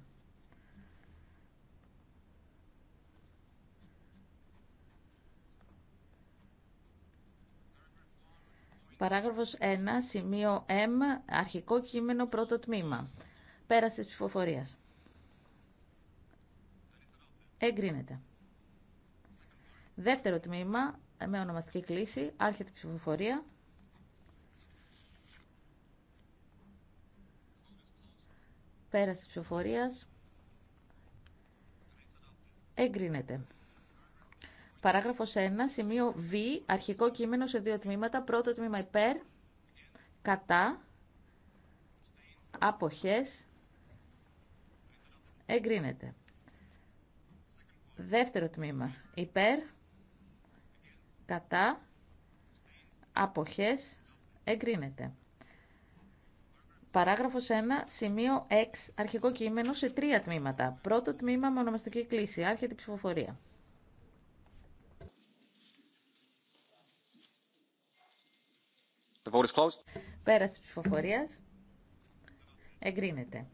Παράγραφος 1, σημείο M, αρχικό κείμενο, πρώτο τμήμα. Πέραση της ψηφοφορίας. Εγκρίνεται. Δεύτερο τμήμα, με ονομαστική κλίση, άρχεται η ψηφοφορία. Πέραση της ψηφοφορίας. Εγκρίνεται. Παράγραφο 1, σημείο Β, αρχικό κείμενο σε δύο τμήματα. Πρώτο τμήμα υπέρ, κατά, αποχές, εγκρίνεται. Δεύτερο τμήμα υπέρ, κατά, αποχές, εγκρίνεται. Παράγραφος 1, σημείο X, αρχικό κείμενο σε τρία τμήματα. Πρώτο τμήμα με ονομαστική κλίση, άρχεται η ψηφοφορία. Πέραση ψηφοφορία. ψηφοφορίας. Εγκρίνεται.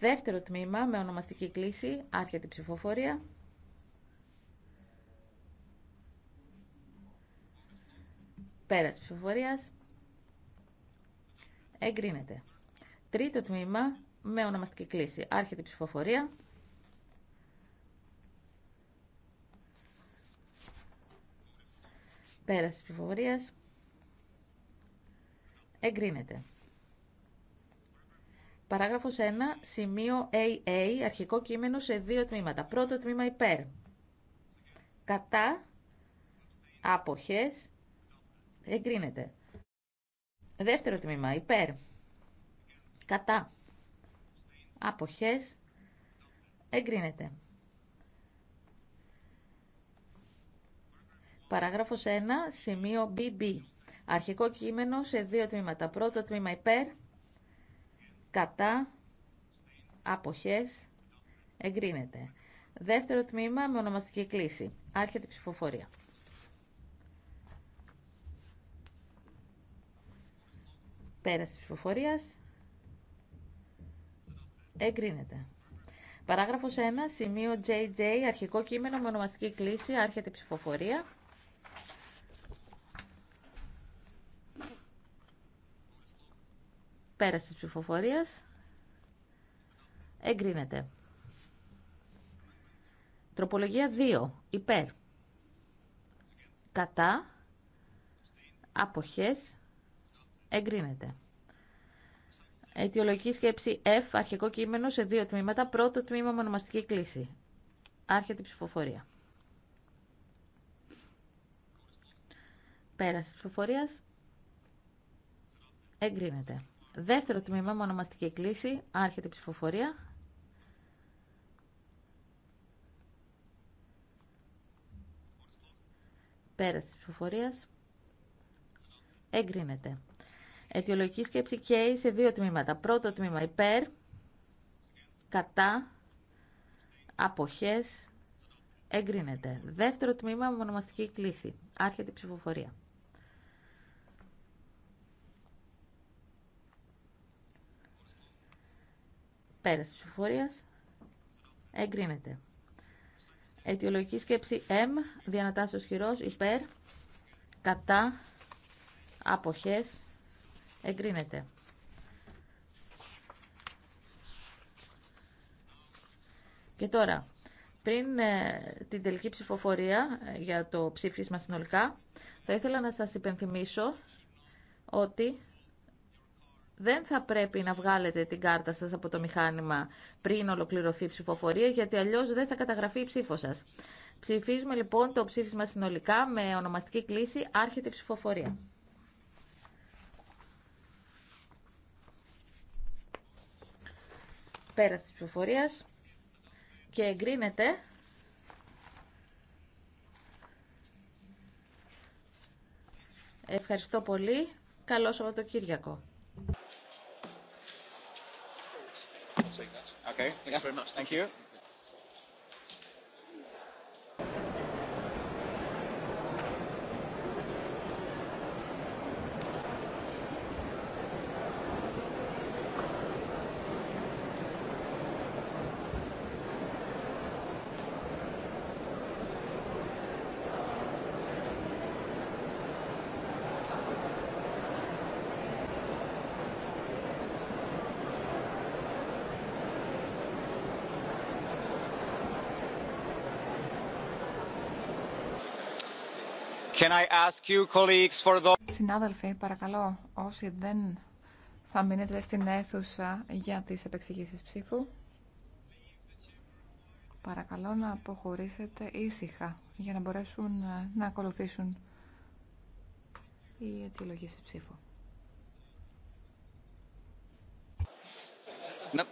Δεύτερο τμήμα με ονομαστική κλίση. Άρχεται η ψηφοφορία. Πέραση ψηφοφορία. Εγκρίνεται. Τρίτο τμήμα με ονομαστική κλίση. Άρχεται η ψηφοφορία. Πέραση ψηφοφορία εγκρίνεται. Παράγραφος 1, σημείο AA, αρχικό κείμενο σε δύο τμήματα. Πρώτο τμήμα υπέρ. Κατά, άποχες, εγκρίνεται. Δεύτερο τμήμα υπέρ. Κατά, άποχες, εγκρίνεται. Παράγραφος 1, σημείο BB. Αρχικό κείμενο σε δύο τμήματα. Πρώτο τμήμα υπέρ, κατά, αποχές, εγκρίνεται. Δεύτερο τμήμα με ονομαστική κλίση. Άρχεται η ψηφοφορία. Πέραση της ψηφοφορίας. Εγκρίνεται. Παράγραφος 1, σημείο JJ, αρχικό κείμενο με ονομαστική κλίση, άρχεται η ψηφοφορία. Πέραση της ψηφοφορίας. Εγκρίνεται. Τροπολογία 2. Υπέρ. Κατά. Αποχές. Εγκρίνεται. Αιτιολογική σκέψη F. Αρχικό κείμενο σε δύο τμήματα. Πρώτο τμήμα με ονομαστική κλίση. Άρχεται η ψηφοφορία. Πέραση ψηφοφορίας. Εγκρίνεται. Δεύτερο τμήμα, μονομαστική κλίση, άρχεται η ψηφοφορία. Πέραση της ψηφοφορίας. Εγκρίνεται. Αιτιολογική σκέψη και σε δύο τμήματα. Πρώτο τμήμα υπέρ, κατά, αποχές, εγκρίνεται. Δεύτερο τμήμα, μονομαστική κλίση. Άρχεται η ψηφοφορία. Πέρας της ψηφοφορίας. Εγκρίνεται. Αιτιολογική σκέψη M, Διανατάσσεω χειρό, υπέρ, κατά, αποχές, εγκρίνεται. Και τώρα, πριν ε, την τελική ψηφοφορία ε, για το ψήφισμα συνολικά, θα ήθελα να σας υπενθυμίσω ότι δεν θα πρέπει να βγάλετε την κάρτα σας από το μηχάνημα πριν ολοκληρωθεί η ψηφοφορία, γιατί αλλιώς δεν θα καταγραφεί η ψήφο σας. Ψηφίζουμε λοιπόν το ψήφισμα συνολικά με ονομαστική κλίση «Άρχεται η ψηφοφορία». Πέραση της ψηφοφορίας και εγκρίνεται Ευχαριστώ πολύ. Καλό Σαββατοκύριακο. okay thanks very much thank you. Can I ask Συνάδελφοι, παρακαλώ, όσοι δεν θα μείνετε στην αίθουσα για τις επεξηγήσεις ψήφου, παρακαλώ να αποχωρήσετε ήσυχα για να μπορέσουν ε, να ακολουθήσουν οι αιτιολογήσεις ψήφου. Ναι,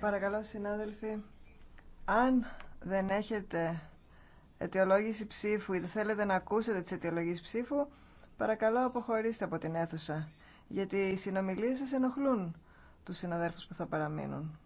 Παρακαλώ συνάδελφοι, αν δεν έχετε αιτιολόγηση ψήφου ή δεν θέλετε να ακούσετε τις αιτιολόγηση ψήφου, παρακαλώ αποχωρήστε από την αίθουσα, γιατί οι συνομιλίες σας ενοχλούν τους συναδέλφους που θα παραμείνουν.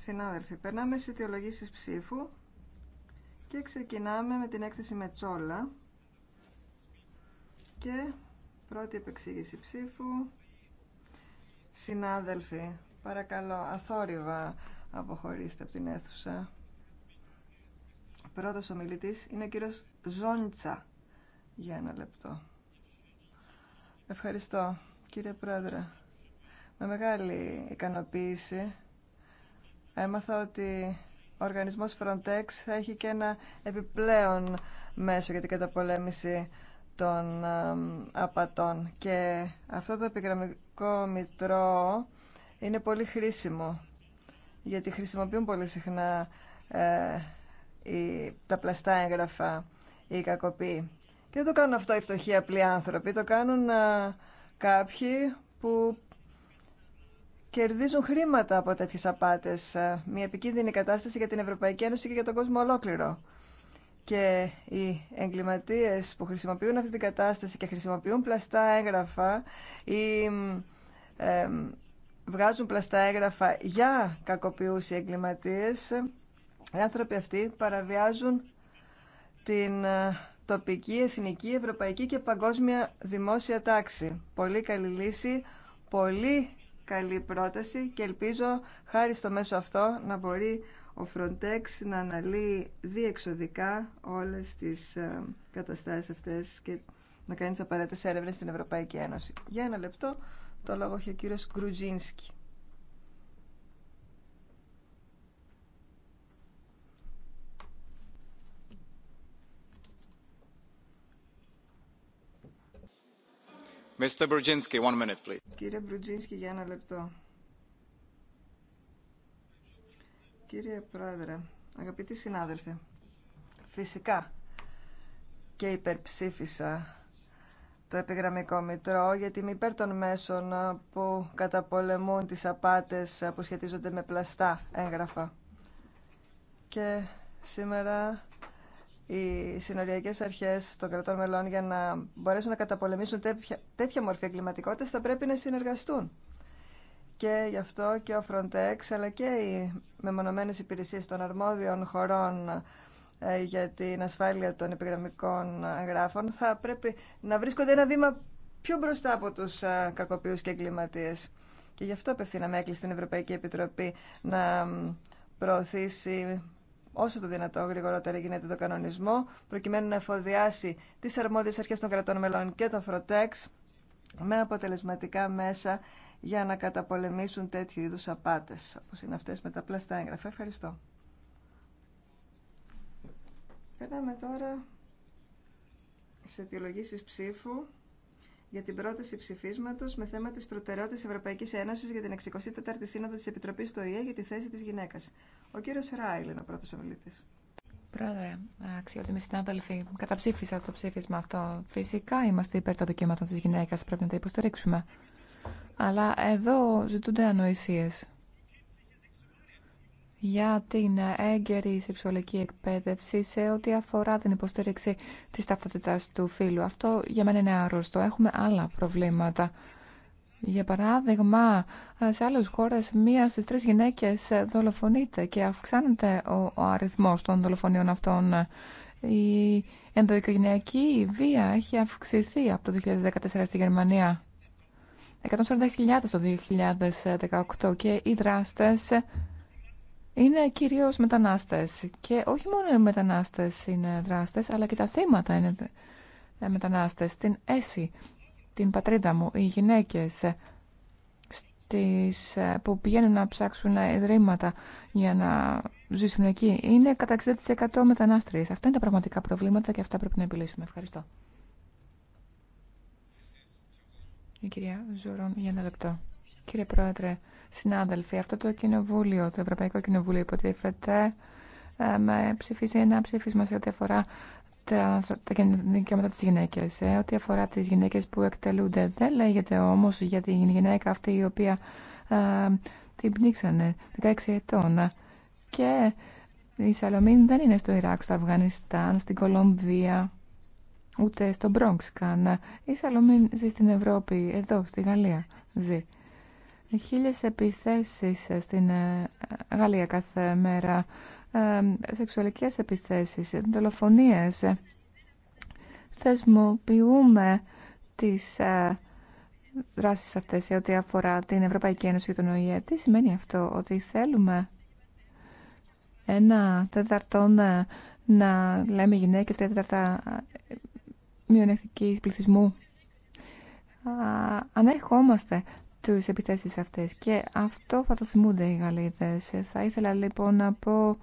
Συνάδελφοι, περνάμε στις αιτιολογήσεις ψήφου και ξεκινάμε με την έκθεση Μετσόλα και πρώτη επεξήγηση ψήφου. Συνάδελφοι, παρακαλώ, αθόρυβα αποχωρήστε από την αίθουσα. Πρώτος ομιλητής είναι ο κύριος Ζόντσα. Για ένα λεπτό. Ευχαριστώ, κύριε Πρόεδρε. Με μεγάλη ικανοποίηση έμαθα ότι ο οργανισμός Frontex θα έχει και ένα επιπλέον μέσο για την καταπολέμηση των απατών και αυτό το επιγραμμικό μητρό είναι πολύ χρήσιμο γιατί χρησιμοποιούν πολύ συχνά ε, τα πλαστά έγγραφα οι κακοποιοί. Και δεν το κάνουν αυτό οι φτωχοί απλοί άνθρωποι, το κάνουν α, κάποιοι που κερδίζουν χρήματα από τέτοιε απάτες. Ε, μια επικίνδυνη κατάσταση για την Ευρωπαϊκή Ένωση και για τον κόσμο ολόκληρο. Και οι εγκληματίες που χρησιμοποιούν αυτή την κατάσταση και χρησιμοποιούν πλαστά έγγραφα ή ε, βγάζουν πλαστά έγγραφα για κακοποιούς οι εγκληματίες, οι άνθρωποι αυτοί παραβιάζουν την ε, τοπική, εθνική, ευρωπαϊκή και παγκόσμια δημόσια τάξη. Πολύ καλή λύση, πολύ καλή πρόταση και ελπίζω χάρη στο μέσο αυτό να μπορεί ο Frontex να αναλύει διεξοδικά όλες τις ε, καταστάσεις αυτές και να κάνει τι απαραίτητε έρευνε στην Ευρωπαϊκή Ένωση. Για ένα λεπτό, το λόγο έχει ο κύριος Γκρουτζίνσκι. Κύριε Μπρουτζίνσκι, για ένα λεπτό. Κύριε Πρόεδρε, αγαπητοί συνάδελφοι, φυσικά και υπερψήφισα το επιγραμμικό μητρό γιατί είμαι υπέρ των μέσων που καταπολεμούν τις απάτες που σχετίζονται με πλαστά έγγραφα. Και σήμερα οι συνοριακέ αρχέ των κρατών μελών για να μπορέσουν να καταπολεμήσουν τέτοια, τέτοια μορφή εγκληματικότητα, θα πρέπει να συνεργαστούν. Και γι' αυτό και ο Frontex αλλά και οι μεμονωμένες υπηρεσίες των αρμόδιων χωρών ε, για την ασφάλεια των επιγραμμικών γράφων θα πρέπει να βρίσκονται ένα βήμα πιο μπροστά από τους ε, κακοποιούς και εγκληματίες. Και γι' αυτό απευθύναμε έκλειση στην Ευρωπαϊκή Επιτροπή να προωθήσει όσο το δυνατό γρηγορότερα γίνεται το κανονισμό, προκειμένου να εφοδιάσει τι αρμόδιε αρχέ των κρατών μελών και το Frontex με αποτελεσματικά μέσα για να καταπολεμήσουν τέτοιου είδου απάτε, όπω είναι αυτέ με τα πλαστά έγγραφα. Ευχαριστώ. Περνάμε τώρα σε αιτιολογήσεις ψήφου για την πρόταση ψηφίσματο με θέμα τη προτεραιότητε Ευρωπαϊκή Ένωση για την 64η Σύνοδο τη Επιτροπή στο ΟΗΕ για τη θέση τη γυναίκα. Ο κύριο Ράιλ είναι ο πρώτο ομιλητή. Πρόεδρε, αξιότιμοι συνάδελφοι, καταψήφισα το ψήφισμα αυτό. Φυσικά είμαστε υπέρ των δικαιωμάτων τη γυναίκα, πρέπει να τα υποστηρίξουμε. Αλλά εδώ ζητούνται ανοησίε για την έγκαιρη σεξουαλική εκπαίδευση σε ό,τι αφορά την υποστήριξη της ταυτότητας του φίλου. Αυτό για μένα είναι άρρωστο. Έχουμε άλλα προβλήματα. Για παράδειγμα, σε άλλες χώρες μία στις τρεις γυναίκες δολοφονείται και αυξάνεται ο, ο αριθμός των δολοφονιών αυτών. Η ενδοοικογενειακή βία έχει αυξηθεί από το 2014 στη Γερμανία. 140.000 το 2018 και οι δράστες είναι κυρίως μετανάστες και όχι μόνο οι μετανάστες είναι δράστες αλλά και τα θύματα είναι ε, μετανάστες Την Έση, την πατρίδα μου, οι γυναίκε ε, ε, που πηγαίνουν να ψάξουν ιδρύματα για να ζήσουν εκεί είναι κατά 60% μετανάστριε. Αυτά είναι τα πραγματικά προβλήματα και αυτά πρέπει να επιλύσουμε. Ευχαριστώ. κυρία Ζωρών λεπτό. Κύριε Πρόεδρε, Συνάδελφοι, αυτό το κοινοβούλιο, το Ευρωπαϊκό Κοινοβούλιο υποτίθεται ε, με ψηφίζει ένα ψήφισμα σε ό,τι αφορά τα, δικαιώματα τη γυναίκε. σε ό,τι αφορά τι γυναίκε που εκτελούνται. Δεν λέγεται όμω για την γυναίκα αυτή η οποία ε, την πνίξανε 16 ετών. Και η Σαλομίν δεν είναι στο Ιράκ, στο Αφγανιστάν, στην Κολομβία, ούτε στο Μπρόγκ καν. Η Σαλομίν ζει στην Ευρώπη, εδώ, στη Γαλλία ζει χίλιες επιθέσεις στην ε, Γαλλία κάθε μέρα, ε, σεξουαλικές επιθέσεις, δολοφονίες. Θεσμοποιούμε τις ε, δράσεις αυτές σε ό,τι αφορά την Ευρωπαϊκή Ένωση και τον ΟΗΕ. Τι σημαίνει αυτό, ότι θέλουμε ένα τέταρτο να λέμε γυναίκες, τέταρτα μειονεκτικής πληθυσμού. ανέχομαστε τις επιθέσεις αυτές και αυτό θα το θυμούνται οι Γαλλίδες. Θα ήθελα λοιπόν να πω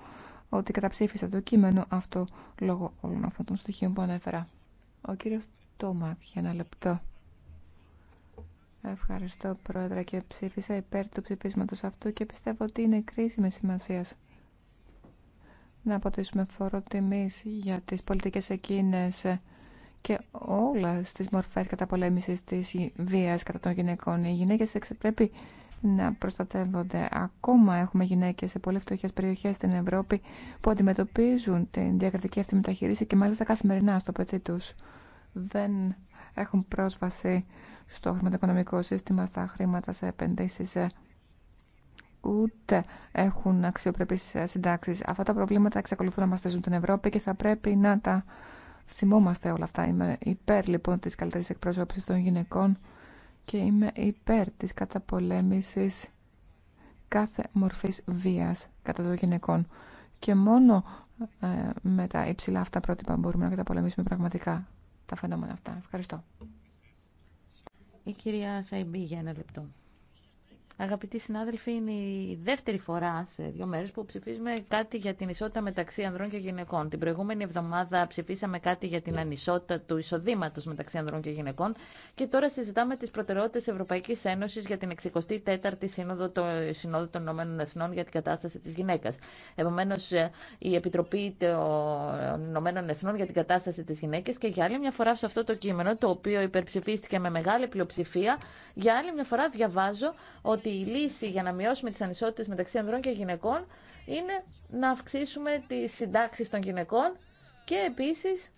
ότι καταψήφισα το κείμενο αυτό λόγω όλων αυτών των στοιχείων που ανέφερα. Ο κύριος Τόμακ για ένα λεπτό. Ευχαριστώ Πρόεδρε και ψήφισα υπέρ του ψηφίσματος αυτού και πιστεύω ότι είναι κρίσιμη σημασία να αποτίσουμε φόρο τιμής για τις πολιτικές εκείνες και όλα στις μορφές καταπολέμησης της βίας κατά των γυναικών. Οι γυναίκες πρέπει να προστατεύονται. Ακόμα έχουμε γυναίκες σε πολύ φτωχέ περιοχές στην Ευρώπη που αντιμετωπίζουν την διακριτική αυτή μεταχείριση και μάλιστα καθημερινά στο πετσί τους. Δεν έχουν πρόσβαση στο χρηματοοικονομικό σύστημα, στα χρήματα, σε επενδύσεις, ε, ούτε έχουν αξιοπρεπείς ε, συντάξεις. Αυτά τα προβλήματα εξακολουθούν να μας θέσουν την Ευρώπη και θα πρέπει να τα θυμόμαστε όλα αυτά. Είμαι υπέρ λοιπόν της καλύτερης εκπροσώπησης των γυναικών και είμαι υπέρ της καταπολέμησης κάθε μορφής βίας κατά των γυναικών. Και μόνο ε, με τα υψηλά αυτά πρότυπα μπορούμε να καταπολεμήσουμε πραγματικά τα φαινόμενα αυτά. Ευχαριστώ. Η κυρία Σαϊμπή για ένα λεπτό. Αγαπητοί συνάδελφοι, είναι η δεύτερη φορά σε δύο μέρε που ψηφίζουμε κάτι για την ισότητα μεταξύ ανδρών και γυναικών. Την προηγούμενη εβδομάδα ψηφίσαμε κάτι για την ανισότητα του εισοδήματο μεταξύ ανδρών και γυναικών και τώρα συζητάμε τι προτεραιότητε Ευρωπαϊκή Ένωση για την 64η Σύνοδο, Συνόδο των Ηνωμένων Εθνών για την κατάσταση τη γυναίκα. Επομένω, ε, η Επιτροπή των Ηνωμένων Εθνών για την κατάσταση τη γυναίκα και για άλλη μια φορά σε αυτό το κείμενο, το οποίο υπερψηφίστηκε με μεγάλη πλειοψηφία, για άλλη μια φορά διαβάζω ότι η λύση για να μειώσουμε τις ανισότητες μεταξύ ανδρών και γυναικών είναι να αυξήσουμε τις συντάξεις των γυναικών και επίσης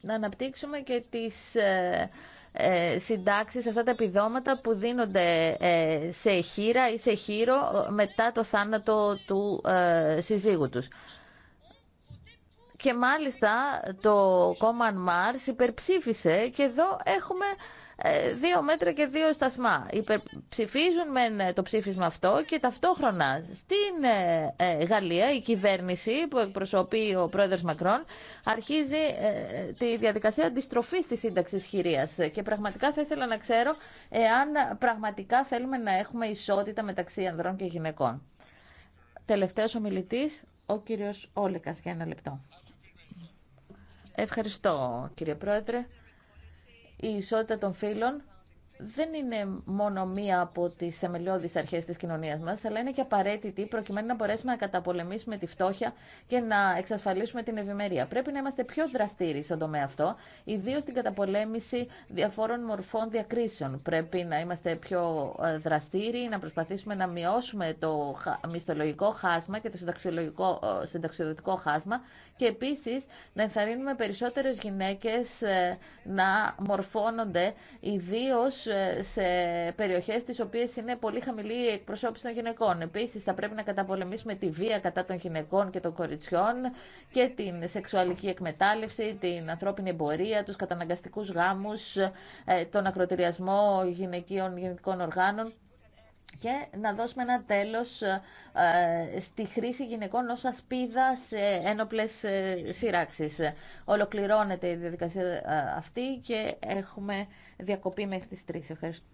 να αναπτύξουμε και τις ε, ε συντάξεις, αυτά τα επιδόματα που δίνονται ε, σε χείρα ή σε χείρο ε, μετά το θάνατο του συζύγου τους. Και μάλιστα το Common Mars υπερψήφισε και εδώ έχουμε ε, δύο μέτρα και δύο σταθμά. Υπερψηφίζουν με ε, το ψήφισμα αυτό και ταυτόχρονα στην ε, Γαλλία η κυβέρνηση που εκπροσωπεί ο πρόεδρος Μακρόν αρχίζει τη διαδικασία αντιστροφής της σύνταξης χειρίας και πραγματικά θα ήθελα να ξέρω εάν πραγματικά θέλουμε να έχουμε ισότητα μεταξύ ανδρών και γυναικών. Τελευταίος ομιλητής, ο κύριος Όλεκας για ένα λεπτό. Ευχαριστώ κύριε Πρόεδρε η ισότητα των φύλων δεν είναι μόνο μία από τι θεμελιώδει αρχέ τη κοινωνία μα, αλλά είναι και απαραίτητη προκειμένου να μπορέσουμε να καταπολεμήσουμε τη φτώχεια και να εξασφαλίσουμε την ευημερία. Πρέπει να είμαστε πιο δραστήριοι στον τομέα αυτό, ιδίω στην καταπολέμηση διαφόρων μορφών διακρίσεων. Πρέπει να είμαστε πιο ε, δραστήριοι, να προσπαθήσουμε να μειώσουμε το μισθολογικό χάσμα και το ε, συνταξιοδοτικό χάσμα και επίσης να ενθαρρύνουμε περισσότερες γυναίκες ε, να μορφώνονται ιδίως ε, σε περιοχές τις οποίες είναι πολύ χαμηλή η εκπροσώπηση των γυναικών. Επίσης θα πρέπει να καταπολεμήσουμε τη βία κατά των γυναικών και των κοριτσιών και την σεξουαλική εκμετάλλευση, την ανθρώπινη εμπορία, τους καταναγκαστικούς γάμους, ε, τον ακροτηριασμό γυναικείων γεννητικών οργάνων και να δώσουμε ένα τέλος ε, στη χρήση γυναικών ως ασπίδα σε ένοπλες ε, σειράξεις. Ολοκληρώνεται η διαδικασία ε, αυτή και έχουμε διακοπή μέχρι τις 3. Ευχαριστώ.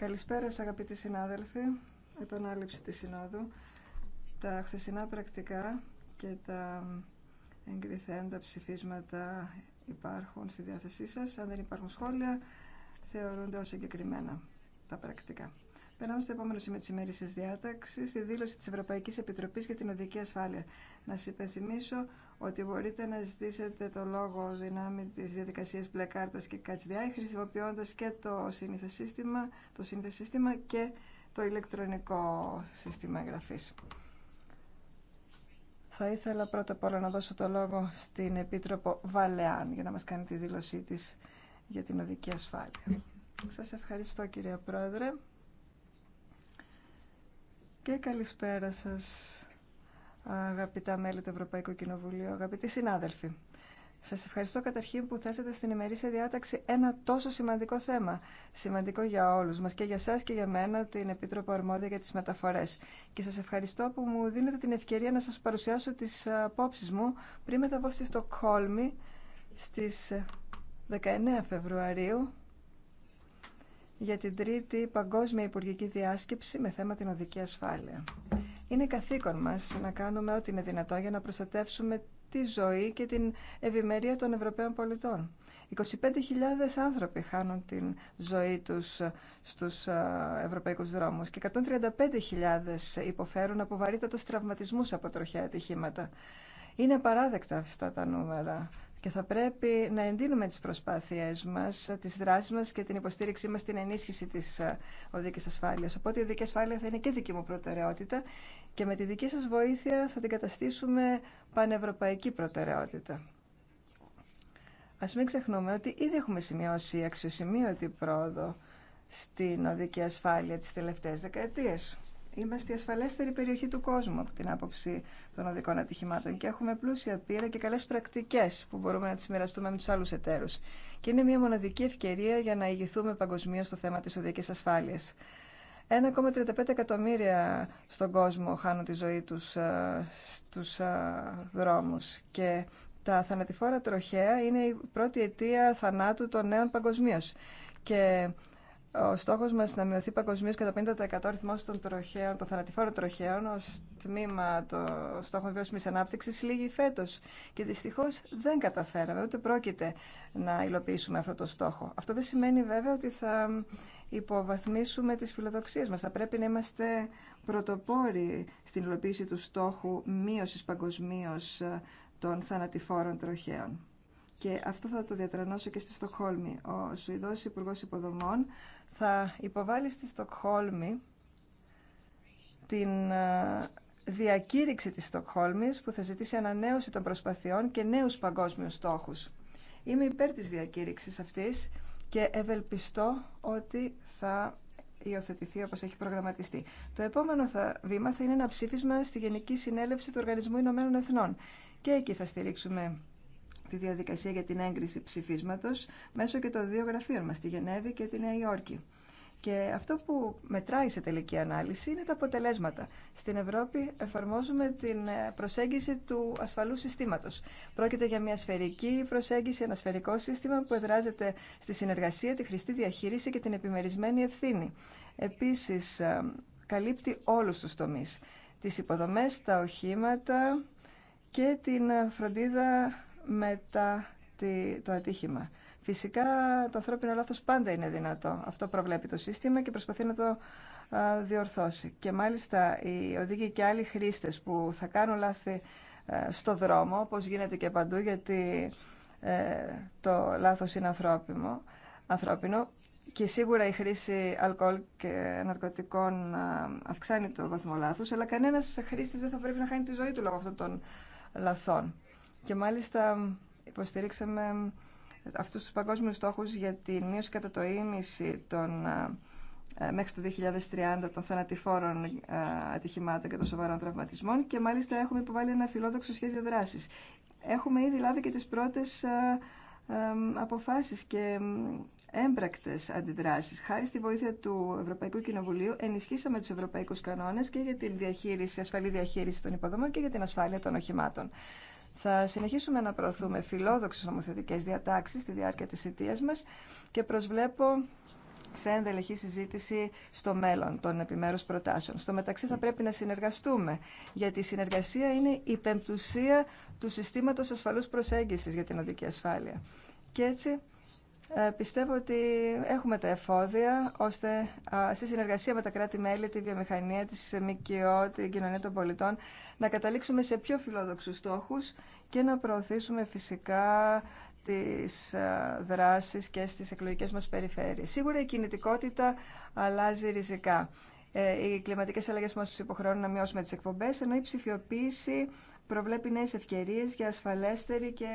Καλησπέρα σας αγαπητοί συνάδελφοι, επανάληψη της Συνόδου. Τα χθεσινά πρακτικά και τα εγκριθέντα ψηφίσματα υπάρχουν στη διάθεσή σας. Αν δεν υπάρχουν σχόλια, θεωρούνται ως εγκεκριμένα τα πρακτικά. Περνάμε στο επόμενο σημείο τη ημέρηση διάταξη, στη δήλωση τη Ευρωπαϊκή Επιτροπή για την Οδική Ασφάλεια. Να σα υπενθυμίσω ότι μπορείτε να ζητήσετε το λόγο δυνάμει τη διαδικασία μπλε κάρτα και catch the eye, χρησιμοποιώντα και το σύνηθε σύστημα, το σύστημα και το ηλεκτρονικό σύστημα εγγραφή. Θα ήθελα πρώτα απ' όλα να δώσω το λόγο στην Επίτροπο Βαλεάν για να μας κάνει τη δήλωσή της για την οδική ασφάλεια. Σας ευχαριστώ κύριε Πρόεδρε και καλησπέρα σας αγαπητά μέλη του Ευρωπαϊκού Κοινοβουλίου, αγαπητοί συνάδελφοι. Σας ευχαριστώ καταρχήν που θέσατε στην ημερήσια διάταξη ένα τόσο σημαντικό θέμα. Σημαντικό για όλους μας και για σας και για μένα, την Επίτροπο Αρμόδια για τις Μεταφορές. Και σας ευχαριστώ που μου δίνετε την ευκαιρία να σας παρουσιάσω τις απόψει μου πριν μεταβώ στη Στοκχόλμη στις 19 Φεβρουαρίου για την τρίτη παγκόσμια υπουργική διάσκεψη με θέμα την οδική ασφάλεια. Είναι καθήκον μας να κάνουμε ό,τι είναι δυνατό για να προστατεύσουμε τη ζωή και την ευημερία των Ευρωπαίων πολιτών. 25.000 άνθρωποι χάνουν την ζωή τους στους ευρωπαϊκούς δρόμους και 135.000 υποφέρουν από βαρύτατος τραυματισμούς από τροχαία ατυχήματα. Είναι απαράδεκτα αυτά τα νούμερα. Και θα πρέπει να εντείνουμε τις προσπάθειές μας, τις δράσεις μας και την υποστήριξή μας στην ενίσχυση της ε, οδικής ασφάλειας. Οπότε η οδική ασφάλεια θα είναι και δική μου προτεραιότητα και με τη δική σας βοήθεια θα την καταστήσουμε πανευρωπαϊκή προτεραιότητα. Ας μην ξεχνούμε ότι ήδη έχουμε σημειώσει αξιοσημείωτη πρόοδο στην οδική ασφάλεια τις τελευταίες δεκαετίες είμαστε η ασφαλέστερη περιοχή του κόσμου από την άποψη των οδικών ατυχημάτων και έχουμε πλούσια πείρα και καλές πρακτικές που μπορούμε να τις μοιραστούμε με τους άλλους εταίρους. Και είναι μια μοναδική ευκαιρία για να ηγηθούμε παγκοσμίω στο θέμα της οδικής ασφάλειας. 1,35 εκατομμύρια στον κόσμο χάνουν τη ζωή τους ε, στους ε, δρόμους και τα θανατηφόρα τροχαία είναι η πρώτη αιτία θανάτου των νέων παγκοσμίω. Και ο στόχο μα να μειωθεί παγκοσμίω κατά 50% ο αριθμό των τροχαίων, των θανατηφόρων τροχαίων, ω τμήμα των στόχων βιώσιμη ανάπτυξη, λύγει φέτο. Και δυστυχώ δεν καταφέραμε, ούτε πρόκειται να υλοποιήσουμε αυτό το στόχο. Αυτό δεν σημαίνει βέβαια ότι θα υποβαθμίσουμε τι φιλοδοξίε μα. Θα πρέπει να είμαστε πρωτοπόροι στην υλοποίηση του στόχου μείωση παγκοσμίω ε, των θανατηφόρων τροχαίων. Και αυτό θα το διατρανώσω και στη Στοχόλμη. Ο Σουηδός Υπουργό Υποδομών θα υποβάλει στη Στοκχόλμη την ε, διακήρυξη της Στοκχόλμης που θα ζητήσει ανανέωση των προσπαθειών και νέους παγκόσμιους στόχους. Είμαι υπέρ της διακήρυξης αυτής και ευελπιστώ ότι θα υιοθετηθεί όπως έχει προγραμματιστεί. Το επόμενο θα, βήμα θα είναι ένα ψήφισμα στη Γενική Συνέλευση του Οργανισμού Ηνωμένων Εθνών και εκεί θα στηρίξουμε τη διαδικασία για την έγκριση ψηφίσματος μέσω και των δύο γραφείων μας, τη Γενέβη και τη Νέα Υόρκη. Και αυτό που μετράει σε τελική ανάλυση είναι τα αποτελέσματα. Στην Ευρώπη εφαρμόζουμε την ε, προσέγγιση του ασφαλού συστήματος. Πρόκειται για μια σφαιρική προσέγγιση, ένα σφαιρικό σύστημα που εδράζεται στη συνεργασία, τη χρηστή διαχείριση και την επιμερισμένη ευθύνη. Επίσης, ε, καλύπτει όλους τους τομεί. Τις υποδομές, τα οχήματα και την ε, φροντίδα μετά το ατύχημα. Φυσικά το ανθρώπινο λάθος πάντα είναι δυνατό. Αυτό προβλέπει το σύστημα και προσπαθεί να το διορθώσει. Και μάλιστα οι οδηγοί και άλλοι χρήστες που θα κάνουν λάθη ε, στο δρόμο, όπως γίνεται και παντού, γιατί ε, το λάθος είναι ανθρώπινο, ανθρώπινο και σίγουρα η χρήση αλκοόλ και ναρκωτικών αυξάνει το βαθμό λάθους, αλλά κανένας χρήστης δεν θα πρέπει να χάνει τη ζωή του λόγω αυτών των λαθών. Και μάλιστα υποστηρίξαμε αυτούς τους παγκόσμιους στόχους για τη μείωση κατά το ίμιση των, ε, ε, μέχρι το 2030 των θανατηφόρων ε, ατυχημάτων και των σοβαρών τραυματισμών και μάλιστα έχουμε υποβάλει ένα φιλόδοξο σχέδιο δράσης. Έχουμε ήδη λάβει και τις πρώτες αποφάσεις και έμπρακτες αντιδράσεις. Χάρη στη βοήθεια του Ευρωπαϊκού Κοινοβουλίου ενισχύσαμε τους ευρωπαϊκούς κανόνες και για την διαχείριση, ασφαλή διαχείριση των υποδομών και για την ασφάλεια των οχημάτων. Θα συνεχίσουμε να προωθούμε φιλόδοξες νομοθετικές διατάξεις στη διάρκεια της θητείας μας και προσβλέπω σε ενδελεχή συζήτηση στο μέλλον των επιμέρους προτάσεων. Στο μεταξύ θα πρέπει να συνεργαστούμε, γιατί η συνεργασία είναι η πεμπτουσία του συστήματος ασφαλούς προσέγγισης για την οδική ασφάλεια. Και έτσι ε, πιστεύω ότι έχουμε τα εφόδια ώστε στη συνεργασία με τα κράτη-μέλη, τη βιομηχανία, τη ΜΚΟ, την κοινωνία των πολιτών να καταλήξουμε σε πιο φιλόδοξους στόχους και να προωθήσουμε φυσικά τις δράσεις και στις εκλογικές μας περιφέρειες. Σίγουρα η κινητικότητα αλλάζει ριζικά. Ε, οι κλιματικές αλλαγές μας υποχρεώνουν να μειώσουμε τις εκπομπές, ενώ η ψηφιοποίηση προβλέπει νέες ευκαιρίες για ασφαλέστερη και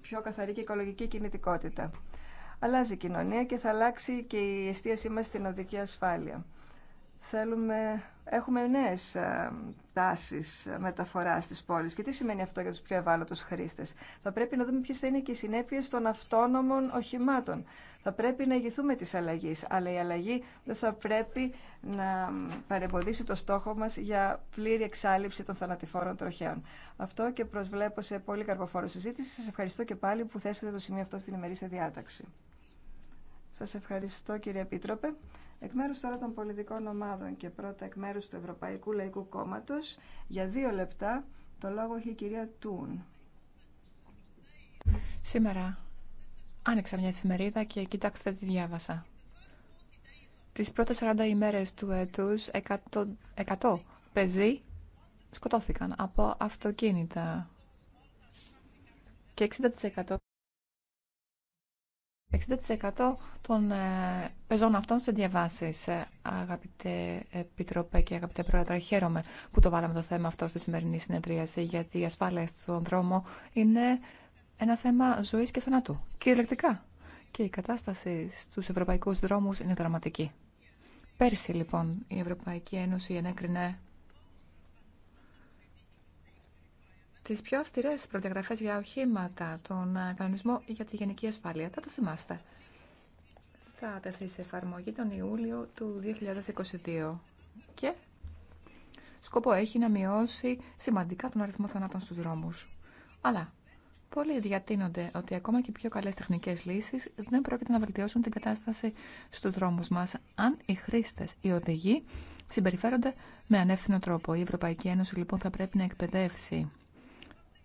πιο καθαρή και οικολογική κινητικότητα αλλάζει η κοινωνία και θα αλλάξει και η εστίασή μας στην οδική ασφάλεια. Θέλουμε, έχουμε νέες ε, τάσεις ε, μεταφοράς στις πόλεις. Και τι σημαίνει αυτό για τους πιο ευάλωτους χρήστες. Θα πρέπει να δούμε ποιες θα είναι και οι συνέπειες των αυτόνομων οχημάτων. Θα πρέπει να ηγηθούμε της αλλαγή, αλλά η αλλαγή δεν θα πρέπει να παρεμποδίσει το στόχο μας για πλήρη εξάλληψη των θανατηφόρων τροχέων. Αυτό και προσβλέπω σε πολύ καρποφόρο συζήτηση. Σας ευχαριστώ και πάλι που θέσατε το σημείο αυτό στην ημερήσια διάταξη. Σας ευχαριστώ κύριε Επίτροπε. Εκ μέρους τώρα των πολιτικών ομάδων και πρώτα εκ μέρους του Ευρωπαϊκού Λαϊκού Κόμματος, για δύο λεπτά το λόγο έχει η κυρία Τούν. Σήμερα άνοιξα μια εφημερίδα και κοιτάξτε τι διάβασα. Τις πρώτες 40 ημέρες του έτους 100, 100 πεζοί σκοτώθηκαν από αυτοκίνητα και 60% 60% των ε, πεζών αυτών σε διαβάσεις. Ε, αγαπητέ Επιτροπέ και αγαπητέ Πρόεδρε, χαίρομαι που το βάλαμε το θέμα αυτό στη σημερινή συνεδρίαση, γιατί η ασφάλεια στον δρόμο είναι ένα θέμα ζωής και θανάτου, κυριολεκτικά. Και η κατάσταση στους ευρωπαϊκού δρόμους είναι δραματική. Πέρσι, λοιπόν, η Ευρωπαϊκή Ένωση ενέκρινε Τι πιο αυστηρέ προδιαγραφέ για οχήματα, τον κανονισμό για τη γενική ασφάλεια. Θα το θυμάστε. Θα τεθεί σε εφαρμογή τον Ιούλιο του 2022 και σκοπό έχει να μειώσει σημαντικά τον αριθμό θανάτων στους δρόμους. Αλλά πολλοί διατείνονται ότι ακόμα και πιο καλές τεχνικές λύσεις δεν πρόκειται να βελτιώσουν την κατάσταση στους δρόμους μας αν οι χρήστες, οι οδηγοί, συμπεριφέρονται με ανεύθυνο τρόπο. Η Ευρωπαϊκή Ένωση λοιπόν θα πρέπει να εκπαιδεύσει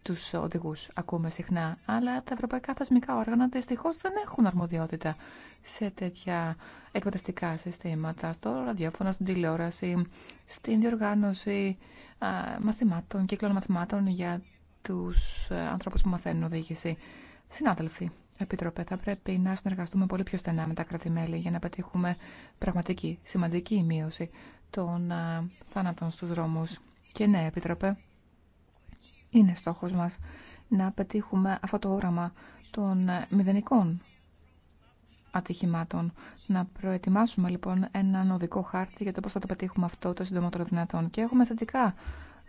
του οδηγού ακούμε συχνά, αλλά τα ευρωπαϊκά θεσμικά όργανα δυστυχώ δεν έχουν αρμοδιότητα σε τέτοια εκπαιδευτικά συστήματα, στο ραδιόφωνο, στην τηλεόραση, στην διοργάνωση α, μαθημάτων, κύκλων μαθημάτων για του ε, ανθρώπους που μαθαίνουν οδήγηση. Συνάδελφοι, Επιτροπέ, θα πρέπει να συνεργαστούμε πολύ πιο στενά με τα κράτη-μέλη για να πετύχουμε πραγματική, σημαντική μείωση των θάνατων στους δρόμους. Και ναι, Επιτροπέ, είναι στόχος μας να πετύχουμε αυτό το όραμα των μηδενικών ατυχημάτων. Να προετοιμάσουμε λοιπόν έναν οδικό χάρτη για το πώς θα το πετύχουμε αυτό το συντομότερο δυνατόν. Και έχουμε θετικά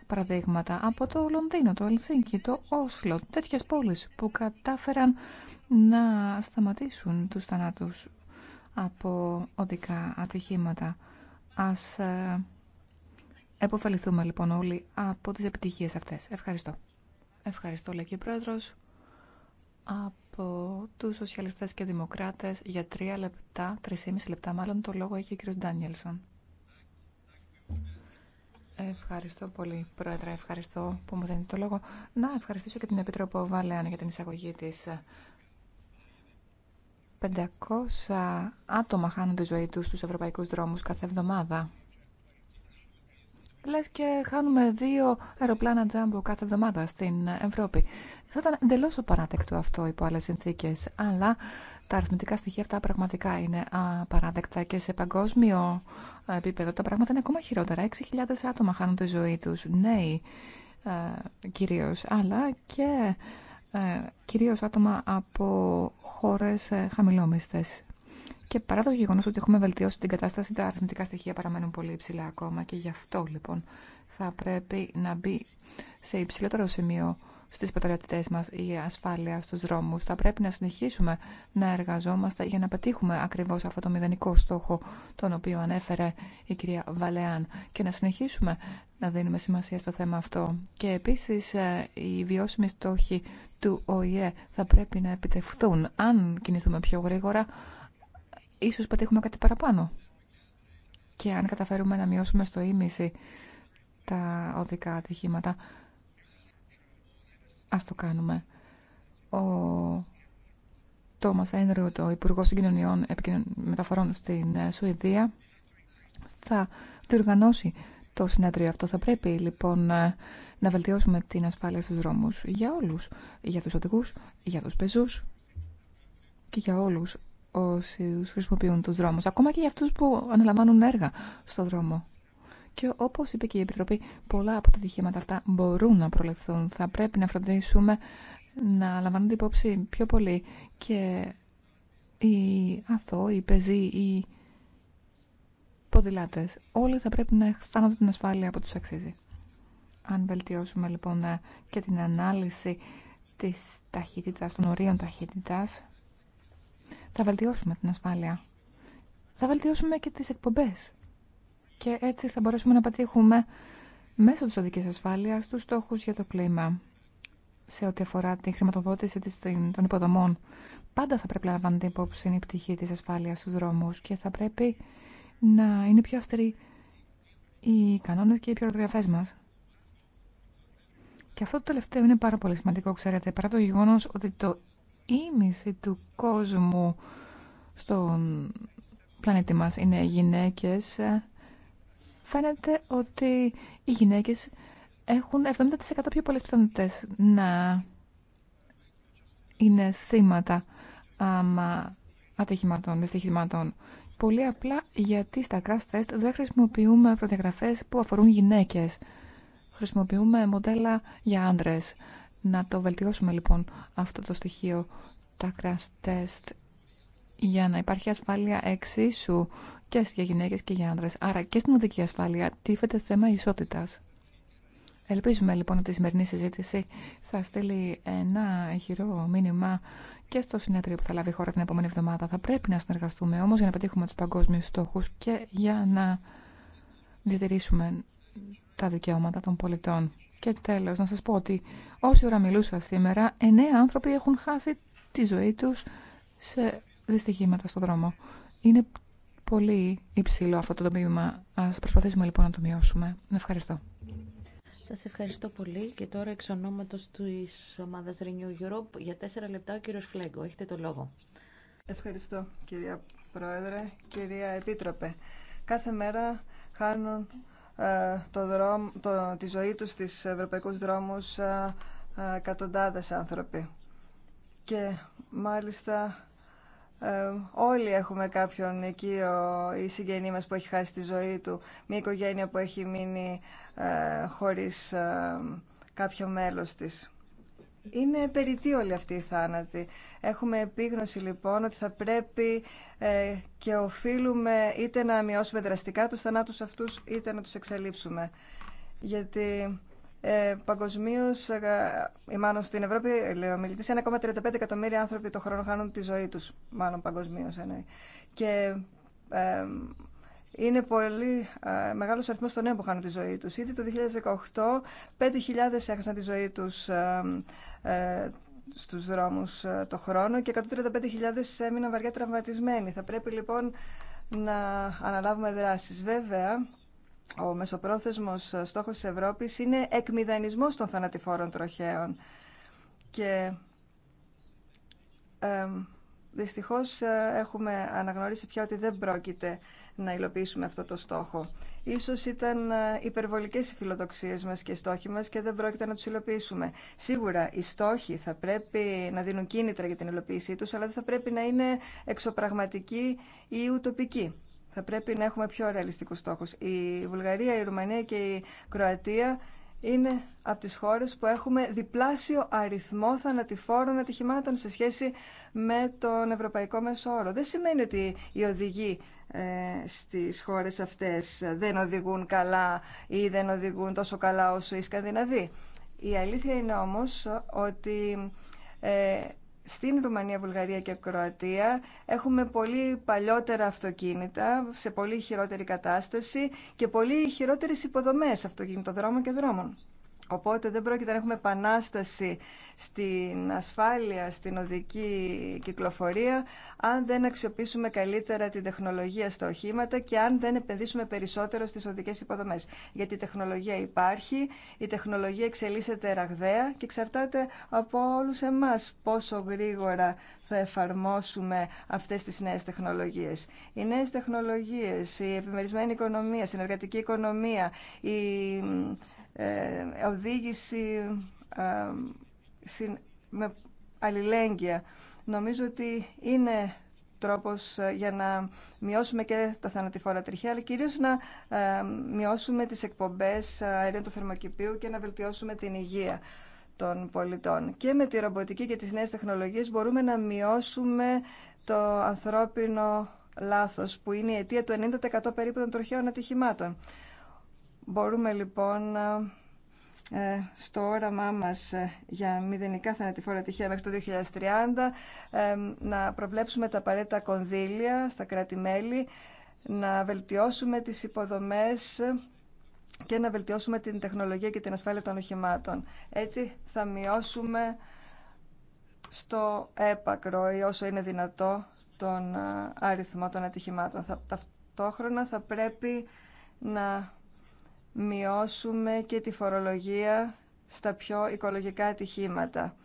παραδείγματα από το Λονδίνο, το Ελσίνκι, το Όσλο, τέτοιες πόλεις που κατάφεραν να σταματήσουν τους θανάτους από οδικά ατυχήματα. Ας ε, Εποφεληθούμε λοιπόν όλοι από τις επιτυχίες αυτές. Ευχαριστώ. Ευχαριστώ λέει και ο Πρόεδρος από τους σοσιαλιστές και δημοκράτες για τρία λεπτά, μισή λεπτά μάλλον το λόγο έχει ο κύριος Ντάνιελσον. Ευχαριστώ πολύ, Πρόεδρε. Ευχαριστώ που μου δίνετε το λόγο. Να ευχαριστήσω και την Επιτρόπο Βάλεαν για την εισαγωγή της. 500 άτομα χάνουν τη ζωή τους στους ευρωπαϊκούς δρόμους κάθε εβδομάδα. Λες και χάνουμε δύο αεροπλάνα τζάμπο κάθε εβδομάδα στην Ευρώπη. Θα ήταν εντελώ απαράδεκτο αυτό υπό άλλε συνθήκε. Αλλά τα αριθμητικά στοιχεία αυτά πραγματικά είναι απαράδεκτα και σε παγκόσμιο επίπεδο τα πράγματα είναι ακόμα χειρότερα. 6.000 άτομα χάνουν τη ζωή τους, νέοι ε, κυρίω, αλλά και ε, κυρίω άτομα από χώρε ε, χαμηλόμιστες και παρά το γεγονό ότι έχουμε βελτιώσει την κατάσταση, τα αριθμητικά στοιχεία παραμένουν πολύ υψηλά ακόμα και γι' αυτό λοιπόν θα πρέπει να μπει σε υψηλότερο σημείο στι προτεραιότητέ μα η ασφάλεια στου δρόμου. Θα πρέπει να συνεχίσουμε να εργαζόμαστε για να πετύχουμε ακριβώ αυτό το μηδενικό στόχο, τον οποίο ανέφερε η κυρία Βαλεάν, και να συνεχίσουμε να δίνουμε σημασία στο θέμα αυτό. Και επίση ε, οι βιώσιμοι στόχοι του ΟΗΕ θα πρέπει να επιτευχθούν. Αν κινηθούμε πιο γρήγορα, ίσως πετύχουμε κάτι παραπάνω. Και αν καταφέρουμε να μειώσουμε στο ίμιση τα οδικά ατυχήματα, ας το κάνουμε. Ο Τόμας Ένρου, το Υπουργό Συγκοινωνιών Μεταφορών στην ε, Σουηδία, θα διοργανώσει το συνέδριο αυτό. Θα πρέπει λοιπόν ε, να βελτιώσουμε την ασφάλεια στους δρόμους για όλους, για τους οδηγούς, για τους πεζούς και για όλους όσου χρησιμοποιούν του δρόμου. ακόμα και για αυτούς που αναλαμβάνουν έργα στο δρόμο. Και όπως είπε και η Επιτροπή, πολλά από τα δικαιώματα αυτά μπορούν να προληφθούν. Θα πρέπει να φροντίσουμε να λαμβάνονται υπόψη πιο πολύ και οι αθώοι, οι πεζοί, οι ποδηλάτες. Όλοι θα πρέπει να αισθάνονται την ασφάλεια που τους αξίζει. Αν βελτιώσουμε λοιπόν και την ανάλυση της ταχύτητας, των ορίων ταχύτητας, θα βελτιώσουμε την ασφάλεια. Θα βελτιώσουμε και τις εκπομπές. Και έτσι θα μπορέσουμε να πετύχουμε μέσω της οδικής ασφάλειας τους στόχους για το κλίμα σε ό,τι αφορά τη χρηματοδότηση των υποδομών. Πάντα θα πρέπει να λαμβάνεται υπόψη η πτυχή της ασφάλειας στους δρόμους και θα πρέπει να είναι πιο αυστηροί οι κανόνες και οι προδιαγραφές μας. Και αυτό το τελευταίο είναι πάρα πολύ σημαντικό, ξέρετε, παρά το γεγονό ότι το ίμιση του κόσμου στον πλανήτη μας είναι γυναίκες, φαίνεται ότι οι γυναίκες έχουν 70% πιο πολλές πιθανότητες να είναι θύματα αμα, ατυχημάτων, δυστυχημάτων. Πολύ απλά γιατί στα crash test δεν χρησιμοποιούμε προδιαγραφές που αφορούν γυναίκες. Χρησιμοποιούμε μοντέλα για άντρες. Να το βελτιώσουμε λοιπόν αυτό το στοιχείο, τα crash test, για να υπάρχει ασφάλεια εξίσου και για γυναίκες και για άνδρες. Άρα και στην οδική ασφάλεια τίφεται θέμα ισότητας. Ελπίζουμε λοιπόν ότι η σημερινή συζήτηση θα στείλει ένα χειρό μήνυμα και στο συνέδριο που θα λάβει η χώρα την επόμενη εβδομάδα. Θα πρέπει να συνεργαστούμε όμως για να πετύχουμε τους παγκόσμιους στόχους και για να διατηρήσουμε τα δικαιώματα των πολιτών. Και τέλος, να σας πω ότι όση ώρα μιλούσα σήμερα, εννέα άνθρωποι έχουν χάσει τη ζωή τους σε δυστυχήματα στον δρόμο. Είναι πολύ υψηλό αυτό το τμήμα. Ας προσπαθήσουμε λοιπόν να το μειώσουμε. Ευχαριστώ. Σας ευχαριστώ πολύ και τώρα εξ ονόματος της ομάδας Renew Europe για τέσσερα λεπτά ο κύριος Φλέγκο. Έχετε το λόγο. Ευχαριστώ κυρία Πρόεδρε, κυρία Επίτροπε. Κάθε μέρα χάνουν ε, το δρόμ το, τη ζωή τους στις ευρωπαϊκούς δρόμους ε, ε, εκατοντάδες άνθρωποι. Και μάλιστα όλοι έχουμε κάποιον εκεί ο, η συγγενή μας που έχει χάσει τη ζωή του, μια οικογένεια που έχει μείνει ε, χωρίς κάποιο μέλος της. Είναι περιττή όλη αυτή οι θάνατοι. Έχουμε επίγνωση λοιπόν ότι θα πρέπει ε, και οφείλουμε είτε να μειώσουμε δραστικά τους θανάτους αυτούς είτε να τους εξαλείψουμε. Γιατί ε, παγκοσμίω, ε, ε, μάλλον στην Ευρώπη, λέει ο μιλητή, 1,35 εκατομμύρια άνθρωποι το χρόνο χάνουν τη ζωή του, μάλλον παγκοσμίω εννοεί. Και ε, είναι πολύ μεγάλος αριθμός των νέων που χάνουν τη ζωή του. Ήδη το 2018 5.000 έχασαν τη ζωή τους ε, στους δρόμους ε, το χρόνο και 135.000 έμειναν βαριά τραυματισμένοι. Θα πρέπει λοιπόν να αναλάβουμε δράσεις. Βέβαια, ο μεσοπρόθεσμος ε, στόχος τη Ευρώπης είναι εκμηδανισμό των θανατηφόρων τροχαίων. Και ε, δυστυχώς έχουμε αναγνωρίσει πια ότι δεν πρόκειται να υλοποιήσουμε αυτό το στόχο. Ίσως ήταν ε, υπερβολικές οι φιλοδοξίες μας και οι στόχοι μας και δεν πρόκειται να τους υλοποιήσουμε. Σίγουρα οι στόχοι θα πρέπει να δίνουν κίνητρα για την υλοποίησή τους, αλλά δεν θα πρέπει να είναι εξωπραγματικοί ή ουτοπικοί. Θα πρέπει να έχουμε πιο ρεαλιστικούς στόχους. Η Βουλγαρία, η Ρουμανία και η Κροατία είναι από τις χώρες που έχουμε διπλάσιο αριθμό θανατηφόρων ατυχημάτων σε σχέση με τον Ευρωπαϊκό Μεσόρο. Δεν σημαίνει ότι οι οδηγοί ε, στις χώρες αυτές δεν οδηγούν καλά ή δεν οδηγούν τόσο καλά όσο οι Σκανδιναβοί. Η αλήθεια είναι όμως ότι ε, στην Ρουμανία, Βουλγαρία και Κροατία έχουμε πολύ παλιότερα αυτοκίνητα σε πολύ χειρότερη κατάσταση και πολύ χειρότερες υποδομές αυτοκινητοδρόμων και δρόμων. Οπότε δεν πρόκειται να έχουμε επανάσταση στην ασφάλεια, στην οδική κυκλοφορία, αν δεν αξιοποιήσουμε καλύτερα την τεχνολογία στα οχήματα και αν δεν επενδύσουμε περισσότερο στις οδικές υποδομές. Γιατί η τεχνολογία υπάρχει, η τεχνολογία εξελίσσεται ραγδαία και εξαρτάται από όλους εμάς πόσο γρήγορα θα εφαρμόσουμε αυτές τις νέες τεχνολογίες. Οι νέες τεχνολογίες, η επιμερισμένη οικονομία, η συνεργατική οικονομία, η ε, οδήγηση ε, με αλληλέγγυα. Νομίζω ότι είναι τρόπος ε, για να μειώσουμε και τα θανατηφόρα τριχεία, αλλά κυρίως να μειώσουμε τις εκπομπές αερίων του θερμοκηπίου και να βελτιώσουμε την υγεία των πολιτών. Και με τη ρομποτική και τις νέες τεχνολογίες μπορούμε να μειώσουμε το ανθρώπινο λάθος, που είναι η αιτία του 90% περίπου των τροχαίων ατυχημάτων. Μπορούμε λοιπόν ε, στο όραμά μας ε, για μηδενικά θανατηφόρα τυχαία μέχρι το 2030 ε, να προβλέψουμε τα απαραίτητα κονδύλια στα κράτη-μέλη, να βελτιώσουμε τις υποδομές και να βελτιώσουμε την τεχνολογία και την ασφάλεια των οχημάτων. Έτσι θα μειώσουμε στο έπακρο ή όσο είναι δυνατό τον αριθμό των ατυχημάτων. Ταυτόχρονα θα πρέπει να μειώσουμε και τη φορολογία στα πιο οικολογικά ατυχήματα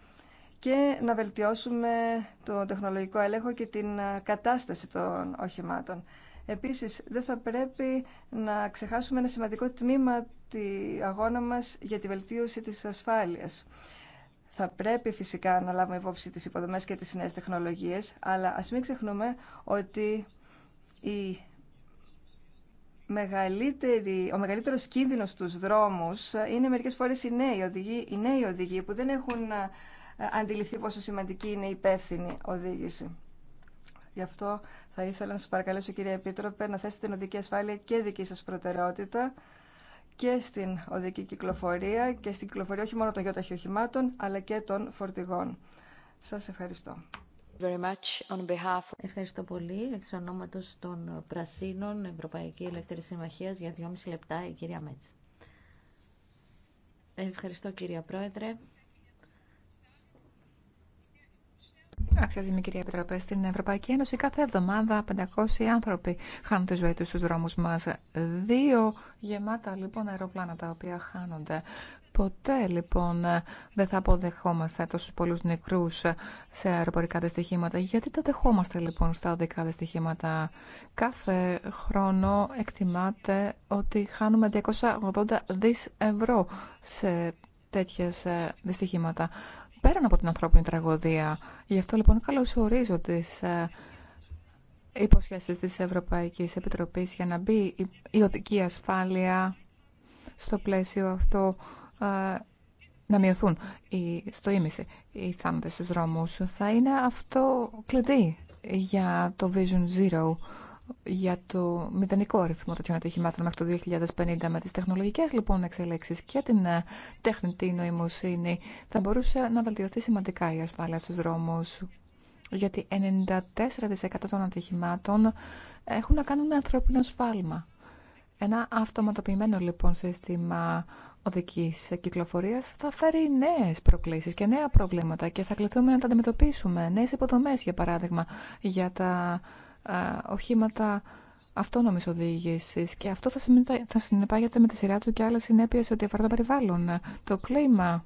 και να βελτιώσουμε το τεχνολογικό έλεγχο και την ε, κατάσταση των οχημάτων. Επίσης, δεν θα πρέπει να ξεχάσουμε ένα σημαντικό τμήμα τη αγώνα μας για τη βελτίωση της ασφάλειας. Θα πρέπει φυσικά να λάβουμε υπόψη τις υποδομές και τις νέες τεχνολογίες, αλλά ας μην ξεχνούμε ότι η μεγαλύτερη, ο μεγαλύτερος κίνδυνος στους δρόμους είναι μερικές φορές οι νέοι οδηγοί, οι νέοι οδηγοί που δεν έχουν ε, αντιληφθεί πόσο σημαντική είναι η υπεύθυνη οδήγηση. Γι' αυτό θα ήθελα να σας παρακαλέσω κύριε Επίτροπε να θέσετε την οδική ασφάλεια και δική σας προτεραιότητα και στην οδική κυκλοφορία και στην κυκλοφορία όχι μόνο των γεωταχειοχημάτων αλλά και των φορτηγών. Σας ευχαριστώ. Ευχαριστώ πολύ. Εξ ονόματο των Πρασίνων, Ευρωπαϊκή Ελεύθερη Συμμαχία, για 2,5 λεπτά η κυρία Μέτς. Ευχαριστώ κυρία Πρόεδρε. Αξιότιμη κυρία Επιτροπέ, στην Ευρωπαϊκή Ένωση κάθε εβδομάδα 500 άνθρωποι χάνουν τη ζωή του στους δρόμου μας. Δύο γεμάτα λοιπόν αεροπλάνα τα οποία χάνονται. Ποτέ λοιπόν ε, δεν θα αποδεχόμαστε τόσου πολλού νεκρού ε, σε αεροπορικά δυστυχήματα. Γιατί τα δεχόμαστε λοιπόν στα οδικά δυστυχήματα. Κάθε χρόνο εκτιμάται ότι χάνουμε 280 δις ευρώ σε τέτοιε ε, δυστυχήματα. Πέραν από την ανθρώπινη τραγωδία. Γι' αυτό λοιπόν καλωσορίζω τι υποσχέσει τη Ευρωπαϊκή Επιτροπή για να μπει η οδική ασφάλεια στο πλαίσιο αυτό ε, να μειωθούν στο ίμιση οι θάνατες στους δρόμους. Θα είναι αυτό κλειδί για το Vision Zero, για το μηδενικό αριθμό τέτοιων ατυχημάτων μέχρι το 2050. Με τις τεχνολογικές λοιπόν εξελίξεις και την ε, τεχνητή νοημοσύνη θα μπορούσε να βελτιωθεί σημαντικά η ασφάλεια στους δρόμους. Γιατί 94% των ατυχημάτων έχουν να κάνουν με ανθρώπινο σφάλμα. Ένα αυτοματοποιημένο λοιπόν σύστημα οδικής κυκλοφορίας θα φέρει νέες προκλήσεις και νέα προβλήματα και θα κληθούμε να τα αντιμετωπίσουμε. Νέες υποδομές, για παράδειγμα, για τα ε, οχήματα αυτόνομης οδήγησης και αυτό θα, θα συνεπάγεται με τη σειρά του και άλλες συνέπειες ότι αφορά το περιβάλλον, το κλίμα.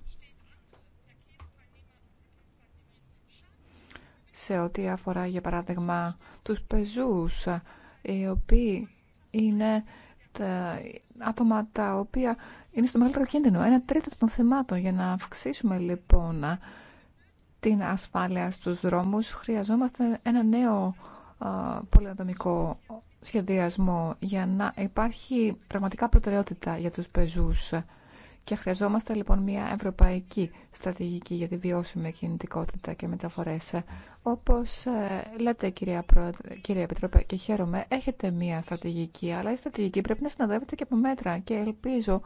Σε ό,τι αφορά, για παράδειγμα, τους πεζούς, οι οποίοι είναι ε, άτομα τα οποία είναι στο μεγαλύτερο κίνδυνο. Ένα τρίτο των θυμάτων. Για να αυξήσουμε λοιπόν την ασφάλεια στους δρόμους χρειαζόμαστε ένα νέο ε, πολυαδομικό σχεδιασμό για να υπάρχει πραγματικά προτεραιότητα για τους πεζούς και χρειαζόμαστε λοιπόν μια ευρωπαϊκή στρατηγική για τη βιώσιμη κινητικότητα και μεταφορές. Όπως ε, λέτε κυρία, Επιτρόπε και χαίρομαι, έχετε μια στρατηγική, αλλά η στρατηγική πρέπει να συνοδεύεται και από μέτρα και ελπίζω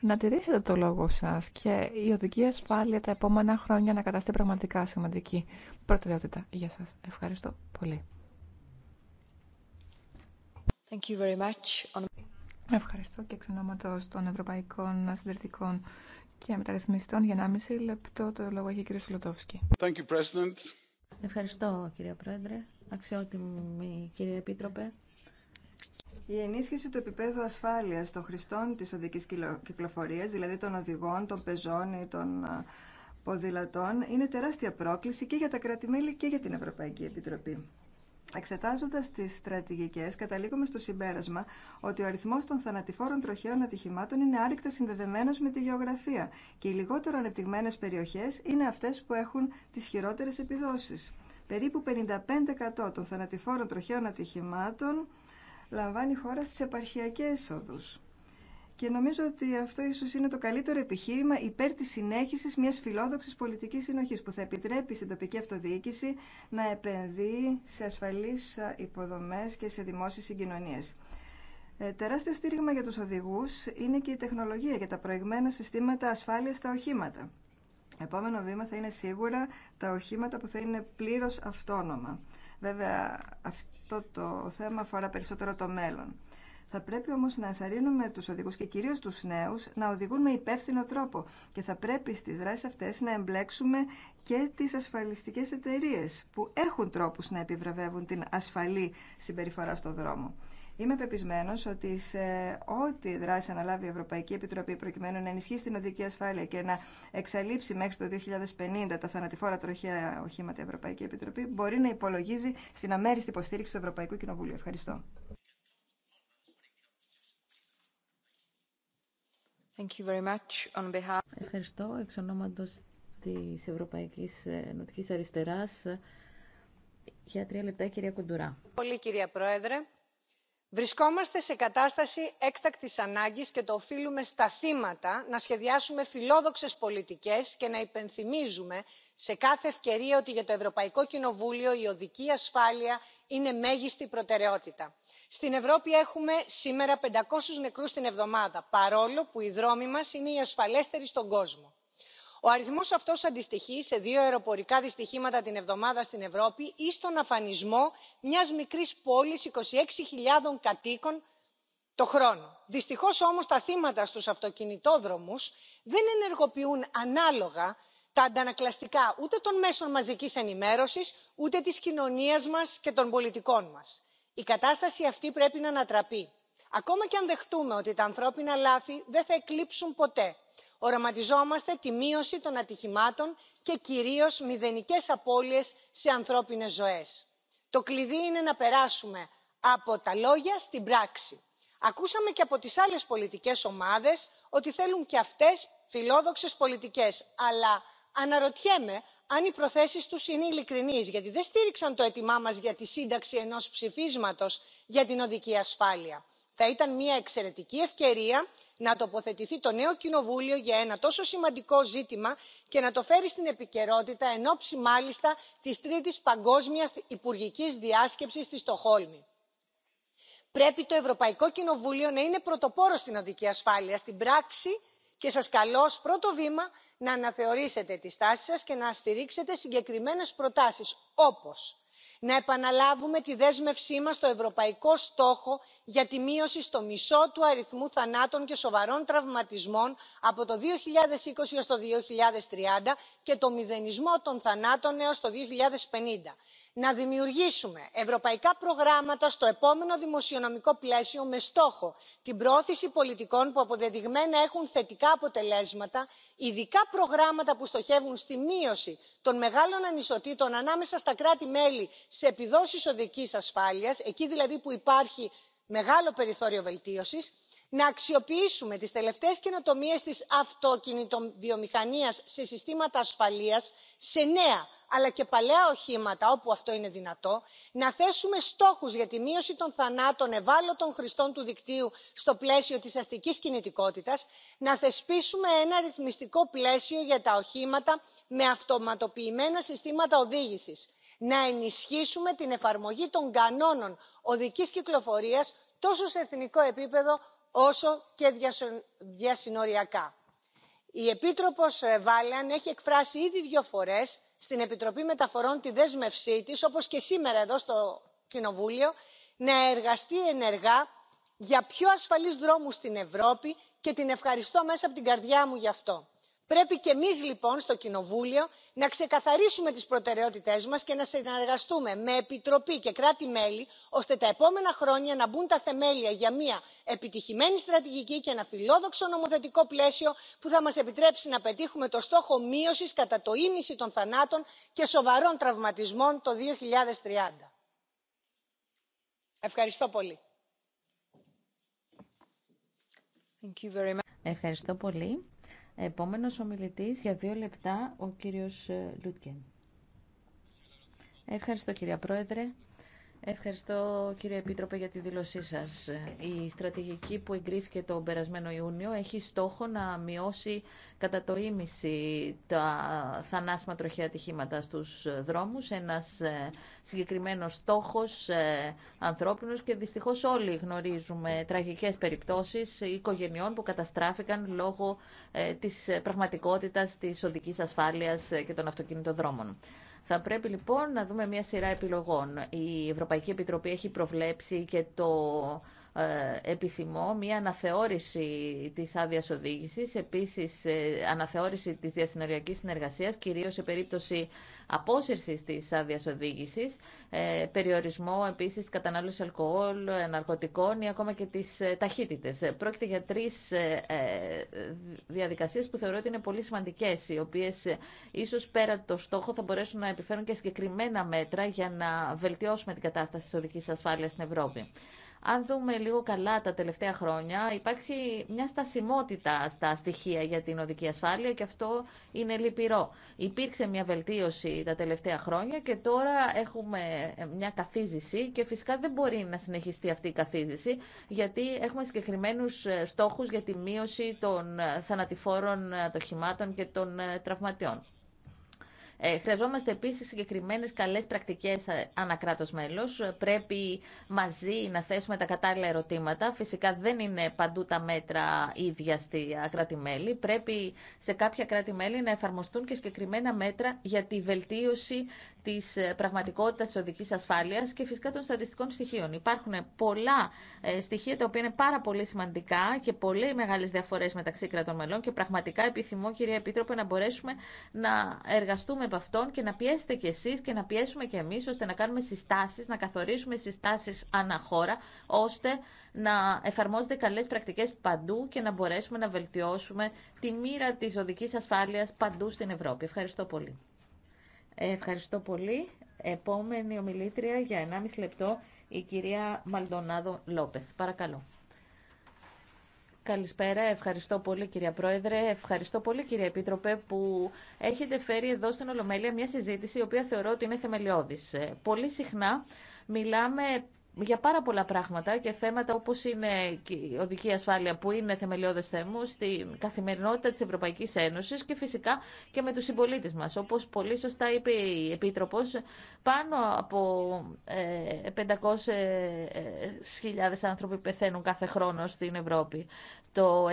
να τηρήσετε το λόγο σας και η οδική ασφάλεια τα επόμενα χρόνια να καταστεί πραγματικά σημαντική προτεραιότητα για σας. Ευχαριστώ πολύ. Thank you very much. Ευχαριστώ και εξ ονόματος των Ευρωπαϊκών Συντηρητικών και Μεταρρυθμιστών για 1,5 λεπτό το λόγο έχει ο κ. Ευχαριστώ κύριε Πρόεδρε, αξιότιμη κύριε Επίτροπε. Η ενίσχυση του επίπεδου ασφάλειας των χρηστών της οδικής κυκλοφορίας, δηλαδή των οδηγών, των πεζών ή των ποδηλατών, είναι τεράστια πρόκληση και για τα κράτη-μέλη και για την Ευρωπαϊκή Επιτροπή. Εξετάζοντας τις στρατηγικές, καταλήγουμε στο συμπέρασμα ότι ο αριθμός των θανατηφόρων τροχαίων ατυχημάτων είναι άρρηκτα συνδεδεμένος με τη γεωγραφία και οι λιγότερο ανεπτυγμένες περιοχές είναι αυτές που έχουν τις χειρότερες επιδόσεις. Περίπου 55% των θανατηφόρων τροχαίων ατυχημάτων λαμβάνει η χώρα στις επαρχιακές οδούς. Και νομίζω ότι αυτό ίσω είναι το καλύτερο επιχείρημα υπέρ τη συνέχιση μια φιλόδοξη πολιτική συνοχή που θα επιτρέπει στην τοπική αυτοδιοίκηση να επενδύει σε ασφαλείς ε, υποδομέ και σε δημόσιες συγκοινωνίες. Ε, τεράστιο στήριγμα για του οδηγού είναι και η τεχνολογία για τα προηγμένα συστήματα ασφάλεια στα οχήματα. Επόμενο βήμα θα είναι σίγουρα τα οχήματα που θα είναι πλήρως αυτόνομα. Βέβαια αυτό το θέμα αφορά περισσότερο το μέλλον. Θα πρέπει όμως να ενθαρρύνουμε τους οδηγούς και κυρίως τους νέους να οδηγούν με υπεύθυνο τρόπο και θα πρέπει στις δράσεις αυτές να εμπλέξουμε και τις ασφαλιστικές εταιρείε που έχουν τρόπους να επιβραβεύουν την ασφαλή συμπεριφορά στο δρόμο. Είμαι πεπισμένο ότι σε ό,τι δράση αναλάβει η Ευρωπαϊκή Επιτροπή προκειμένου να ενισχύσει την οδική ασφάλεια και να εξαλείψει μέχρι το 2050 τα θανατηφόρα τροχαία οχήματα η Ευρωπαϊκή Επιτροπή μπορεί να υπολογίζει στην αμέριστη υποστήριξη του Ευρωπαϊκού Κοινοβουλίου. Ευχαριστώ. Ευχαριστώ εξ ονόματος της Ευρωπαϊκής Νοτικής Αριστεράς. Για τρία λεπτά, κυρία Κουντουρά. Πολύ, κυρία Πρόεδρε βρισκόμαστε σε κατάσταση έκτακτης ανάγκης και το οφείλουμε στα θύματα να σχεδιάσουμε φιλόδοξες πολιτικές και να υπενθυμίζουμε σε κάθε ευκαιρία ότι για το ευρωπαϊκό κοινοβούλιο η οδική ασφάλεια είναι μέγιστη προτεραιότητα. στην ευρώπη έχουμε σήμερα 500 νεκρούς την εβδομάδα παρόλο που οι δρόμοι μας είναι οι ασφαλέστεροι στον κόσμο ο αριθμός αυτός αντιστοιχεί σε δύο αεροπορικά δυστυχήματα την εβδομάδα στην ευρώπη ή στον αφανισμό μιας μικρής πόλης 26.000 κατοίκων το χρόνο. δυστυχώς όμως τα θύματα στους αυτοκινητόδρομους δεν ενεργοποιούν ανάλογα τα αντανακλαστικά ούτε των μέσων μαζικής ενημέρωσης ούτε της κοινωνίας μας και των πολιτικών μας. η κατάσταση αυτή πρέπει να ανατραπεί ακόμα και αν δεχτούμε ότι τα ανθρώπινα λάθη δεν θα εκλείψουν ποτέ οραματιζόμαστε τη μείωση των ατυχημάτων και κυρίως μηδενικές απώλειες σε ανθρώπινες ζωές. το κλειδί είναι να περάσουμε από τα λόγια στην πράξη. ακούσαμε και από τις άλλες πολιτικές ομάδες ότι θέλουν και αυτές φιλόδοξες πολιτικές αλλά αναρωτιέμαι αν οι προθέσεις τους είναι ειλικρινείς γιατί δεν στήριξαν το αίτημά μας για τη σύνταξη ενός ψηφίσματος για την οδική ασφάλεια θα ήταν μια εξαιρετική ευκαιρία να τοποθετηθεί το νέο κοινοβούλιο για ένα τόσο σημαντικό ζήτημα και να το φέρει στην επικαιρότητα εν ώψη μάλιστα της τρίτης παγκόσμιας υπουργικής διάσκεψης στη στοκχόλμη. πρέπει το ευρωπαϊκό κοινοβούλιο να είναι πρωτοπόρο στην οδική ασφάλεια στην πράξη και σας καλώ ως πρώτο βήμα να αναθεωρήσετε τη στάση σας και να στηρίξετε συγκεκριμένες προτάσεις όπως να επαναλάβουμε τη δέσμευσή μας στο ευρωπαϊκό στόχο για τη μείωση στο μισό του αριθμού θανάτων και σοβαρών τραυματισμών από το 2020 χιλιάδες έως το δύο και το μηδενισμό των θανάτων έως το. 2050 να δημιουργήσουμε ευρωπαϊκά προγράμματα στο επόμενο δημοσιονομικό πλαίσιο με στόχο την προώθηση πολιτικών που αποδεδειγμένα έχουν θετικά αποτελέσματα ειδικά προγράμματα που στοχεύουν στη μείωση των μεγάλων ανισοτήτων ανάμεσα στα κράτη μέλη σε επιδόσεις οδικής ασφάλειας εκεί δηλαδή που υπάρχει μεγάλο περιθώριο βελτίωσης να αξιοποιήσουμε τις τελευταίες καινοτομίες της αυτοκινητοβιομηχανίας σε συστήματα ασφαλείας σε νέα αλλά και παλαιά οχήματα όπου αυτό είναι δυνατό να θέσουμε στόχους για τη μείωση των θανάτων ευάλωτων χρηστών του δικτύου στο πλαίσιο της αστικής κινητικότητας να θεσπίσουμε ένα ρυθμιστικό πλαίσιο για τα οχήματα με αυτοματοποιημένα συστήματα οδήγησης να ενισχύσουμε την εφαρμογή των κανόνων οδικής κυκλοφορίας τόσο σε εθνικό επίπεδο όσο και διασυνοριακά. η επίτροπος ε, Βάλεαν έχει εκφράσει ήδη δύο φορές στην επιτροπή μεταφορών τη δέσμευσή της όπως και σήμερα εδώ στο κοινοβούλιο να εργαστεί ενεργά για πιο ασφαλείς δρόμους στην ευρώπη και την ευχαριστώ μέσα από την καρδιά μου γι' αυτό πρέπει και εμείς λοιπόν στο κοινοβούλιο να ξεκαθαρίσουμε τις προτεραιότητές μας και να συνεργαστούμε με επιτροπή και κράτη μέλη ώστε τα επόμενα χρόνια να μπουν τα θεμέλια για μια επιτυχημένη στρατηγική και ένα φιλόδοξο νομοθετικό πλαίσιο που θα μας επιτρέψει να πετύχουμε το στόχο μείωσης κατά το ίμιση των θανάτων και σοβαρών τραυματισμών το. 2030. Ευχαριστώ πολύ. Ευχαριστώ πολύ. Επόμενος ομιλητής για δύο λεπτά, ο κύριος ε, Λούτκεν. Ευχαριστώ κυρία Πρόεδρε. Ευχαριστώ κύριε Επίτροπε για τη δήλωσή σας. Η στρατηγική που εγκρίθηκε τον περασμένο Ιούνιο έχει στόχο να μειώσει κατά το ίμιση τα θανάσιμα τροχαία ατυχήματα στους δρόμους. Ένας ε, συγκεκριμένος στόχος ε, ανθρώπινος και δυστυχώς όλοι γνωρίζουμε τραγικές περιπτώσεις οικογενειών που καταστράφηκαν λόγω ε, της πραγματικότητας της οδικής ασφάλειας και των δρόμων. Θα πρέπει λοιπόν να δούμε μια σειρά επιλογών. Η Ευρωπαϊκή Επιτροπή έχει προβλέψει και το ε, επιθυμό μια αναθεώρηση της άδεια οδήγησης, επίσης ε, αναθεώρηση της διασυνοριακής συνεργασίας, κυρίως σε περίπτωση Απόσυρση τη άδεια οδήγηση, ε, περιορισμό επίσης κατανάλωση αλκοόλ, ε, ναρκωτικών ή ακόμα και τις ε, ταχύτητε. Πρόκειται για τρεις διαδικασίες που θεωρώ ότι είναι πολύ σημαντικές, οι οποίες ίσως πέρα το στόχο θα μπορέσουν να επιφέρουν και συγκεκριμένα μέτρα για να βελτιώσουμε την κατάσταση τη οδικής ασφάλεια στην Ευρώπη. Αν δούμε λίγο καλά τα τελευταία χρόνια, υπάρχει μια στασιμότητα στα στοιχεία για την οδική ασφάλεια και αυτό είναι λυπηρό. Υπήρξε μια βελτίωση τα τελευταία χρόνια και τώρα έχουμε μια καθίζηση και φυσικά δεν μπορεί να συνεχιστεί αυτή η καθίζηση γιατί έχουμε συγκεκριμένου ε, στόχους για τη μείωση των ε, θανατηφόρων ε, ατοχημάτων και των τραυματιών. Ε, χρειαζόμαστε επίση συγκεκριμένε καλέ πρακτικέ ε, ανακράτο μέλο. Ε, πρέπει μαζί να θέσουμε τα κατάλληλα ερωτήματα. Φυσικά δεν είναι παντού τα μέτρα ίδια στη κράτη-μέλη. Πρέπει σε κάποια κράτη-μέλη να εφαρμοστούν και συγκεκριμένα μέτρα για τη βελτίωση Τη ε, πραγματικότητα τη οδικής ασφάλειας και φυσικά των στατιστικών στοιχείων. Υπάρχουν πολλά ε, στοιχεία τα οποία είναι πάρα πολύ σημαντικά και πολύ μεγάλε διαφορέ μεταξύ κρατών μελών και πραγματικά επιθυμώ, κυρία Επίτροπε, να μπορέσουμε να εργαστούμε από αυτόν και να πιέσετε κι εσείς και να πιέσουμε κι εμεί ώστε να κάνουμε συστάσεις, να καθορίσουμε συστάσεις αναχώρα, ώστε να εφαρμόζονται καλέ πρακτικέ παντού και να μπορέσουμε να βελτιώσουμε τη μοίρα τη οδική ασφάλεια παντού στην Ευρώπη. Ευχαριστώ πολύ. Ευχαριστώ πολύ. Επόμενη ομιλήτρια για 1,5 λεπτό η κυρία Μαλτονάδο Λόπεθ. Παρακαλώ. Καλησπέρα, ευχαριστώ πολύ κυρία Πρόεδρε, ευχαριστώ πολύ κυρία Επίτροπε που έχετε φέρει εδώ στην Ολομέλεια μια συζήτηση η οποία θεωρώ ότι είναι θεμελιώδης. Ε, πολύ συχνά μιλάμε για πάρα πολλά πράγματα και θέματα όπως είναι η οδική ασφάλεια που είναι θεμελιώδες θέμου στην καθημερινότητα της Ευρωπαϊκής Ένωσης και φυσικά και με τους συμπολίτες μας. Όπως πολύ σωστά είπε η Επίτροπος, πάνω από 500.000 ε, άνθρωποι πεθαίνουν κάθε χρόνο στην Ευρώπη. Το 90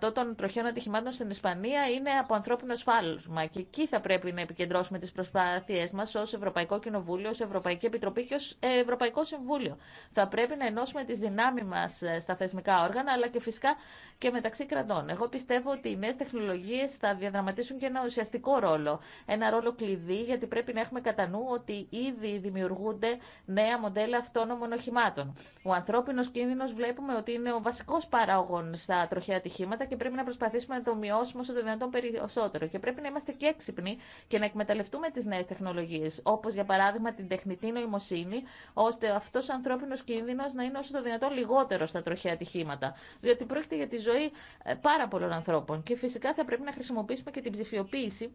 100 των τροχιών ατυχημάτων στην Ισπανία είναι από ανθρώπινο σφάλμα. Και εκεί θα πρέπει να επικεντρώσουμε τι προσπάθειέ μα ω Ευρωπαϊκό Κοινοβούλιο, ω Ευρωπαϊκή Επιτροπή και ω ε, Ευρωπαϊκό Συμβούλιο. Θα πρέπει να ενώσουμε τι δυνάμει μα ε, στα θεσμικά όργανα, αλλά και φυσικά και μεταξύ κρατών. Εγώ πιστεύω ότι οι νέε τεχνολογίε θα διαδραματίσουν και ένα ουσιαστικό ρόλο. Ένα ρόλο κλειδί, γιατί πρέπει να έχουμε κατά νου ότι ήδη δημιουργούνται νέα μοντέλα αυτόνομων οχημάτων. Ο ανθρώπινο κίνδυνο βλέπουμε ότι είναι ο βασικό παράγων στα τροχαία ατυχήματα και πρέπει να προσπαθήσουμε να το μειώσουμε όσο το δυνατόν περισσότερο. Και πρέπει να είμαστε και έξυπνοι και να εκμεταλλευτούμε τι νέε τεχνολογίε, όπω για παράδειγμα την τεχνητή νοημοσύνη, ώστε αυτό ο ανθρώπινο κίνδυνο να είναι όσο το δυνατόν λιγότερο στα τροχαία ατυχήματα. Διότι πρόκειται για τη ζωή ε, πάρα πολλών ανθρώπων. Και φυσικά θα πρέπει να χρησιμοποιήσουμε και την ψηφιοποίηση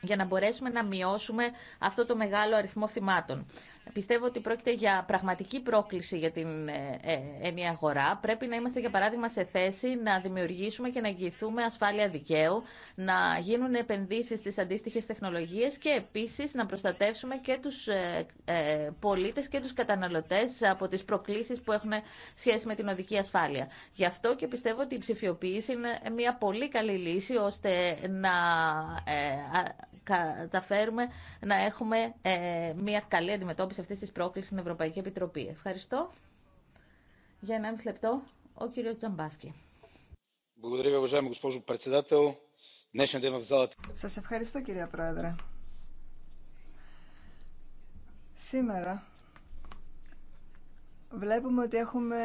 για να μπορέσουμε να μειώσουμε αυτό το μεγάλο αριθμό θυμάτων. Πιστεύω ότι πρόκειται για πραγματική πρόκληση για την ε, ε, ενιαία αγορά. Πρέπει να είμαστε, για παράδειγμα, σε θέση να δημιουργήσουμε και να εγγυηθούμε ασφάλεια δικαίου, να γίνουν επενδύσεις στις αντίστοιχες τεχνολογίες και επίσης να προστατεύσουμε και τους ε, πολίτες και τους καταναλωτές από τις προκλήσεις που έχουν σχέση με την οδική ασφάλεια. Γι' αυτό και πιστεύω ότι η ψηφιοποίηση είναι μια πολύ καλή λύση ώστε να καταφέρουμε να έχουμε ε, μια καλή αντιμετώπιση αυτής της πρόκλησης στην Ευρωπαϊκή Επιτροπή. Ευχαριστώ. Για 1,5 λεπτό, ο κύριος Τζαμπάσκι. Σας ευχαριστώ κυρία Πρόεδρε. Σήμερα βλέπουμε ότι έχουμε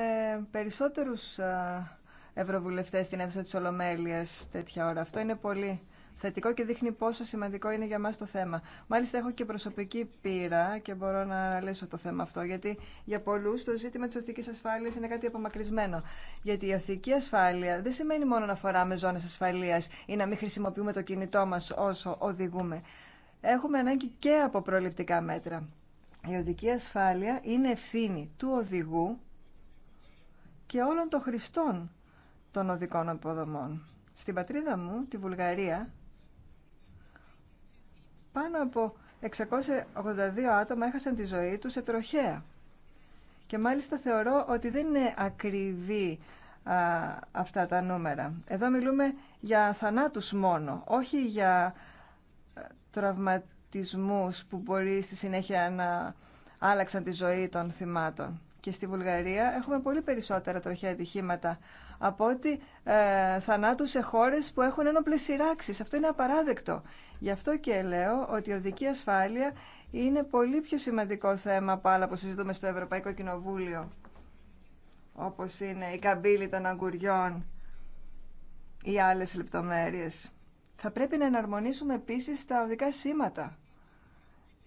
περισσότερους ε, ευρωβουλευτές στην αίθουσα της Ολομέλειας τέτοια ώρα. Αυτό είναι πολύ θετικό και δείχνει πόσο σημαντικό είναι για μας το θέμα. Μάλιστα έχω και προσωπική πείρα και μπορώ να αναλύσω το θέμα αυτό, γιατί για πολλούς το ζήτημα της οθικής ασφάλειας είναι κάτι απομακρυσμένο. Γιατί η οθική ασφάλεια δεν σημαίνει μόνο να φοράμε ζώνες ασφαλείας ή να μην χρησιμοποιούμε το κινητό μας όσο οδηγούμε. Έχουμε ανάγκη και από προληπτικά μέτρα. Η οδική ασφάλεια είναι ευθύνη του οδηγού και όλων των χρηστών των οδικών αποδομών. Στην πατρίδα μου, τη Βουλγαρία, πάνω από 682 άτομα έχασαν τη ζωή τους σε τροχέα. Και μάλιστα θεωρώ ότι δεν είναι ακριβή αυτά τα νούμερα. Εδώ μιλούμε για θανάτους μόνο, όχι για τραυματισμούς που μπορεί στη συνέχεια να άλλαξαν τη ζωή των θυμάτων. Και στη Βουλγαρία έχουμε πολύ περισσότερα τροχαία ατυχήματα από ότι ε, θανάτου σε χώρε που έχουν ένοπλε σειράξει. Αυτό είναι απαράδεκτο. Γι' αυτό και λέω ότι η οδική ασφάλεια είναι πολύ πιο σημαντικό θέμα από άλλα που συζητούμε στο Ευρωπαϊκό Κοινοβούλιο, όπως είναι η καμπύλη των αγκουριών ή άλλε λεπτομέρειε. Θα πρέπει να εναρμονίσουμε επίση τα οδικά σήματα.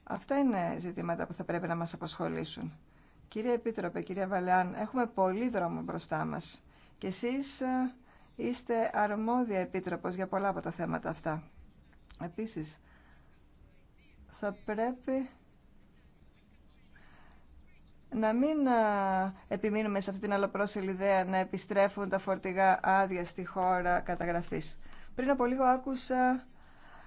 Αυτά είναι ζητήματα που θα πρέπει να μας απασχολήσουν. Κύριε Επίτροπε, κύριε Βαλεάν, έχουμε πολύ δρόμο μπροστά μας. Και εσείς ε, είστε αρμόδια επίτροπος για πολλά από τα θέματα αυτά. Επίσης, θα πρέπει να μην ε, επιμείνουμε σε αυτή την αλλοπρόσελη ιδέα να επιστρέφουν τα φορτηγά άδεια στη χώρα καταγραφής. Πριν από λίγο άκουσα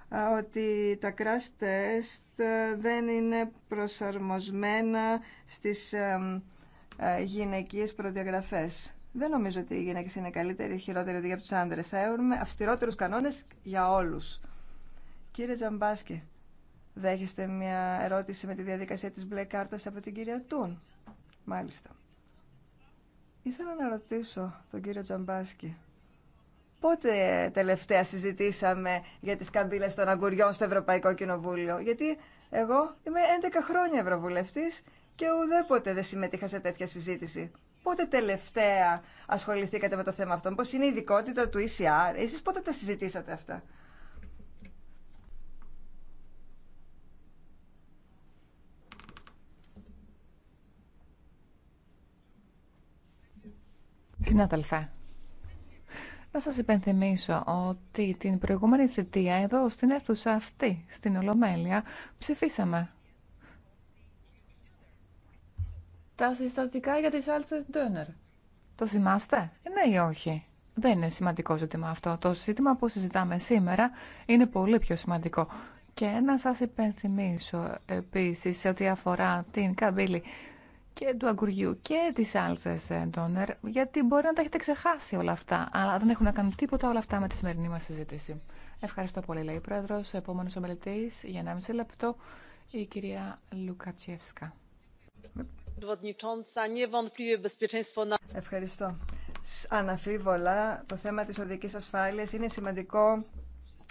ε, ότι τα crash test δεν είναι προσαρμοσμένα στις γυναικείες προδιαγραφές. Δεν νομίζω ότι οι γυναίκε είναι καλύτεροι ή χειρότεροι για του άντρε. Θα έχουμε αυστηρότερου κανόνε για όλου. Κύριε Τζαμπάσκε, δέχεστε μια ερώτηση με τη διαδικασία τη μπλε κάρτα από την κυρία Τούν. Μάλιστα. Ήθελα να ρωτήσω τον κύριο Τζαμπάσκη. Πότε τελευταία συζητήσαμε για τις καμπύλες των αγκουριών στο Ευρωπαϊκό Κοινοβούλιο. Γιατί εγώ είμαι 11 χρόνια ευρωβουλευτής και ουδέποτε δεν συμμετείχα σε τέτοια συζήτηση πότε τελευταία ασχοληθήκατε με το θέμα αυτό, πώς είναι η ειδικότητα του ECR, εσείς πότε τα συζητήσατε αυτά. αδελφέ. να σας υπενθυμίσω ότι την προηγούμενη θητεία εδώ στην αίθουσα αυτή, στην Ολομέλεια, ψηφίσαμε τα συστατικά για τις σάλτσες ντόνερ. Το θυμάστε? Ε, ναι ή όχι. Δεν είναι σημαντικό ζήτημα αυτό. Το ζήτημα που συζητάμε σήμερα είναι πολύ πιο σημαντικό. Και να σας υπενθυμίσω επίσης σε ό,τι αφορά την καμπύλη και του αγκουριού και τις σάλτσες ε, ντόνερ, γιατί μπορεί να τα έχετε ξεχάσει όλα αυτά, αλλά δεν έχουν να κάνουν τίποτα όλα αυτά με τη σημερινή μας συζήτηση. Ευχαριστώ πολύ, λέει η Πρόεδρος. Επόμενος ομιλητής για 1,5 λεπτό, η κυρία Λουκατσιεύσκα. Ευχαριστώ. Αναφίβολα, το θέμα της οδικής ασφάλειας είναι σημαντικό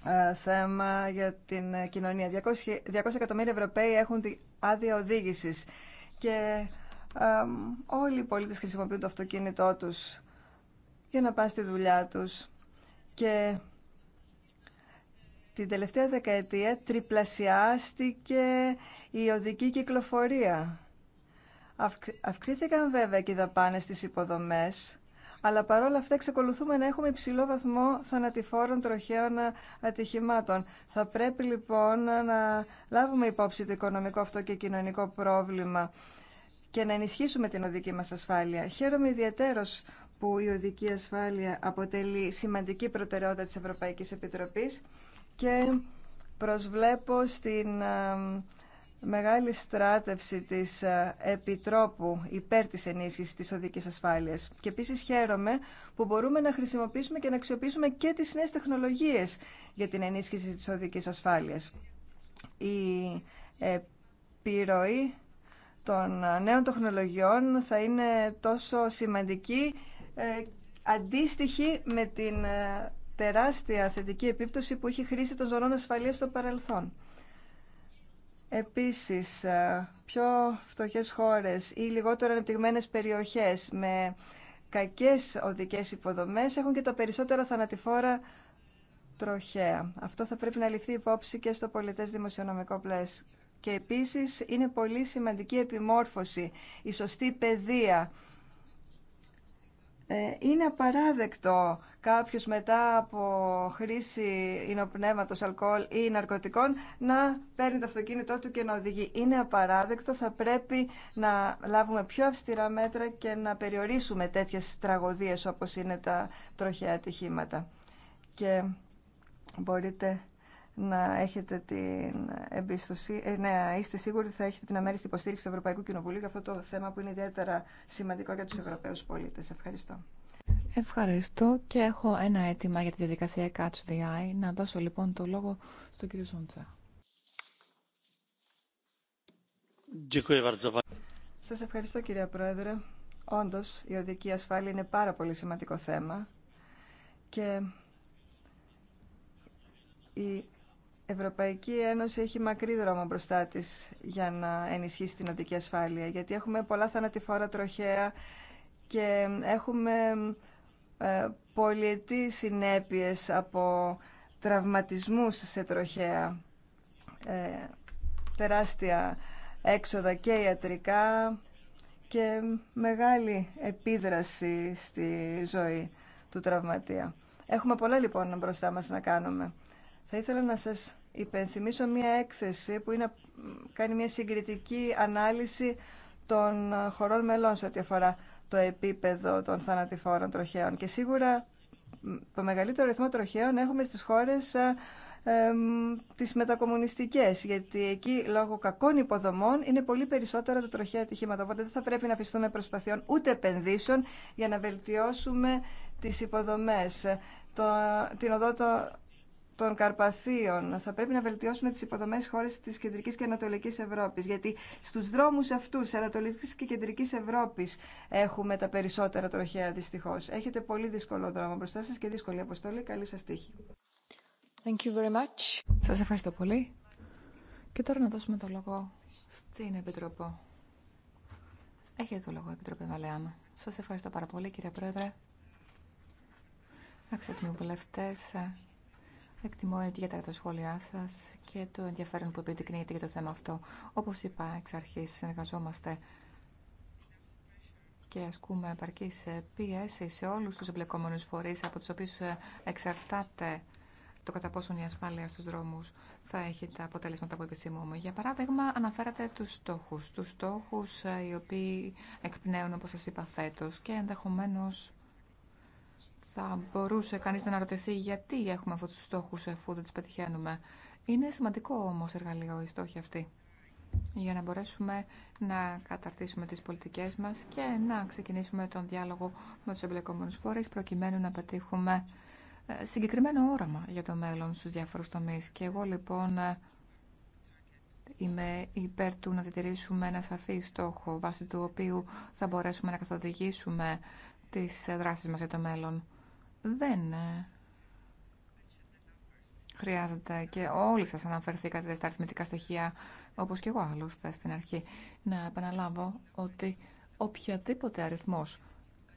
ε, θέμα για την κοινωνία. 200, εκατομμύρια Ευρωπαίοι έχουν άδεια οδήγησης και όλοι οι πολίτες χρησιμοποιούν το αυτοκίνητό τους για να πάνε στη δουλειά τους και την τελευταία δεκαετία τριπλασιάστηκε η οδική κυκλοφορία Αυξήθηκαν βέβαια και οι δαπάνε στις υποδομές, αλλά παρόλα αυτά εξακολουθούμε να έχουμε υψηλό βαθμό θανατηφόρων τροχαίων ατυχημάτων. Θα πρέπει λοιπόν να λάβουμε υπόψη το οικονομικό αυτό και κοινωνικό πρόβλημα και να ενισχύσουμε την οδική μας ασφάλεια. Χαίρομαι ιδιαίτερω που η οδική ασφάλεια αποτελεί σημαντική προτεραιότητα της Ευρωπαϊκής Επιτροπής και προσβλέπω στην ε, μεγάλη στράτευση της ε, Επιτρόπου υπέρ της ενίσχυσης της οδικής ασφάλειας. Και επίσης χαίρομαι που μπορούμε να χρησιμοποιήσουμε και να αξιοποιήσουμε και τις νέες τεχνολογίες για την ενίσχυση της οδικής ασφάλειας. Η ε, επιρροή των ε, νέων τεχνολογιών θα είναι τόσο σημαντική αντίστοιχη με την τεράστια θετική επίπτωση που έχει χρήση των ζωνών ασφαλείας στο παρελθόν. Επίσης, ε, πιο φτωχές χώρες ή λιγότερο ανεπτυγμένες περιοχές με κακές οδικές υποδομές έχουν και τα περισσότερα θανατηφόρα τροχέα. Αυτό θα πρέπει να ληφθεί υπόψη και στο πολιτές δημοσιονομικό πλαίσιο. Και επίσης είναι πολύ σημαντική επιμόρφωση, η σωστή παιδεία ε, είναι απαράδεκτο κάποιος μετά από χρήση ινοπνεύματος, αλκοόλ ή ναρκωτικών να παίρνει το αυτοκίνητό του και να οδηγεί. Είναι απαράδεκτο, θα πρέπει να λάβουμε πιο αυστηρά μέτρα και να περιορίσουμε τέτοιες τραγωδίες όπως είναι τα τροχαία ατυχήματα. Και μπορείτε να, έχετε την εμπιστοσύνη ε, να είστε σίγουροι ότι θα έχετε την αμέριστη υποστήριξη του Ευρωπαϊκού Κοινοβουλίου για αυτό το θέμα που είναι ιδιαίτερα σημαντικό για τους Ευρωπαίους πολίτες. Ευχαριστώ. Ευχαριστώ και έχω ένα αίτημα για τη διαδικασία Catch the Eye. Να δώσω λοιπόν το λόγο στον κύριο Ζούντσα. Σας ευχαριστώ κύριε Πρόεδρε. Όντως η οδική ασφάλεια είναι πάρα πολύ σημαντικό θέμα και η Ευρωπαϊκή Ένωση έχει μακρύ δρόμο μπροστά της για να ενισχύσει την οδική ασφάλεια, γιατί έχουμε πολλά θανατηφόρα τροχέα και έχουμε ε, πολιετή συνέπειες από τραυματισμούς σε τροχέα, ε, τεράστια έξοδα και ιατρικά και μεγάλη επίδραση στη ζωή του τραυματία. Έχουμε πολλά λοιπόν μπροστά μας να κάνουμε. Θα ήθελα να σας υπενθυμίσω μία έκθεση που είναι, κάνει μία συγκριτική ανάλυση των χωρών μελών σε ό,τι αφορά το επίπεδο των θανατηφόρων τροχαίων. Και σίγουρα το μεγαλύτερο ρυθμό τροχαίων έχουμε στις χώρες ε, τις μετακομμουνιστικές, γιατί εκεί λόγω κακών υποδομών είναι πολύ περισσότερα τα τροχαία ατυχήματα. Οπότε δεν θα πρέπει να αφιστούμε προσπαθειών ούτε επενδύσεων για να βελτιώσουμε τις υποδομές. Το, την οδό των Καρπαθίων. Θα πρέπει να βελτιώσουμε τι υποδομέ χώρε τη Κεντρική και Ανατολική Ευρώπη. γιατί στους δρόμους αυτούς, Ανατολική και Κεντρική Ευρώπη έχουμε τα περισσότερα τροχέα, δυστυχώς. Έχετε πολύ δύσκολο δρόμο μπροστά σα και δύσκολη αποστολή. Καλή σα τύχη. Thank Σας ευχαριστώ πολύ. Και τώρα να δώσουμε το λόγο στην Επιτροπή. Έχετε το λόγο, Επιτροπή Βαλεάνα. Σα ευχαριστώ πάρα πολύ, κύριε Πρόεδρε. Αξιότιμοι βουλευτέ. Ε, Εκτιμώ ιδιαίτερα τα σχόλιά σα και το ενδιαφέρον που επιδεικνύεται για το θέμα αυτό. Όπω είπα εξ αρχή, συνεργαζόμαστε και ασκούμε επαρκή ε, πίεση σε όλου του εμπλεκόμενου φορεί από του οποίου ε, εξαρτάται το κατά πόσον η ασφάλεια στους δρόμους θα έχει τα αποτέλεσματα που επιθυμούμε. Για παράδειγμα, αναφέρατε τους στόχους. Τους στόχους ε, οι οποίοι εκπνέουν, όπως σας είπα, φέτος και ενδεχομένως θα μπορούσε κανείς να αναρωτηθεί γιατί έχουμε αυτούς τους στόχους αφού δεν τους πετυχαίνουμε. Είναι σημαντικό όμως εργαλείο η στόχη αυτή για να μπορέσουμε να καταρτήσουμε τις πολιτικές μας και να ξεκινήσουμε τον διάλογο με τους εμπλεκόμενους φορείς προκειμένου να πετύχουμε ε, συγκεκριμένο όραμα για το μέλλον στους διάφορους τομείς. Και εγώ λοιπόν ε, είμαι υπέρ του να διατηρήσουμε ένα σαφή στόχο βάσει του οποίου θα μπορέσουμε να καθοδηγήσουμε τις ε, δράσεις μας για το μέλλον δεν ε, χρειάζεται και όλοι σας αναφερθήκατε στα αριθμητικά στοιχεία όπως και εγώ άλλωστε στην αρχή να επαναλάβω ότι οποιαδήποτε αριθμός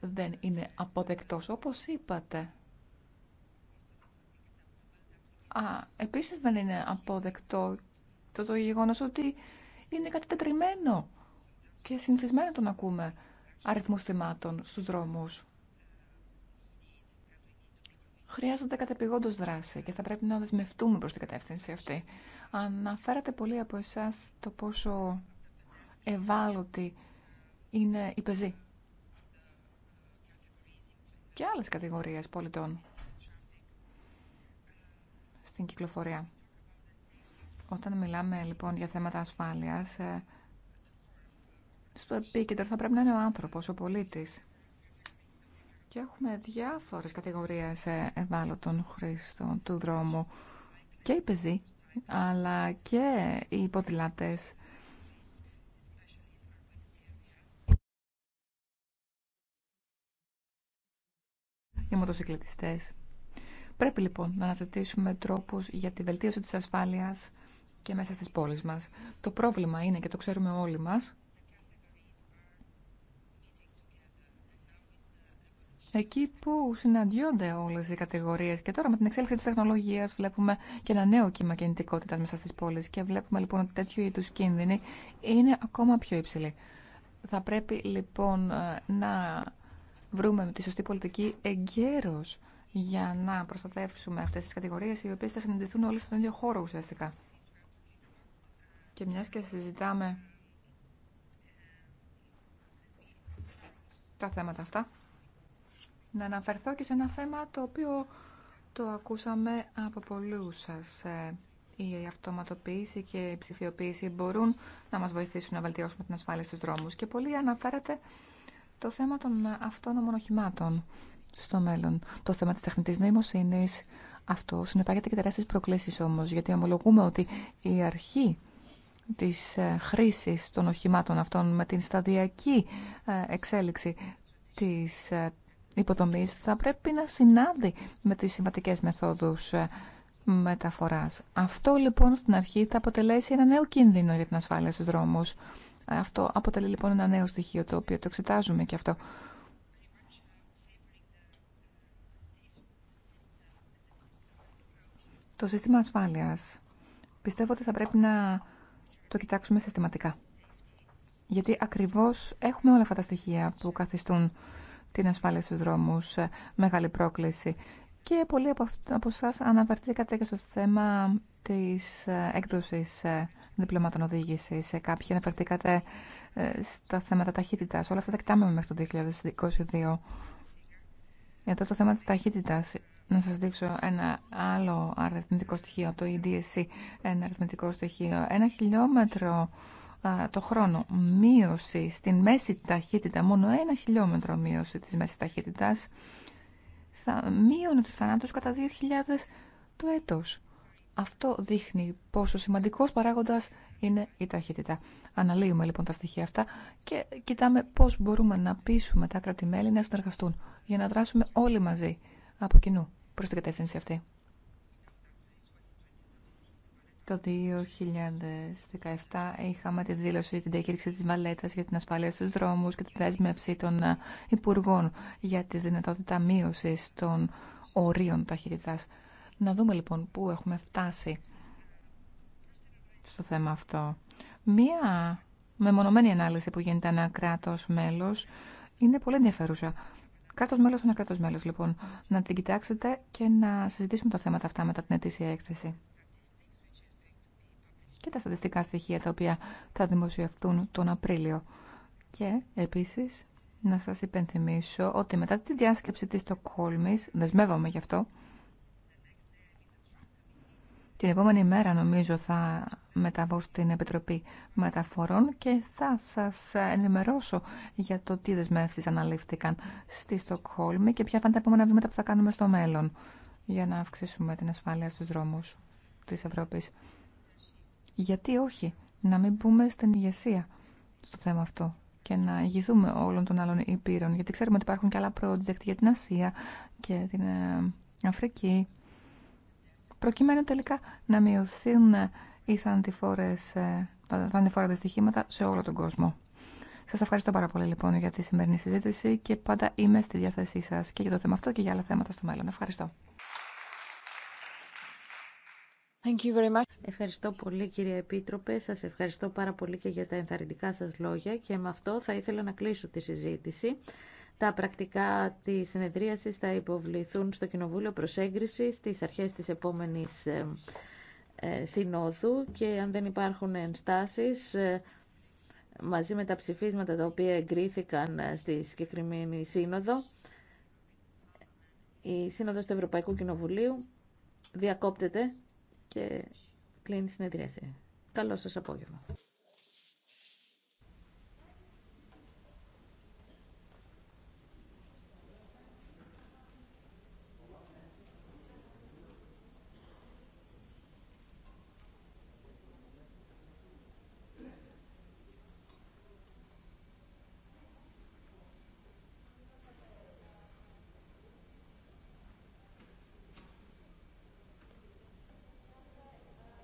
δεν είναι αποδεκτός όπως είπατε Α, επίσης δεν είναι αποδεκτό το, το γεγονός ότι είναι κάτι τετριμένο και συνηθισμένο το να ακούμε αριθμούς θυμάτων στους δρόμους χρειάζονται κατεπηγόντω δράση και θα πρέπει να δεσμευτούμε προ την κατεύθυνση αυτή. Αναφέρατε πολύ από εσά το πόσο ευάλωτη είναι η πεζή και άλλες κατηγορίες πολιτών στην κυκλοφορία. Όταν μιλάμε λοιπόν για θέματα ασφάλειας, ε, στο επίκεντρο θα πρέπει να είναι ο άνθρωπος, ο πολίτης. Και έχουμε διάφορες κατηγορίες ε, ευάλωτων χρήστων του δρόμου. Και οι πεζοί, αλλά και οι ποδηλάτες. Οι μοτοσυκλετιστές. Πρέπει λοιπόν να αναζητήσουμε τρόπους για τη βελτίωση της ασφάλειας και μέσα στις πόλεις μας. Το πρόβλημα είναι, και το ξέρουμε όλοι μας, εκεί που συναντιόνται όλες οι κατηγορίες. Και τώρα με την εξέλιξη της τεχνολογίας βλέπουμε και ένα νέο κύμα κινητικότητας μέσα στις πόλεις και βλέπουμε λοιπόν ότι τέτοιου είδους κίνδυνοι είναι ακόμα πιο υψηλοί. Θα πρέπει λοιπόν ε, να βρούμε τη σωστή πολιτική εγκαίρως για να προστατεύσουμε αυτές τις κατηγορίες οι οποίες θα συναντηθούν όλες στον ίδιο χώρο ουσιαστικά. Και μιας και συζητάμε τα θέματα αυτά, να αναφερθώ και σε ένα θέμα το οποίο το ακούσαμε από πολλούς σας. Ε, η αυτοματοποίηση και η ψηφιοποίηση μπορούν να μας βοηθήσουν να βελτιώσουμε την ασφάλεια στους δρόμους και πολλοί αναφέρατε το θέμα των αυτόνομων οχημάτων στο μέλλον. Το θέμα της τεχνητής νοημοσύνης αυτό συνεπάγεται και τεράστιες προκλήσεις όμως, γιατί ομολογούμε ότι η αρχή της ε, χρήσης των οχημάτων αυτών με την σταδιακή ε, εξέλιξη της υποδομής θα πρέπει να συνάδει με τις συμβατικές μεθόδους ε, μεταφοράς. Αυτό λοιπόν στην αρχή θα αποτελέσει ένα νέο κίνδυνο για την ασφάλεια στους δρόμους. Αυτό αποτελεί λοιπόν ένα νέο στοιχείο το οποίο το εξετάζουμε και αυτό. Το σύστημα ασφάλειας πιστεύω ότι θα πρέπει να το κοιτάξουμε συστηματικά. Γιατί ακριβώς έχουμε όλα αυτά τα στοιχεία που καθιστούν την ασφάλεια στους δρόμους, ε, μεγάλη πρόκληση. Και πολλοί από, από εσά αναφερθήκατε και στο θέμα της ε, έκδοσης ε, διπλωμάτων οδήγηση. Κάποιοι αναφερθήκατε στα θέματα ταχύτητας. Όλα αυτά τα κοιτάμε μέχρι το 2022. Για το θέμα της ταχύτητας να σας δείξω ένα άλλο αριθμητικό στοιχείο από το EDSC, ένα αριθμητικό στοιχείο. Ένα χιλιόμετρο το χρόνο μείωση στην μέση ταχύτητα, μόνο ένα χιλιόμετρο μείωση της μέσης ταχύτητας, θα μείωνε τους θανάτους κατά 2.000 το έτος. Αυτό δείχνει πόσο σημαντικός παράγοντας είναι η ταχύτητα. Αναλύουμε λοιπόν τα στοιχεία αυτά και κοιτάμε πώς μπορούμε να πείσουμε τα κράτη-μέλη να συνεργαστούν για να δράσουμε όλοι μαζί από κοινού προς την κατεύθυνση αυτή. Το 2017 είχαμε τη δήλωση, την διακήρυξη της Βαλέτας για την ασφάλεια στους δρόμους και τη δέσμευση των ε, Υπουργών για τη δυνατότητα μείωσης των ορίων ταχύτητας. Να δούμε λοιπόν πού έχουμε φτάσει στο θέμα αυτό. Μία μεμονωμένη ανάλυση που γίνεται ένα κράτος μέλος είναι πολύ ενδιαφέρουσα. Κράτο μέλο, ένα κράτο μέλο, λοιπόν. Να την κοιτάξετε και να συζητήσουμε τα θέματα αυτά μετά την ετήσια έκθεση και τα στατιστικά στοιχεία τα οποία θα δημοσιευτούν τον Απρίλιο. Και επίσης να σας υπενθυμίσω ότι μετά τη διάσκεψη της Στοκχόλμης, δεσμεύομαι γι' αυτό, την επόμενη μέρα νομίζω θα μεταβώ στην Επιτροπή Μεταφορών και θα σας ενημερώσω για το τι δεσμεύσεις αναλήφθηκαν στη Στοκχόλμη και ποια θα είναι τα επόμενα βήματα που θα κάνουμε στο μέλλον για να αυξήσουμε την ασφάλεια στους δρόμους της Ευρώπης γιατί όχι να μην μπούμε στην ηγεσία στο θέμα αυτό και να ηγηθούμε όλων των άλλων υπήρων, γιατί ξέρουμε ότι υπάρχουν και άλλα project για την Ασία και την ε, Αφρική, προκειμένου τελικά να μειωθούν οι θανατηφόρες, ε, θανατηφόρα δυστυχήματα σε όλο τον κόσμο. Σας ευχαριστώ πάρα πολύ λοιπόν για τη σημερινή συζήτηση και πάντα είμαι στη διάθεσή σας και για το θέμα αυτό και για άλλα θέματα στο μέλλον. Ευχαριστώ. Thank you very much. Ευχαριστώ πολύ κύριε Επίτροπε, σας ευχαριστώ πάρα πολύ και για τα ενθαρρυντικά σας λόγια και με αυτό θα ήθελα να κλείσω τη συζήτηση. Τα πρακτικά της συνεδρίασης θα υποβληθούν στο Κοινοβούλιο προς έγκριση στις αρχές της επόμενης ε, ε, συνόδου και αν δεν υπάρχουν ενστάσεις ε, μαζί με τα ψηφίσματα τα οποία εγκρίθηκαν στη συγκεκριμένη σύνοδο η Σύνοδος του Ευρωπαϊκού Κοινοβουλίου διακόπτεται και κλείνει η συνεδρίαση. Καλό σας απόγευμα.